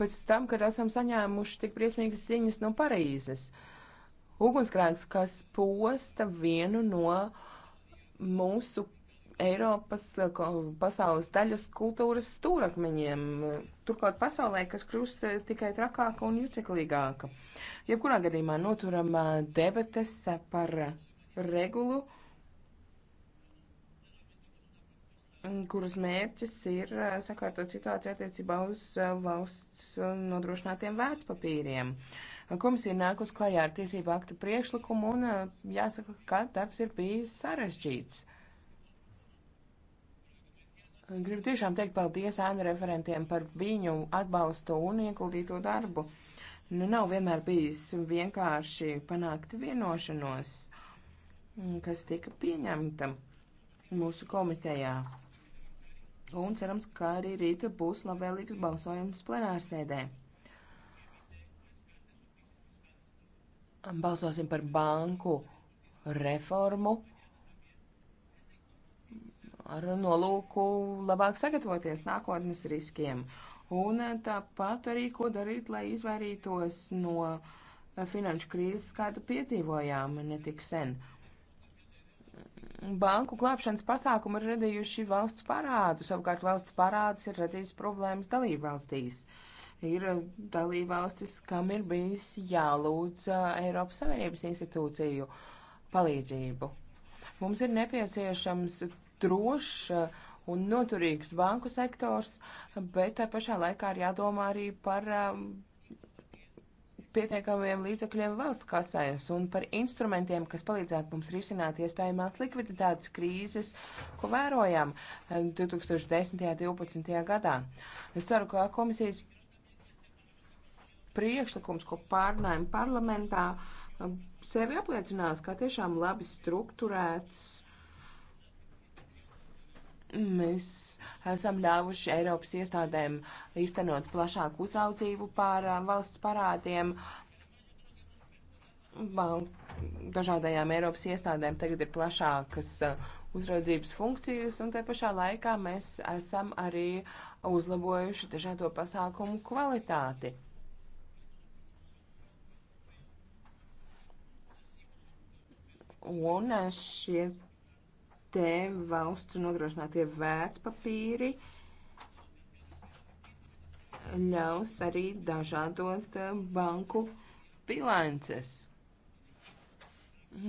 pēc tam, kad esam saņēmuši tik briesmīgas ziņas no Parīzes. Ugunsgrēks, kas posta vienu no mūsu Eiropas pasaules daļas kultūras stūrakmeņiem, turklāt pasaulē, kas kļūst tikai trakāka un juceklīgāka. Jebkurā gadījumā noturam debates par regulu kuras mērķis ir sakārtot situāciju attiecībā uz valsts nodrošinātiem vērtspapīriem. Komisija nāk uz klajā ar tiesību akta priekšlikumu un jāsaka, ka darbs ir bijis sarežģīts. Gribu tiešām teikt paldies ēnu referentiem par viņu atbalstu un ieguldīto darbu. Nu, nav vienmēr bijis vienkārši panākt vienošanos, kas tika pieņemta mūsu komitejā un cerams, ka arī rīta būs labvēlīgs balsojums plenārsēdē. Balsosim par banku reformu ar nolūku labāk sagatavoties nākotnes riskiem. Un tāpat arī, ko darīt, lai izvairītos no finanšu krīzes, kādu piedzīvojām netik sen. Uh, banku glābšanas pasākumi ir radījuši valsts parādu, savukārt valsts parādus ir radījis problēmas dalībvalstīs. Ir dalībvalstis, kam ir bijis jālūdz Eiropas Savienības institūciju palīdzību. Mums ir nepieciešams drošs un noturīgs banku sektors, bet tā pašā laikā ir jādomā arī par pietiekamiem līdzekļiem valsts kasēs un par instrumentiem, kas palīdzētu mums risināt iespējamās likviditātes krīzes, ko vērojām 2010. un 2012. gadā. Es ceru, ka komisijas priekšlikums, ko pārnājam parlamentā, eh, sevi apliecinās kā tiešām labi strukturēts Mēs esam ļāvuši Eiropas iestādēm īstenot plašāku uzraudzību pār valsts parādiem. Dažādajām Eiropas iestādēm tagad ir plašākas uzraudzības funkcijas, un te pašā laikā mēs esam arī uzlabojuši dažādo pasākumu kvalitāti. Un šie te valsts nodrošinātie vērtspapīri ļaus arī dažādot eh, banku bilances.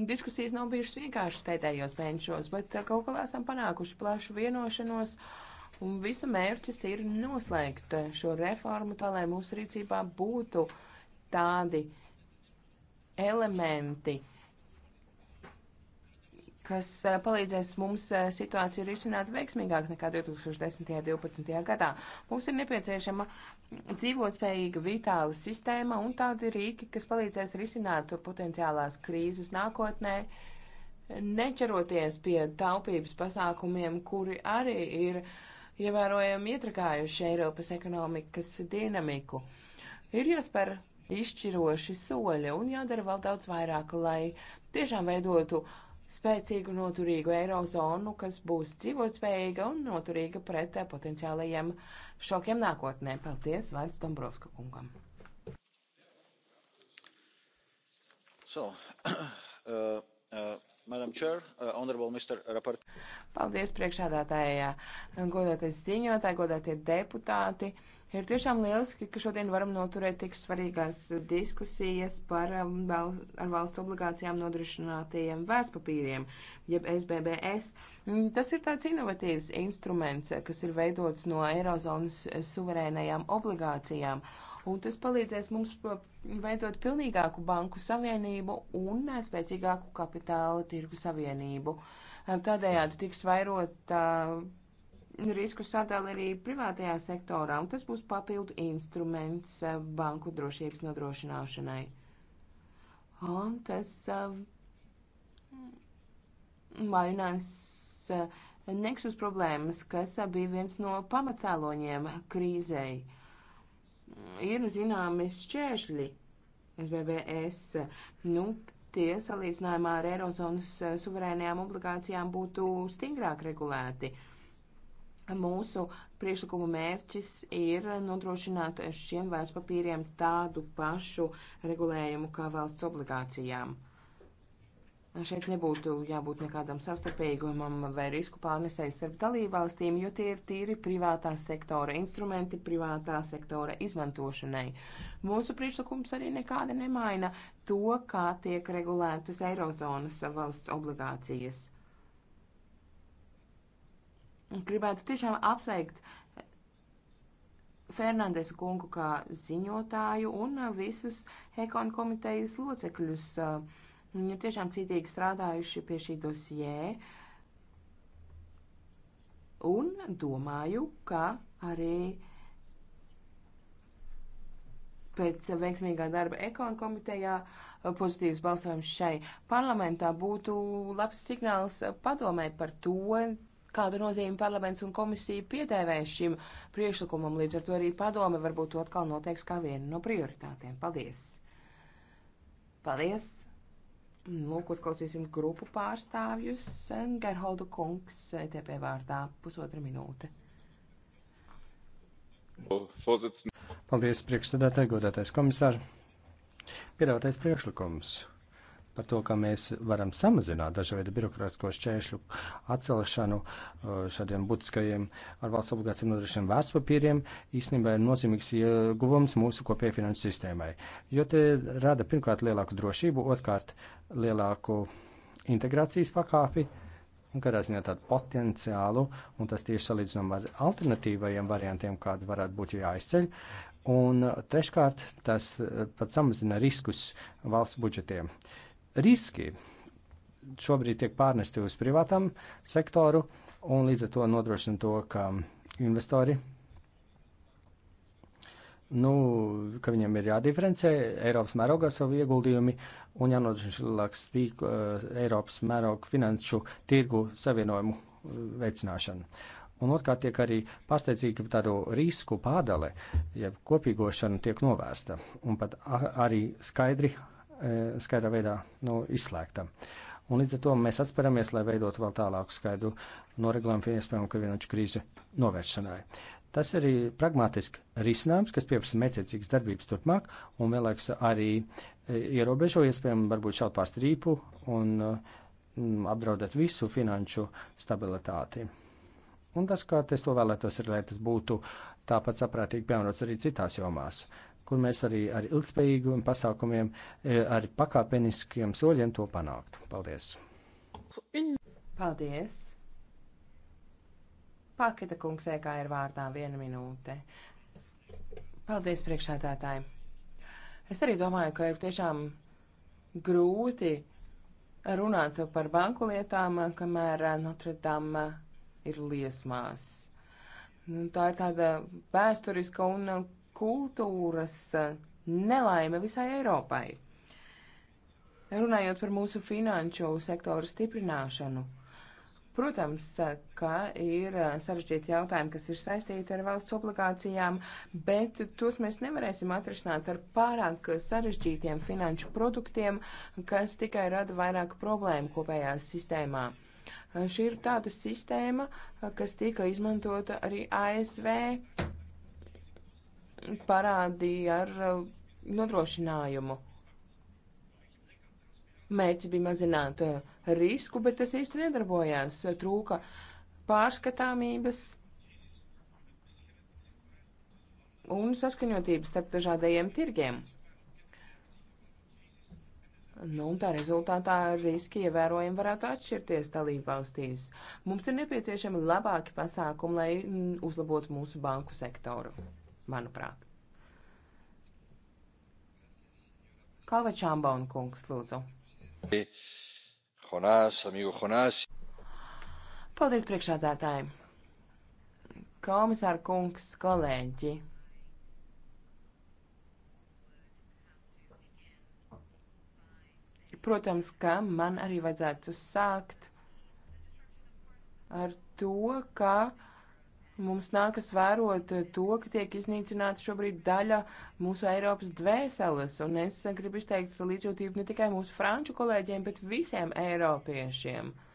Diskusijas nav bijušas vienkāršas pēdējos mēnešos, bet eh, kaut kā esam panākuši plašu vienošanos, un visu mērķis ir noslēgt šo reformu tā, lai mūsu rīcībā būtu tādi elementi, kas eh, palīdzēs mums eh, situāciju risināt veiksmīgāk nekā 2010. un 2012. gadā. Mums ir nepieciešama dzīvotspējīga vitāla sistēma un tādi rīki, kas palīdzēs risināt potenciālās krīzes nākotnē, neķeroties pie taupības pasākumiem, kuri arī ir ievērojami ietrakājuši Eiropas ekonomikas dinamiku. Ir jāspēr izšķiroši soļi un jādara vēl daudz vairāk, lai tiešām veidotu uh, spēcīgu noturīgu eirozonu, kas būs dzīvotspējīga un noturīga pret eh, potenciālajiem šokiem nākotnē. Paldies, Vārds Dombrovska kungam. So, uh, uh, Madam Chair, uh, Honorable Mr. Rapport. Paldies priekšādātājā, godātais ziņotāji, godātie deputāti. Uh, Ir tiešām lieliski, ka šodien varam noturēt tik svarīgās diskusijas par um, ar valsts obligācijām nodrošinātajiem vērtspapīriem, jeb SBBS. Mm, tas ir tāds inovatīvs instruments, kas ir veidots no Eirozonas suverēnajām obligācijām, un tas palīdzēs mums veidot pilnīgāku banku savienību un eh, spēcīgāku kapitāla tirgu savienību. Tādējādi tiks vairot uh, risku sadali arī privātajā sektorā, un tas būs papildu instruments eh, banku drošības nodrošināšanai. Un tas eh, mainās eh, neksus problēmas, kas bija viens no pamatcēloņiem krīzei. Ir zināmi šķēršļi SBBS. Nu, tie salīdzinājumā ar Eirozonas suverēnajām obligācijām būtu stingrāk regulēti. Uh, Mūsu priekšlikumu mērķis ir nodrošināt šiem vērtspapīriem tādu pašu regulējumu kā valsts obligācijām. Šeit nebūtu jābūt nekādam savstarpējumam vai risku pārnesēju starp dalībvalstīm, jo tie ir tīri privātā sektora instrumenti privātā sektora izmantošanai. Mūsu priekšlikums arī nekāda nemaina to, kā tiek regulētas Eirozonas valsts obligācijas Gribētu tiešām apsveikt Fernandes kungu kā ziņotāju un uh, visus Ekon komitejas locekļus. Uh, viņi ir tiešām cītīgi strādājuši pie šī dosjē. Un domāju, ka arī pēc veiksmīgā darba Ekon komitejā uh, pozitīvs balsojums šai parlamentā būtu labs signāls padomē par to, kādu nozīmi parlaments un komisija piedēvēja šim priekšlikumam, līdz ar to arī padome varbūt to atkal noteiks kā vienu no prioritātiem. Paldies! Paldies! Lūk, uzklausīsim grupu pārstāvjus. Gerholdu kungs, ETP vārdā, pusotra minūte. Paldies, priekšsēdētāji, godātais komisār. Piedāvātais priekšlikums par to, kā mēs varam samazināt dažādu birokrātisko šķēršļu atcelšanu uh, šādiem būtiskajiem ar valsts obligācijām nodrošinām vērtspapīriem, īstenībā ir nozīmīgs ieguvums mūsu kopējai finanšu sistēmai, jo te rada pirmkārt lielāku drošību, otrkārt lielāku integrācijas pakāpi. Un kādā ziņā tādu potenciālu, un tas tieši salīdzinām ar alternatīvajiem variantiem, kādi varētu būt jāizceļ. Un uh, treškārt, tas uh, pat samazina riskus valsts budžetiem. Uh, riski šobrīd tiek pārnesti uz privātam sektoru un līdz ar to nodrošina to, ka investori, nu, ka viņiem ir jādiferencē Eiropas mērogā savu ieguldījumi un jānodrošinās tīk, eh, Eiropas mēroga finanšu tirgu savienojumu eh, veicināšanu. Un otrkārt tiek arī pārsteidzīgi tādu risku pārdale, ja kopīgošana tiek novērsta un pat arī skaidri E, skaidrā veidā nu, izslēgta. Un līdz ar to mēs atsperamies, lai veidot vēl tālāku skaidru noregulējumu iespējamu kavienoču krīzi novēršanai. Tas arī pragmatiski risinājums, kas pieprasa mērķiecīgas darbības turpmāk un vienlaiks arī e, ierobežo iespējami varbūt šaut pār strīpu un mm, apdraudēt visu finanšu stabilitāti. Un tas, kā es to vēlētos, ir, lai tas būtu tāpat saprātīgi piemērots arī citās jomās. Uh, kur mēs arī ar ilgspējīgiem pasākumiem, e, ar pakāpeniskiem soļiem to panāktu. Paldies! Paldies! Paketa kungs ēkā e ir vārdā viena minūte. Paldies priekšādātāji! Es arī domāju, ka ir tiešām grūti runāt par banku lietām, kamēr Notre Dame ir liesmās. Nu, tā ir tāda vēsturiska un kultūras eh, nelaime visai Eiropai. Runājot par mūsu finanšu sektoru stiprināšanu, protams, eh, ka ir eh, sarežģīti jautājumi, kas ir saistīti ar valsts obligācijām, bet tos mēs nevarēsim atrisināt ar pārāk sarežģītiem finanšu produktiem, kas tikai rada vairāk problēmu kopējā sistēmā. Šī ir tāda sistēma, kas tika izmantota arī ASV parādīja ar uh, nodrošinājumu. Mērķis bija mazināt uh, risku, bet tas īsti nedarbojās. Trūka pārskatāmības un saskaņotības starp dažādajiem tirgiem. Nu, un tā rezultātā riski ievērojami varētu atšķirties dalību valstīs. Mums ir nepieciešami labāki pasākumi, lai mm, uzlabotu mūsu banku sektoru manuprāt. Kalvačāmbaun kungs, lūdzu. Jonās, amigu Jonās. Paldies priekšādātājiem. Komisāra kungs, kolēģi. Protams, ka man arī vajadzētu sākt ar to, ka uh, Mums nākas vērot to, ka tiek iznīcināta šobrīd daļa mūsu Eiropas dvēseles, un es gribu izteikt līdzjūtību ne tikai mūsu franču kolēģiem, bet visiem eiropiešiem. Uh,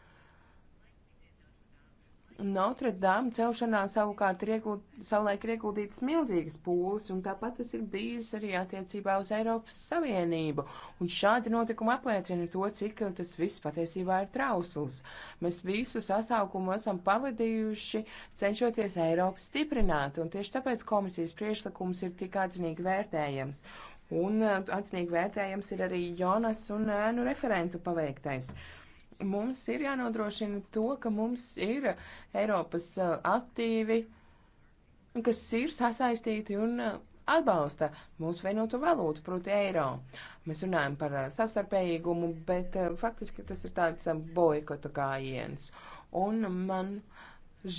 Notre Dame celšanā savukārt ir ieguld, savulaik ir ieguldīts milzīgas pūles, un tāpat tas ir bijis arī attiecībā uz Eiropas Savienību. Un šādi notikumi apliecina to, cik tas viss patiesībā ir trausls. Mēs visu sasaukumu esam pavadījuši, cenšoties Eiropu stiprināt, un tieši tāpēc komisijas priešlikums ir tik atzinīgi vērtējams. Un uh, atzinīgi vērtējams ir arī Jonas un ēnu referentu paveiktais. Uh, mums ir jānodrošina to, ka mums ir Eiropas uh, aktīvi, kas ir sasaistīti un uh, atbalsta mūsu vienoto valūtu, proti eiro. Mēs runājam par uh, savstarpējīgumu, bet faktiski tas ir tāds boikota kājiens. Un man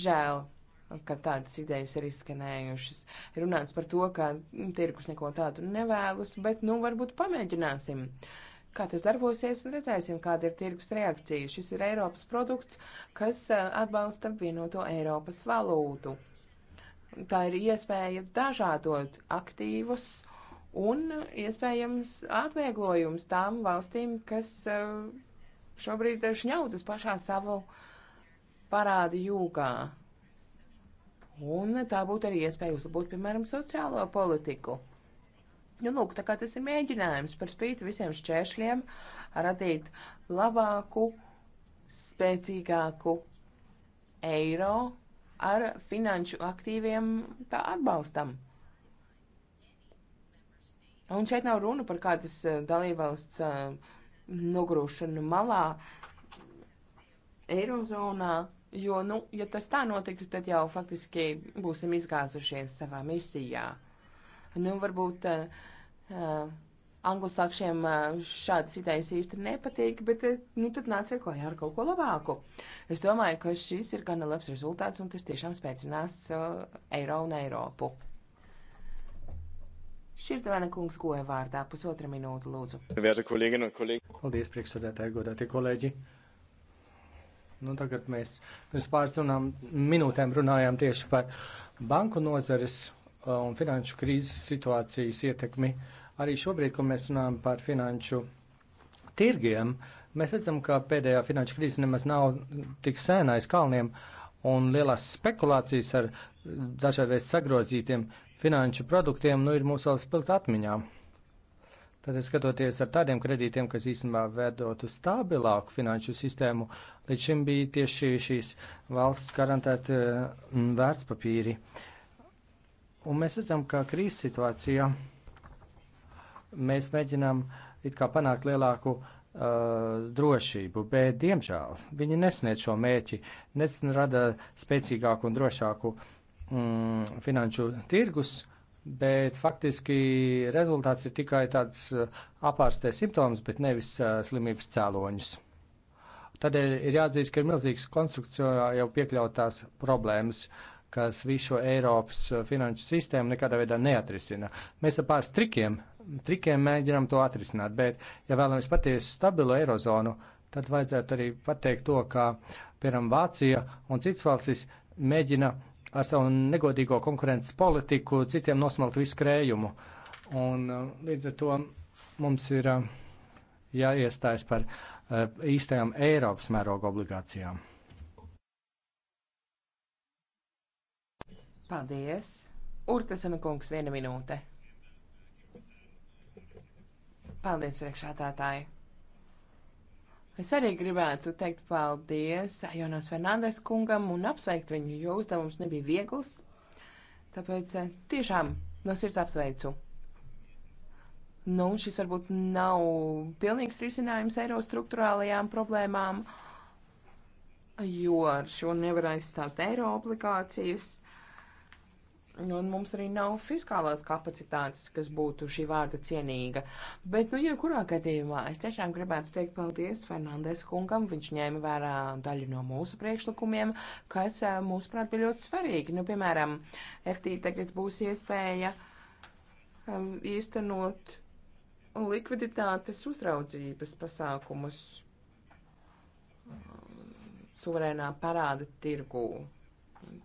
žēl, ka tādas idejas ir izskanējušas. Runāts par to, ka tirkus neko tādu nevēlas, bet nu varbūt pamēģināsim. Uh, kā tas darbosies, un redzēsim, kāda ir tirgus reakcija. Šis ir Eiropas produkts, kas atbalsta vienoto Eiropas valūtu. Tā ir iespēja dažādot aktīvus un iespējams atvieglojums tām valstīm, kas šobrīd šņaudzas pašā savu parādu jūgā. Un tā būtu arī iespēja uzlabot, piemēram, sociālo politiku. Nu, lūk, tā kā tas ir mēģinājums par spīti visiem šķēršļiem radīt labāku, spēcīgāku eiro ar finanšu aktīviem tā atbalstam. Un šeit nav runa par kādas eh, dalībvalsts eh, nogrūšanu malā, eirozonā, jo, nu, ja tas tā notiktu, tad jau faktiski būsim izgāzušies savā misijā. Nu, varbūt uh, Eh, anglosākšiem eh, šādas idejas īsti nepatīk, bet eh, nu, tad nāciet klajā ar kaut ko labāku. Es domāju, ka šis ir gana labs rezultāts un tas tiešām spēcinās uh, eiro un Eiropu. Širtavena kungs goja vārdā pusotra minūte, lūdzu. Paldies, priekšsēdētāji, godātie kolēģi. Nu, tagad mēs pirms pāris runām, minūtēm runājām tieši par banku nozares un finanšu krīzes situācijas ietekmi uh, Arī šobrīd, kad mēs runājam par finanšu tirgiem, mēs redzam, ka pēdējā finanšu krīze nemaz nav tik sēna aiz kalniem, un lielās spekulācijas ar dažādreiz sagrozītiem finanšu produktiem nu, ir mūsu vēl spilgt atmiņā. Tad, skatoties ar tādiem kredītiem, kas īstenībā vedotu stabilāku finanšu sistēmu, līdz šim bija tieši šīs valsts garantēti mm, vērtspapīri. Un mēs redzam, ka krīzes situācijā uh, mēs mēģinām it kā panākt lielāku uh, drošību, bet, diemžēl, viņi nesniedz šo mērķi, nerada spēcīgāku un drošāku mm, finanšu tirgus, bet faktiski rezultāts ir tikai tāds uh, apārstē simptoms, bet nevis uh, slimības cēloņus. Tādēļ ir jāatzīst, ka ir milzīgs konstrukcijā jau piekļautās problēmas, kas visu Eiropas uh, finanšu sistēmu nekādā veidā neatrisina. Mēs ar pāris trikiem trikiem mēģinām to atrisināt, bet, ja vēlamies patiesi stabilu eirozonu, tad vajadzētu arī pateikt to, ka, piemēram, Vācija un citas valstis mēģina ar savu negodīgo konkurences politiku citiem nosmelt visu krējumu. Un uh, līdz ar to mums ir uh, jāiestājas par uh, īstajām Eiropas mēroga obligācijām. Paldies! Urtasana kungs, viena minūte. Paldies, priekšādātāji! Es arī gribētu teikt paldies Jonas Fernandes kungam un apsveikt viņu, jo uzdevums nebija viegls. Tāpēc eh, tiešām no sirds apsveicu. Nu, šis varbūt nav pilnīgs risinājums eiro struktūrālajām problēmām, jo ar šo nevar aizstāvt eiro obligācijas. Un mums arī nav fiskālās kapacitātes, kas būtu šī vārda cienīga. Bet, nu, jebkurā gadījumā es tiešām gribētu teikt paldies Fernandes kungam. Viņš ņēma vērā daļu no mūsu priekšlikumiem, kas, eh, mūsuprāt, bija ļoti svarīgi. Nu, piemēram, FT tagad būs iespēja ehm, īstenot likviditātes uzraudzības pasākumus ehm, suverēnā parāda tirgū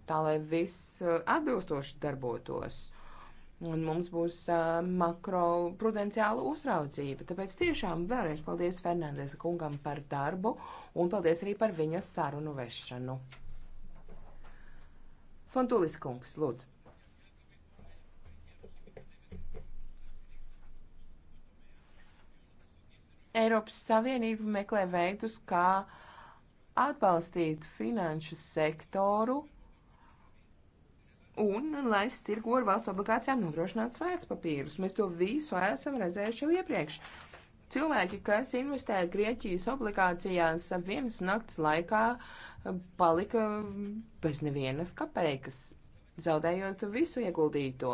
tā lai viss uh, atbilstoši darbotos. Un mums būs uh, makroprudenciāla uzraudzība. Tāpēc tiešām vēlreiz paldies Fernandes kungam par darbu un paldies arī par viņa sarunu vešanu. Fontulis kungs, lūdzu. Eiropas Savienība meklē veidus, kā atbalstīt finanšu sektoru un lai es tirgo ar valsts obligācijām nodrošināts vērtspapīrus. Mēs to visu esam redzējuši jau iepriekš. Cilvēki, kas investēja Grieķijas obligācijās vienas nakts laikā, eh, palika mm, bez nevienas kapeikas, zaudējot visu ieguldīto.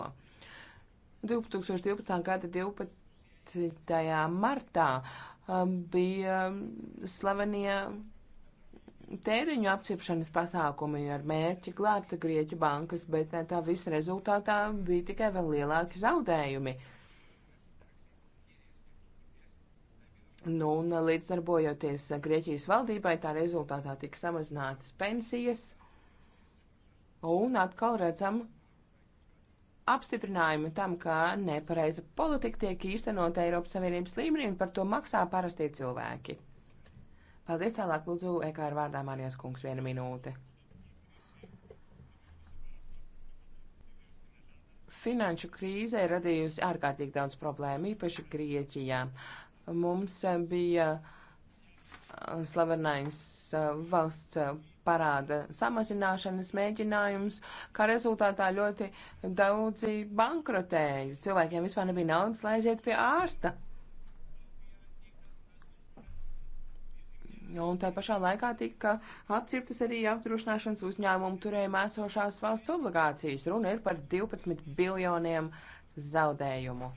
2012. gada 12. martā eh, bija mm, slavenie tēriņu apciepšanas pasākumi ar mērķi glābt Grieķu bankas, bet eh, tā visa rezultātā bija tikai vēl lielāki zaudējumi. Nu, un eh, līdzdarbojoties Grieķijas valdībai, tā rezultātā tika samazinātas pensijas, un atkal redzam apstiprinājumu tam, ka nepareiza politika tiek īstenota Eiropas Savienības līmenī, un par to maksā parastie cilvēki. Paldies tālāk, lūdzu, EKR vārdā Mārijas kungs, viena minūte. Finanšu krīze ir radījusi ārkārtīgi daudz problēmu, īpaši Grieķijā. Mums bija uh, slavenais uh, valsts uh, parāda samazināšanas mēģinājums, kā rezultātā ļoti daudzi bankrotēja. Cilvēkiem vispār nebija naudas, lai aiziet pie ārsta. Un tā pašā laikā tika apcirptas arī apdrošināšanas uzņēmumu turējumā esošās valsts obligācijas. Runa ir par 12 biljoniem zaudējumu.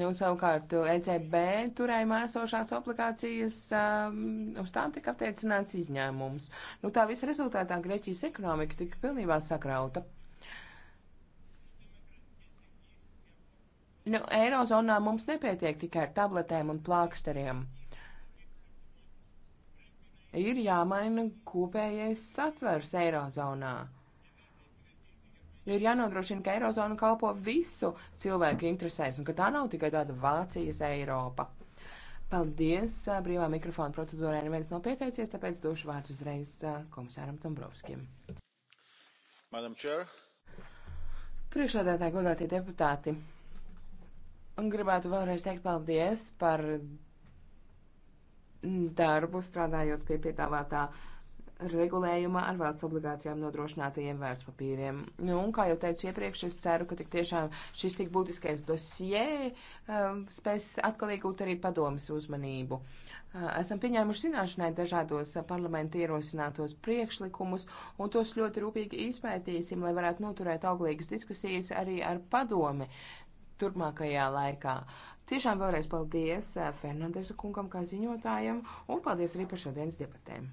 Nu, savukārt, ECB turējumā esošās obligācijas, um, uz tām tika attiecināts izņēmums. Nu, tā visa rezultātā Grieķijas ekonomika tika pilnībā sakrauta. Nu, Eirozonā mums nepietiek tikai ar tabletēm un plāksteriem ir jāmaina kopējais satvers Eirozonā. Ir jānodrošina, ka Eirozona kalpo visu cilvēku interesēs un ka tā nav tikai tāda Vācijas Eiropa. Paldies! Brīvā mikrofona procedūrā neviens nav pieteicies, tāpēc došu vārdu uzreiz komisāram Dombrovskim. Madam Chair. Priekšādātāji, godātie deputāti, un gribētu vēlreiz teikt paldies par darbu strādājot pie piedāvātā regulējumā ar valsts obligācijām nodrošinātajiem vērtspapīriem. Nu, un, kā jau teicu iepriekš, es ceru, ka tik tiešām šis tik būtiskais dosie um, spēs atkal iegūt arī padomas uzmanību. Uh, esam pieņēmuši zināšanai dažādos parlamentu ierosinātos priekšlikumus, un tos ļoti rūpīgi izpētīsim, lai varētu noturēt auglīgas diskusijas arī ar padomi turpmākajā laikā. Uh, Tiešām vēlreiz paldies eh, Fernandesa kungam kā ziņotājam un paldies arī par šodienas debatēm.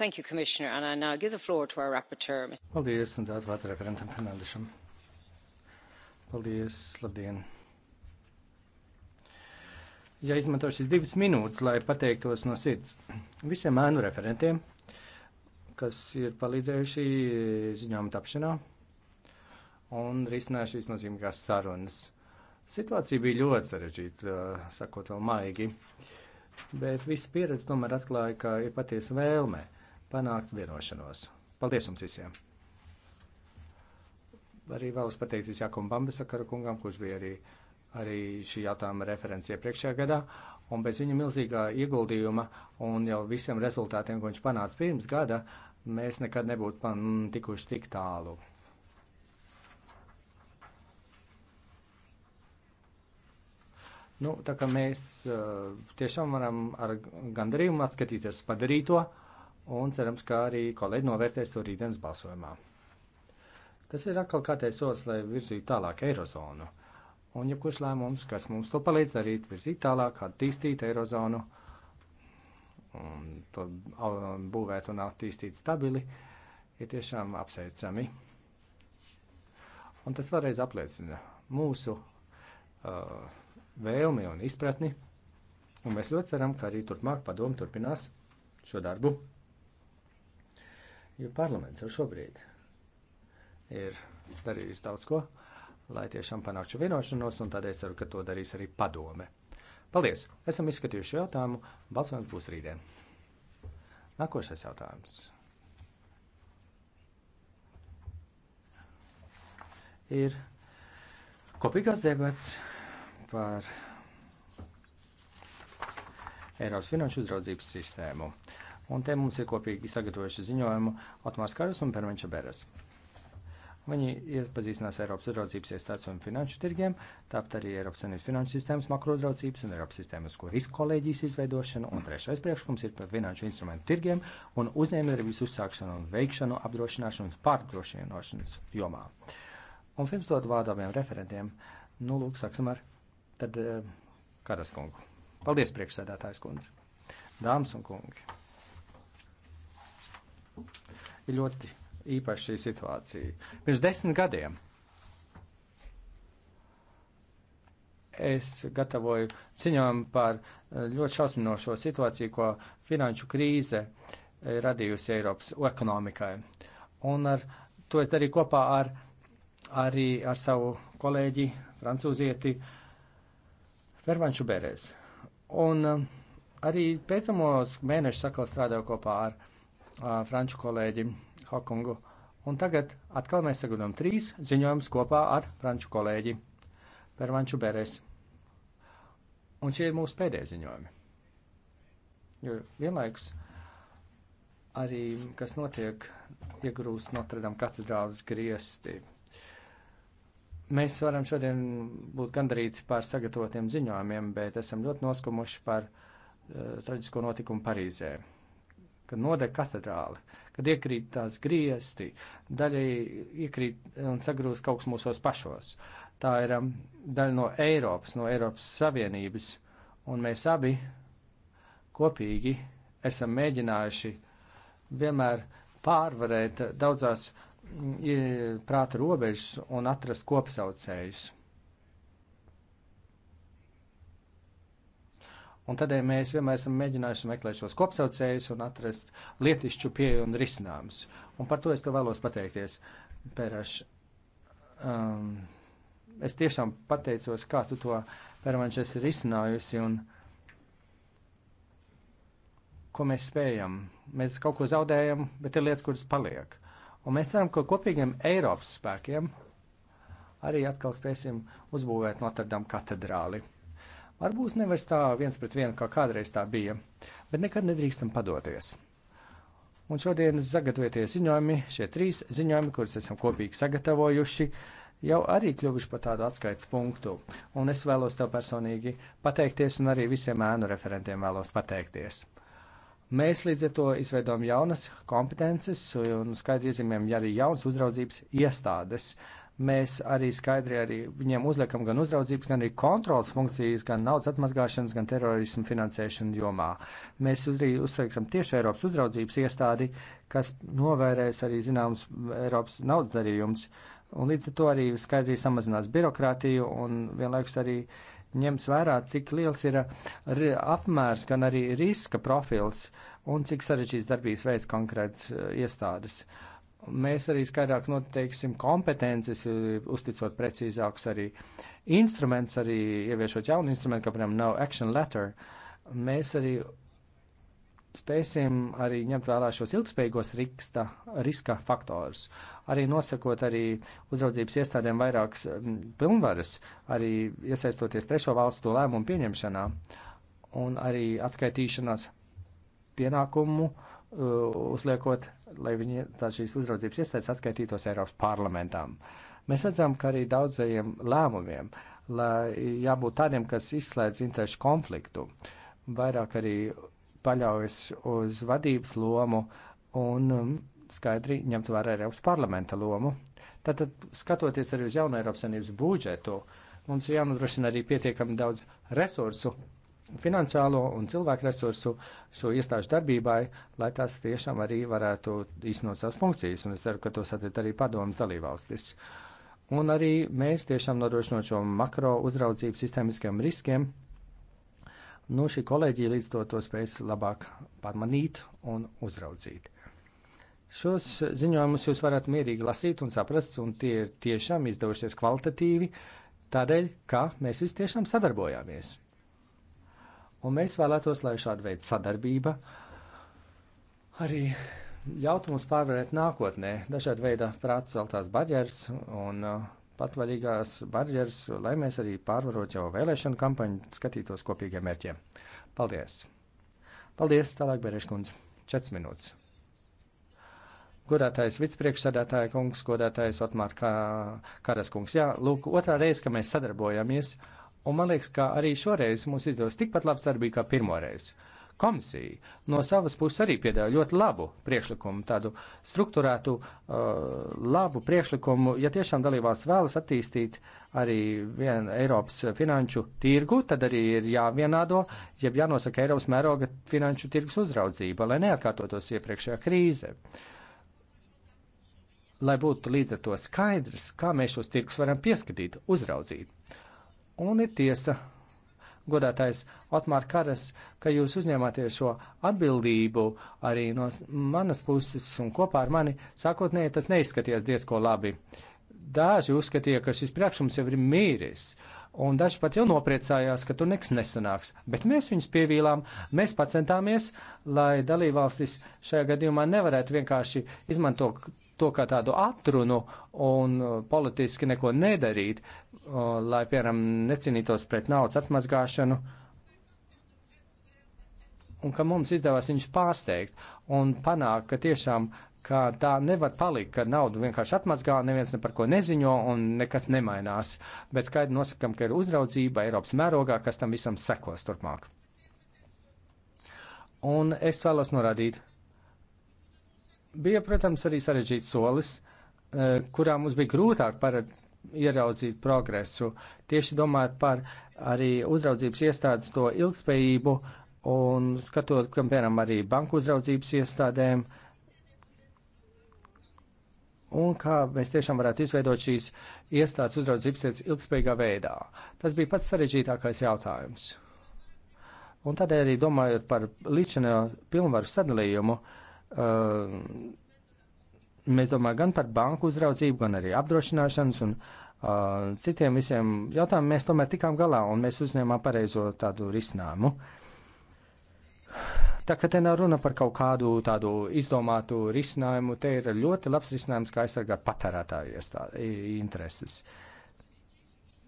Thank you, Commissioner, and I now give the floor to our rapporteur. Paldies, un tāds vārds referentam Fernandešam. Paldies, labdien. Ja izmantošu šīs divas minūtes, lai pateiktos no sirds visiem ēnu referentiem, kas ir palīdzējuši ziņām tapšanā un risinājuši šīs nozīmīgās sarunas. Situācija bija ļoti sarežģīta, sakot vēl maigi, bet visa pieredze tomēr atklāja, ka ir patiesa vēlme panākt vienošanos. Paldies jums visiem! Arī vēlos pateikties Jākam Bambasakara kungam, kurš bija arī, arī šī jautājuma referents iepriekšējā gadā, un bez viņa milzīgā ieguldījuma un jau visiem rezultātiem, ko viņš panāca pirms gada, mēs nekad nebūtu tikuši tik tālu. Nu, tā kā mēs uh, tiešām varam ar gandarījumu atskatīties padarīto un cerams, ka arī kolēģi novērtēs to rītdienas balsojumā. Tas ir atkal kārtais solis, lai virzītu tālāk eirozonu. Un jebkurš ja lēmums, kas mums to palīdz darīt, virzīt tālāk, attīstīt eirozonu, un to būvēt un attīstīt stabili, ir tiešām apsveicami. Un tas vēlreiz apliecina mūsu uh, vēlmi un izpratni, un mēs ļoti ceram, ka arī turpmāk padomu turpinās šo darbu, jo parlaments jau šobrīd ir darījis daudz ko, lai tiešām panāktu vienošanos, un tādēļ ceru, ka to darīs arī padome. Paldies! Esam izskatījuši jautājumu. Balsojums būs rītdien. Nākošais jautājums. Ir kopīgās debats par Eiropas finanšu uzraudzības sistēmu. Un te mums ir kopīgi sagatavojuši ziņojumu Otmārs Karas un Pervenča Beres. Viņi iepazīstinās Eiropas uzraudzības iestādes un finanšu tirgiem, tāpat arī Eiropas Savienības finanšu sistēmas makrouzraudzības un Eiropas sistēmas, ko riska kolēģijas izveidošana, un trešais priekšlikums ir par finanšu instrumentu tirgiem un uzņēmējdarbības uzsākšanu un veikšanu apdrošināšanas pārdrošināšanas jomā. Un pirms dot vārdu abiem referentiem, nu lūk, sāksim ar Tad eh, Karas kungu. Paldies, priekšsēdētājs kundze. Dāmas un kungi. Ir ļoti īpaša šī situācija. Pirms desmit gadiem es gatavoju ziņojumu par eh, ļoti šausminošo situāciju, ko finanšu krīze eh, radījusi Eiropas ekonomikai. Un ar to es darīju kopā ar, arī ar savu kolēģi, francūzieti, uh, Vervanšu bērēs. Un eh, arī pēcamos mēnešus atkal strādāju kopā ar uh, franču kolēģi Hokungu. Un tagad atkal mēs sagudām trīs ziņojumus kopā ar franču kolēģi Vervanšu bērēs. Un šie ir mūsu pēdējie ziņojumi. Jo vienlaikus arī, kas notiek, iegrūst Notre Dame katedrāles griesti. Mēs varam šodien būt gandarīti par sagatavotiem ziņojumiem, bet esam ļoti noskumuši par uh, traģisko notikumu Parīzē, kad nodeg katedrāli, kad iekrīt tās griesti, daļai iekrīt un sagrūst kaut kas mūsos pašos. Tā ir um, daļa no Eiropas, no Eiropas Savienības, un mēs abi kopīgi esam mēģinājuši vienmēr pārvarēt daudzās uh, prāta robežas un atrast kopsaucējus. Un tādēļ mēs vienmēr esam mēģinājuši meklēt šos kopsaucējus un atrast lietišķu pieeju un risinājumus. Un par to es tev vēlos pateikties, Pēraš. Um, es tiešām pateicos, kā tu to, Pēraš, esi risinājusi un ko mēs spējam. Mēs kaut ko zaudējam, bet ir lietas, kuras paliek. Un mēs ceram, ka kopīgiem Eiropas spēkiem arī atkal spēsim uzbūvēt Notrdam katedrāli. Varbūt nevis tā viens pret vienu, kā kādreiz tā bija, bet nekad nedrīkstam padoties. Un šodienas sagatavotie ziņojumi, šie trīs ziņojumi, kurus esam kopīgi sagatavojuši, jau arī kļuvuši par tādu atskaites punktu. Un es vēlos tev personīgi pateikties, un arī visiem ēnu referentiem vēlos pateikties. Mēs līdz ar to izveidojam jaunas kompetences un skaidri iezīmējam ja arī jaunas uzraudzības iestādes. Mēs arī skaidri arī viņiem uzliekam gan uzraudzības, gan arī kontrolas funkcijas, gan naudas atmazgāšanas, gan terorismu finansēšanu jomā. Mēs arī uzsveiksim tieši Eiropas uzraudzības iestādi, kas novērēs arī zināms Eiropas naudas darījums. Un līdz ar to arī skaidri samazinās birokrātiju un vienlaikus arī uh, ņemts vērā, cik liels ir uh, apmērs, gan arī riska profils un cik sarežģīts darbības veids konkrēts uh, iestādes. Mēs arī skaidrāk noteiksim kompetences, uh, uzticot precīzākus arī instrumentus, arī ieviešot jaunu instrumentu, kā, piemēram, no action letter. Mēs arī spēsim arī ņemt vērā šos ilgspējīgos riksta, riska faktorus. Arī nosakot arī uzraudzības iestādēm vairākas mm, pilnvaras, arī iesaistoties trešo valstu lēmumu pieņemšanā un arī atskaitīšanās pienākumu uh, uzliekot, lai viņi tā šīs uzraudzības iestādes atskaitītos Eiropas parlamentām. Mēs redzam, ka arī daudzajiem lēmumiem lai jābūt tādiem, kas izslēdz interešu konfliktu. Vairāk arī paļaujas uz vadības lomu un um, skaidri ņemt vērā Eiropas parlamenta lomu. Tātad, skatoties arī uz jaunu Eiropas Savienības budžetu, mums ir jānodrošina arī pietiekami daudz resursu, finansiālo un cilvēku resursu šo iestāžu darbībai, lai tās tiešām arī varētu īstenot savas funkcijas, un es ceru, ka to satiet arī padomas dalībvalstis. Un arī mēs tiešām nodrošinot šo makro uzraudzību sistēmiskiem riskiem, Nu, šī kolēģija līdz to, to spēs labāk pamanīt un uzraudzīt. Šos ziņojumus jūs varat mierīgi lasīt un saprast, un tie ir tiešām izdevušies kvalitatīvi, tādēļ, ka mēs visi tiešām sadarbojāmies. Un mēs vēlētos, lai šāda veida sadarbība arī ļautu mums pārvarēt nākotnē dažādu veidu prātu celtās barjeras un uh, patvaļīgās barjeras, lai mēs arī pārvarot jau vēlēšanu kampaņu, skatītos kopīgiem mērķiem. Paldies! Paldies, tālāk Bereškundze. 4 minūtes. Godātais vicepriekšsēdētāja kungs, godātais Otmār Kāras kungs. Jā, lūk, otrā reize, ka mēs sadarbojamies, un man liekas, ka arī šoreiz mums izdevusi tikpat labs darbība kā pirmoreiz. reizi Komisija no savas puses arī piedāvā ļoti labu priekšlikumu, tādu struktūrētu, uh, labu priekšlikumu. Ja tiešām dalībās vēlas attīstīt arī vienu Eiropas finanšu tirgu, tad arī ir jāvienādo, jeb jānosaka Eiropas mēroga finanšu tirgus uzraudzība, lai neatkārtotos iepriekšējā krīze. Lai būtu līdz ar to skaidrs, kā mēs šos tirgus varam pieskatīt, uzraudzīt. Un ir tiesa, godātais Otmār Karas, ka jūs uzņēmāties šo atbildību arī no manas puses un kopā ar mani. Sākotnēji tas neizskatījās diezko labi. Daži uzskatīja, ka šis priekšums jau ir mīris. Un daži pat jau nopriecājās, ka tur nekas nesanāks. Bet mēs viņus pievīlām, mēs pacentāmies, lai dalībvalstis šajā gadījumā nevarētu vienkārši izmantot to kā tādu atrunu un uh, politiski neko nedarīt, uh, lai, piemēram, necīnītos pret naudas atmazgāšanu, un ka mums izdevās viņus pārsteigt un panākt, ka tiešām, ka tā nevar palikt, ka naudu vienkārši atmazgā, neviens ne par ko neziņo un nekas nemainās, bet skaidri nosakam, ka ir uzraudzība Eiropas mērogā, kas tam visam sekos turpmāk. Un es vēlos norādīt, Bija, protams, arī sarežģīts solis, eh, kurā mums bija grūtāk paredzēt ieraudzīt progresu, tieši domājot par arī uzraudzības iestādes to ilgspējību un skatot, kam piemēram arī banku uzraudzības iestādēm, un kā mēs tiešām varētu izveidot šīs iestādes uzraudzības lietas ilgspējīgā veidā. Tas bija pats sarežģītākais jautājums. Un tādēļ arī domājot par līdšanā pilnvaru sadalījumu, uh, mēs domājam gan par banku uzraudzību, gan arī apdrošināšanas un uh, citiem visiem jautājumiem, mēs tomēr tikām galā un mēs uzņēmām pareizo tādu risinājumu. Tā kā te nav runa par kaut kādu tādu izdomātu risinājumu, te ir ļoti labs risinājums, kā aizsargāt patērētāju intereses.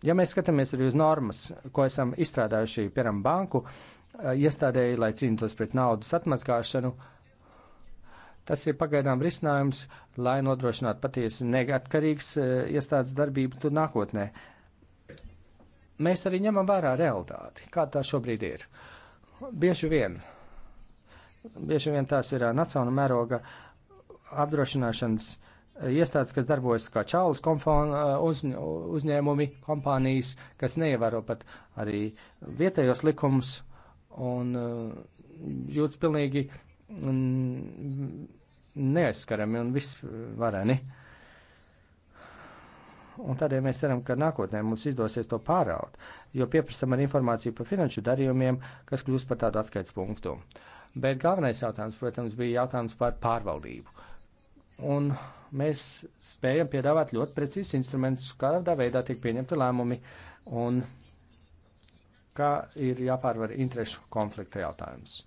Ja mēs skatāmies arī uz normas, ko esam izstrādājuši, piemēram, banku iestādēji, lai cīnītos pret naudas atmazgāšanu, uh, Tas ir pagaidām risinājums, lai nodrošinātu patiesi neatkarīgas e, iestādes darbību tur nākotnē. Mēs arī ņemam vērā realitāti, kā tā šobrīd ir. Bieži vien, bieži vien tās ir e, nacionāla mēroga apdrošināšanas e, iestādes, kas darbojas kā čaulas uz, uzņēmumi, kompānijas, kas neievēro pat arī vietējos likumus un jūtas pilnīgi uh, neaizskarami un visvareni. Un tādēļ mēs ceram, ka nākotnē mums izdosies to pāraut, jo pieprasam arī informāciju par finanšu darījumiem, kas kļūst par tādu atskaites punktu. Bet galvenais jautājums, protams, bija jautājums par pārvaldību. Un mēs spējam piedāvāt ļoti precīzus instrumentus, kādā veidā tiek pieņemti lēmumi un kā ir jāpārvar interešu konflikta jautājums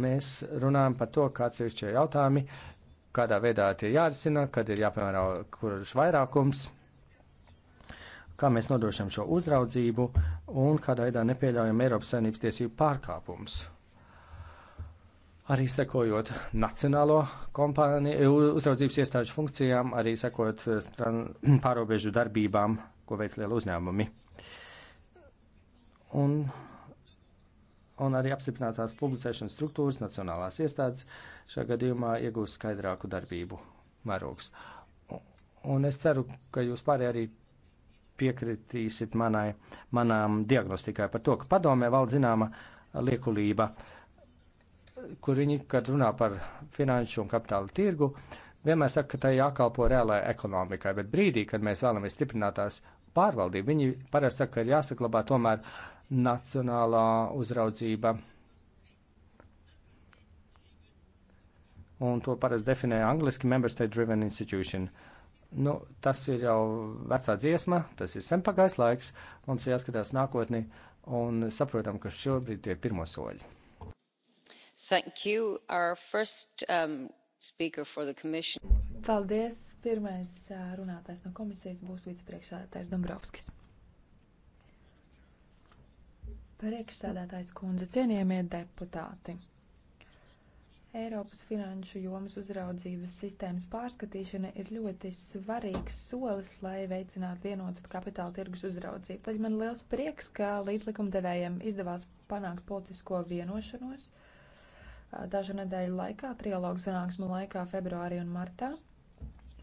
mēs runājam par to, kāds ir šie jautājumi, kādā veidā tie jārisina, kad ir jāpiemēro kurš vairākums, kā mēs nodrošam šo uzraudzību un kādā veidā nepieļaujam Eiropas saimnības tiesību pārkāpumus. Arī sekojot nacionālo kompāniju uzraudzības iestāžu funkcijām, arī sekojot eh, pārobežu darbībām, ko veic liela uzņēmumi. Un un arī apstiprinātās publicēšanas struktūras nacionālās iestādes šajā gadījumā iegūs skaidrāku darbību mērogs. Un es ceru, ka jūs pārējie arī piekritīsit manai, manām diagnostikai par to, ka padomē valda zināma liekulība, kur viņi, kad runā par finanšu un kapitāla tirgu, vienmēr saka, ka tai jākalpo reālajai ekonomikai, bet brīdī, kad mēs vēlamies stiprināt tās pārvaldību, viņi parasti saka, ka ir jāsaklabā tomēr uh, nacionālā uzraudzība. Un to parasti definē angliski Member State Driven Institution. Nu, tas ir jau vecā dziesma, tas ir senpagājis laiks, mums jāskatās nākotni un saprotam, ka šobrīd tie ir pirmo soļi. Thank you. Our first um, speaker for the commission. Paldies. Pirmais uh, runātājs no komisijas būs vicepriekšsēdētājs Dombrovskis. Priekšsēdētājs kundze, cienījamie deputāti! Eiropas finanšu jomas uzraudzības sistēmas pārskatīšana ir ļoti svarīgs solis, lai veicinātu vienotu kapitāla tirgus uzraudzību. Tad man liels prieks, ka līdzlikumdevējiem izdevās panākt politisko vienošanos dažu nedēļu laikā, trialogu sanāksmu laikā februārī un martā.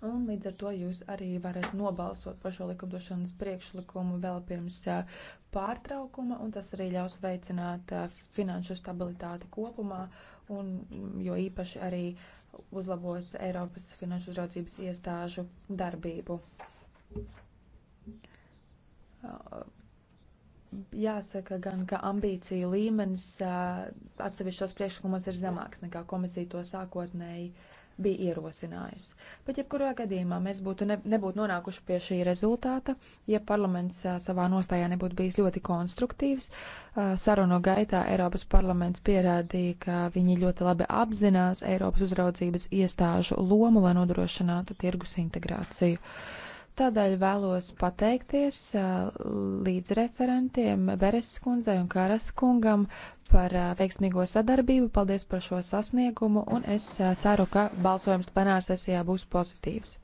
Un līdz ar to jūs arī varat nobalsot par šo likumdošanas priekšlikumu vēl pirms pārtraukuma, un tas arī ļaus veicināt finanšu stabilitāti kopumā, un mm, jo īpaši arī uzlabot Eiropas finanšu uzraudzības iestāžu darbību. Jāsaka gan, ka ambīcija līmenis atsevišķos priekšlikumos ir zemāks nekā komisija to sākotnēji uh, bija ierosinājusi. Bet jebkurā gadījumā mēs būtu ne, nebūtu nonākuši pie šī rezultāta, ja parlaments a, savā nostājā nebūtu bijis ļoti konstruktīvs. A, sarunu gaitā Eiropas parlaments pierādīja, ka viņi ļoti labi apzinās Eiropas uzraudzības iestāžu lomu, lai nodrošinātu tirgus integrāciju. Uh, Tādēļ vēlos pateikties līdzreferentiem Beres skundzei un Kāras kungam par veiksmīgo sadarbību. Paldies par šo sasniegumu un es ceru, ka balsojums plenārsesijā būs pozitīvs.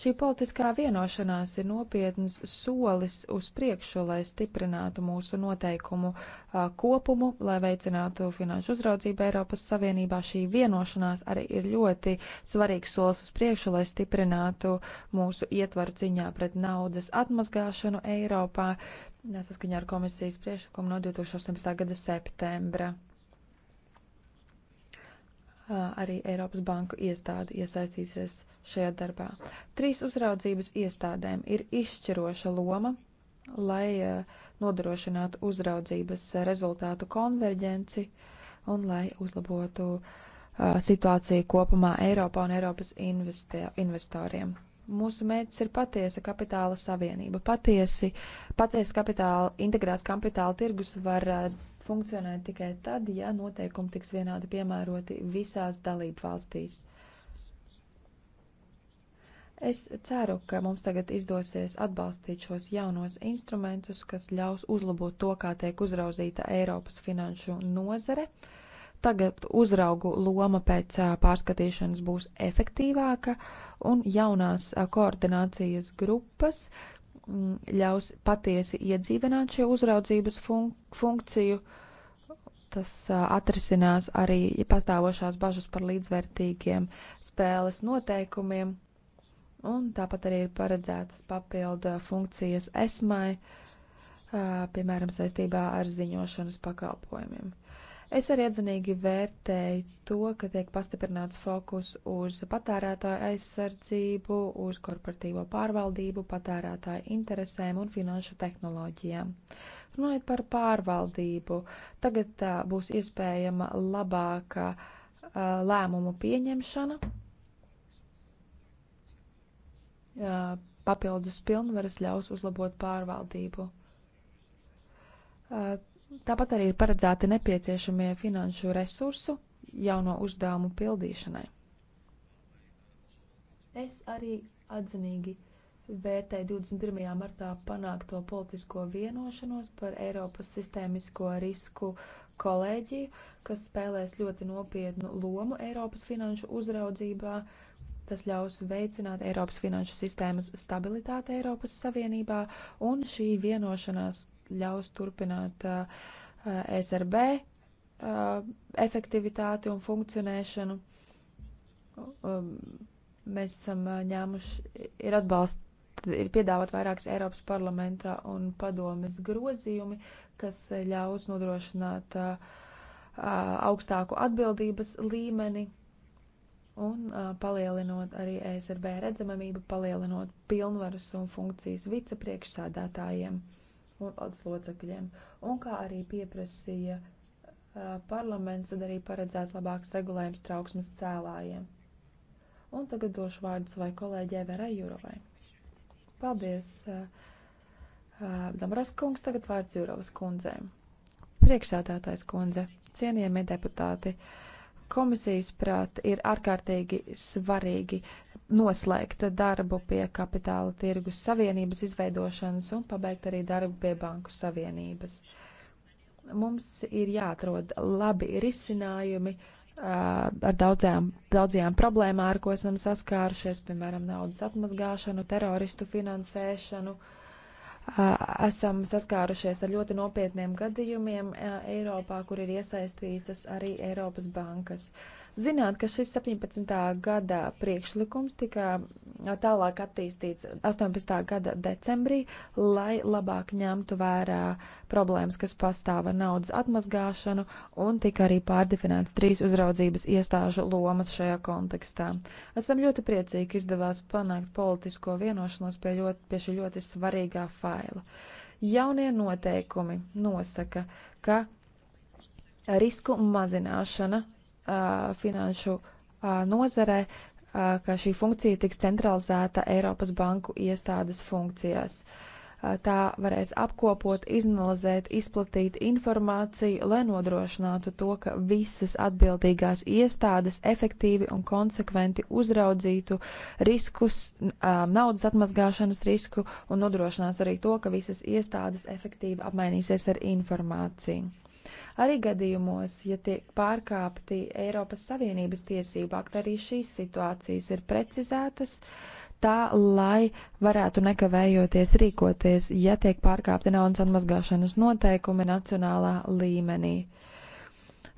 Šī politiskā vienošanās ir nopietns solis uz priekšu, lai stiprinātu mūsu noteikumu a, kopumu, lai veicinātu finanšu uzraudzību Eiropas Savienībā. Šī vienošanās arī ir ļoti svarīgs solis uz priekšu, lai stiprinātu mūsu ietvaru ciņā pret naudas atmazgāšanu Eiropā, saskaņā ar komisijas priekšlikumu no 2018. gada septembra arī Eiropas banku iestāde iesaistīsies šajā darbā. Trīs uzraudzības iestādēm ir izšķiroša loma, lai nodrošinātu uzraudzības rezultātu konverģenci un lai uzlabotu situāciju kopumā Eiropā un Eiropas investē, investoriem. Mūsu mērķis ir patiesa kapitāla savienība. Patiesi, patiesa kapitāla, integrēts kapitāla tirgus var funkcionē tikai tad, ja noteikumi tiks vienādi piemēroti visās dalību valstīs. Es ceru, ka mums tagad izdosies atbalstīt šos jaunos instrumentus, kas ļaus uzlabot to, kā tiek uzraudzīta Eiropas finanšu nozare. Tagad uzraugu loma pēc pārskatīšanas būs efektīvāka un jaunās koordinācijas grupas, Mm, ļaus patiesi iedzīvināt šo uzraudzības fun funkciju. Tas atrisinās arī pastāvošās bažas par līdzvērtīgiem spēles noteikumiem, un tāpat arī ir paredzētas papildu funkcijas esmai, piemēram, saistībā ar ziņošanas pakalpojumiem. Es arī atzinīgi vērtēju to, ka tiek pastiprināts fokus uz patērētāju aizsardzību, uz korporatīvo pārvaldību, patērētāju interesēm un finanšu tehnoloģijām. Runājot par pārvaldību, tagad tā, būs iespējama labāka lēmumu pieņemšana, papildus pilnvaras ļaus uzlabot pārvaldību Tāpat arī ir paredzēti nepieciešamie finanšu resursu jauno uzdevumu pildīšanai. Es arī atzinīgi vērtēju 21. martā panākto politisko vienošanos par Eiropas sistēmisko risku kolēģiju, kas spēlēs ļoti nopietnu lomu Eiropas finanšu uzraudzībā. Tas ļaus veicināt Eiropas finanšu sistēmas stabilitāti Eiropas Savienībā, un šī vienošanās ļaus turpināt SRB efektivitāti un funkcionēšanu. Um, mēs esam ņēmuši, ir atbalsts, ir piedāvāt vairākas Eiropas parlamenta un padomes grozījumi, kas ļaus nodrošināt augstāku atbildības līmeni un palielinot arī ESRB redzamamību, palielinot pilnvarus un funkcijas vicepriekšsādātājiem un valdes locekļiem, un kā arī pieprasīja parlaments, tad arī paredzēts labāks regulējums trauksmes cēlājiem. Un tagad došu vārdu savai kolēģei Verai Jurovai. Paldies, Damaras kungs, tagad vārds Jurovas kundzēm. Priekšsēdētājs kundze, cienījamie deputāti. Uh, Komisijas prāt ir ārkārtīgi svarīgi noslēgt darbu pie kapitāla tirgus savienības izveidošanas un pabeigt arī darbu pie banku savienības. Mums ir jāatrod labi risinājumi uh, ar daudzajām, daudzajām problēmām, ar ko esam saskārušies, piemēram, naudas atmazgāšanu, teroristu finansēšanu. Uh, esam saskārušies ar ļoti nopietniem gadījumiem Eiropā, kur ir iesaistītas arī Eiropas bankas. Uh, Zināt, ka šis 17. gada priekšlikums tika tālāk attīstīts 18. gada decembrī, lai labāk ņemtu vērā problēmas, kas pastāv ar naudas atmazgāšanu, un tika arī pārdefinēts trīs uzraudzības iestāžu lomas šajā kontekstā. Esam ļoti priecīgi, ka izdevās panākt politisko vienošanos pie, ļoti, pie šī ļoti svarīgā faila. Jaunie noteikumi nosaka, ka risku mazināšana finanšu nozarē, ka šī funkcija tiks centralizēta Eiropas banku iestādes funkcijās. Tā varēs apkopot, izanalizēt, izplatīt informāciju, lai nodrošinātu to, ka visas atbildīgās iestādes efektīvi un konsekventi uzraudzītu riskus, naudas atmazgāšanas risku un nodrošinās arī to, ka visas iestādes efektīvi apmainīsies ar informāciju. Arī gadījumos, ja tiek pārkāpti Eiropas Savienības tiesību akti, arī šīs situācijas ir precizētas tā, lai varētu nekavējoties rīkoties, ja tiek pārkāpti naudas atmazgāšanas noteikumi nacionālā līmenī.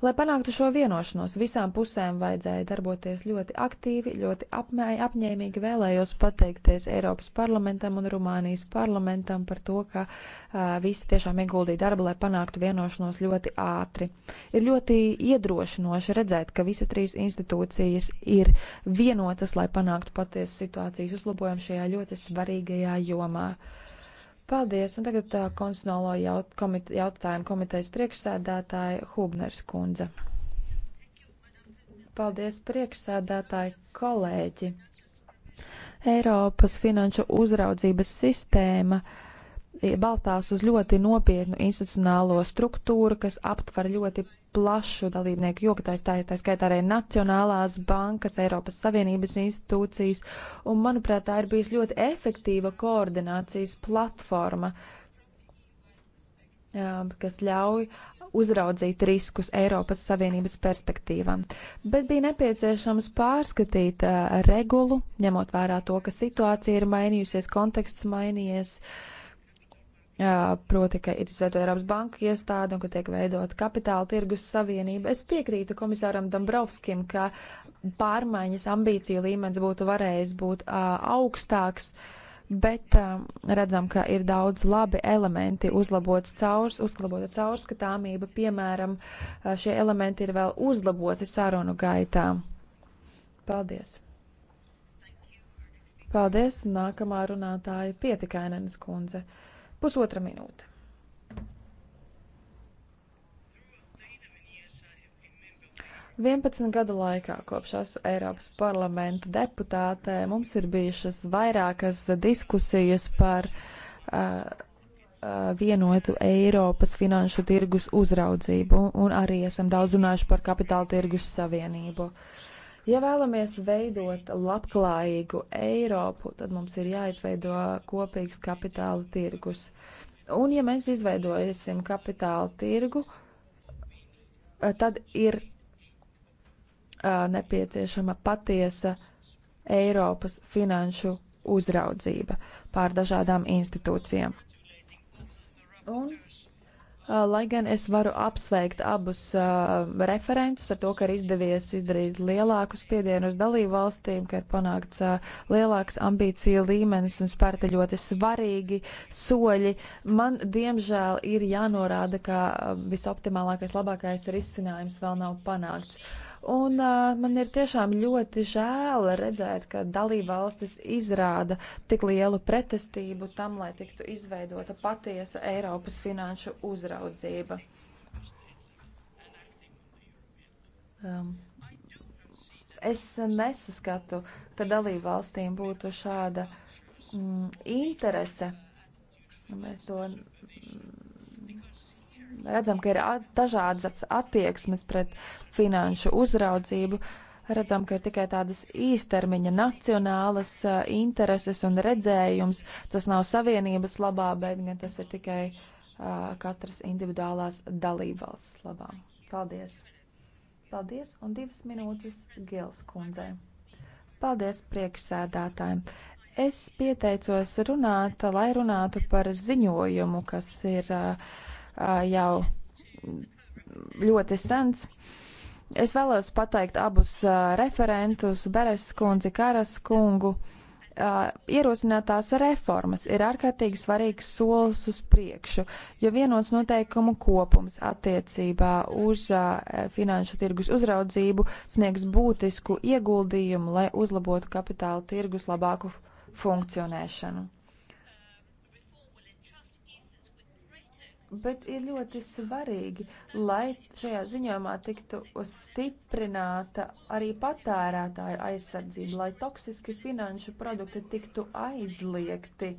Lai panāktu šo vienošanos, visām pusēm vajadzēja darboties ļoti aktīvi, ļoti apmēji, apņēmīgi. Vēlējos pateikties Eiropas parlamentam un Rumānijas parlamentam par to, ka uh, visi tiešām ieguldīja darbu, lai panāktu vienošanos ļoti ātri. Ir ļoti iedrošinoši redzēt, ka visas trīs institūcijas ir vienotas, lai panāktu patiesu situācijas uzlabojumu šajā ļoti svarīgajā jomā. Uh, Paldies, un tagad uh, konstitucionālo jaut komit jautājumu komitejas priekšsēdētāja Hubners kundze. Paldies, priekšsēdētāji, kolēģi. Eiropas finanšu uzraudzības sistēma balstās uz ļoti nopietnu institucionālo struktūru, kas aptver ļoti plašu dalībnieku joku, tā ir skaitā arī Nacionālās bankas, Eiropas Savienības institūcijas, un, manuprāt, tā ir bijusi ļoti efektīva koordinācijas platforma, kas ļauj uzraudzīt riskus Eiropas Savienības perspektīvām. Bet bija nepieciešams pārskatīt uh, regulu, ņemot vērā to, ka situācija ir mainījusies, konteksts mainījies, uh, proti, ka ir izveidota Eiropas banka iestāde un ka tiek veidot kapitāla tirgus savienība. Es piekrītu komisāram Dombrovskim, ka pārmaiņas ambīcija līmenis būtu varējis būt uh, augstāks, bet uh, redzam, ka ir daudz labi elementi, uzlabots caurs, uzlabota caurskatāmība, piemēram, uh, šie elementi ir vēl uzlaboti sarunu gaitā. Paldies! Paldies! Nākamā runātāja pietikainēnas kundze. Uh, Pusotra minūte. Vienpadsmit gadu laikā, kopš esmu Eiropas parlamenta deputātē, mums ir bijušas vairākas diskusijas par uh, vienotu Eiropas finanšu tirgus uzraudzību, un arī esam daudz runājuši par kapitāla tirgus savienību. Uh, Ja vēlamies veidot labklājīgu Eiropu, tad mums ir jāizveido kopīgs kapitāla tirgus. Un ja mēs izveidosim kapitāla tirgu, tad ir uh, nepieciešama patiesa Eiropas finanšu uzraudzība pār dažādām institūcijām. Un Uh, lai gan es varu apsveikt abus uh, referentus ar to, ka ir izdevies izdarīt lielāku spiedienu uz dalību valstīm, ka ir panākts uh, lielāks ambīciju līmenis un spērta ļoti svarīgi soļi. Man, diemžēl, ir jānorāda, ka uh, visoptimālākais, labākais risinājums vēl nav panākts. Uh, Un uh, man ir tiešām ļoti žēl redzēt, ka dalībvalstis izrāda tik lielu pretestību tam, lai tiktu izveidota patiesa Eiropas finanšu uzraudzība. Um, es nesaskatu, ka dalībvalstīm būtu šāda mm, interese. Mēs to mm, Redzam, ka ir at dažādas attieksmes pret finanšu uzraudzību. Redzam, ka ir tikai tādas īstermiņa nacionālas uh, intereses un redzējums. Tas nav savienības labā, bet gan tas ir tikai uh, katras individuālās dalībvalsts labā. Paldies! Paldies un divas minūtes Gils kundzei. Paldies priekšsēdātājiem! es pieteicos runāt, lai runātu par ziņojumu, kas ir uh, jau ļoti sens. Es vēlos pateikt abus referentus, Beres kundzi, Karas kungu. Uh, ierosinātās reformas ir ārkārtīgi svarīgs solis uz priekšu, jo vienots noteikumu kopums attiecībā uz uh, finanšu tirgus uzraudzību sniegs būtisku ieguldījumu, lai uzlabotu kapitāla tirgus labāku funkcionēšanu. bet ir ļoti svarīgi, lai šajā ziņojumā tiktu stiprināta arī patērētāja aizsardzība, lai toksiski finanšu produkti tiktu aizliegti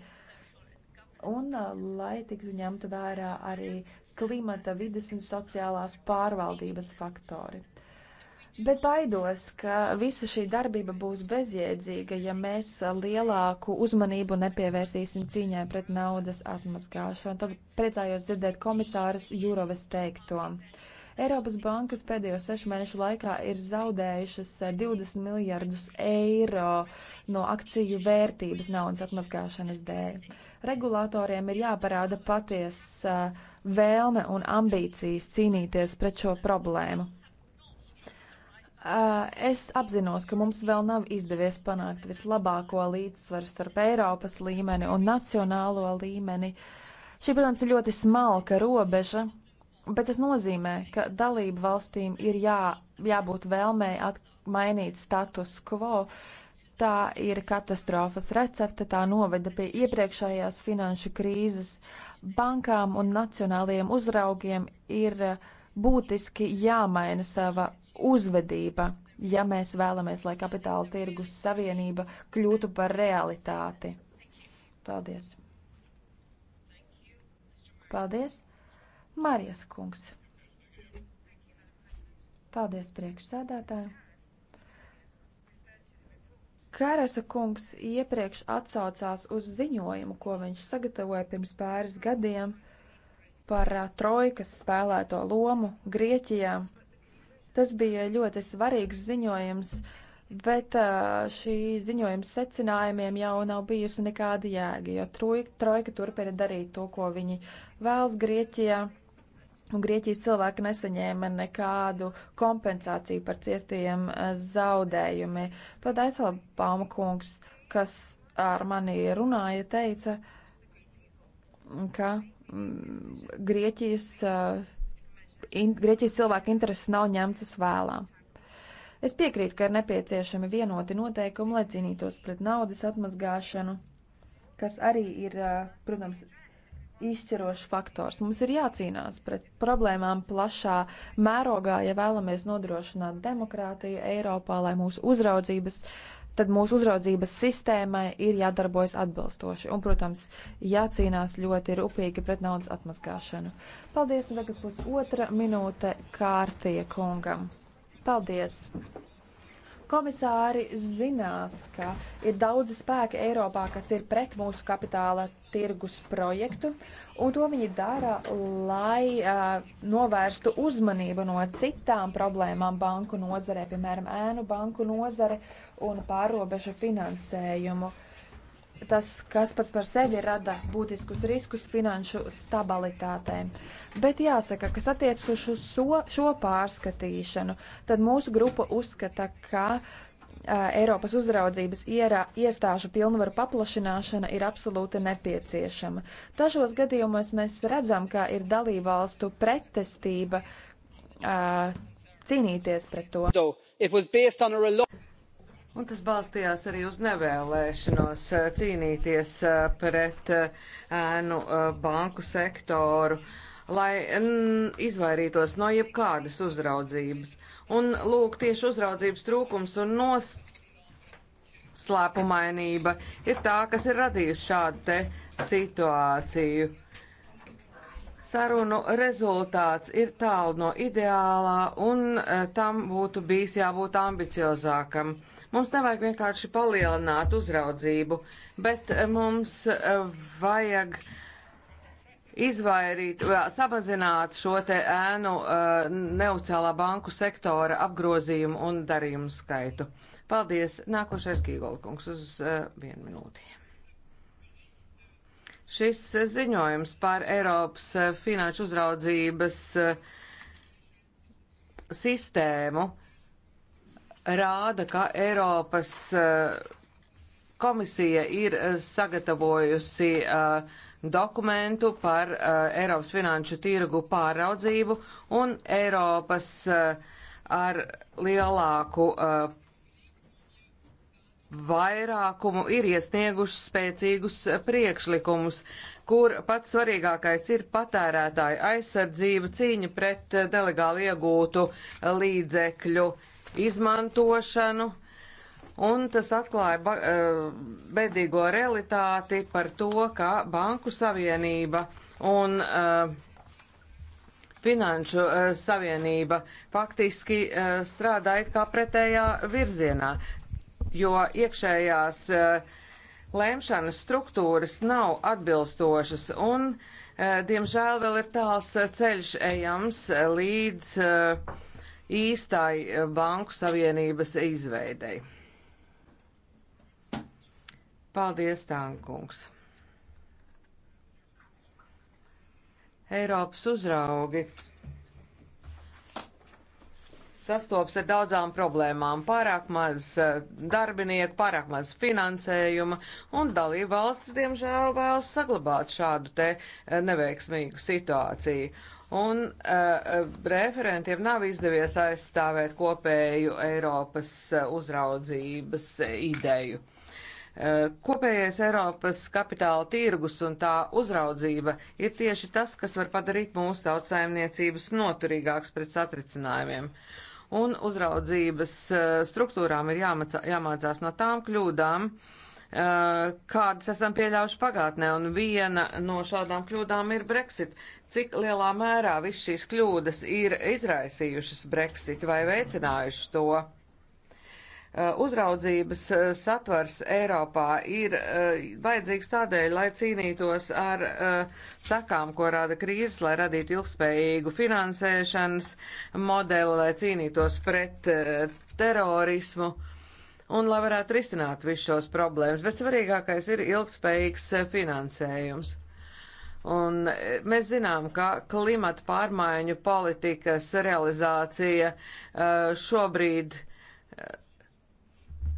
un uh, lai tiktu ņemta vērā arī klimata, vides un sociālās pārvaldības faktori. Bet baidos, ka visa šī darbība būs bezjēdzīga, ja mēs lielāku uzmanību nepievērsīsim cīņai pret naudas atmazgāšanu. Tad priecājos dzirdēt komisāras Jūrovas teikto. Eiropas bankas pēdējo sešu mēnešu laikā ir zaudējušas 20 eh, miljardus eiro no akciju vērtības naudas atmazgāšanas dēļ. Regulātoriem ir jāparāda paties eh, vēlme un ambīcijas cīnīties pret šo problēmu. Uh, es apzinos, ka mums vēl nav izdevies panākt vislabāko līdzsvaru starp Eiropas līmeni un nacionālo līmeni. Šī, protams, ir ļoti smalka robeža, bet tas nozīmē, ka dalību valstīm ir jā, jābūt vēlmei mainīt status quo. Tā ir katastrofas recepte, tā noveda pie iepriekšējās finanšu krīzes. Bankām un nacionālajiem uzraugiem ir būtiski jāmaina sava uzvedība, ja mēs vēlamies, lai kapitāla tirgus savienība kļūtu par realitāti. Paldies! Paldies! Marijas kungs! Paldies priekšsēdētājiem! Kārasa kungs iepriekš atsaucās uz ziņojumu, ko viņš sagatavoja pirms pāris gadiem par trojkas spēlēto lomu Grieķijā Tas bija ļoti svarīgs ziņojums, bet šī ziņojuma secinājumiem jau nav bijusi nekāda jēga, jo trojka turpina darīt to, ko viņi vēlas Grieķijā. Un Grieķijas cilvēki nesaņēma nekādu kompensāciju par ciestiem zaudējumiem. Pat Aizlabama kungs, kas ar mani runāja, teica, ka mm, Grieķijas in, Grieķijas cilvēku intereses nav ņemtas vēlā. Es piekrītu, ka ir nepieciešami vienoti noteikumi, lai cīnītos pret naudas atmazgāšanu, kas arī ir, protams, izšķirošs faktors. Mums ir jācīnās pret problēmām plašā mērogā, ja vēlamies nodrošināt demokrātiju Eiropā, lai mūsu uzraudzības uh, tad mūsu uzraudzības sistēmai ir jādarbojas atbilstoši un, protams, jācīnās ļoti rūpīgi pret naudas atmazgāšanu. Paldies, un tagad pusotra minūte kārtie kungam. Paldies! Komisāri zinās, ka ir daudzi spēki Eiropā, kas ir pret mūsu kapitāla tirgus projektu, un to viņi dara, lai uh, novērstu uzmanību no citām problēmām banku nozarē, piemēram, ēnu banku nozare un pārobežu finansējumu. Uh, tas, kas pats par sevi rada būtiskus riskus finanšu stabilitātēm. Bet jāsaka, kas attiecas uz šo, šo pārskatīšanu, tad mūsu grupa uzskata, ka Eiropas uzraudzības ierā, iestāžu pilnvaru paplašināšana ir absolūti nepieciešama. Dažos gadījumos mēs redzam, ka ir dalībvalstu pretestība uh, cīnīties pret to. Un tas balstījās arī uz nevēlēšanos eh, cīnīties eh, pret eh, ēnu banku sektoru, lai mm, izvairītos no jebkādas uzraudzības. Un lūk, tieši uzraudzības trūkums un noslēpumainība ir tā, kas ir radījusi šādu te situāciju. Sarunu rezultāts ir tālu no ideālā, un tam būtu bijis jābūt ambiciozākam. Uh, Mums nevajag vienkārši palielināt uzraudzību, bet eh, mums eh, vajag izvairīt, samazināt šo te ēnu eh, neucēlā banku sektora apgrozījumu un darījumu skaitu. Paldies. Nākošais Kīgolkungs uz vienu minūti. Šis ziņojums par Eiropas finanšu uzraudzības sistēmu uh, sistēmu rāda, ka Eiropas eh, komisija ir eh, sagatavojusi eh, dokumentu par Eiropas finanšu tirgu pāraudzību un Eiropas ar lielāku vairākumu ir iesnieguši spēcīgus priekšlikumus, kur pats svarīgākais ir patērētāja aizsardzība, cīņa pret delegāli iegūtu līdzekļu uh, izmantošanu, un tas atklāja eh, bedīgo realitāti par to, ka Banku Savienība un uh, Finanšu uh, Savienība faktiski uh, strādā it kā pretējā virzienā, jo iekšējās lēmšanas struktūras nav atbilstošas un, diemžēl, vēl ir tāls ceļš ejams līdz uh, īstai eh, banku savienības izveidei. Paldies, Tankungs! Eiropas uzraugi sastopas ar daudzām problēmām - pārāk maz eh, darbinieku, pārāk maz finansējuma, un dalība valsts, diemžēl, vēlas saglabāt šādu te eh, neveiksmīgu situāciju un uh, referentiem nav izdevies aizstāvēt kopēju Eiropas eh, uzraudzības ideju. Uh, kopējais Eiropas kapitāla tirgus un tā uzraudzība ir tieši tas, kas var padarīt mūsu tautsājumniecības noturīgāks pret satricinājumiem. Un uzraudzības uh, struktūrām ir jāmacā, jāmācās no tām kļūdām, uh, Eh, kādas esam pieļāvuši pagātnē, un viena no šādām kļūdām ir Brexit. Cik lielā mērā viss šīs kļūdas ir izraisījušas Brexit vai veicinājušas to? Eh, uzraudzības eh, satvars Eiropā ir vajadzīgs tādēļ, lai cīnītos ar sakām, ko rada krīzes, lai radītu ilgspējīgu finansēšanas modeli, lai cīnītos pret terorismu un lai varētu risināt visus šos problēmas, bet svarīgākais ir ilgspējīgs eh, finansējums. Un eh, mēs zinām, ka klimata pārmaiņu politikas realizācija eh, šobrīd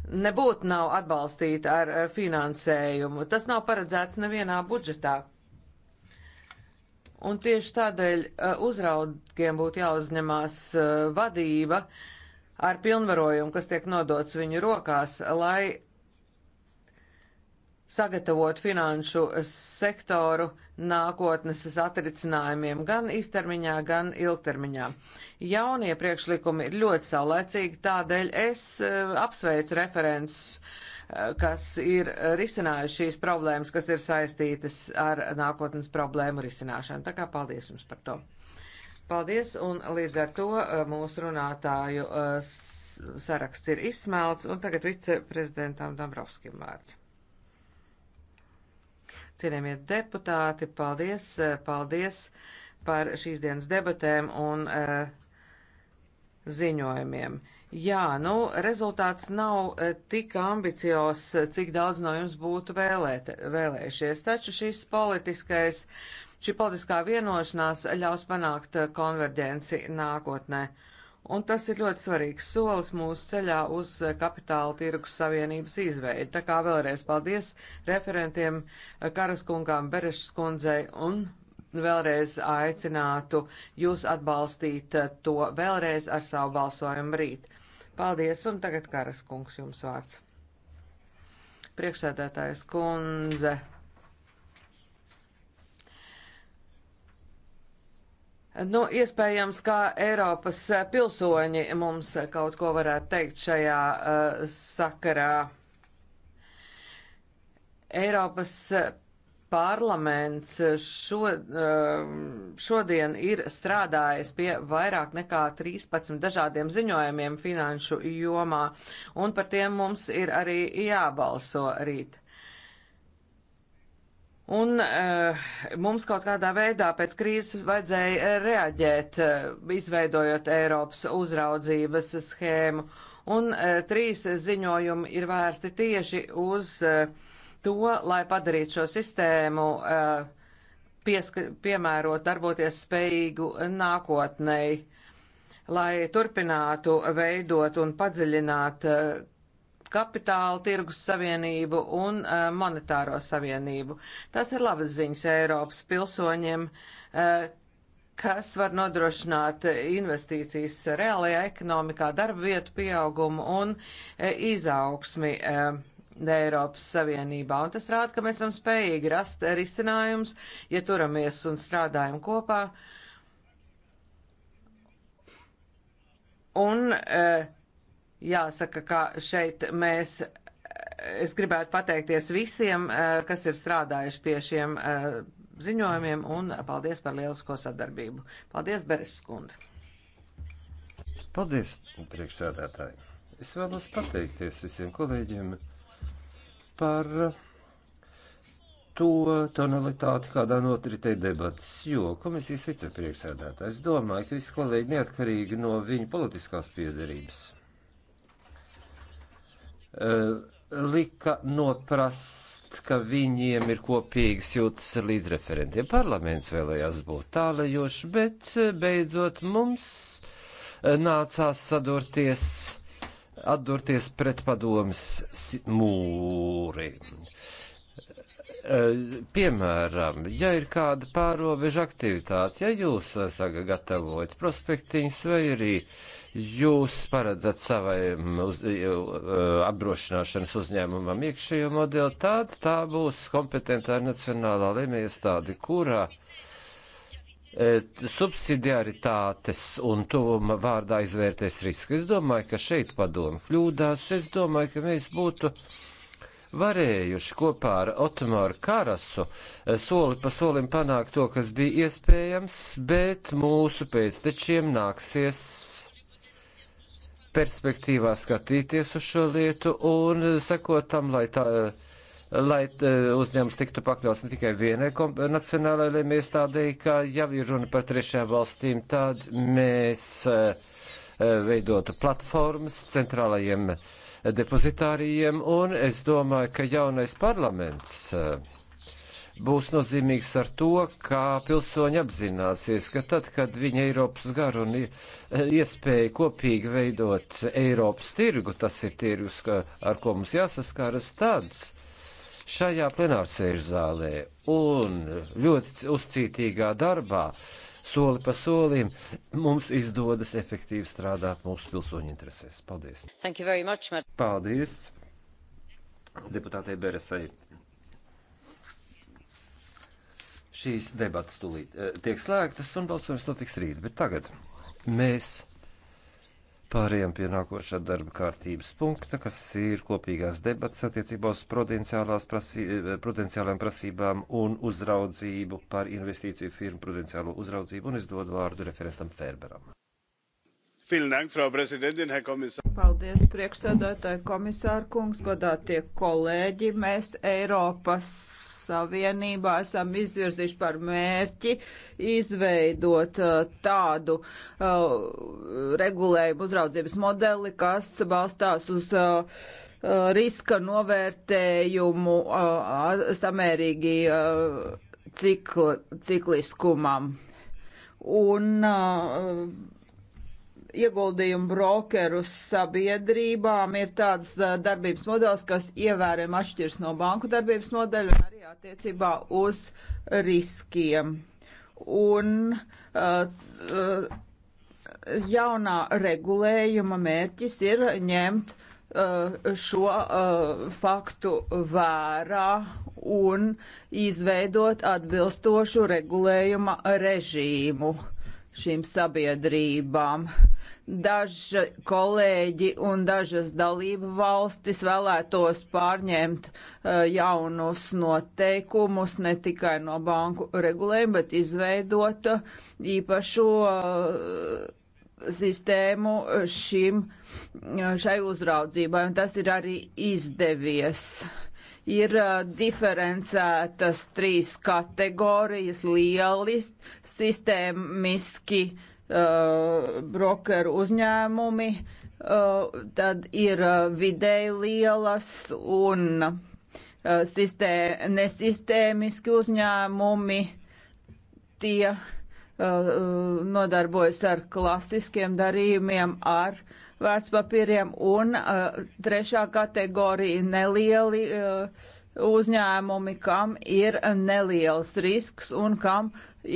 nebūtu nav atbalstīta ar finansējumu. Tas nav paredzēts nevienā budžetā. Un tieši tādēļ uzraudgiem būtu jāuzņemās vadība uh, ar pilnvarojumu, kas tiek nodots viņu rokās, lai sagatavot finanšu sektoru nākotnes atricinājumiem gan īstermiņā, gan ilgtermiņā. Jaunie priekšlikumi ir ļoti saulēcīgi, tādēļ es e, apsveicu referents, e, kas ir risinājuši šīs problēmas, kas ir saistītas ar nākotnes problēmu risināšanu. Tā kā paldies jums par to! Paldies, un līdz ar to uh, mūsu runātāju uh, saraksts ir izsmelts, un tagad viceprezidentam Dombrovskim vārds. Cienījamie deputāti, paldies, uh, paldies par šīs dienas debatēm un uh, ziņojumiem. Jā, nu, rezultāts nav tik ambiciozs, cik daudz no jums būtu vēlēt, vēlējušies, taču šis politiskais uh, Šī politiskā vienošanās ļaus panākt eh, konverģenci nākotnē. Un tas ir ļoti svarīgs solis mūsu ceļā uz eh, kapitāla tirgus savienības izveidi. Tā kā vēlreiz paldies referentiem eh, Karaskungām, Berešas kundzei un vēlreiz aicinātu jūs atbalstīt to vēlreiz ar savu balsojumu rīt. Paldies, un tagad Karaskungs jums vārds. Priekšsēdētājs kundze. Nu, iespējams, ka Eiropas pilsoņi mums kaut ko varētu teikt šajā uh, sakarā. Eiropas parlaments šo, uh, šodien ir strādājis pie vairāk nekā 13 dažādiem ziņojumiem finanšu jomā, un par tiem mums ir arī jābalso rīt. Un uh, mums kaut kādā veidā pēc krīzes vajadzēja eh, reaģēt, uh, izveidojot Eiropas uzraudzības schēmu. Un uh, trīs ziņojumi ir vērsti tieši uz uh, to, lai padarītu šo sistēmu uh, pieska, piemērot darboties spējīgu nākotnei, lai turpinātu veidot un padziļināt uh, kapitāla tirgus savienību un uh, monetāro savienību. Tas ir labas ziņas Eiropas pilsoņiem, uh, kas var nodrošināt investīcijas reālajā ekonomikā, darba vietu pieaugumu un uh, izaugsmi. Uh, Eiropas Savienībā, un tas rāda, ka mēs esam spējīgi rast risinājumus, ja turamies un strādājam kopā. Un uh, Jāsaka, ka šeit mēs es gribētu pateikties visiem, eh, kas ir strādājuši pie šiem eh, ziņojumiem, un paldies par lielisko sadarbību. Paldies, Beres skunda. Paldies, priekšsēdētāji. Es vēlos pateikties visiem kolēģiem par to tonalitāti, kādā notritēja debats, jo komisijas vicepriekšsēdētājs domāja, ka visi kolēģi neatkarīgi no viņu politiskās piedarības Eh, lika noprast, ka viņiem ir kopīgas jūtas ar līdzreferentiem. Parlaments vēlējās būt tālajoši, bet eh, beidzot mums eh, nācās sadurties, atdurties pret padomas mūri. Piemēram, ja ir kāda pārobeža aktivitāte, ja jūs sagatavojat prospektiņus vai arī uh, Jūs paredzat saviem mm, uz, e, apdrošināšanas uzņēmumam iekšējo modeli, tad tā būs kompetentā nacionālā līmeņa iestāde, kurā e, subsidiaritātes un tuvuma vārdā izvērtēs risku. Es domāju, ka šeit padomu kļūdās. Es domāju, ka mēs būtu varējuši kopā ar Otomāru Karasu e, soli pa solim panākt to, kas bija iespējams, bet mūsu pēctečiem nāksies perspektīvā skatīties uz šo lietu un sekot tam, lai tā lai e, uzņēmums tiktu pakļauts ne tikai vienai nacionālajai lēmē iestādēji, kā jau ir runa par trešajām valstīm, tad mēs e, e, veidotu platformas centrālajiem depozitārijiem, un es domāju, ka jaunais parlaments būs nozīmīgs ar to, kā pilsoņi apzināsies, ka tad, kad viņi Eiropas garu un iespēju kopīgi veidot Eiropas tirgu, tas ir tirgus, ar ko mums jāsaskaras tāds šajā plenārsēžu zālē un ļoti uzcītīgā darbā, soli pa solim, mums izdodas efektīvi strādāt mūsu pilsoņu interesēs. Paldies! Much, Paldies! Deputātei Beresai! Šīs debatas tūlīt eh, tiek slēgtas un balsojums notiks rīt, bet tagad mēs Pārējām pie nākošā darba kārtības punkta, kas ir kopīgās debatas attiecībā uz prasī, eh, prudenciālām prasībām un uzraudzību par investīciju firmu prudenciālo uzraudzību, un es dodu vārdu referentam Ferberam. Paldies, priekšsēdētāji komisāra kungs, godātie kolēģi. Mēs Eiropas Savienībā esam izvirzījuši par mērķi izveidot uh, tādu uh, regulējumu uzraudzības modeli, kas balstās uz uh, uh riska novērtējumu uh, samērīgi uh, cikl, cikliskumam. Un ieguldījumu brokeru sabiedrībām ir tāds darbības modelis, kas ievērēm atšķirs no banku darbības modeļa un arī attiecībā uz riskiem. Un uh, jaunā regulējuma mērķis ir ņemt uh, šo uh, faktu vērā un izveidot atbilstošu regulējuma režīmu šīm sabiedrībām. Uh, Daži kolēģi un dažas dalību valstis vēlētos pārņemt e, jaunus noteikumus ne tikai no banku regulējuma, bet izveidot īpašu e, sistēmu šim, e, šai uzraudzībai, un tas ir arī izdevies ir diferencētas trīs kategorijas - lieli, sistēmiski uh, brokeru uzņēmumi, uh, tad ir uh, vidēji lielas un uh, sistē, nesistēmiski uzņēmumi. Tie uh, nodarbojas ar klasiskiem darījumiem, ar vērtspapīriem un trešā kategorija nelieli uzņēmumi, kam ir neliels risks un kam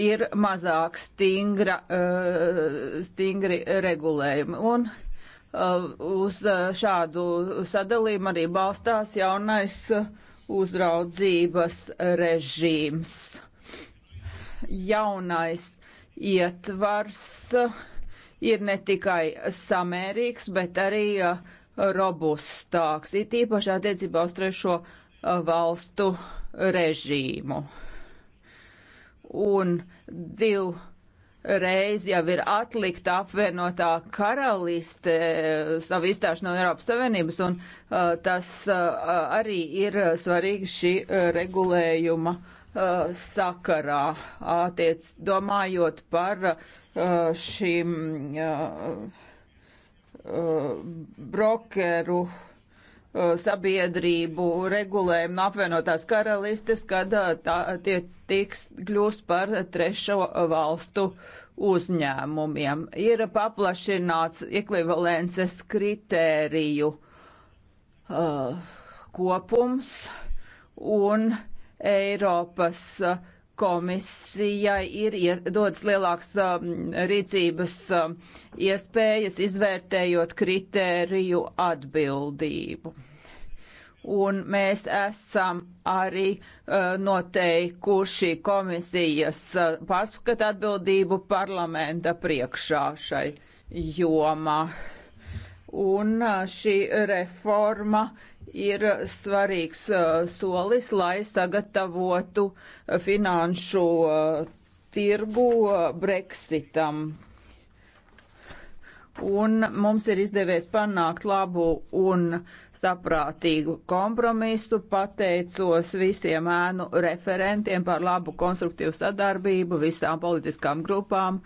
ir mazāk stingra, eh, stingri regulējumi. Un eh, uz eh, šādu sadalījumu arī balstās jaunais uzraudzības režīms. Jaunais ietvars ir ne tikai samērīgs, bet arī robustāks, it īpaši attiecībā uz trešo valstu režīmu un divreiz jau ir atlikta apvienotā karaliste e, savu izstāšanu no Eiropas Savienības, un uh, tas uh, arī ir svarīgi šī uh, regulējuma sakarā, attiec, domājot par šīm brokeru Uh, sabiedrību regulējumu no apvienotās karalistes, kad uh, tā, tie tiks kļūst par trešo valstu uzņēmumiem. Ir paplašināts ekvivalences kritēriju uh, kopums un Eiropas uh, komisijai ir dodas lielāks um, rīcības um, iespējas, izvērtējot kritēriju atbildību. Un mēs esam arī uh, noteikuši komisijas uh, pārskata atbildību parlamenta priekšā šai jomā. Un uh, šī reforma uh, ir svarīgs uh, solis, lai sagatavotu uh, finanšu uh, tirgu Brexitam un mums ir izdevies panākt labu un saprātīgu kompromisu. Pateicos visiem ēnu referentiem par labu konstruktīvu sadarbību, visām politiskām grupām,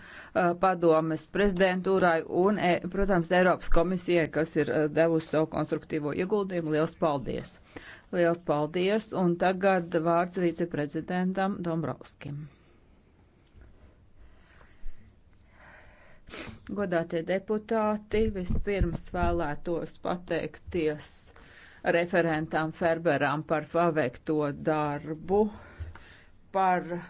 padomes prezidentūrai un, e, protams, Eiropas komisijai, kas ir devusi savu konstruktīvo ieguldījumu. Liels paldies! Liels paldies! Un tagad vārds viceprezidentam Dombrovskim. Godātie deputāti, vispirms vēlētos pateikties referentām Ferberam par paveikto darbu, par eh,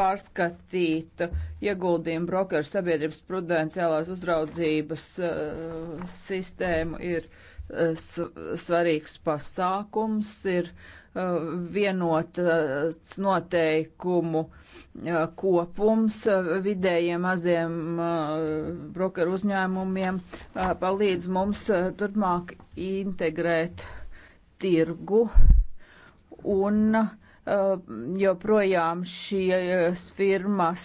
pārskatīt ieguldījumu brokeru sabiedrības prudenciālās uzraudzības uh, sistēmu ir eh, svarīgs pasākums, ir Eh, vienots eh, noteikumu eh, kopums vidējiem maziem brokeru uzņēmumiem palīdz mums turpmāk integrēt tirgu un joprojām šīs firmas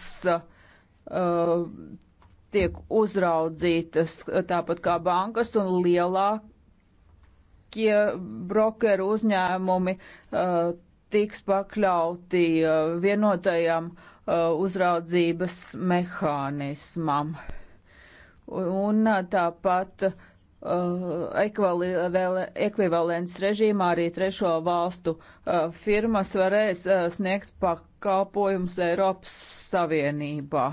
tiek uzraudzītas tāpat kā bankas un lielāk lielie brokeru uzņēmumi uh, tiks pakļauti uh, vienotajam uh, uzraudzības mehānismam. Un uh, tāpat uh, ekvivalents režīmā arī trešo valstu uh, firmas varēs sniegt pakalpojumus Eiropas Savienībā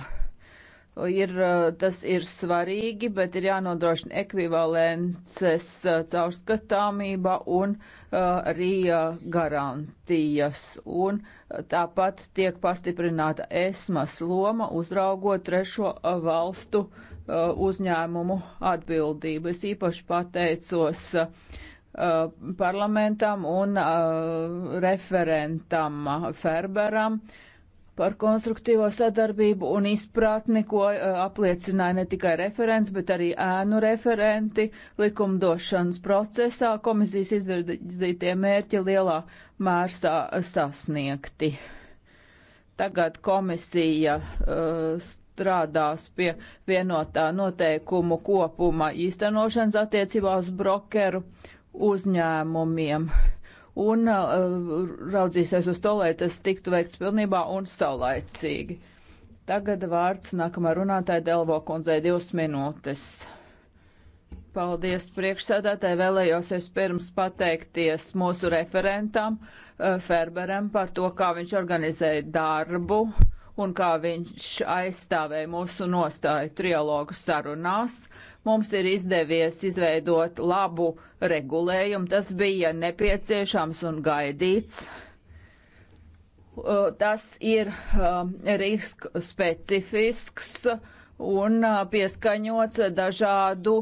ir, tas ir svarīgi, bet ir jānodrošina ekvivalences caurskatāmība un arī garantijas. Un tāpat tiek pastiprināta esmas loma uzraugot trešo valstu uzņēmumu atbildību. Es īpaši pateicos parlamentam un referentam Ferberam par konstruktīvo sadarbību un izpratni, ko e, apliecināja ne tikai referents, bet arī ēnu referenti likumdošanas procesā komisijas izvirzītie mērķi lielā mērstā e, sasniegti. Tagad komisija uh, strādās pie vienotā noteikumu kopuma īstenošanas attiecībā uz brokeru uzņēmumiem. Uh, un uh, raudzīsies uz to, lai tas tiktu veikts pilnībā un saulaicīgi. Tagad vārds nākamā runātāja Delvo kundzei divas minūtes. Paldies priekšsēdētāji, vēlējos es pirms pateikties mūsu referentam uh, Ferberam par to, kā viņš organizēja darbu un kā viņš aizstāvēja mūsu nostāju trialogu sarunās. Uh, Mums ir izdevies izveidot labu regulējumu. Tas bija nepieciešams un gaidīts. Uh, tas ir um, risk specifisks un uh, pieskaņots dažādu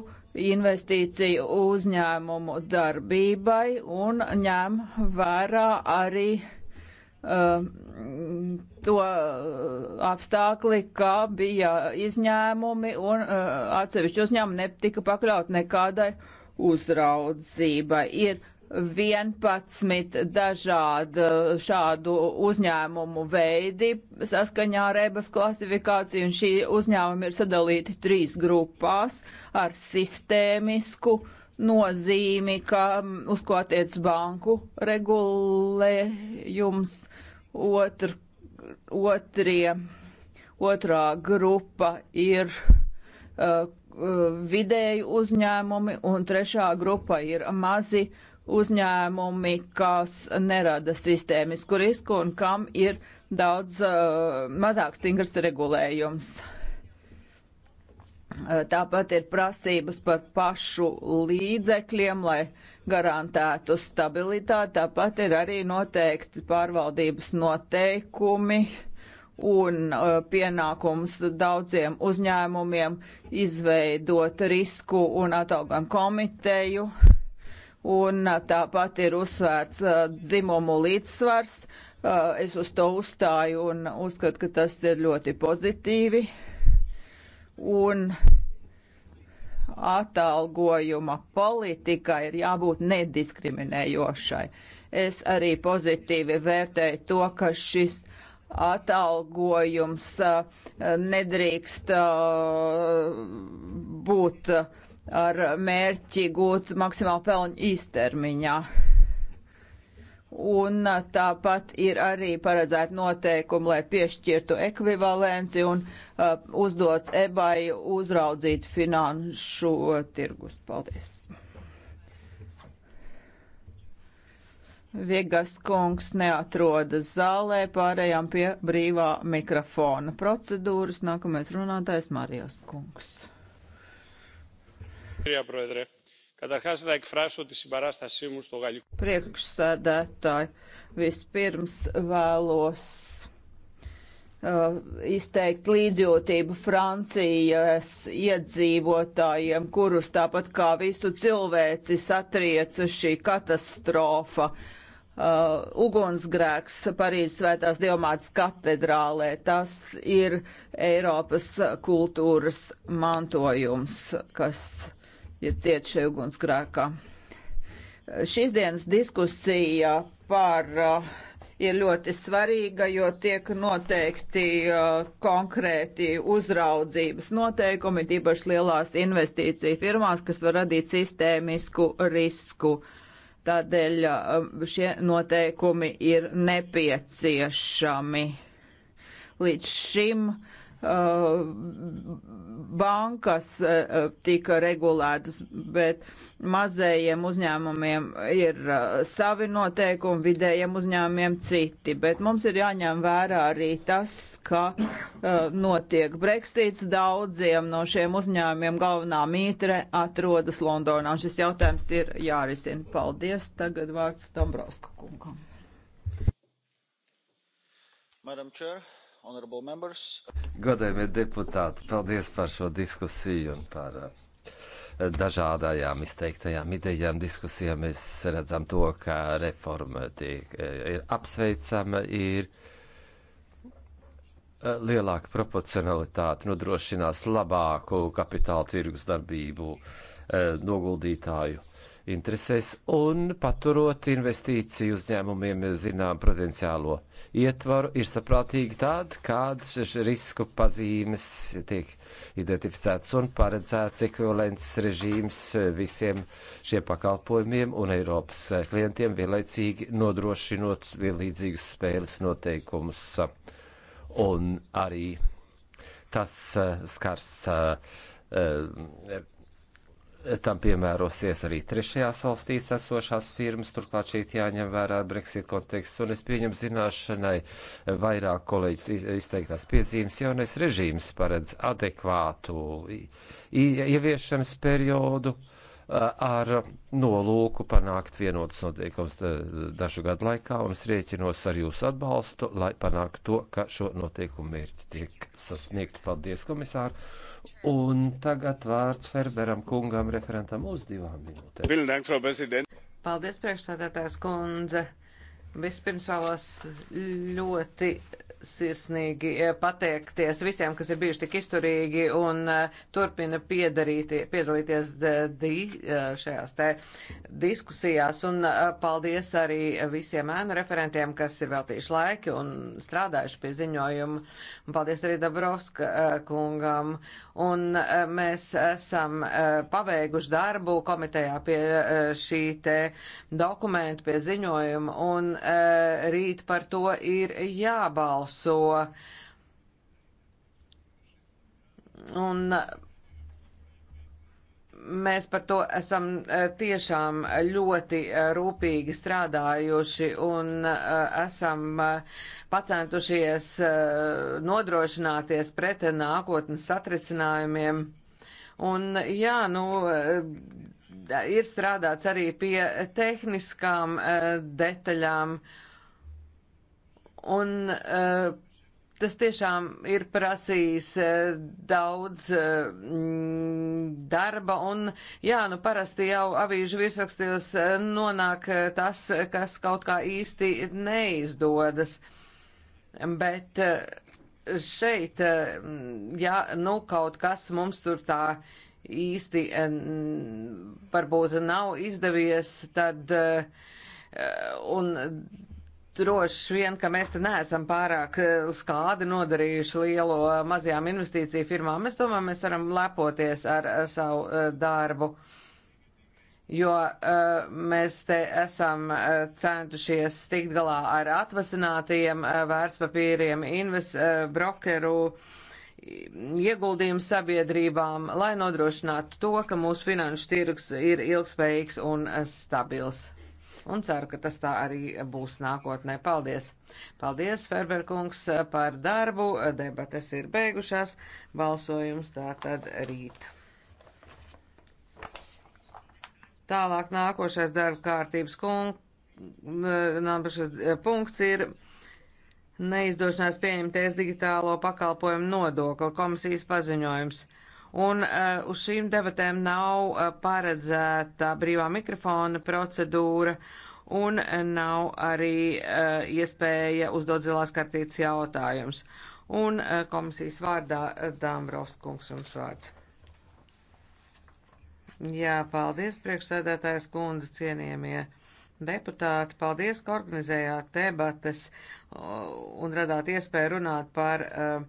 investīciju uzņēmumu darbībai un ņem vērā arī uh, Um, to apstākli, ka bija izņēmumi un uh, atsevišķi uzņēmumi netika pakļaut nekādai uzraudzībai. Ir 11 dažādu uh, šādu uzņēmumu veidi saskaņā ar ebas klasifikāciju, un šī uzņēmumi ir sadalīti trīs grupās ar sistēmisku uh, nozīmi, ka, uz ko attiec banku regulējums, otr, otrie, otrā grupa ir uh, vidēju uzņēmumi, un trešā grupa ir mazi uzņēmumi, kas nerada sistēmisku risku un kam ir daudz uh, mazāk stingrs regulējums. Eh, tāpat ir prasības par pašu līdzekļiem, lai garantētu stabilitāti. Tāpat ir arī noteikti pārvaldības noteikumi un eh, pienākums daudziem uzņēmumiem izveidot risku un atalgojumu komiteju. Un eh, tāpat ir uzsvērts dzimumu līdzsvars. Es uz to uzstāju un uzskatu, ka tas ir ļoti pozitīvi un atalgojuma politika ir jābūt nediskriminējošai. Es arī pozitīvi vērtēju to, ka šis atalgojums nedrīkst būt ar mērķi gūt maksimālu pelnu īstermiņā. Un tāpat ir arī paredzēta noteikuma, lai piešķirtu ekvivalenci un uh, uzdots ebai uzraudzīt finanšu tirgus. Paldies! Viegas kungs neatrodas zālē, pārējām pie brīvā mikrofona procedūras. Nākamais runātājs Marijas kungs. Jā, brother. Καταρχάς να εκφράσω τη συμπαράστασή μου στο γαλλικό. Priekšsēdētāji, vispirms vēlos uh, izteikt līdzjūtību Francijas iedzīvotājiem, kurus tāpat kā visu cilvēci satrieca šī katastrofa. Uh, ugunsgrēks Parīzes svētās Dievmātes katedrālē. Tas ir Eiropas kultūras mantojums, kas ir cieši šajā ugunsgrēkā. Šīs dienas diskusija par uh, ir ļoti svarīga, jo tiek noteikti uh, konkrēti uzraudzības noteikumi, tīpaši lielās investīciju firmās, kas var radīt sistēmisku risku. Tādēļ uh, šie noteikumi ir nepieciešami. Līdz šim uh, Uh, bankas uh, tika regulētas, bet mazējiem uzņēmumiem ir uh, savi noteikumi, vidējiem uzņēmumiem citi. Bet mums ir jāņem vērā arī tas, ka notiek Brexits. Daudziem no šiem uzņēmumiem galvenā mītre atrodas Londonā. Un šis jautājums ir jārisina. Paldies. Tagad vārds Dombrovska kungam. Madam Chair. Godējumie deputāti, paldies par šo diskusiju un par eh, dažādajām izteiktajām idejām, diskusijām. Mēs redzam to, ka reforma tiek, eh, ir apsveicama, ir eh, lielāka proporcionalitāte, nodrošinās labāku kapitāla tirgus darbību noguldītāju interesēs un paturot investīciju uzņēmumiem zinām prudenciālo ietvaru ir saprātīgi tāda, kādas risku pazīmes tiek identificētas un paredzēts ekvivalents režīms visiem šiem pakalpojumiem un Eiropas klientiem vienlaicīgi nodrošinot vienlīdzīgus spēles noteikumus. Un arī tas skars eh, Tam piemērosies arī trešajās valstīs esošās firmas, turklāt šeit jāņem vērā Brexit konteksts, un es pieņemu zināšanai vairāk kolēģis izteiktās piezīmes. Jaunais režīms paredz adekvātu ieviešanas periodu ar nolūku panākt vienotas noteikums dažu gadu laikā, un es rēķinos ar jūsu atbalstu, lai panāktu to, ka šo noteikumu mērķi tiek sasniegt. Paldies, komisāri! Un tagad vārds Ferberam kungam referentam uz divām minūtēm. Paldies, priekšstādātājs kundze. Vispirms vēlos ļoti sirsnīgi eh, pateikties visiem, kas ir bijuši tik izturīgi un eh, turpina piedalīties di, eh, šajās te diskusijās. Un paldies arī visiem ēnu referentiem, kas ir veltījuši laiki un strādājuši pie ziņojuma. Un paldies arī Dabrovska kungam. Un mēs esam paveiguši darbu komitejā pie šī te dokumenta, pie ziņojuma. Un rīt par to ir jābalso nobalso. Un mēs par to esam eh, tiešām ļoti eh, rūpīgi strādājuši un eh, esam pacentušies nodrošināties pret nākotnes satricinājumiem. Un jā, nu, ir strādāts arī pie tehniskām detaļām. Uh, Un uh, tas tiešām ir prasījis uh, daudz uh, darba, un jā, nu parasti jau avīžu virsrakstos nonāk tas, kas kaut kā īsti neizdodas. Bet šeit, mm, jā, nu kaut kas mums tur tā īsti mm, varbūt nav izdevies, tad un droši vien, ka mēs te neesam pārāk skādi eh, nodarījuši lielo eh, mazajām investīciju firmām. Es domāju, mēs varam lepoties ar eh, savu darbu, jo mēs te esam centušies tikt galā ar atvasinātajiem vērtspapīriem, invest, brokeru ieguldījumu sabiedrībām, lai nodrošinātu to, ka mūsu finanšu tirgs ir ilgspējīgs un stabils un ceru, ka tas tā arī būs nākotnē. Paldies! Paldies, Ferberkungs, par darbu. Debates ir beigušās. Balsojums tā tad rīt. Tālāk nākošais darba kārtības kung, nākošais eh, punkts ir neizdošanās pieņemties digitālo pakalpojumu nodokli komisijas paziņojums. Un uh, uz šīm debatēm nav uh, paredzēta brīvā mikrofona procedūra un uh, nav arī uh, iespēja uzdot zilās kartītes jautājumus. Un uh, komisijas vārdā uh, Dāmbrovs kungs jums vārds. Jā, paldies priekšsēdētājs kundze cienījamie. Deputāti, paldies, ka organizējāt debates uh, un radāt iespēju runāt par uh,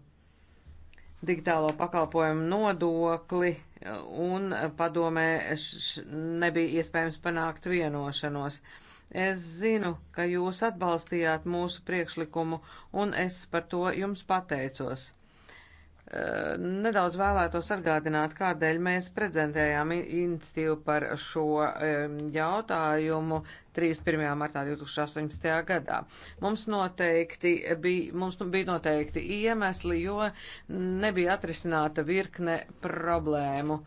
digitālo pakalpojumu nodokli, un padomē nebija iespējams panākt vienošanos. Es zinu, ka jūs atbalstījāt mūsu priekšlikumu, un es par to jums pateicos nedaudz vēlētos atgādināt, kādēļ mēs prezentējām iniciatīvu par šo jautājumu 31. martā 2018. gadā. Mums noteikti bija, mums nu bija noteikti iemesli, jo nebija atrisināta virkne problēmu.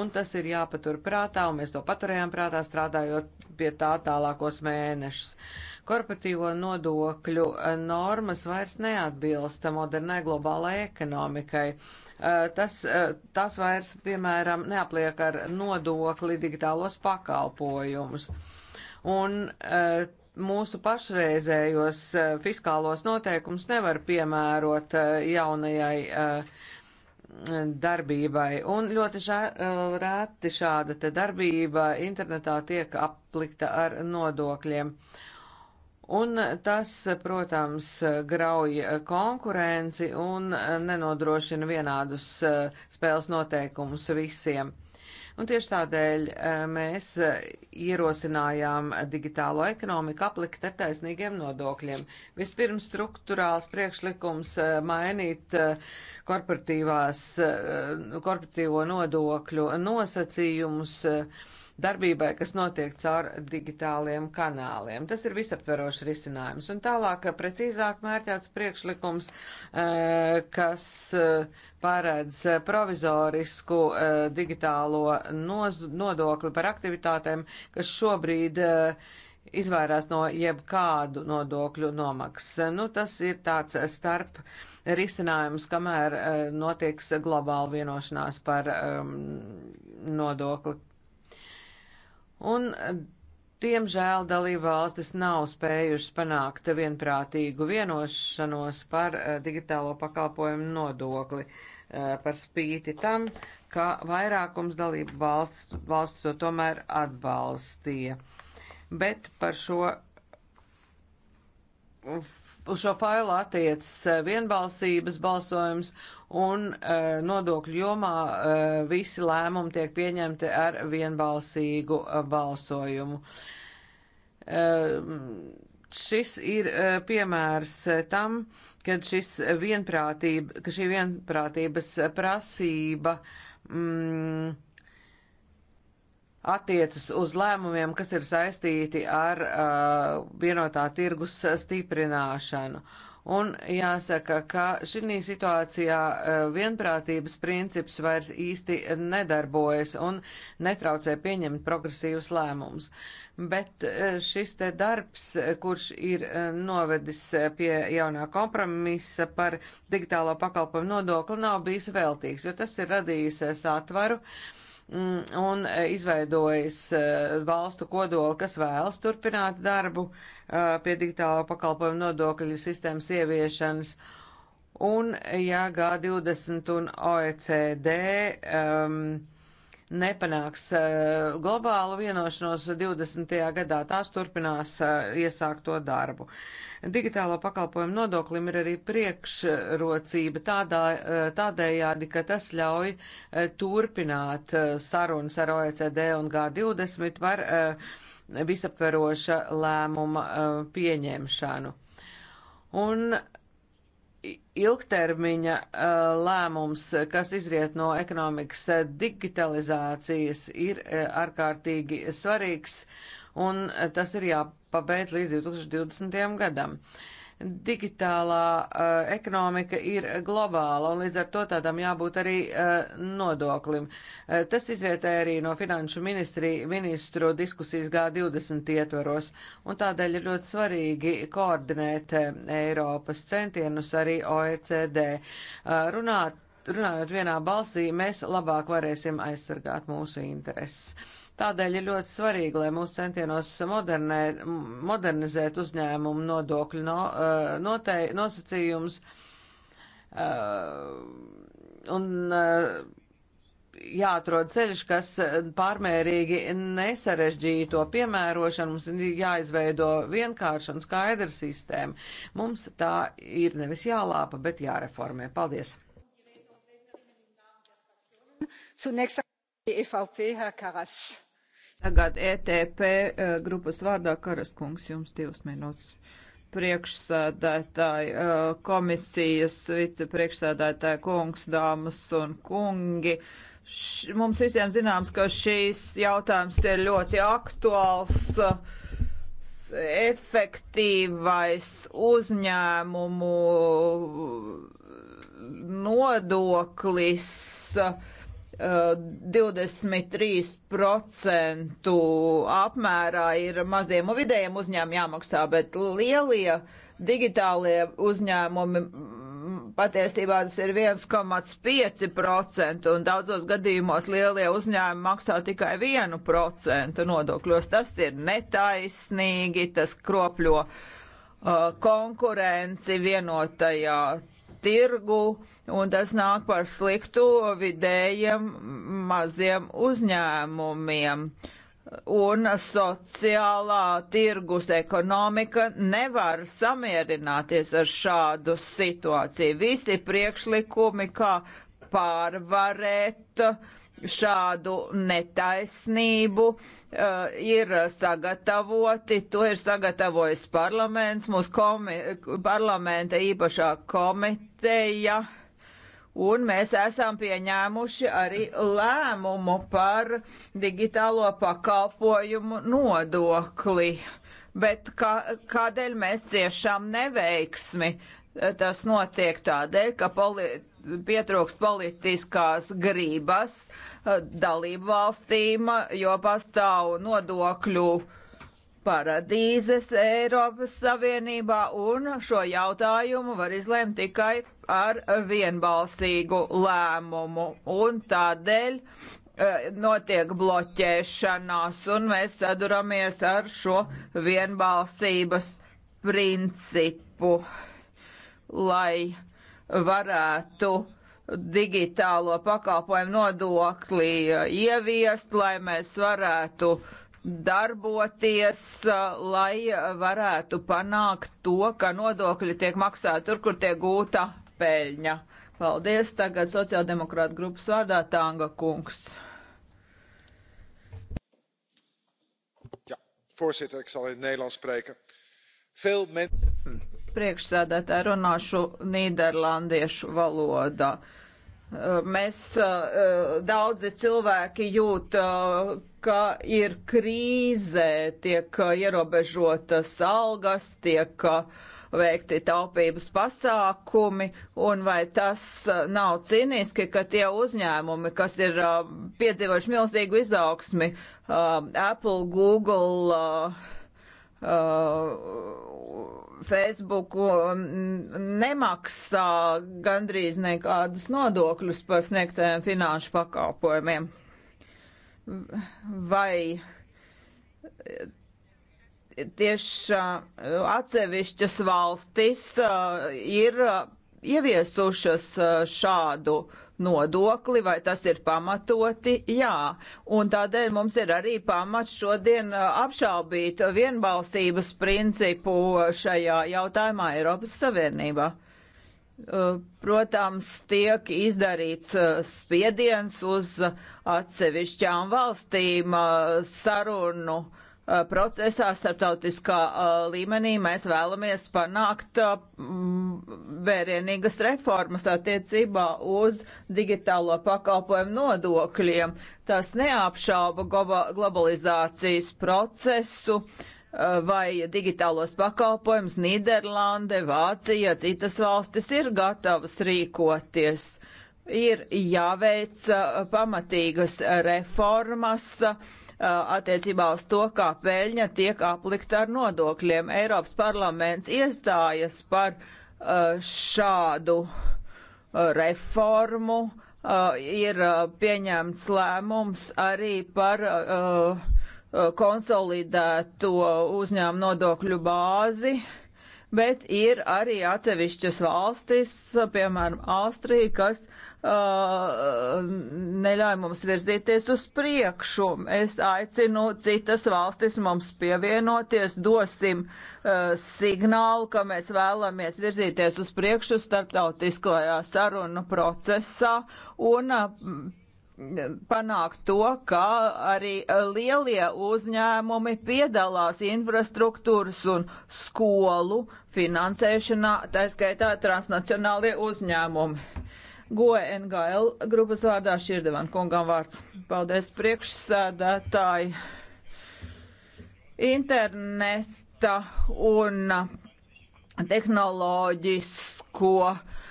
Un tas ir jāpatur prātā, un mēs to paturējām prātā, strādājot pie tā tālākos mēnešus. Uh, Korporatīvo nodokļu eh, normas vairs neatbilsta modernai globālajai ekonomikai. Eh, tas, eh, tas vairs, piemēram, neapliek ar nodokli digitālos pakalpojumus. Un mūsu pašreizējos fiskālos noteikums nevar piemērot jaunajai darbībai. Un ļoti žā, rēti šāda te darbība internetā tiek aplikta ar nodokļiem. Uh, Un tas, protams, grauj konkurenci un nenodrošina vienādus eh, spēles noteikumus visiem. Un tieši tādēļ eh, mēs eh, ierosinājām digitālo ekonomiku aplikt ar taisnīgiem nodokļiem. Vispirms struktūrāls priekšlikums mainīt korporatīvās, nu, korporatīvo nodokļu nosacījumus darbībai, kas notiek caur digitāliem kanāliem. Tas ir visaptverošs risinājums. Un tālāk precīzāk mērķēts priekšlikums, eh, kas eh, paredz provizorisku eh, digitālo nodokli par aktivitātēm, kas šobrīd izvairās no jebkādu nodokļu nomaksas. Nu, tas ir tāds starp risinājums, kamēr notieks globāla vienošanās par um, nodokli un, diemžēl, dalība valstis nav spējušas panākt vienprātīgu vienošanos par eh, digitālo pakalpojumu nodokli eh, par spīti tam, ka vairākums dalību valsts, valsts to tomēr atbalstīja. Bet par šo uz šo failu attiecas eh, vienbalsības balsojums un eh, nodokļu jomā eh, visi lēmumi tiek pieņemti ar vienbalsīgu balsojumu. Šis ir piemērs tam, kad šis vienprātība, ka šī vienprātības prasība mm, attiecas uz lēmumiem, kas ir saistīti ar uh, vienotā tirgus stiprināšanu. Un jāsaka, ka šī situācijā uh, vienprātības princips vairs īsti nedarbojas un netraucē pieņemt progresīvus lēmumus. Bet uh, šis te darbs, kurš ir uh, novedis uh, pie jaunā kompromisa par digitālo pakalpojumu nodokli, nav bijis veltīgs, jo tas ir radījis uh, satvaru. Uh, Mm, un e, izveidojas e, valstu kodoli, kas vēlas turpināt darbu e, pie digitālā pakalpojuma nodokļu sistēmas ieviešanas. Un, ja G20 un OECD um, nepanāks eh, globālu vienošanos 20. gadā, tās turpinās eh, iesākto darbu. Digitālo pakalpojumu nodoklim ir arī priekšrocība tādā, eh, tādējādi, ka tas ļauj turpināt sarunas ar OECD un G20 par visaptveroša lēmuma pieņemšanu. Un ilgtermiņa eh, lēmums, kas izriet no ekonomikas digitalizācijas, ir eh, ārkārtīgi svarīgs, un eh, tas ir jāpabeidz līdz 2020. gadam digitālā uh, ekonomika ir globāla, un līdz ar to tādam jābūt arī uh, nodoklim. Uh, tas izrietē arī no finanšu ministri, ministru diskusijas G20 ietvaros, un tādēļ ir ļoti svarīgi koordinēt Eiropas centienus arī OECD. Uh, runāt, runājot vienā balsī, mēs labāk varēsim aizsargāt mūsu intereses. Tādēļ ir ļoti svarīgi, lai mūsu centienos modernē, modernizēt uzņēmumu nodokļu no, eh, notei, nosacījums eh, un eh, jāatrod ceļš, kas pārmērīgi nesarežģīto piemērošanu, mums ir jāizveido vienkārša un skaidra sistēma. Mums tā ir nevis jālāpa, bet jāreformē. Paldies! Zunächst EVP, Herr Karas. Tagad ETP eh, grupas vārdā Karaskungs jums divas minūtes. Priekšsēdētāji, eh, komisijas vicepriekšsēdētāji, kungs, dāmas un kungi. Š, mums visiem zināms, ka šīs jautājums ir ļoti aktuāls efektīvais uzņēmumu eh, nodoklis 23% apmērā ir maziem un vidējiem uzņēmumiem jāmaksā, bet lielie digitālie uzņēmumi mm, patiesībā tas ir 1,5% un daudzos gadījumos lielie uzņēmumi maksā tikai 1% nodokļos. Tas ir netaisnīgi, tas kropļo uh, konkurenci vienotajā tirgu, un tas nāk par sliktu vidējiem maziem uzņēmumiem. Un sociālā tirgus ekonomika nevar samierināties ar šādu situāciju. Visi priekšlikumi, kā pārvarēt uh, šādu netaisnību uh, ir sagatavoti. To ir sagatavojis parlaments, mūsu komi parlamenta īpašā komiteja. Un mēs esam pieņēmuši arī lēmumu par digitālo pakalpojumu nodokli. Bet kā, kādēļ mēs ciešām neveiksmi? Tas notiek tādēļ, ka politi pietrūkst politiskās grības eh, dalību valstīm, jo pastāv nodokļu paradīzes Eiropas Savienībā, un šo jautājumu var izlēmt tikai ar vienbalsīgu lēmumu. Un tādēļ eh, notiek bloķēšanās, un mēs saduramies ar šo vienbalsības principu, lai varētu digitālo pakalpojumu nodokli uh, ieviest, lai mēs varētu darboties, uh, lai varētu panākt to, ka nodokļi tiek maksāti tur, kur tiek gūta peļņa. Paldies. Tagad sociāldemokrāta grupas vārdā Tānga kungs. Ja, voorzitter, ik zal in het Nederlands spreken. Veel mensen priekšsēdētāji runāšu nīderlandiešu valodā. Mēs eh, daudzi cilvēki jūt, eh, ka ir krīzē, tiek eh, ierobežotas algas, tiek veikti taupības pasākumi, un vai tas nav cīniski, ka tie uzņēmumi, kas ir piedzīvojuši milzīgu izaugsmi, Apple, Google, Facebook um, nemaksā gandrīz nekādus nodokļus par sniegtajiem finanšu pakalpojumiem. Vai eh, tieši eh, atsevišķas valstis eh, ir ieviesušas šādu nodokli, vai tas ir pamatoti? Jā, un tādēļ mums ir arī pamats šodien uh, apšaubīt vienbalsības principu šajā jautājumā Eiropas Savienībā. Uh, protams, tiek izdarīts uh, spiediens uz atsevišķām valstīm sarunu uh, Uh, procesā starptautiskā uh, līmenī mēs vēlamies panākt uh, vērienīgas reformas attiecībā uz digitālo pakalpojumu nodokļiem. Tas neapšauba globalizācijas procesu vai digitālos pakalpojumus Nīderlande, Vācija, citas valstis ir gatavas rīkoties. Ir jāveic pamatīgas reformas, uh, Uh, attiecībā uz to, kā peļņa tiek aplikta ar nodokļiem. Eiropas parlaments iestājas par uh, šādu uh, reformu. Ir pieņemts lēmums arī par konsolidēto uzņēmumu nodokļu bāzi bet ir arī atsevišķas valstis, piemēram, Austrija, kas Uh, neļauj mums virzīties uz priekšu. Es aicinu citas valstis mums pievienoties, dosim uh, signālu, ka mēs vēlamies virzīties uz priekšu starptautiskajā sarunu procesā un uh, panākt to, ka arī lielie uzņēmumi piedalās infrastruktūras un skolu finansēšanā, tā skaitā transnacionālie uzņēmumi. GoNGL grupas vārdā Širdevan kungam vārds. Paldies priekšsēdētāji. Interneta un tehnoloģisko uh,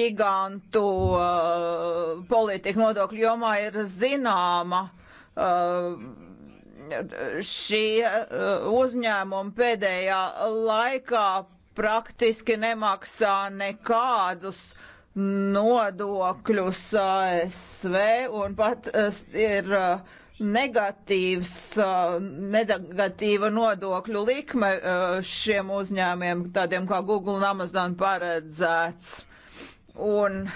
gigantu uh, eh, politiku nodokļu jomā ir zināma. Uh, šie uzņēmumi pēdējā laikā praktiski nemaksā nekādus nodokļus ASV eh, un pat eh, ir eh, negatīvs, negatīva nodokļu likme šiem uzņēmiem, tādiem kā Google un Amazon paredzēts. Un,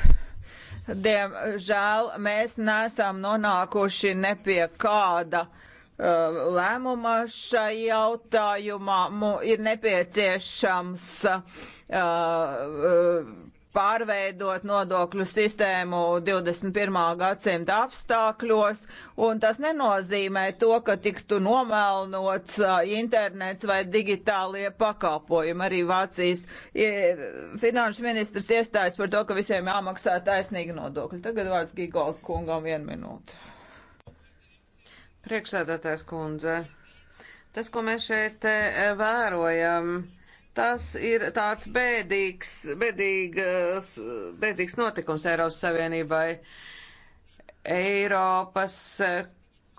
diemžēl, mēs nesam nonākuši ne pie kāda uh, lēmuma šai jautājumā. Mu ir nepieciešams uh, uh, pārveidot nodokļu sistēmu 21. gadsimta apstākļos, un tas nenozīmē to, ka tiktu nomelnots internets vai digitālie pakalpojumi. Arī Vācijas finanšu ministrs iestājas par to, ka visiem jāmaksā taisnīgi nodokļi. Tagad vārds Gigold kungam vienu minūtu. Priekšsēdētājs kundze, tas, ko mēs šeit vērojam, Tas ir tāds bēdīgs, bēdīgs, bēdīgs notikums Eiropas Savienībai. Eiropas eh,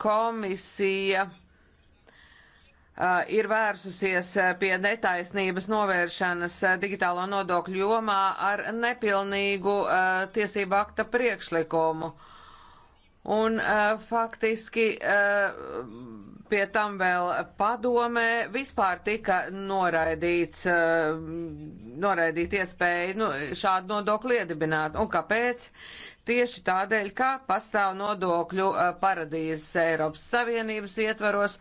komisija eh, ir vērsusies eh, pie netaisnības novēršanas digitālo nodokļu jomā ar nepilnīgu tiesību akta priekšlikumu. Un faktiski Pie tam vēl padomē vispār tika noraidīts, eh, noraidīt iespēju nu, šādu nodokli iedibināt. Un kāpēc? Tieši tādēļ, ka pastāv nodokļu eh, paradīzes Eiropas Savienības ietvaros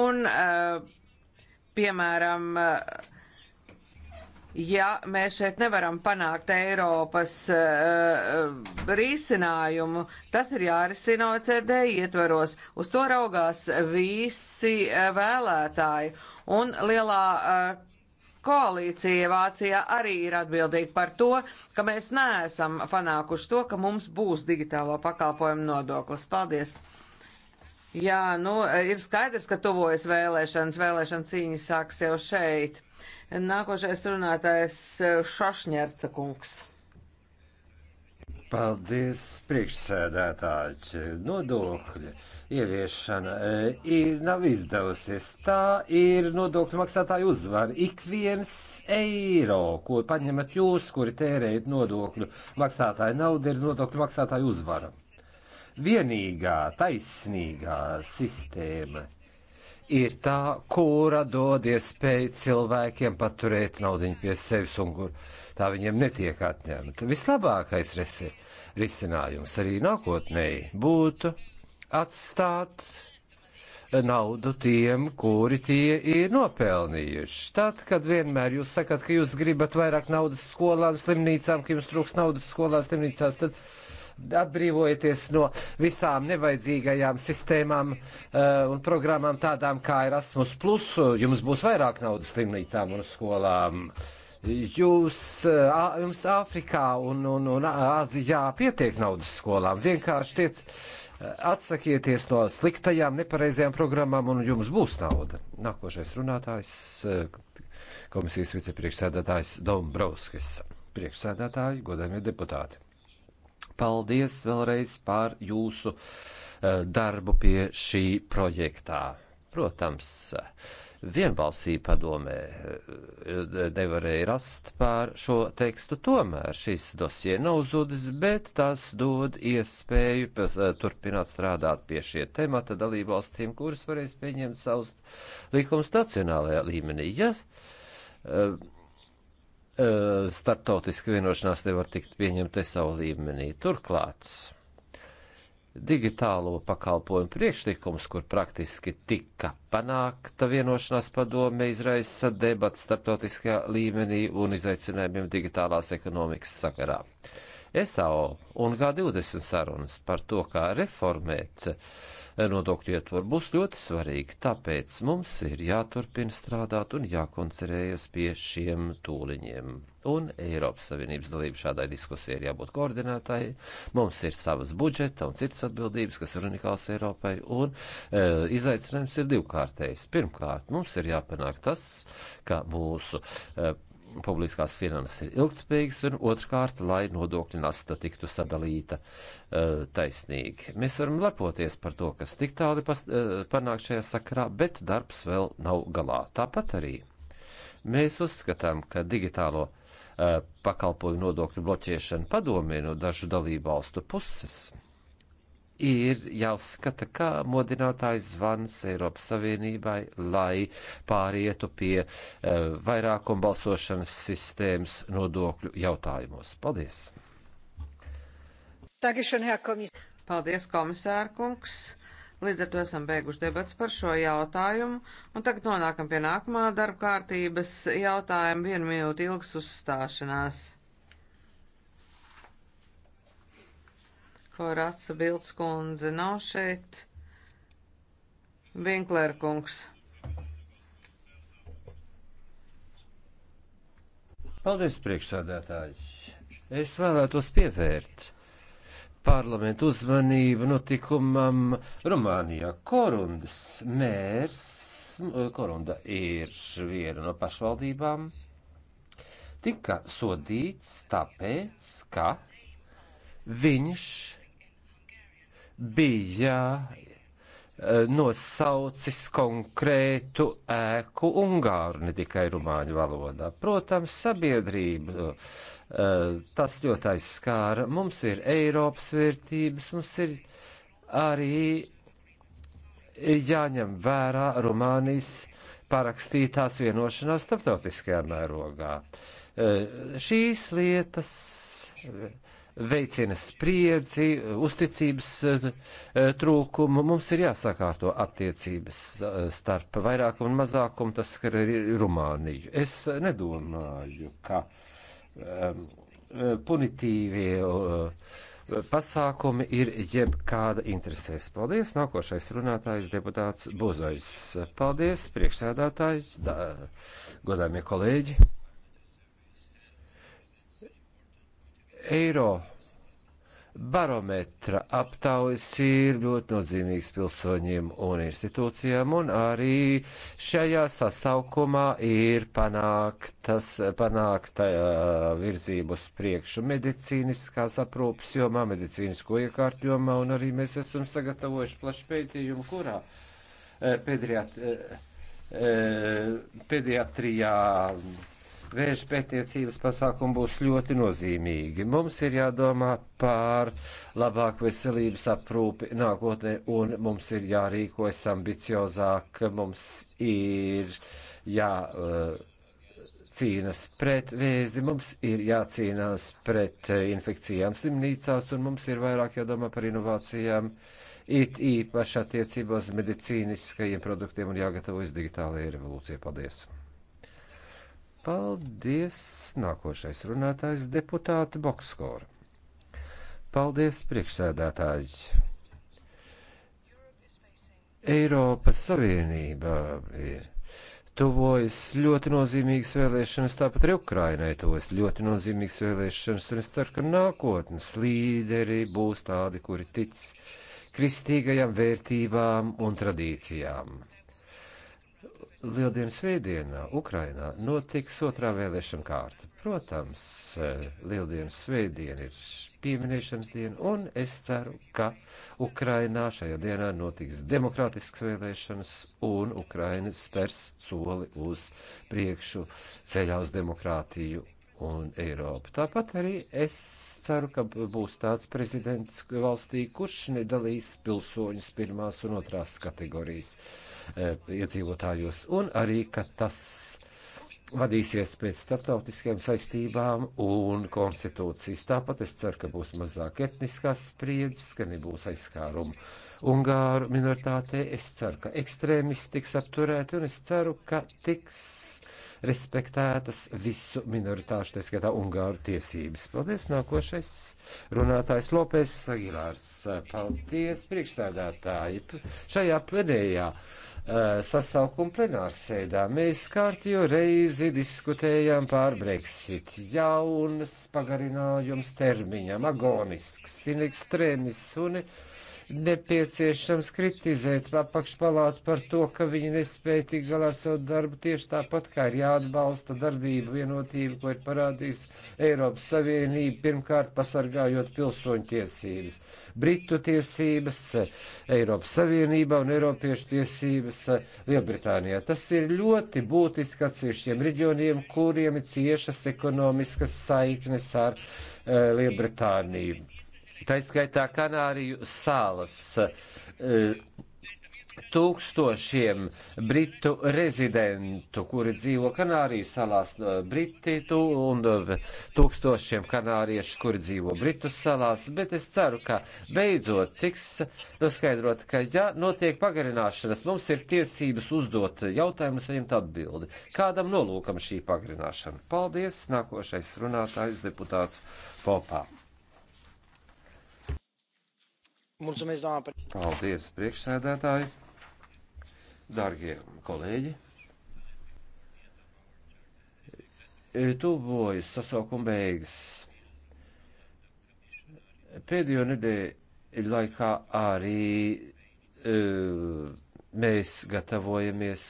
un, eh, piemēram, ja mēs šeit nevaram panākt Eiropas uh, risinājumu, tas ir jārisina OCD e ietvaros. Uz to raugās visi uh, vēlētāji. Un lielā uh, koalīcija Vācijā arī ir atbildīga par to, ka mēs neesam panākuši to, ka mums būs digitālo pakalpojumu nodoklis. Paldies! Jā, nu, ir skaidrs, ka tuvojas vēlēšanas, vēlēšana cīņa sāks jau šeit. Nākošais runātājs eh, Šašņērca kungs. Paldies, priekšsēdētāji. Nodokļi ieviešana eh, ir, nav izdevusies. Tā ir nodokļu maksātāju uzvara. Ik viens eiro, ko paņemat jūs, kuri tērējat nodokļu maksātāju naudu, ir nodokļu maksātāju uzvara. Vienīgā taisnīgā sistēma ir tā, kura dod iespēju cilvēkiem paturēt naudiņu pie sevis un kur tā viņiem netiek atņemta. Vislabākais resi, risinājums arī nākotnēji būtu atstāt naudu tiem, kuri tie ir nopelnījuši. Tad, kad vienmēr jūs sakat, ka jūs gribat vairāk naudas skolām, slimnīcām, ka jums trūks naudas skolās, slimnīcās, tad atbrīvojieties no visām nevajadzīgajām sistēmām eh, un programmām tādām kā Erasmus, jums būs vairāk naudas slimnīcām un skolām. Jūs, eh, jums Āfrikā un, un, un Āzijā pietiek naudas skolām. Vienkārši tiec, eh, atsakieties no sliktajām, nepareizajām programmām un jums būs nauda. Nākošais runātājs, komisijas vicepriekšsēdētājs Dombrovskis. Priekšsēdētāji, godājumie deputāti. Paldies vēlreiz par jūsu eh, darbu pie šī projektā. Protams, vienbalsība padomē eh, nevarēja rast pār šo tekstu. Tomēr šis dosie nav zudis, bet tas dod iespēju eh, turpināt strādāt pie šie temata dalībvalstīm, kuras varēs pieņemt savus likumus nacionālajā līmenī. Ja? starptautiska vienošanās nevar tikt pieņemta savu līmenī. Turklāt digitālo pakalpojumu priekšlikums, kur praktiski tika panākta vienošanās padome, izraisa debats starptautiskajā līmenī un izaicinājumiem digitālās ekonomikas sakarā. SAO un G20 sarunas par to, kā reformēt uh, nodokļu ietvaru būs ļoti svarīgi. Tāpēc mums ir jāturpina strādāt un jākoncentrējas pie šiem tūliņiem. Un Eiropas Savienības dalība šādai diskusijai ir jābūt koordinētāji. Mums ir savas budžeta un citas atbildības, kas ir unikāls Eiropai, un e, izaicinājums ir divkārtējs. Pirmkārt, mums ir jāpanāk tas, ka mūsu e, publiskās finanses ir ilgtspējīgas, un otrkārt, lai nodokļu nasta tiktu sadalīta uh, taisnīgi. Mēs varam lepoties par to, kas tik tālu ir uh, eh, panākts šajā sakarā, bet darbs vēl nav galā. Tāpat arī mēs uzskatām, ka digitālo uh, eh, pakalpojumu nodokļu bloķēšana padomē no dažu dalību valstu puses ir jāskata kā modinātājs zvans Eiropas Savienībai, lai pārietu pie uh, vairākuma balsošanas sistēmas nodokļu jautājumos. Paldies! Paldies, komisārkungs! Līdz ar to esam beiguši debats par šo jautājumu, un tagad nonākam pie nākamā darba kārtības jautājuma vienu minūti ilgas uzstāšanās. Koratsa Bildskundze nav šeit. Vinklēra kungs. Paldies, priekšsādātājs. Es vēlētos pievērt parlamentu uzmanību notikumam Rumānijā. Korundas mērs, Korunda ir viena no pašvaldībām, tika sodīts tāpēc, ka viņš bija eh, nosaucis konkrētu ēku ungāru, ne tikai rumāņu valodā. Protams, sabiedrība eh, tas ļoti aizskāra. Mums ir Eiropas vērtības, mums ir arī jāņem vērā Rumānijas parakstītās vienošanās starptautiskajā mērogā. Eh, šīs lietas veicina spriedzi, uzticības eh, trūkumu. Mums ir jāsakārto attiecības eh, starp vairākumu un mazākumu, tas skar arī Rumāniju. Es nedomāju, ka um, punitīvie pasākumi ir jebkāda interesēs. Paldies! Nākošais runātājs deputāts Buzojs. Paldies, priekšsēdātājs, godāmie kolēģi! Eiro barometra aptaujas ir ļoti nozīmīgs pilsoņiem un institūcijām, un arī šajā sasaukumā ir panāktas, panākta uh, virzība uz priekšu medicīniskās aprūpas jomā, medicīnisko iekārtu jomā, un arī mēs esam sagatavojuši plašu pētījumu, kurā uh, pēdējā. Uh, pediatrijā vēža pētniecības pasākumi būs ļoti nozīmīgi. Mums ir jādomā pār labāku veselības aprūpi nākotnē, un mums ir jārīkojas ambiciozāk, mums ir jā. Uh, eh, jācīnās pret vēzi, mums ir jācīnās pret eh, infekcijām slimnīcās, un mums ir vairāk jādomā par inovācijām, it īpaši attiecībā uz medicīniskajiem produktiem un jāgatavojas digitālajai revolūcijai. Paldies! Paldies! Nākošais runātājs deputāte Bokskora. Paldies, priekšsēdētājs! Eiropas Savienība tuvojas ļoti nozīmīgas vēlēšanas, tāpat arī Ukrainai tuvojas ļoti nozīmīgas vēlēšanas, un es ceru, ka nākotnes līderi būs tādi, kuri tic kristīgajām vērtībām un tradīcijām. Lieldienas svētdienā Ukrainā notiks otrā vēlēšana kārta. Protams, eh, Lieldienas svētdiena ir pieminēšanas diena, un es ceru, ka Ukrainā šajā dienā notiks demokrātisks vēlēšanas, un Ukraina spers soli uz priekšu ceļā uz demokrātiju un Eiropu. Tāpat arī es ceru, ka būs tāds prezidents valstī, kurš nedalīs pilsoņus pirmās un otrās kategorijas. Uh, E, iedzīvotājos, un arī, ka tas vadīsies pēc starptautiskajām saistībām un konstitūcijas. Tāpat es ceru, ka būs mazāk etniskās spriedzes, ka nebūs aizskārumu Ungāru minoritātē. Es ceru, ka ekstrēmisti tiks apturēti, un es ceru, ka tiks respektētas visu minoritāšu, tā skaitā Ungāru tiesības. Paldies, nākošais runātājs Lopēs Agilārs. Paldies, priekšsēdētāji, šajā pēdējā. Uh, sasaukuma plenārsēdā. Mēs kārtīgi reizi diskutējām par Brexit, jaunas pagarinājums termiņam, agonisks, in extremis un. Extremis, un nepieciešams kritizēt apakšpalātu par to, ka viņi nespēja tik galā ar savu darbu tieši tāpat, kā ir jāatbalsta darbību vienotību, ko ir parādījis Eiropas Savienība, pirmkārt pasargājot pilsoņu tiesības, Britu tiesības Eiropas Savienībā un Eiropiešu tiesības Lielbritānijā. Tas ir ļoti būtiski atsevišķiem reģioniem, kuriem ir ciešas ekonomiskas saiknes ar uh, Lielbritāniju Tā skaitā Kanāriju salas. Eh, tūkstošiem britu rezidentu, kuri dzīvo Kanāriju salās, briti tu, un eh, tūkstošiem kanāriešu, kuri dzīvo Britu salās, bet es ceru, ka beidzot tiks noskaidrot, ka ja notiek pagarināšanas, mums ir tiesības uzdot jautājumu un saņemt atbildi. Kādam nolūkam šī pagarināšana? Paldies, nākošais runātājs deputāts Popā doamnă președintă. Paldies, priekšsēdētāji, dārgie kolēģi. E, tuvojas sasaukuma beigas. Pēdējo nedēļu laikā arī e, mēs gatavojamies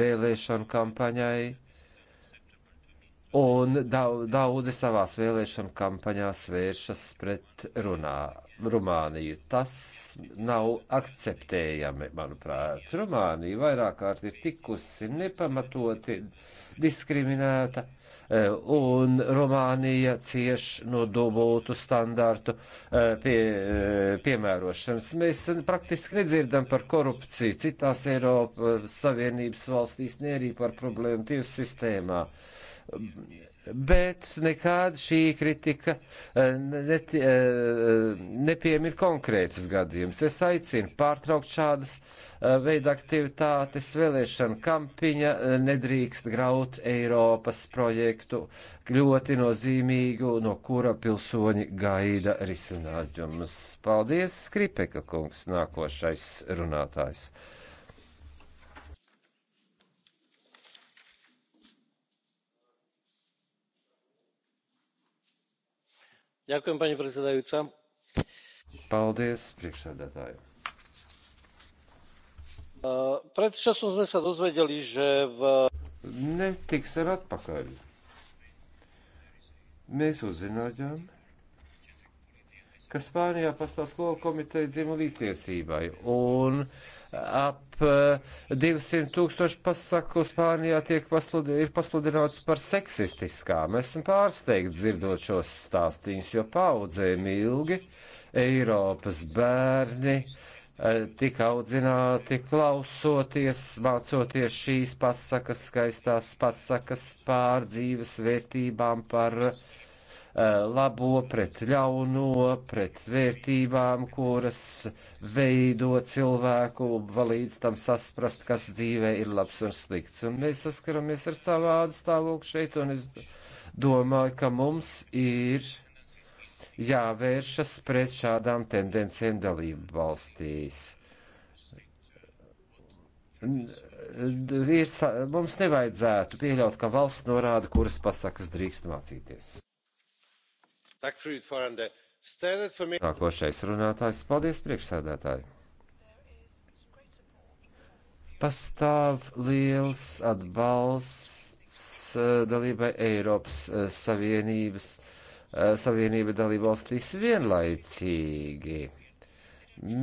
vēlēšanu kampaņai, un daudzi savās vēlēšanu kampaņās vēršas pret runā Rumāniju. Tas nav akceptējami, manuprāt. Rumānija vairāk kārt ir tikusi nepamatoti diskriminēta, e, un Rumānija cieš no dubultu standārtu e, pie, e, piemērošanas. Mēs praktiski nedzirdam par korupciju citās Eiropas Savienības valstīs, ne arī par problēmu tiesu sistēmā bet nekāda šī kritika eh, net, eh, eh, nepiemir konkrētus gadījumus. Es aicinu pārtraukt šādas veida aktivitātes, vēlēšana kampiņa nedrīkst graut Eiropas projektu, ļoti nozīmīgu, no kura pilsoņi gaida risinājumus. Paldies, Skripeka kungs, nākošais runātājs. pani predsedajúca paldies priekšsēdētāj e, pred časom sme sa dozvedeli že v netiksim atpakaļ mēs uzzinājām ka spānijā pastāv skolu komiteja dzimumu līdztiesībai un ap 200 eh, tūkstoši pasaku Spānijā tiek pasludi, ir pasludināts par seksistiskām. Esmu pārsteigts dzirdot šos stāstījumus, jo paudzēm ilgi Eiropas bērni eh, tika audzināti klausoties, mācoties šīs pasakas, skaistās pasakas pār dzīves vērtībām, par uh, Eh, labo pret ļauno, pret vērtībām, kuras veido cilvēku, palīdz tam sasprast, kas dzīvē ir labs un slikts. Un mēs saskaramies ar savādu stāvokli šeit, un es domāju, ka mums ir jāvēršas pret šādām tendencēm dalību valstīs ir, mums nevajadzētu pieļaut, ka valsts norāda, kuras pasakas drīkst mācīties. Nākošais runātājs. Paldies, priekšsēdētāji! Pastāv liels atbalsts eh, dalībai Eiropas eh, Savienības. Eh, Savienība dalība valstīs vienlaicīgi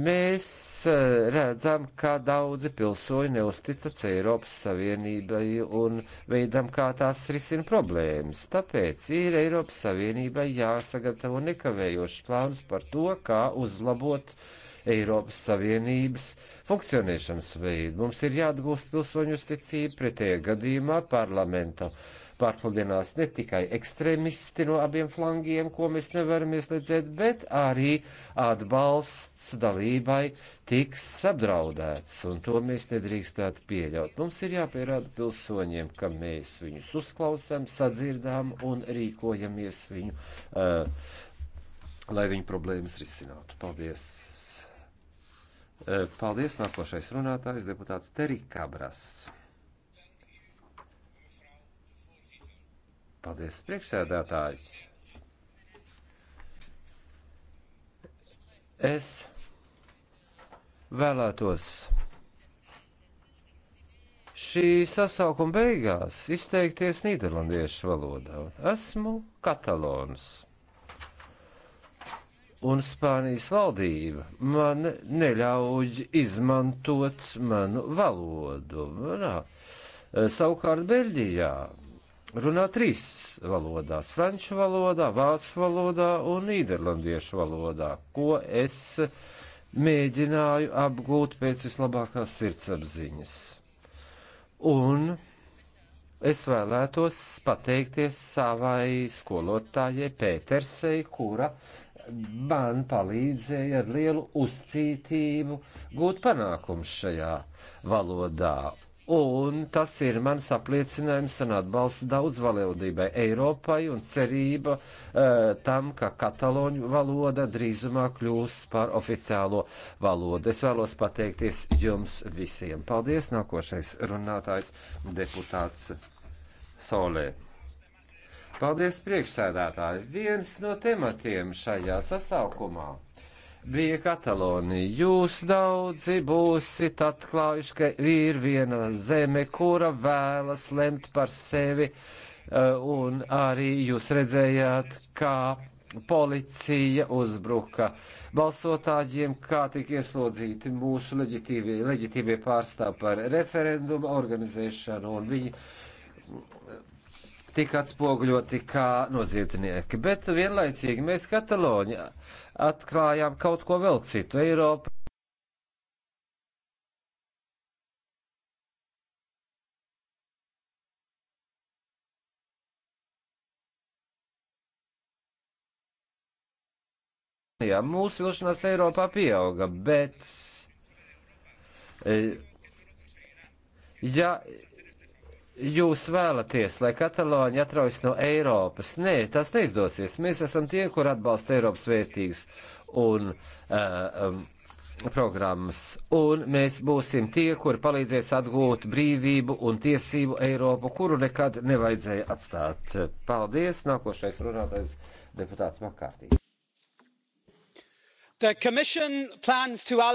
Mēs eh, redzam, ka daudzi pilsoņi neusticas Eiropas Savienībai un veidam, kā tās risina problēmas. Tāpēc ir Eiropas Savienībai jāsagatavo nekavējošs plāns par to, kā uzlabot Eiropas Savienības funkcionēšanas veidu. Mums ir jāatgūst pilsoņu uzticība, pretējā gadījumā parlamenta. Uh, pārpludinās ne tikai ekstremisti no abiem flangiem, ko mēs nevaram ieslēdzēt, bet arī atbalsts dalībai tiks apdraudēts, un to mēs nedrīkstētu pieļaut. Mums ir jāpierāda pilsoņiem, ka mēs viņus uzklausām, sadzirdām un rīkojamies viņu, uh, lai viņu problēmas risinātu. Paldies! Eh, paldies, nākošais runātājs, deputāts Terika Brasa. Paldies, priekšsēdētājs. Es vēlētos šī sasaukuma beigās izteikties nīderlandiešu valodā. Esmu katalons. Un Spānijas valdība man neļauj izmantot manu valodu. Manā. Savukārt Beļģijā runā trīs valodās - franču valodā, vācu valodā un nīderlandiešu valodā, ko es mēģināju apgūt pēc vislabākās sirdsapziņas. Un es vēlētos pateikties savai skolotājai Pētersei, kura man palīdzēja ar lielu uzcītību gūt panākumus šajā valodā. Un tas ir mans apliecinājums un atbalsts daudz valodībai Eiropai un cerība uh, tam, ka kataloņu valoda drīzumā kļūs par oficiālo valodu. Es vēlos pateikties jums visiem. Paldies, nākošais runātājs deputāts Solē. Paldies, priekšsēdētāji. Viens no tematiem šajā sasaukumā bija Katalonija. Jūs daudzi būsit atklājuši, ka ir viena zeme, kura vēlas lemt par sevi, eh, un arī jūs redzējāt, kā policija uzbruka balsotāģiem, kā tika ieslodzīti mūsu leģitīvie, leģitīvie pārstāv par referendumu organizēšanu, un viņi tika atspoguļoti kā noziedznieki. Bet vienlaicīgi mēs Katalonijā atklājām kaut ko vēl citu. Eiropa Jā, mūsu vilšanās Eiropā pieauga, bet. E, ja Jūs vēlaties, lai Katalāņi atraujas no Eiropas? Nē, tas neizdosies. Mēs esam tie, kur atbalsta Eiropas vērtības un uh, um, programmas. Un mēs būsim tie, kur palīdzēs atgūt brīvību un tiesību Eiropu, kuru nekad nevajadzēja atstāt. Paldies! Nākošais runātais deputāts Makārtī. To...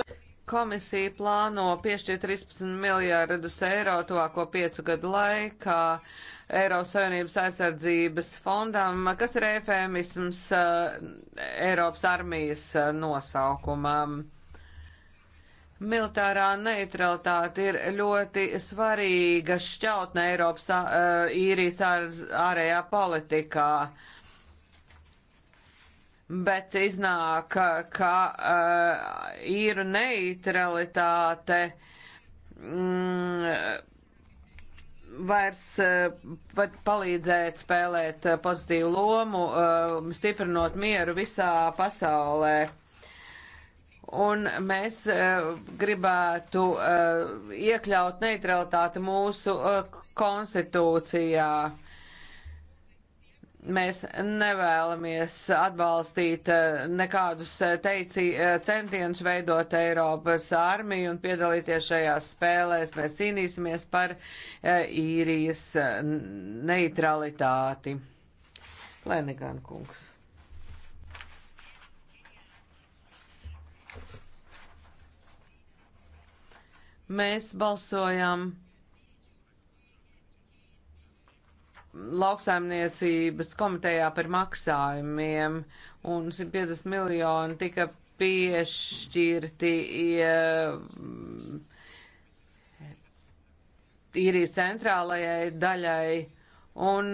Komisija plāno piešķirt 13 miljārdus eiro tuvāko piecu gadu laikā Eiropas Savienības aizsardzības fondam, kas ir efēmisms eh, Eiropas armijas eh, nosaukumam. Militārā neutralitāte ir ļoti svarīga šķautne Eiropas eh, īrijas ārējā politikā. Uh, bet iznāk, ka uh, ir neutralitāte mm, vairs uh, var palīdzēt spēlēt pozitīvu lomu, uh, stiprinot mieru visā pasaulē. Un mēs uh, gribētu uh, iekļaut neutralitāti mūsu uh, konstitūcijā. Uh, Mēs nevēlamies atbalstīt eh, nekādus eh, teici, eh, centienus veidot Eiropas armiju un piedalīties šajās spēlēs. Mēs cīnīsimies par īrijas neutralitāti. Lenigan kungs. Mēs balsojam lauksaimniecības komitejā par maksājumiem, un 150 miljoni tika piešķirti īrijas centrālajai daļai, un,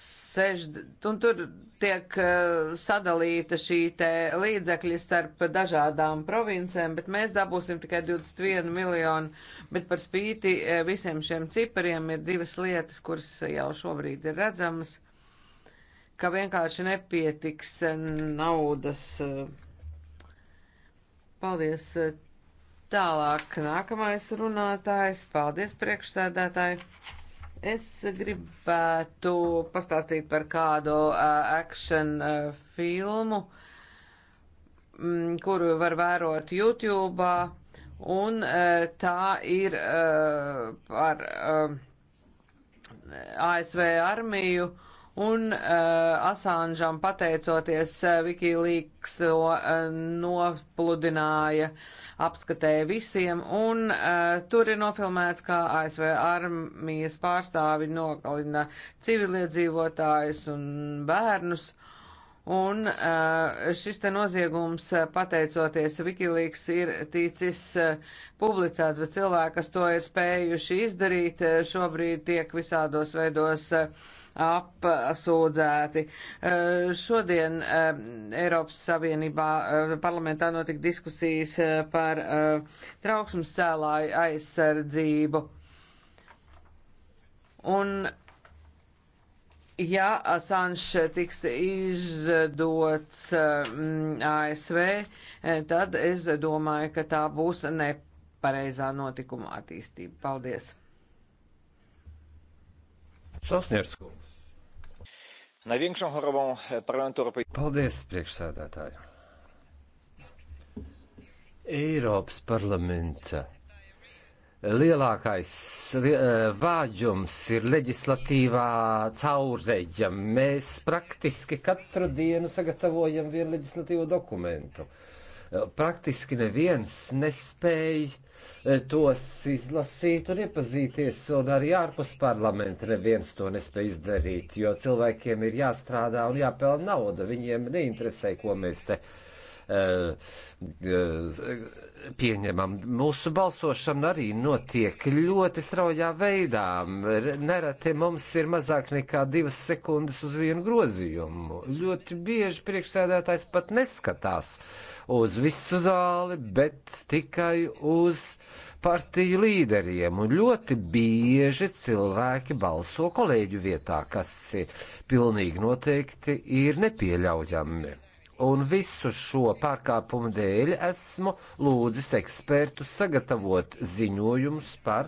sežd, un tur tiek e, sadalīta šī te līdzekļi starp dažādām provincēm, bet mēs dabūsim tikai 21 miljonu Bet par spīti e, visiem šiem cipariem ir divas lietas, kuras jau šobrīd ir redzamas, ka vienkārši nepietiks e, naudas. E. Paldies! Tālāk nākamais runātājs. Paldies, priekšsēdētāji! Es gribētu pastāstīt par kādu uh, action uh, filmu, mm, kuru var vērot YouTube. Ā un eh, tā ir eh, par eh, ASV armiju un Asanžam pateicoties Wikileaks nopludināja apskatēja visiem un tur ir nofilmēts, kā ASV armijas pārstāvi nogalina civiliedzīvotājus un bērnus. Un eh, šis te noziegums, eh, pateicoties Wikileaks, ir ticis eh, publicēts, bet cilvēki, kas to ir spējuši izdarīt, šobrīd tiek visādos veidos apsūdzēti. Šodien Eiropas Savienībā parlamentā notika diskusijas par trauksmes cēlāju aizsardzību. Un ja Assange tiks izdots mm, ASV, tad es domāju, ka tā būs nepareizā notikuma attīstība. Paldies! Sosnieks kungs. Największą chorobą eh, Parlamentu Europejskiego. Paldies, priekšsēdētāji. Eiropas parlamenta lielākais eh, vājums ir leģislatīvā caureja. Mēs praktiski katru dienu sagatavojam vienu leģislatīvo dokumentu. Eh, praktiski neviens nespēja eh, tos izlasīt un iepazīties, un arī ārpus parlamenta neviens to nespēja izdarīt, jo cilvēkiem ir jāstrādā un jāpelna nauda, viņiem neinteresē, ko mēs te darām Eh, eh, pieņemam. Mūsu balsošana arī notiek ļoti straujā veidā. Nereti mums ir mazāk nekā divas sekundes uz vienu grozījumu. Ļoti bieži priekšsēdētājs pat neskatās uz visu zāli, bet tikai uz partiju līderiem, un ļoti bieži cilvēki balso kolēģu vietā, kas pilnīgi noteikti ir nepieļaujami. Un visu šo pārkāpumu dēļ esmu lūdzis ekspertus sagatavot ziņojumus par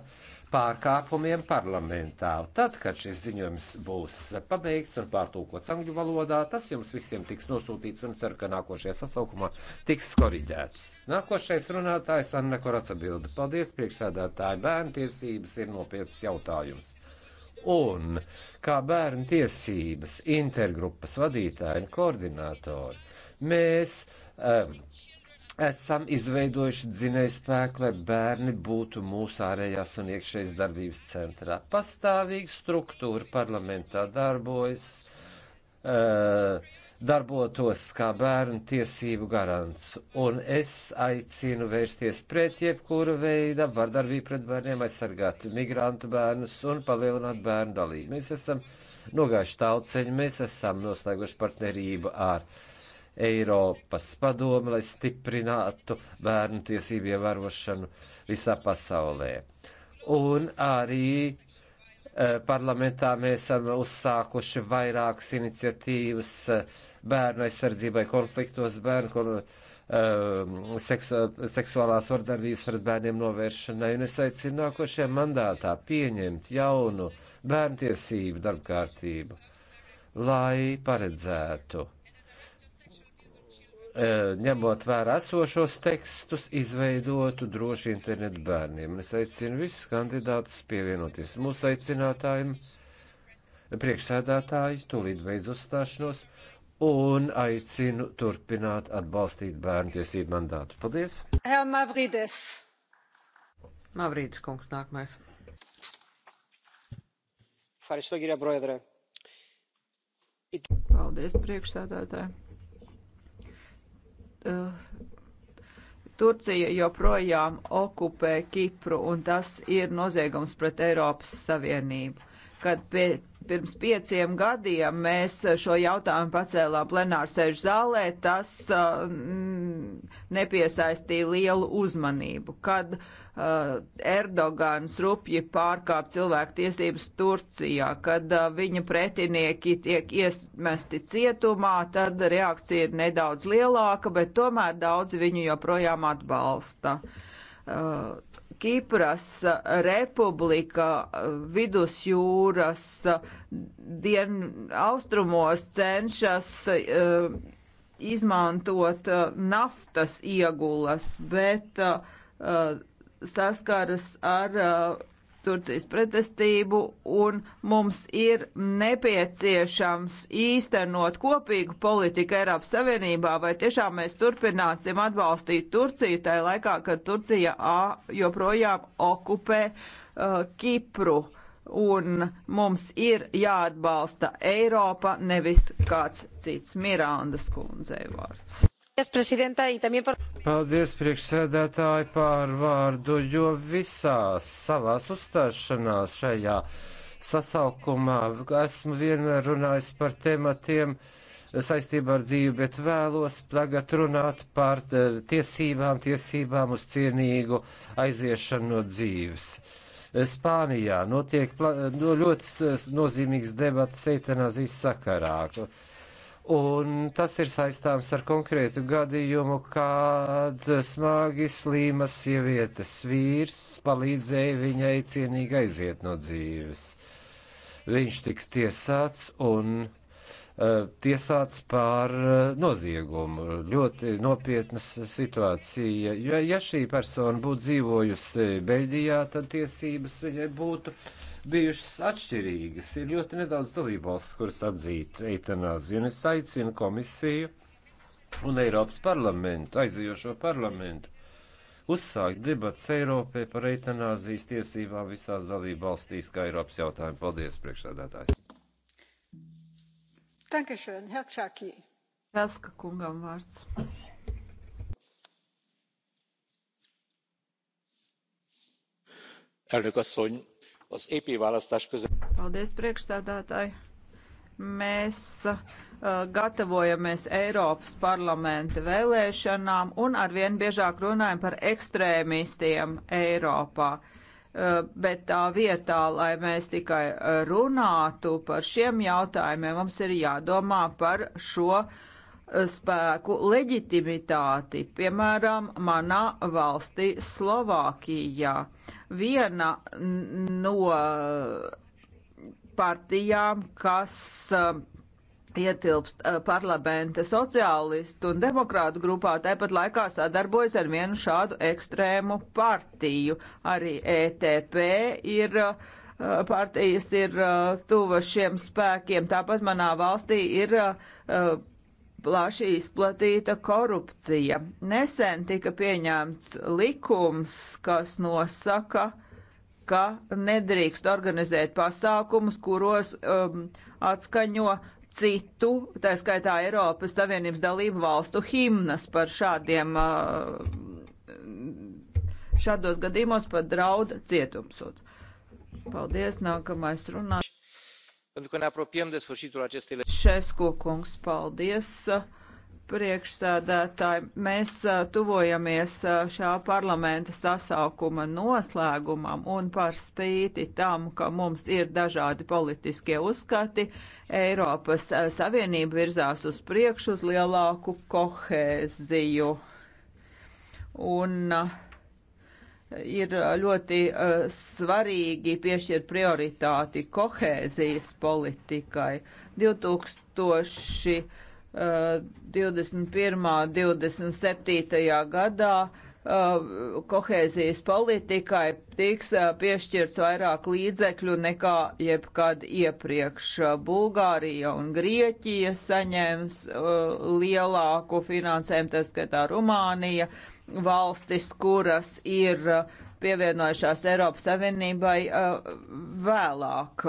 pārkāpumiem parlamentā. Tad, kad šis ziņojums būs pabeigts un pārtūkots angļu valodā, tas jums visiem tiks nosūtīts un ceru, ka nākošajā sasaukumā tiks skoriģēts. Nākošais runātājs Anna Koraca bilda. Paldies, priekšsēdētāji, bērntiesības ir nopietns jautājums. Un kā bērnu tiesības intergrupas vadītāji un koordinātori Mēs um, esam izveidojuši dzinēju spēku, lai bērni būtu mūsu ārējās un iekšējas darbības centrā. Pastāvīga struktūra parlamentā darbojas, uh, darbotos kā bērnu tiesību garants. Un es aicinu vērsties pret jebkuru veidu vardarbību pret bērniem, aizsargāt migrantu bērnus un palielināt bērnu dalību. Mēs esam nogājuši tauceņu, mēs esam noslēguši partnerību ar. Ār Eiropas padomu, lai stiprinātu bērnu tiesību ievērošanu visā pasaulē. Un arī e, parlamentā mēs esam uzsākuši vairākas iniciatīvas e, bērnu aizsardzībai konfliktos, bērnu kon, uh, seksu, seksuālās vardarbības pret bērniem novēršanai. Un es aicinu nākošajā mandātā pieņemt jaunu bērntiesību darbkārtību, lai paredzētu Eh, ņemot vērā esošos tekstus, izveidotu drošu internetu bērniem. Es aicinu visus kandidātus pievienoties mūsu aicinājumam, priekšsēdētāji, tūlīt beidz uzstāšanos, un aicinu turpināt atbalstīt bērnu tiesību mandātu. Paldies! El Mavrides! Mavrides kungs nākamais. Paldies, priekšsēdētāji! Eh, Turcija joprojām okupē Kipru, un tas ir noziegums pret Eiropas Savienību. Kad pēc pirms pieciem gadiem mēs šo jautājumu pacēlām plenārsēžu zālē, tas uh, nepiesaistīja lielu uzmanību. Kad uh, Erdogans rupji pārkāp cilvēku tiesības Turcijā, kad uh, viņa pretinieki tiek iesmesti cietumā, tad reakcija ir nedaudz lielāka, bet tomēr daudzi viņu joprojām atbalsta. Uh, Kipras republika vidusjūras dien austrumos cenšas uh, izmantot uh, naftas iegulas, bet uh, saskaras ar Turcijas pretestību un mums ir nepieciešams īstenot kopīgu politiku Eiropas Savienībā, vai tiešām mēs turpināsim atbalstīt Turciju tajā laikā, kad Turcija A joprojām okupē uh, Kipru. Un mums ir jāatbalsta Eiropa, nevis kāds cits Mirandas kundzei vārds. Paldies, priekšsēdētāji, par vārdu, jo visās savās uzstāšanās šajā sasaukumā esmu vienmēr runājis par tematiem saistībā ar dzīvi, bet vēlos tagad runāt par eh, tiesībām, tiesībām uz cienīgu aiziešanu no dzīves. Spānijā notiek no ļoti nozīmīgs debats eitanāzijas sakarā Un tas ir saistāms ar konkrētu gadījumu, kad smagi slīmas sievietes vīrs palīdzēja viņai cienīgi aiziet no dzīves. Viņš tika tiesāts un uh, tiesāts par uh, noziegumu. Ļoti nopietnas situācija. Ja, ja šī persona būtu dzīvojusi Beļģijā, tad tiesības viņai būtu uh, bijušas atšķirīgas. Ir ļoti nedaudz dalībvalsts, kuras atzīt eitanāziju, un es aicinu komisiju un Eiropas parlamentu, aizijošo parlamentu, uzsākt debats Eiropē par eitanāzijas tiesībām visās dalību valstīs, kā Eiropas jautājumu. Paldies, priekšsēdētāji! Dankeschön, Herr Czaki. Raska kungam vārds. Elnök asszony, az EP választás között. Paldies, priekšsēdētāji! Mēs uh, gatavojamies Eiropas parlamenta vēlēšanām un arvien biežāk runājam par ekstrēmistiem Eiropā. Uh, bet tā vietā, lai mēs tikai runātu par šiem jautājumiem, mums ir jādomā par šo uh, spēku leģitimitāti, piemēram, manā valstī Slovākijā. Viena no partijām, kas um, ietilpst uh, parlamenta sociālistu un demokrātu grupā, tāpat laikā sadarbojas ar vienu šādu ekstrēmu partiju. Arī ETP ir uh, partijas ir uh, tuva šiem spēkiem. Tāpat manā valstī ir plaši izplatīta korupcija. Nesen tika pieņemts likums, kas nosaka, ka nedrīkst organizēt pasākumus, kuros um, atskaņo citu, tā skaitā Eiropas Savienības dalību valstu himnas par šādiem, uh, šādos gadījumos pat draud cietumsots. Paldies, nākamais runāšana pentru că ne apropiem de sfârșitul acestei legislaturi. Šesku kungs, paldies! Priekšsēdētāji, mēs tuvojamies šā parlamenta sasaukuma noslēgumam un par spīti tam, ka mums ir dažādi politiskie uzskati, Eiropas Savienība virzās uz priekšu uz lielāku kohēziju. Un uh, ir uh, ļoti uh, svarīgi piešķirt prioritāti kohēzijas politikai. 2021. 27. Uh, gadā uh, kohēzijas politikai tiks uh, piešķirts vairāk līdzekļu nekā jebkad iepriekš. Bulgārija un Grieķija saņems uh, lielāku finansējumu, tas skatā Rumānija valstis, kuras ir uh, pievienojušās Eiropas Savienībai uh, vēlāk.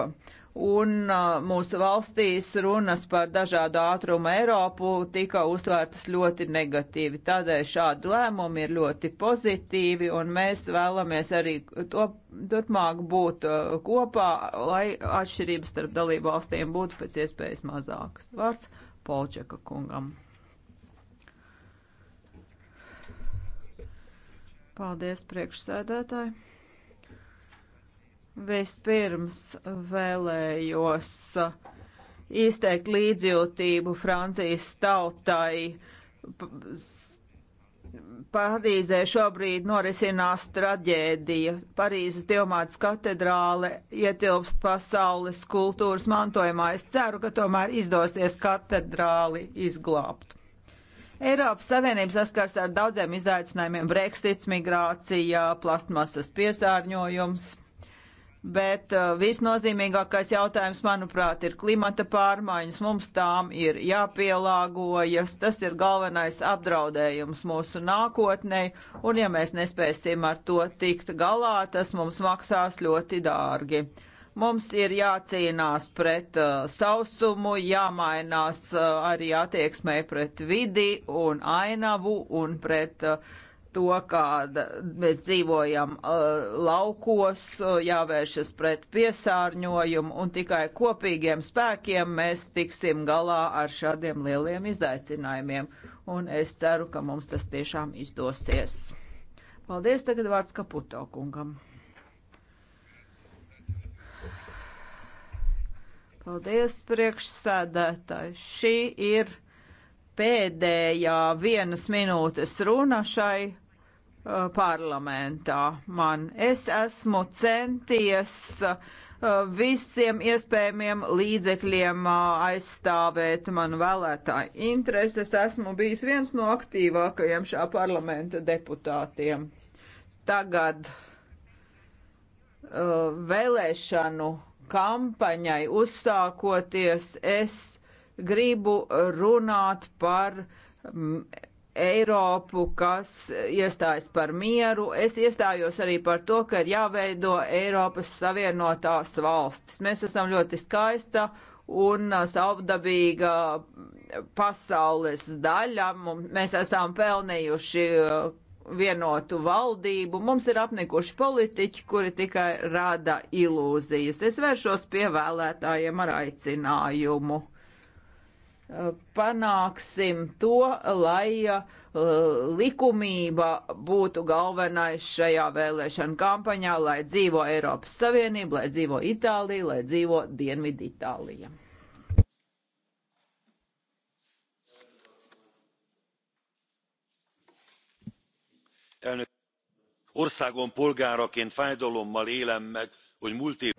Un uh, mūsu valstīs runas par dažādu ātrumu Eiropu tika uztvērtas ļoti negatīvi. Tādēļ šādi lēmumi ir ļoti pozitīvi, un mēs vēlamies arī to, turpmāk būt kopā, lai atšķirības starp dalību valstīm būtu pēc iespējas mazākas. Vārds Polčaka kungam. Paldies, priekšsēdētāji. Vispirms vēlējos izteikt līdzjūtību Francijas tautai. Parīzē šobrīd norisinās traģēdija. Parīzes Dievmātes katedrāle ietilpst pasaules kultūras mantojumā. Es ceru, ka tomēr izdosies katedrāli izglābt. Eiropas Savienība saskars ar daudziem izaicinājumiem - Brexits, migrācija, plastmasas piesārņojums. Bet uh, visnozīmīgākais jautājums, manuprāt, ir klimata pārmaiņas. Mums tām ir jāpielāgojas. Tas ir galvenais apdraudējums mūsu nākotnē, un ja mēs nespēsim ar to tikt galā, tas mums maksās ļoti dārgi. Mums ir jācīnās pret uh, sausumu, jāmainās uh, arī attieksmē pret vidi un ainavu un pret uh, to, kāda mēs dzīvojam uh, laukos, uh, jāvēršas pret piesārņojumu un tikai kopīgiem spēkiem mēs tiksim galā ar šādiem lieliem izaicinājumiem. Un es ceru, ka mums tas tiešām izdosies. Paldies, tagad vārds Kaputo kungam. Paldies, priekšsēdētāji. Šī ir pēdējā vienas minūtes runa šai uh, parlamentā. Man es esmu centies uh, visiem iespējamiem līdzekļiem uh, aizstāvēt manu vēlētāju intereses. Esmu bijis viens no aktīvākajiem šā parlamenta deputātiem. Tagad uh, vēlēšanu kampaņai uzsākoties, es gribu runāt par mm, Eiropu, kas iestājas par mieru. Es iestājos arī par to, ka ir jāveido Eiropas Savienotās valstis. Mēs esam ļoti skaista un savdabīga pasaules daļa. Mēs esam pelnījuši vienotu valdību. Mums ir apnikuši politiķi, kuri tikai rada ilūzijas. Es vēršos pie vēlētājiem ar aicinājumu. Panāksim to, lai uh, likumība būtu galvenais šajā vēlēšana kampaņā, lai dzīvo Eiropas Savienība, lai dzīvo Itālija, lai dzīvo Dienvidu Itālija. elnök úr országom polgáraként fájdalommal élem meg hogy múlt év.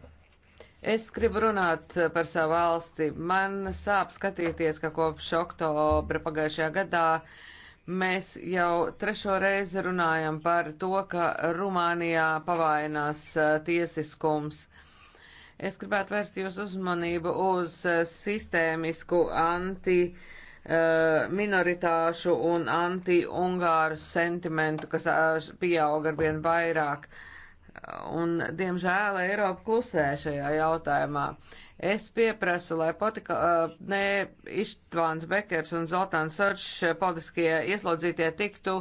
Es gribu runāt par savu valsti. Man sāp skatīties, ka kopš oktobra pagājušajā gadā mēs jau trešo reizi runājam par to, ka Rumānijā pavainās tiesiskums. Es gribētu vērst jūsu uzmanību uz sistēmisku anti Eh, minoritāšu un anti-ungāru sentimentu, kas eh, pieauga ar vien vairāk. Un, diemžēl, Eiropa klusē šajā jautājumā. Es pieprasu, lai potika, eh, ne, Ištvāns Bekers un Zoltāns Sorčs politiskie ieslodzītie tiktu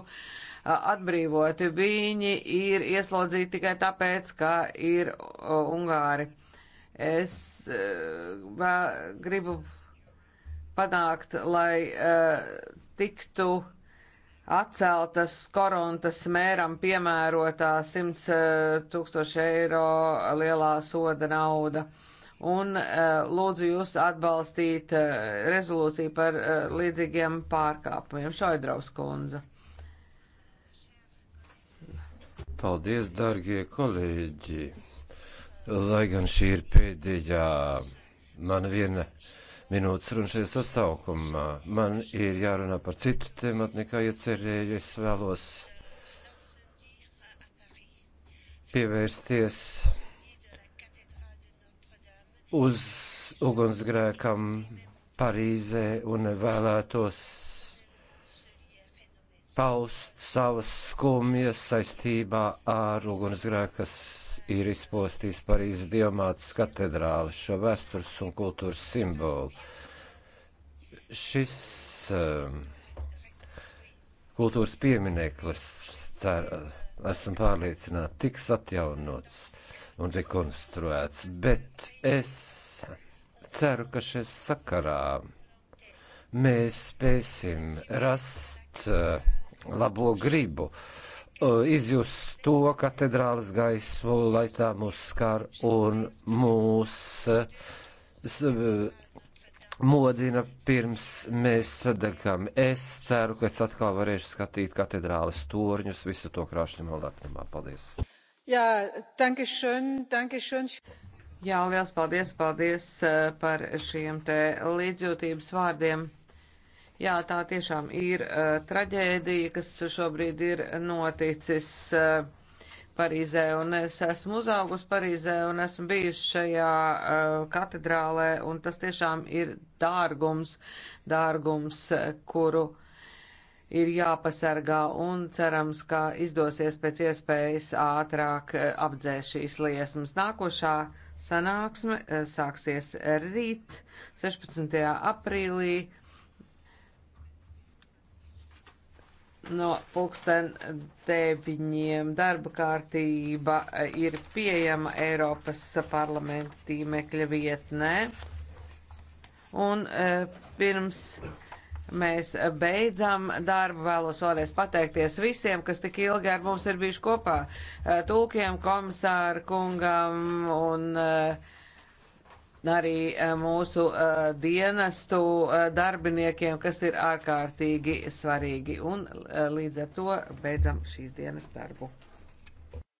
atbrīvoti. Viņi ir ieslodzīti tikai tāpēc, ka ir ungāri. Es vēl gribu panākt, lai uh, tiktu atceltas korontas mēram piemērotā 100 eh, tūkstoši eiro lielā soda nauda. Un eh, lūdzu jūs atbalstīt rezolūciju par līdzīgiem pārkāpumiem. Šoidraus kundze. Paldies, dargie kolēģi! Lai gan šī ir pēdējā man viena uh, minūtes runušies sasaukumā. Man ir jārunā par citu tematu nekā iecerēju. Es vēlos pievērsties uz ugunsgrēkam Parīzē un vēlētos paust savas skumjas saistībā ar ugunsgrēku, kas ir izpostījis Parīzes Diemātas katedrāli šo vēstures un kultūras simbolu. Šis um, kultūras piemineklis, cer, esmu pārliecināta, tiks atjaunots un rekonstruēts, bet es ceru, ka šajā sakarā mēs spēsim rast uh, labo gribu. Uh, Eh, izjust to katedrālas gaismu, lai tā mūs skar un mūs eh, modina pirms mēs sadegam. Es ceru, ka es atkal varēšu skatīt katedrālas torņus visu to krāšņumā lepnumā. Paldies! Jā, danke schön, danke schön. Jā, liels paldies, paldies eh, par šiem te līdzjūtības vārdiem. Jā, tā tiešām ir uh, traģēdija, kas šobrīd ir noticis uh, Parīzē, un es esmu uzaugus Parīzē, un esmu bijusi šajā uh, katedrālē, un tas tiešām ir dārgums, dārgums, kuru ir jāpasargā, un cerams, ka izdosies pēc iespējas ātrāk uh, apdzēst šīs liesmas. Nākošā sanāksme uh, sāksies rīt, 16. aprīlī no pulksten deviņiem. Darba kārtība e, ir pieejama Eiropas parlamenta tīmekļa vietnē. Un e, pirms mēs beidzam darbu, vēlos vēlreiz pateikties visiem, kas tik ilgi ar mums ir bijuši kopā. E, tulkiem, komisāru kungam un uh, arī eh, mūsu uh, dienestu uh, darbiniekiem, kas ir ārkārtīgi svarīgi. Un uh, līdz ar to beidzam šīs dienas darbu.